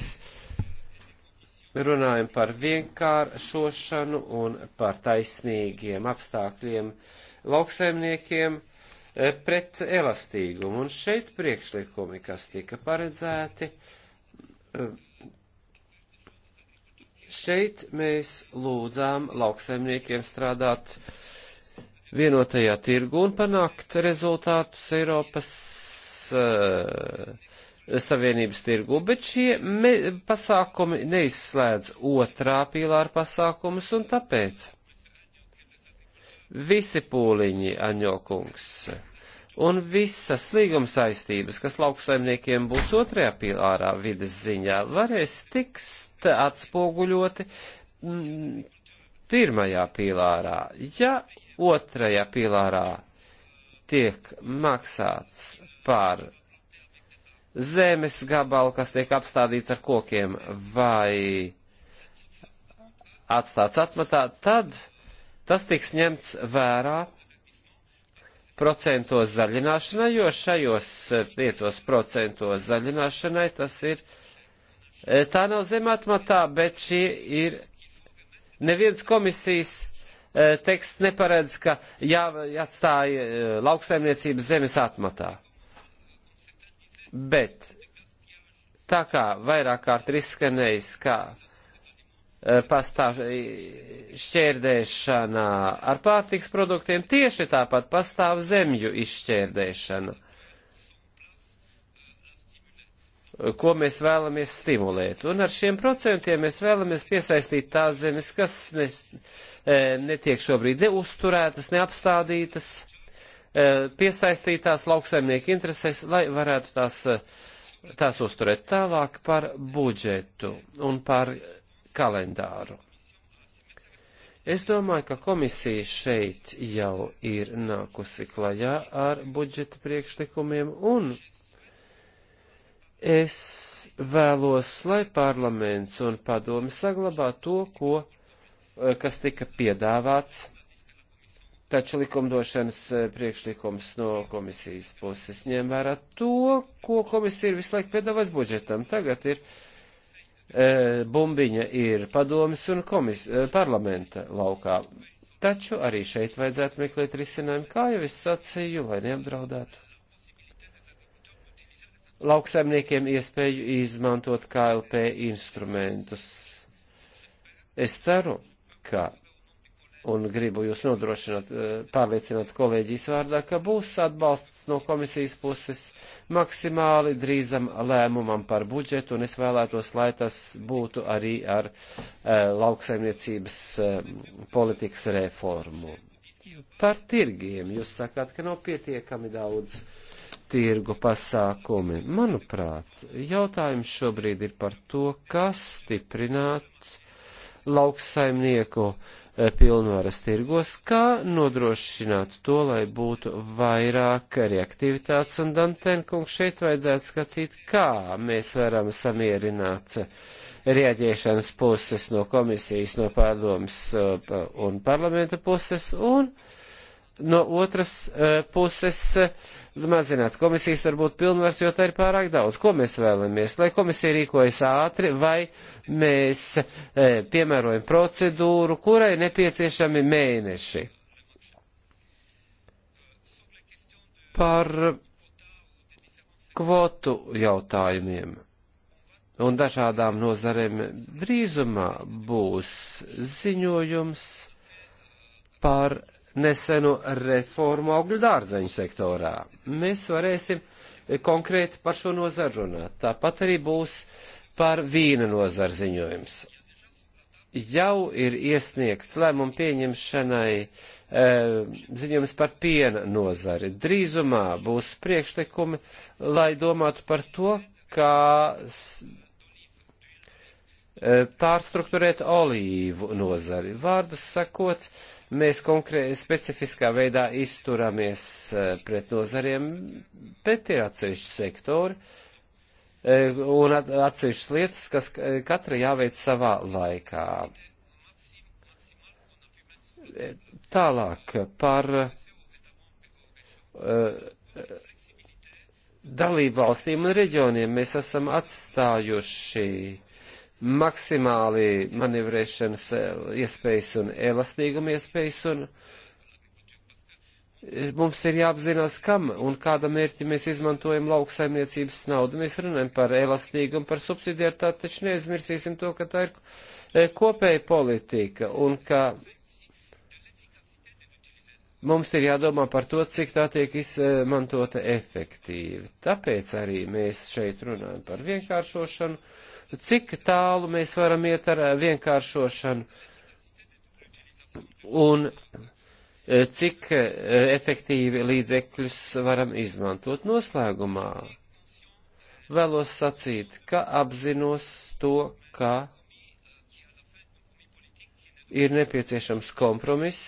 runājam par vienkāršošanu un par taisnīgiem apstākļiem lauksaimniekiem e, pret elastīgumu. Un šeit priekšlikumi, kas tika paredzēti, e, šeit mēs lūdzām lauksaimniekiem strādāt vienotajā tirgu un panākt rezultātus Eiropas uh, Savienības tirgu, bet šie me, pasākumi neizslēdz otrā pīlāra pasākumus, un tāpēc visi pūliņi, Aņokungs, un visas līguma saistības, kas lauksaimniekiem būs otrajā pīlārā vides ziņā, varēs tikst atspoguļoti m, mm, pirmajā pīlārā. Ja otrajā pīlārā tiek maksāts par zemes gabalu, kas tiek apstādīts ar kokiem, vai atstāts atmatā, tad tas tiks ņemts vērā procentos zaļināšanai, jo šajos piecos procentos zaļināšanai tas ir, e, tā nav zem atmatā, bet šie ir neviens komisijas e, teksts neparedz, ka jā, jāatstāja e, lauksaimniecības zemes atmatā. Bet tā kā vairāk kārt ir izskanējis, kā e, pastāv šķērdēšana ar pārtiks produktiem, tieši tāpat pastāv zemju izšķērdēšana, ko mēs vēlamies stimulēt. Un ar šiem procentiem mēs vēlamies piesaistīt tās zemes, kas ne, e, netiek šobrīd neuzturētas, neapstādītas E, piesaistītās lauksaimnieku interesēs, lai varētu tās, e, tās uzturēt tālāk par budžetu un par kalendāru. Es domāju, ka komisija šeit jau ir nākusi klajā ar budžeta priekšlikumiem un es vēlos, lai parlaments un padomi saglabā to, ko, e, kas tika piedāvāts Taču likumdošanas e, priekšlikums no komisijas puses ņem vērā to, ko komisija ir visu laiku piedāvās budžetam. Tagad ir e, bumbiņa ir padomis un komis, e, parlamenta laukā. Taču arī šeit vajadzētu meklēt risinājumu, kā jau es sacīju, lai neapdraudētu lauksaimniekiem iespēju izmantot KLP instrumentus. Es ceru, ka un gribu jūs nodrošināt, eh, pārliecināt kolēģijas vārdā, ka būs atbalsts no komisijas puses maksimāli drīzam lēmumam par budžetu, un es vēlētos, lai tas būtu arī ar uh, lauksaimniecības uh, politikas reformu. Par tirgiem jūs sakāt, ka nav pietiekami daudz tirgu pasākumi. Manuprāt, jautājums šobrīd ir par to, kas stiprināt lauksaimnieku uh, Eh, pilnvaras tirgos, kā nodrošināt to, lai būtu vairāk reaktivitātes. Un Dantenkungs šeit vajadzētu skatīt, kā mēs varam samierināt rieģiešanas puses no komisijas, no pārdomas eh, un parlamenta puses un no otras eh, puses mazināt komisijas varbūt pilnvars, jo tā ir pārāk daudz. Ko mēs vēlamies? Lai komisija rīkojas ātri vai mēs e, piemērojam procedūru, kurai nepieciešami mēneši? Par kvotu jautājumiem un dažādām nozarēm drīzumā būs ziņojums par nesenu reformu augļu dārzeņu sektorā. Mēs varēsim konkrēti par šo nozaru runāt. Tāpat arī būs par vīna nozaru ziņojums. Jau ir iesniegts lēmumu pieņemšanai e, ziņojums par piena nozari. Drīzumā būs priekšlikumi, lai domātu par to, kā eh, pārstruktūrēt olīvu nozari. Vārdus sakot, e, mēs konkrēti specifiskā veidā izturamies e, pret nozariem, bet ir atsevišķi sektori e, un atsevišķas lietas, kas e, katra jāveic savā laikā. Tālāk par dalību valstīm un reģioniem mēs esam atstājuši uh, maksimāli manevrēšanas eh, iespējas un elastīguma iespējas, un eh, mums ir jāapzinās, kam un kāda mērķi mēs izmantojam lauksaimniecības naudu. Mēs runājam par elastīgumu, par subsidiaritāti, taču neaizmirsīsim to, ka tā ir eh, kopēja politika un ka mums ir jādomā par to, cik tā tiek izmantota efektīvi. Tāpēc arī mēs šeit runājam par vienkāršošanu cik tālu mēs varam iet ar eh, vienkāršošanu un eh, cik eh, efektīvi līdzekļus varam izmantot noslēgumā. Vēlos sacīt, ka apzinos to, ka ir nepieciešams kompromiss,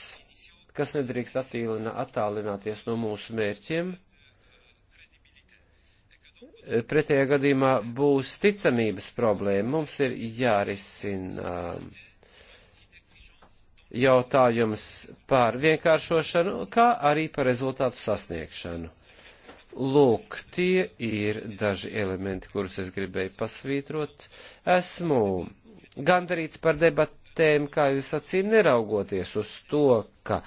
kas nedrīkst attīlinā, attālināties no mūsu mērķiem Pretējā gadījumā būs ticamības problēma. Mums ir jārisina um, jautājums par vienkāršošanu, kā arī par rezultātu sasniegšanu. Lūk, tie ir daži elementi, kurus es gribēju pasvītrot. Esmu gandarīts par debatu debatēm, kā jūs acīm neraugoties uz to, ka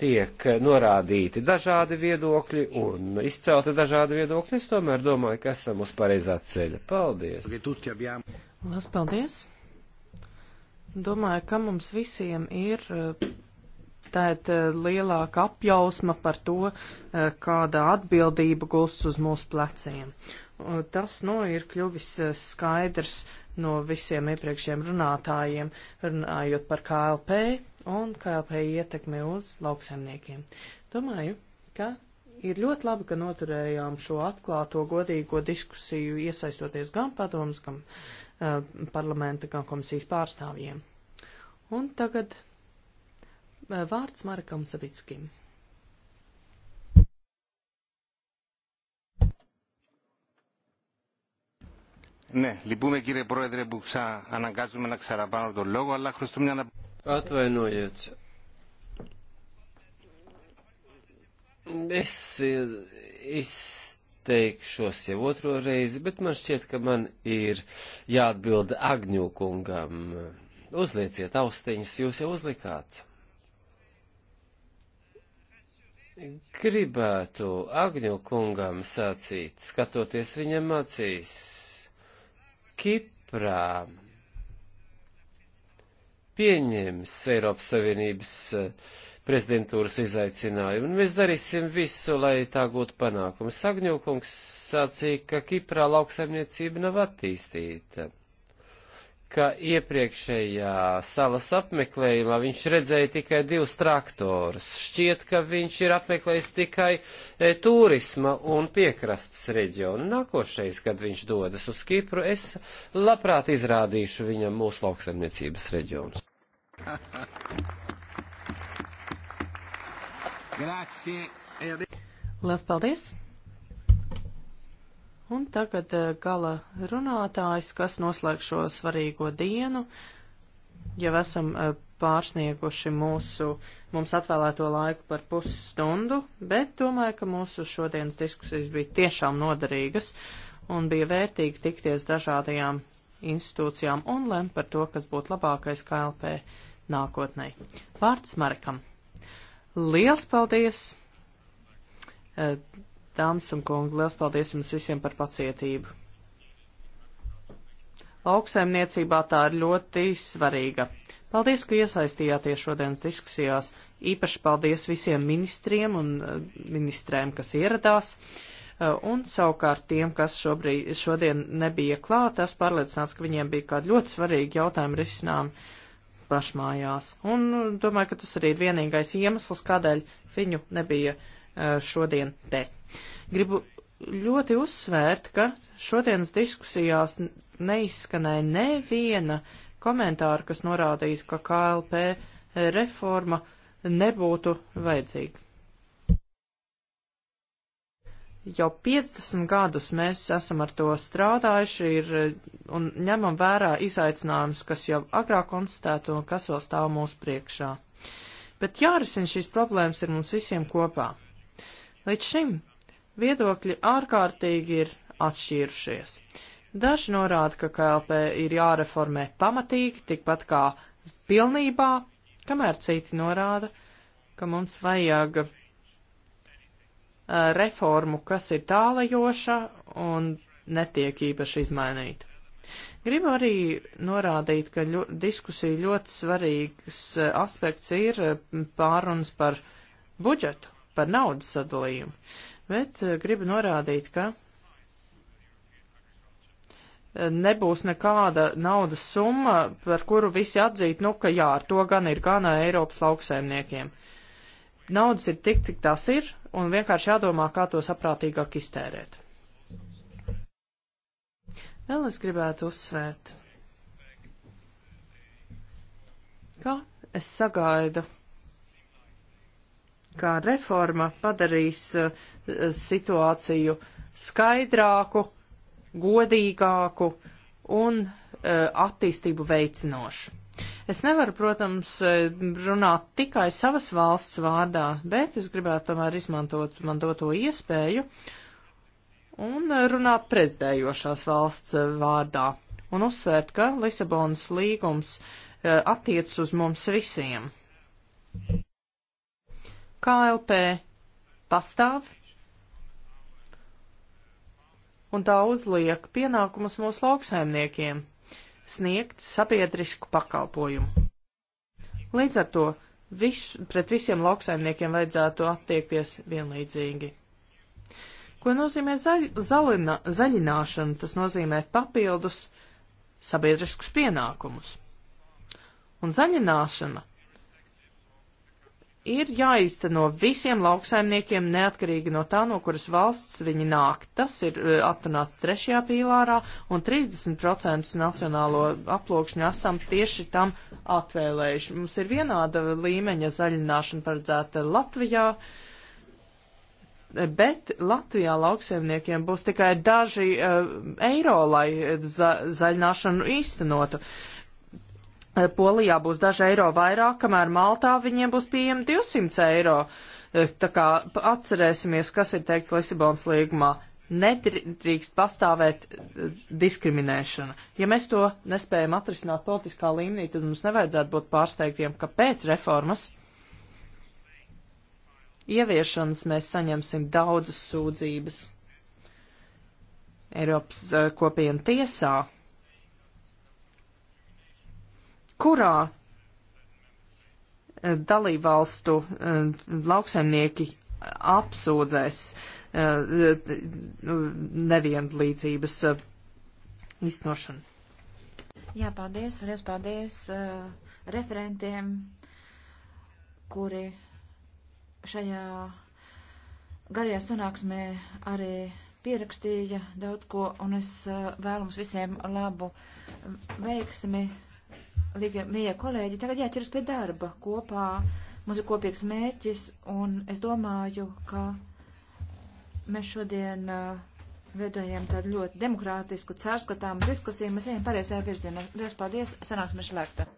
tiek norādīti dažādi viedokļi un izcelti dažādi viedokļi, es tomēr domāju, ka esam uz pareizā ceļa. Paldies! Lielas paldies! Domāju, ka mums visiem ir eh, tāda eh, lielāka apjausma par to, eh, kāda atbildība gulst uz mūsu pleciem. Tas, nu, ir kļuvis skaidrs no visiem iepriekšējiem runātājiem, runājot par KLP un KLP ietekmi uz lauksaimniekiem. Domāju, ka ir ļoti labi, ka noturējām šo atklāto godīgo diskusiju, iesaistoties gan padomus, gan uh, parlamenta, gan komisijas pārstāvjiem. Un tagad uh, vārds Marakam Savickim. Ναι, λυπούμε κύριε Πρόεδρε που ξαναγκάζουμε να ξαναπάνω τον λόγο, αλλά χρωστούμε μια... Atvainojiet. Es eh, izteikšos jau otro reizi, bet man šķiet, ka man ir jāatbild Agņokungam. Uzlieciet austiņas, jūs jau uzlikāt. Gribētu Agņokungam sacīt, skatoties viņam acīs Kiprā pieņems Eiropas Savienības eh, prezidentūras izaicinājumu, un mēs darīsim visu, lai tā gūtu panākumu. Sagņūkungs sacīja, ka Kiprā lauksaimniecība nav attīstīta ka iepriekšējā salas apmeklējumā viņš redzēja tikai divus traktorus. Šķiet, ka viņš ir apmeklējis tikai e, turisma un piekrastes reģionu. Nākošais, kad viņš dodas uz Kipru, es labprāt izrādīšu viņam mūsu lauksaimniecības reģionus. (laughs) Lielas paldies! Un tagad eh, gala runātājs, kas noslēg šo svarīgo dienu, jau esam eh, pārsnieguši mūsu, mums atvēlēto laiku par pusstundu, bet domāju, ka mūsu šodienas diskusijas bija tiešām noderīgas un bija vērtīgi tikties dažādajām institūcijām un lemt par to, kas būtu labākais KLP nākotnē. Vārds Marekam. Liels paldies! Eh, Dāmas un kungi, liels paldies jums visiem par pacietību. Lauksaimniecībā tā ir ļoti svarīga. Paldies, ka iesaistījāties šodienas diskusijās. Īpaši paldies visiem ministriem un eh, ministrēm, kas ieradās. Eh, un savukārt tiem, kas šobrīd, šodien nebija klāt, es pārliecināts, ka viņiem bija kādi ļoti svarīgi jautājumi risinājumi pašmājās. Un eh, domāju, ka tas arī ir vienīgais iemesls, kādēļ viņu nebija uh, Eh, šodien te. Gribu ļoti uzsvērt, ka šodienas diskusijās neizskanēja neviena komentāra, kas norādītu, ka KLP reforma nebūtu vajadzīga. Jau 50 gadus mēs esam ar to strādājuši ir, eh, un ņemam vērā izaicinājumus, kas jau agrāk konstatēti un kas vēl stāv mūsu priekšā. Bet jārisina šīs problēmas ir mums visiem kopā. Līdz šim viedokļi ārkārtīgi ir atšķīrušies. Daži norāda, ka KLP ir jāreformē pamatīgi, tikpat kā pilnībā, kamēr citi norāda, ka mums vajag uh, reformu, kas ir tālajoša un netiek īpaši izmainīta. Gribu arī norādīt, ka ļo, diskusija ļoti svarīgs uh, aspekts ir uh, pārunas par budžetu par naudas sadalījumu, bet eh, gribu norādīt, ka nebūs nekāda naudas summa, par kuru visi atzīt, nu, ka jā, ar to gan ir gana Eiropas lauksaimniekiem. Naudas ir tik, cik tas ir, un vienkārši jādomā, kā to saprātīgāk iztērēt. Vēl es gribētu uzsvērt, ka es sagaidu ka reforma padarīs eh, situāciju skaidrāku, godīgāku un eh, attīstību veicinošu. Es nevaru, protams, eh, runāt tikai savas valsts vārdā, bet es gribētu tomēr izmantot man doto iespēju un runāt prezidējošās valsts vārdā un uzsvērt, ka Lisabonas līgums attiec uz mums visiem. KLP pastāv un tā uzliek pienākumus mūsu lauksaimniekiem sniegt sabiedrisku pakalpojumu. Līdz ar to vis, pret visiem lauksaimniekiem vajadzētu attiekties vienlīdzīgi. Ko nozīmē zaļ, zaļina, zaļināšana? Tas nozīmē papildus sabiedriskus pienākumus. Un zaļināšana ir jāizteno visiem lauksaimniekiem neatkarīgi no tā, no kuras valsts viņi nāk. Tas ir uh, e, atrunāts trešajā pīlārā, un 30% nacionālo aploksņu esam tieši tam atvēlējuši. Mums ir vienāda līmeņa zaļināšana paredzēta Latvijā. Bet Latvijā lauksaimniekiem būs tikai daži uh, eiro, lai za zaļināšanu īstenotu. Uh, Eh, Polijā būs daži eiro vairāk, kamēr Maltā viņiem būs pieejami 200 eiro. Eh, tā kā atcerēsimies, kas ir teikts Lisabonas līgumā. Nedrīkst pastāvēt eh, diskriminēšana. Ja mēs to nespējam atrisināt politiskā līmenī, tad mums nevajadzētu būt pārsteigtiem, ka pēc reformas ieviešanas mēs saņemsim daudzas sūdzības. Eiropas kopiena tiesā kurā eh, dalībvalstu eh, lauksaimnieki apsūdzēs eh, nevienlīdzības iznošanu. Jā, paldies, liels paldies uh, referentiem, kuri šajā garajā sanāksmē arī pierakstīja daudz ko, un es uh, vēlu mums visiem labu veiksmi Līga, mīļie kolēģi, tagad jāķers pie darba kopā. Mums ir kopīgs mērķis, un es domāju, ka mēs šodien uh, veidojam tādu ļoti demokrātisku, cārskatāmu diskusiju. Mēs ejam pareizajā virzienā. Lielas paldies, sanāksme šlēgta.